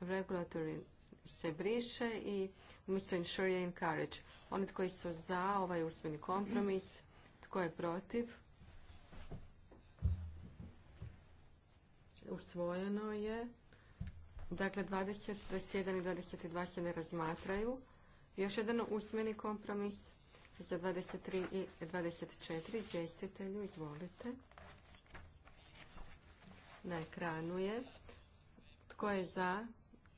S5: regulatory se briše i umjesto ensure i encourage. Oni koji su za ovaj usmeni kompromis, tko je protiv? Usvojeno je. Dakle, 20, 21 i 22 se ne razmatraju. Još jedan usmeni kompromis za 23 i 24. Izvjestitelju, izvolite. Na ekranu je. Tko je za?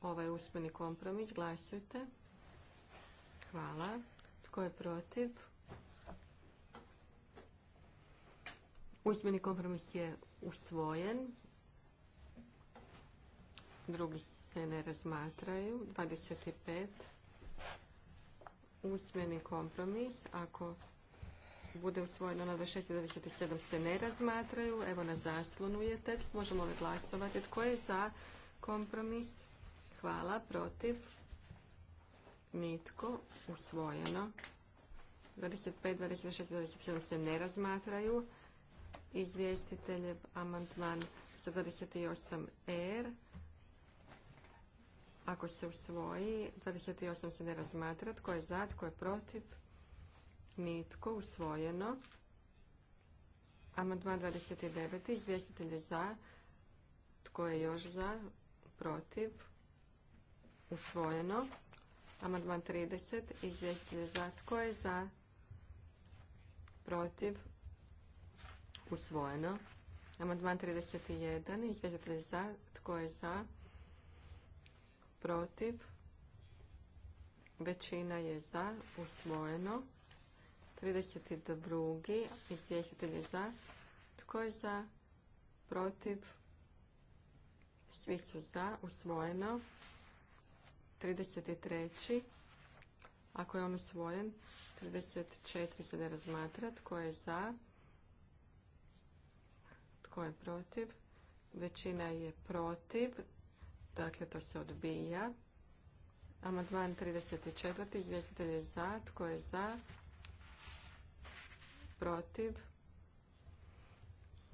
S5: ovaj usmeni kompromis. Glasujte. Hvala. Tko je protiv? Usmeni kompromis je usvojen. Drugi se ne razmatraju. 25. Usmeni kompromis. Ako bude usvojeno na 26 27 se ne razmatraju. Evo na zaslonu je tekst. Možemo li glasovati. Tko je za kompromis? Hvala. Protiv? Nitko. Usvojeno. 25, 26, 27 se ne razmatraju. Izvjestitelj je amantman 28 r Ako se usvoji, 28 se ne razmatra. Tko je za, tko je protiv? Nitko. Usvojeno. Amandman 29. Izvjestitelj za. Tko je još za? Protiv? usvojeno. Amandman 30, izvjestitelj za, tko je za, protiv, usvojeno. Amandman 31, izvjestitelj za, tko je za, protiv, većina je za, usvojeno. 32, izvjestitelj za, tko je za, protiv, svi su za, usvojeno. 33. Ako je on usvojen, 34 se ne razmatra. Tko je za? Tko je protiv? Većina je protiv. Dakle, to se odbija. Amandman 34. Izvjestitelj je za. Tko je za? Protiv.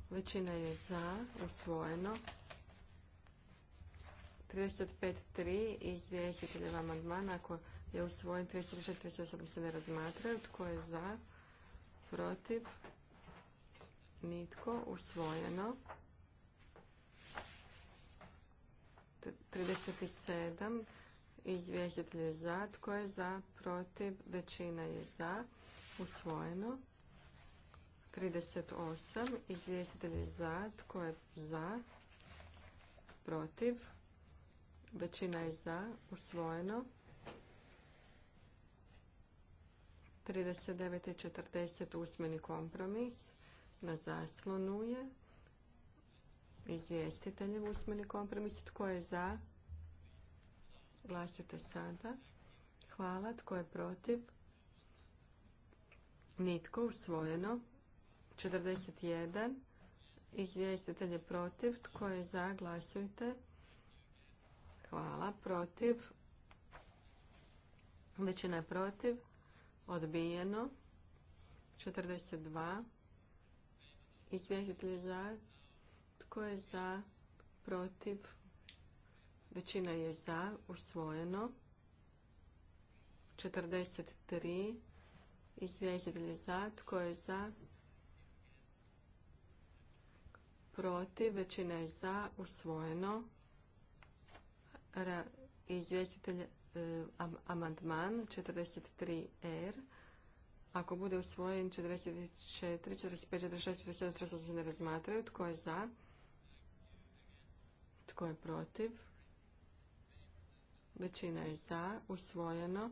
S5: Većina je za. Usvojeno. 35.3 izvješiteljev amandmana ako je usvojen 38 se ne razmatraju. Tko je za? Protiv? Nitko. Usvojeno. 37. Izvješitelj je za. Tko je za? Protiv? Većina je za. Usvojeno. 38. Izvjestitelj je za. Tko je za? Protiv? Većina je za, usvojeno. 39 40 usmeni kompromis na zaslonu je. Izvjestiteljev usmeni kompromis. Tko je za? Glasujte sada. Hvala. Tko je protiv? Nitko. Usvojeno. 41. Izvjestitelj je protiv. Tko je za? Glasujte. Hvala. Protiv. Većina je protiv. Odbijeno. 42. Izvjestitelj za. Tko je za? Protiv. Većina je za. Usvojeno. 43. Izvjestitelj za. Tko je za? Protiv. Većina je za. Usvojeno izvjestitelj e, amandman 43R. Er. Ako bude usvojen 44, 45, 46, 47, 48 ne razmatraju. Tko je za? Tko je protiv? Većina je za. Usvojeno.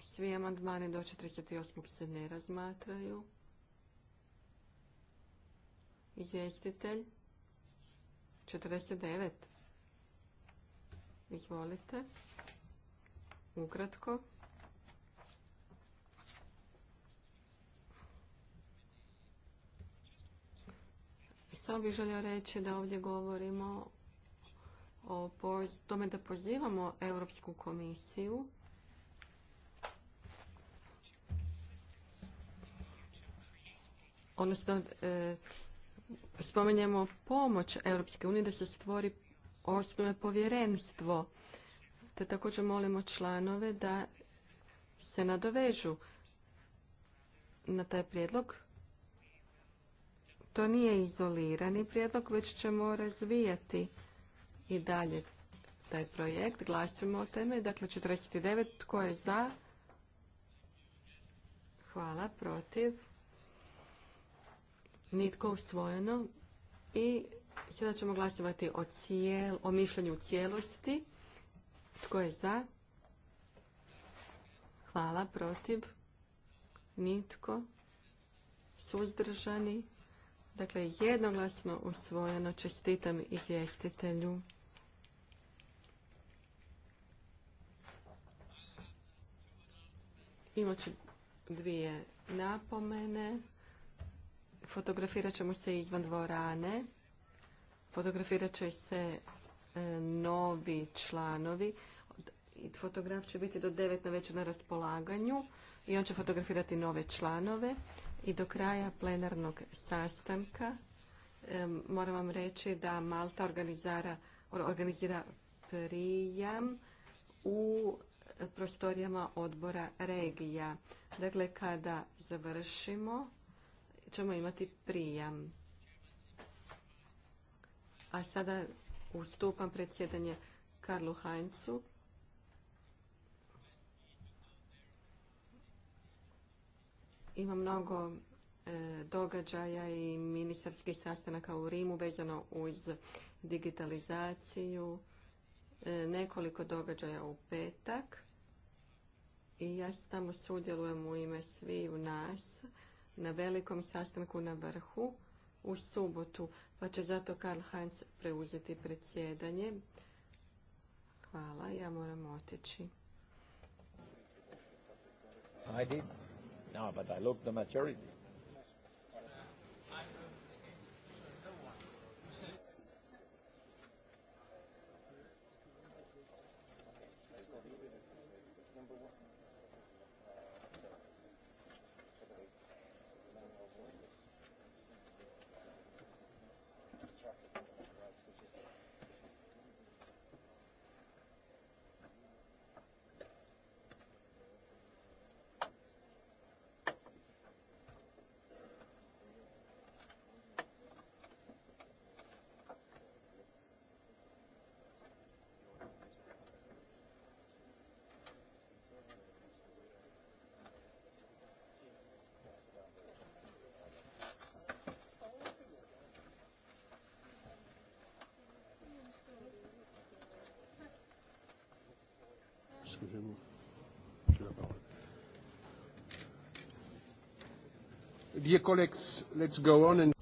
S5: Svi amandmani do 48. se ne razmatraju. Izvjestitelj 49. Izvolite. Ukratko. Samo bih želio reći da ovdje govorimo o tome da pozivamo Europsku komisiju odnosno e, spomenjemo pomoć Europske unije da se stvori osnuje povjerenstvo. Te također molimo članove da se nadovežu na taj prijedlog. To nije izolirani prijedlog, već ćemo razvijati i dalje taj projekt. Glasimo o teme. Dakle, 49. Tko je za? Hvala. Protiv? Nitko usvojeno. I Sada ćemo glasovati o, cijel, o mišljenju u cijelosti. Tko je za? Hvala. Protiv? Nitko? Suzdržani? Dakle, jednoglasno usvojeno. Čestitam izvjestitelju. Imat ću dvije napomene. Fotografirat ćemo se izvan dvorane. Fotografirat će se e, novi članovi. Fotograf će biti do 9 na večer na raspolaganju i on će fotografirati nove članove. I do kraja plenarnog sastanka e, moram vam reći da Malta organizira prijam u prostorijama odbora regija. Dakle, kada završimo ćemo imati prijam. A sada ustupam predsjedanje Karlu Heinzu. Ima mnogo e, događaja i ministarskih sastanaka u Rimu vezano uz digitalizaciju, e, nekoliko događaja u petak i ja tamo sudjelujem u ime svi u nas na velikom sastanku na vrhu u subotu, pa će zato Karl Heinz preuzeti predsjedanje. Hvala, ja moram otići.
S1: the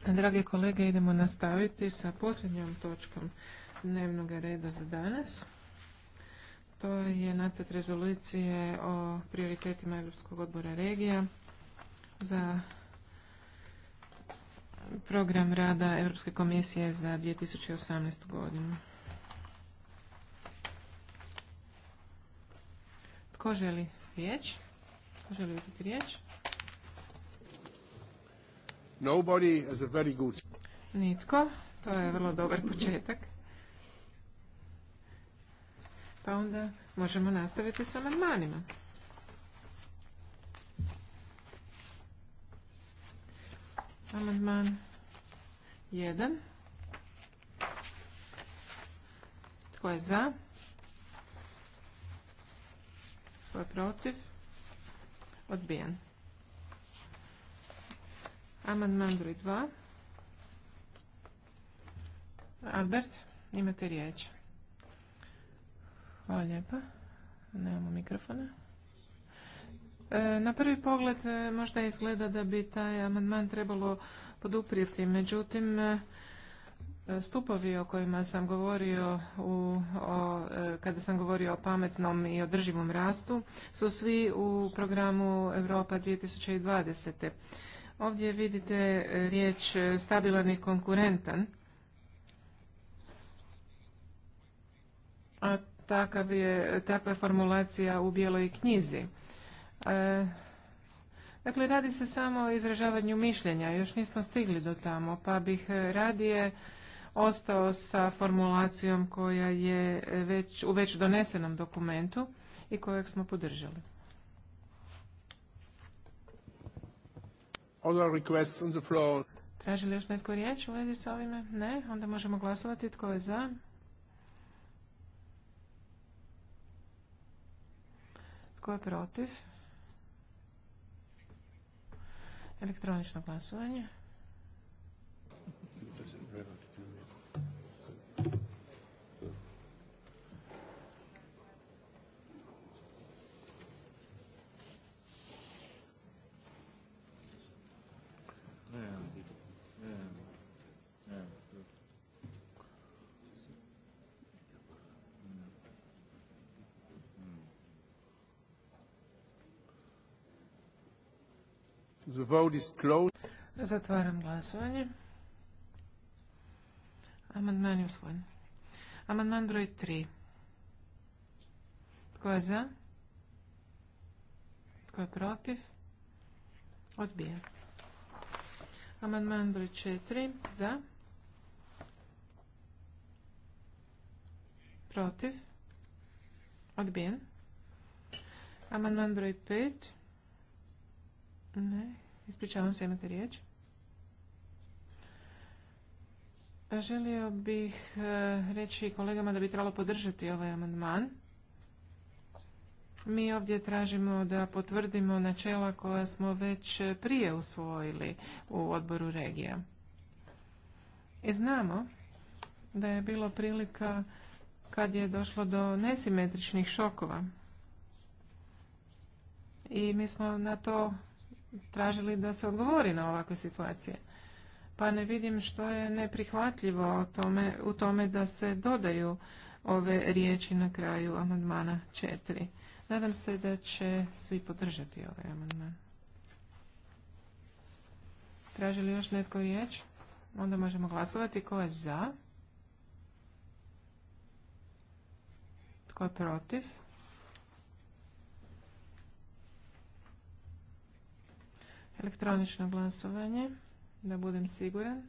S7: Drage kolege, idemo nastaviti sa posljednjom točkom dnevnog reda za danas. To je nacrt rezolucije o prioritetima Europskog odbora regija za program rada Europske komisije za 2018. godinu. Tko želi riječ? Tko želi uzeti riječ?
S1: Nobody has a very good...
S7: Nitko. To je vrlo dobar početak. Pa onda možemo nastaviti sa amandmanima. Amandman 1. Tko je za? Tko je protiv? Odbijen. Amandman broj 2. Albert, imate riječ. Hvala lijepa. Nemamo mikrofona. E, na prvi pogled e, možda izgleda da bi taj amandman trebalo poduprijeti. Međutim, e, Stupovi o kojima sam govorio u, o, e, kada sam govorio o pametnom i održivom rastu su svi u programu Europa 2020. Ovdje vidite riječ stabilan i konkurentan. A je, takva je formulacija u bijeloj knjizi. E, dakle, radi se samo o izražavanju mišljenja. Još nismo stigli do tamo, pa bih radije ostao sa formulacijom koja je već, u već donesenom dokumentu i kojeg smo podržali. On Traži li još netko riječ u vezi sa ovime? Ne. Onda možemo glasovati. Tko je za? Tko je protiv? Elektronično glasovanje.
S3: The vote is closed.
S7: Zatvaram glasovanje. Amandman je usvojen. Amandman broj 3. Tko je za? Tko je protiv? Odbijem. Amandman broj 4. Za? Protiv? Odbijen. Amandman broj 5. Ne. Ispričavam se, imate riječ. Želio bih e, reći kolegama da bi trebalo podržati ovaj amandman. Mi ovdje tražimo da potvrdimo načela koja smo već prije usvojili u odboru regija. I znamo da je bilo prilika kad je došlo do nesimetričnih šokova. I mi smo na to tražili da se odgovori na ovakve situacije. Pa ne vidim što je neprihvatljivo tome, u tome da se dodaju ove riječi na kraju amandmana 4. Nadam se da će svi podržati ovaj amandman. Traži li još netko riječ? Onda možemo glasovati. Ko je za? Tko je protiv? Elektronično glasovanje, da budem siguran.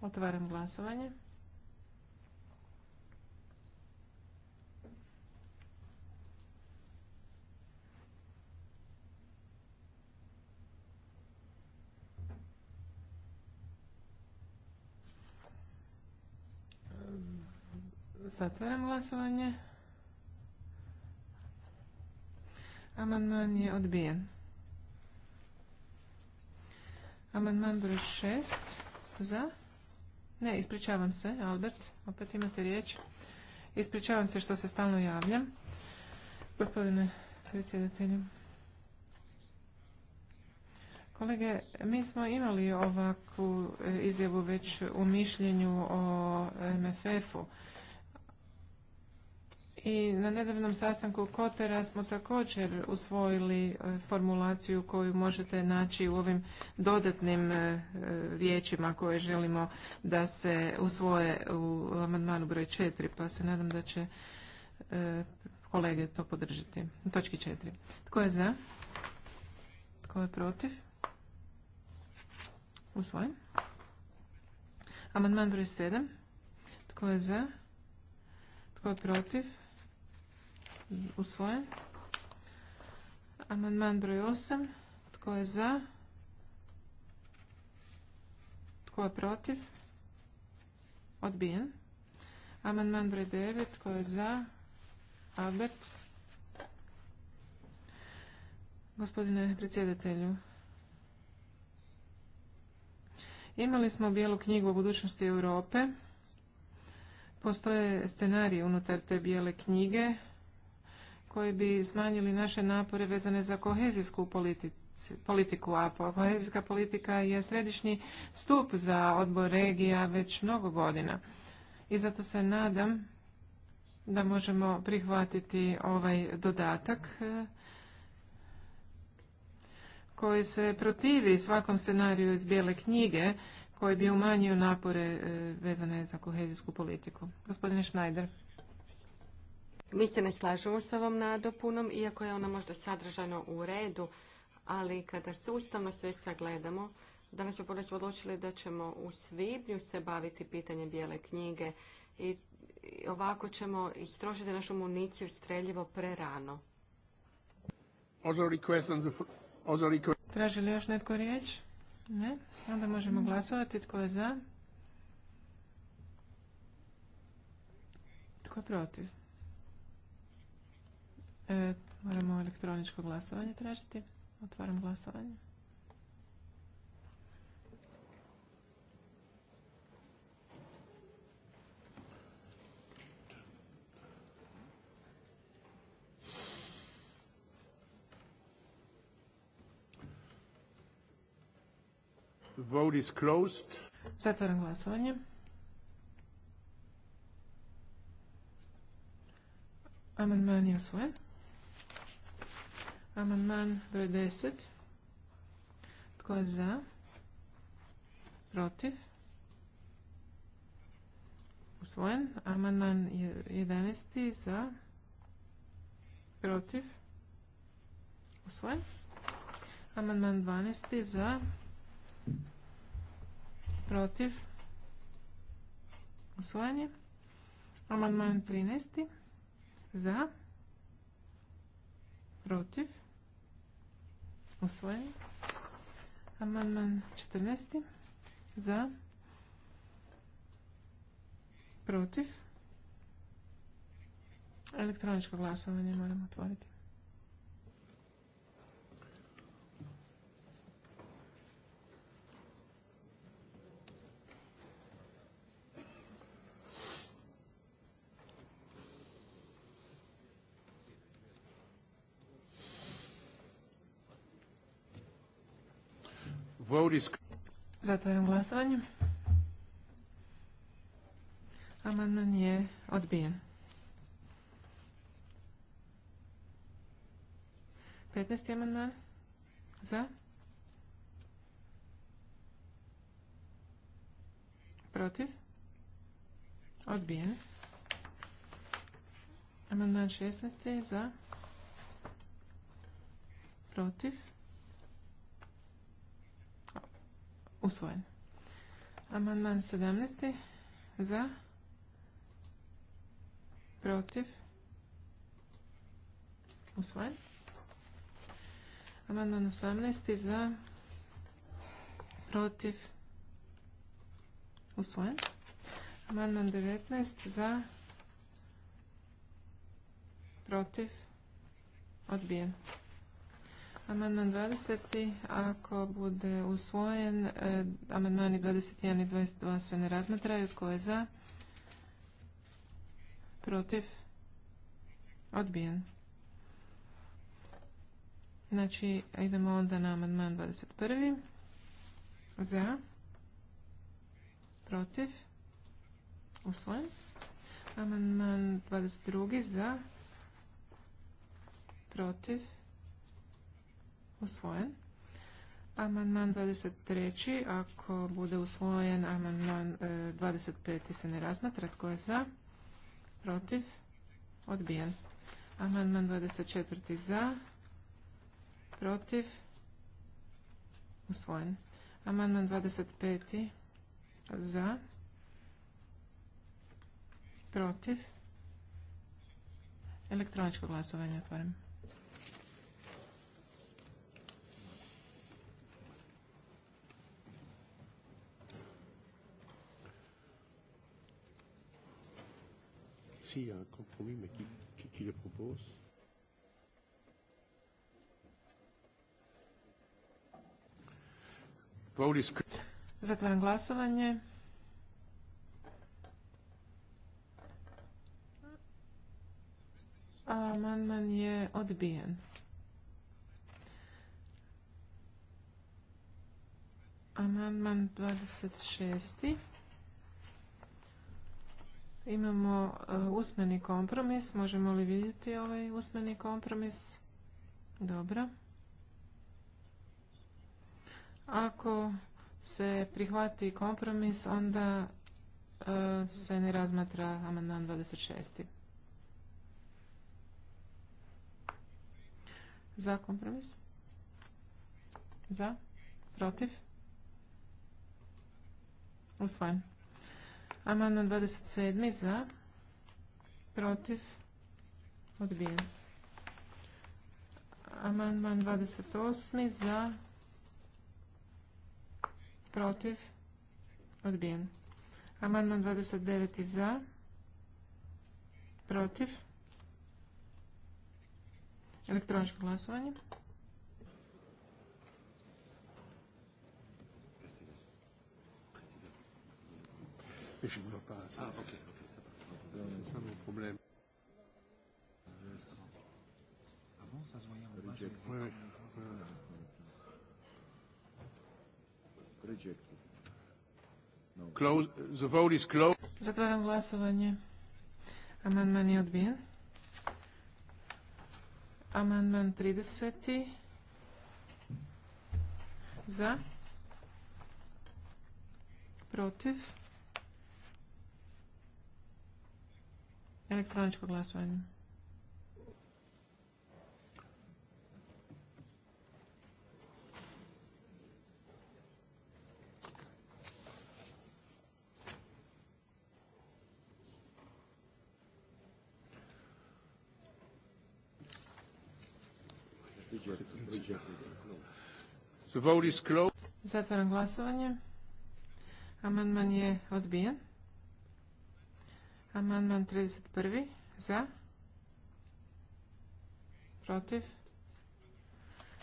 S7: Otvaram glasovanje. Zatvaram glasovanje. Amandman je odbijen. Amandman broj 6 za. Ne, ispričavam se, Albert, opet imate riječ. Ispričavam se što se stalno javljam. Gospodine predsjedatelju. Kolege, mi smo imali ovakvu e, izjavu već u mišljenju o e, MFF-u. I na nedavnom sastanku Kotera smo također usvojili e, formulaciju koju možete naći u ovim dodatnim riječima e, koje želimo da se usvoje u amandmanu broj 4, pa se nadam da će e, kolege to podržati. Točki 4. Tko je za? Tko je protiv? Usvojen. Amandman broj 7. Tko je za? Tko je protiv? usvojen. Amandman broj 8. Tko je za? Tko je protiv? Odbijen. Amandman broj 9. Tko je za? Albert. Gospodine predsjedatelju, imali smo bijelu knjigu o budućnosti Europe. Postoje scenarij unutar te bijele knjige koji bi smanjili naše napore vezane za kohezijsku politiku, a kohezijska politika je središnji stup za odbor regija već mnogo godina. I zato se nadam da možemo prihvatiti ovaj dodatak e, koji se protivi svakom scenariju iz bijele knjige koji bi umanjio napore e, vezane za kohezijsku politiku. Gospodine Schneider.
S5: Mi se ne slažemo sa ovom nadopunom, iako je ona možda sadržano u redu, ali kada sustavno sve sagledamo, danas smo ponovno odlučili da ćemo u svibnju se baviti pitanjem bijele knjige i ovako ćemo istrošiti našu municiju streljivo prerano.
S7: Traži li još netko riječ? Ne? Onda možemo glasovati. Tko je za? Tko je protiv? E, moramo elektroničko glasovanje tražiti. Otvaram glasovanje.
S3: Vote is closed.
S7: Zatvaram glasovanje. Amandman je usvojen. Amandman broj 10. Tko je za? Protiv? Usvojen. Amandman 11. Za? Protiv? Usvojen. Amandman 12. Za? Protiv? Usvojen je. Amandman 13. Za? Protiv? usvojeni. Amandman 14. Za. Protiv. Elektroničko glasovanje moramo otvoriti. Zatvorim Zatvaram glasovanje. Amandman je odbijen. 15. amandman. Za. Protiv. Odbijen. Amandman 16. Za. Protiv. usvojen. Amandman 17. za, protiv, usvojen. Amandman 18. za, protiv, usvojen. Amandman 19. za, protiv, odbijen. Amandman 20. Ako bude usvojen, e, amandmani 21 i 22 se ne razmatraju. Tko je za? Protiv? Odbijen. Znači, idemo onda na amandman 21. Za? Protiv? Usvojen. Amandman 22. Za? Protiv? usvojen. Amandman 23. Ako bude usvojen, amandman 25. E, se ne razmatra. Tko je za? Protiv? Odbijen. Amandman 24. za? Protiv? Usvojen. Amandman 25. za? Protiv? Elektroničko glasovanje otvorim.
S1: si, il y a un compromis, mais qui, qui, qui le propose
S7: Zatvaram glasovanje. Amandman je odbijen. Amandman 26. Imamo e, usmeni kompromis. Možemo li vidjeti ovaj usmeni kompromis? Dobro. Ako se prihvati kompromis, onda e, se ne razmatra amandman 26. Za kompromis? Za? Protiv? Usvojen. Amandman 27. za, protiv, odbijen. Amandman 28. za, protiv, odbijen. Amandman 29. za, protiv, elektroničko glasovanje.
S1: mais je ne vois pas. Ah, ok, ok, ça
S6: va. C'est ça mon problème. Avant, ça se voyait en bas. Reject. Oui, oui.
S3: Reject. No. Close. The vote is closed.
S7: Zatvaram glasovanje. Amandman je odbijen. Amandman 30. Za. Protiv. Elektroničko glasovanje. Zatvaram glasovanje. Amandman je odbijen. Amandman 31. Za. Protiv.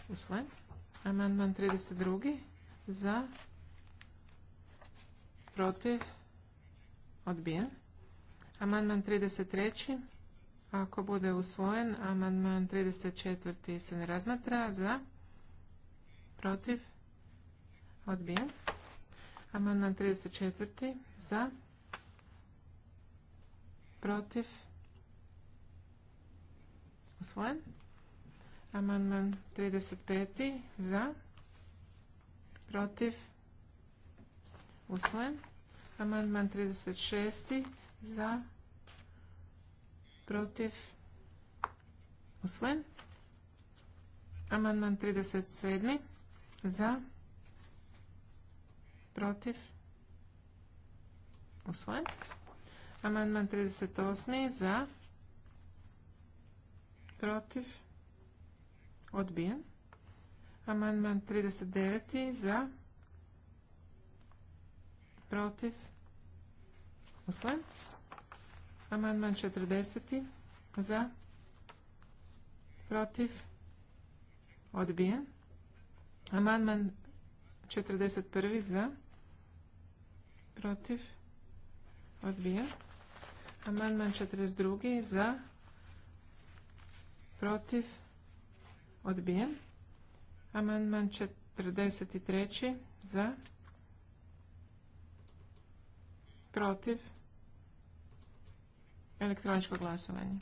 S7: Usvojen. Amandman 32. Za. Protiv. Odbijen. Amandman 33. Ako bude usvojen, amandman 34. se ne razmatra. Za. Protiv. Odbijen. Amandman 34. Za protiv, usvojen. Amandman 35. za, protiv, usvojen. Amandman 36. za, protiv, usvojen. Amandman 37. za, protiv, usvojen. Amandman 38. Za. Protiv. Odbijen. Amandman 39. Za. Protiv. Usvojen. Amandman 40. Za. Protiv. Odbijen. Amandman 41. Za. Protiv. Odbijen. Amandman 42. za, protiv, odbijen. Amandman 43. za, protiv, elektroničko glasovanje.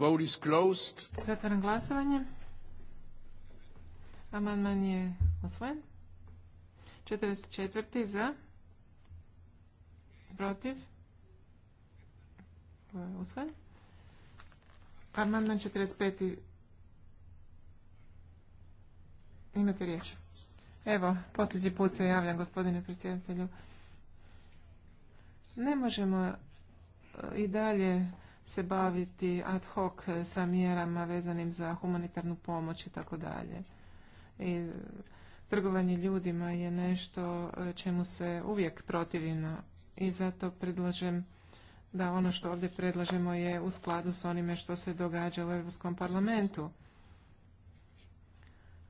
S7: Vote is Zatvaram glasovanje. Amandman je usvojen. 44. za. Protiv. Usvojen. Amandman 45. Imate riječ. Evo, posljednji put se javljam gospodine predsjedatelju. Ne možemo e, i dalje se baviti ad hoc sa mjerama vezanim za humanitarnu pomoć i tako dalje. I trgovanje ljudima je nešto e, čemu se uvijek protivimo i zato predlažem da ono što ovdje predlažemo je u skladu s onime što se događa u Europskom parlamentu.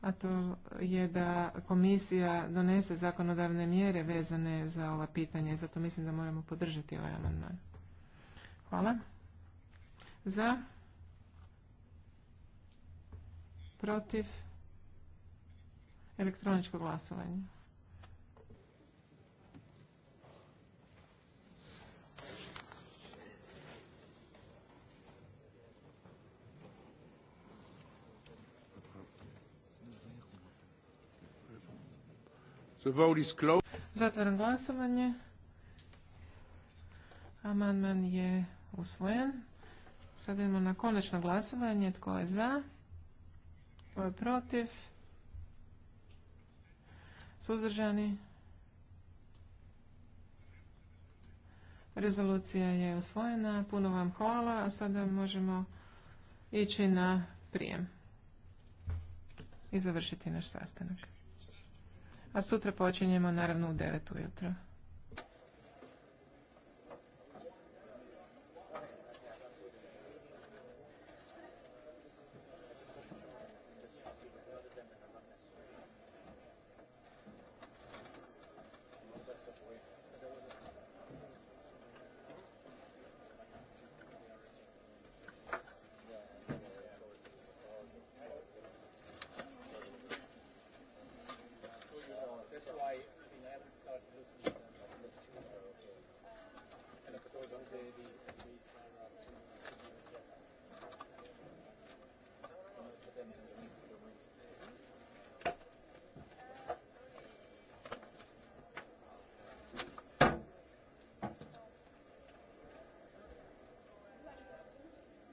S7: A to je da komisija donese zakonodavne mjere vezane za ova pitanja i zato mislim da moramo podržati ovaj amandman. Hvala za protiv elektroničko glasovanje. Zatvaram glasovanje. Amandman je usvojen. Sada idemo na konačno glasovanje. Tko je za? Tko je protiv? Suzdržani? Rezolucija je osvojena. Puno vam hvala. A sada možemo ići na prijem i završiti naš sastanak. A sutra počinjemo naravno u 9 ujutro.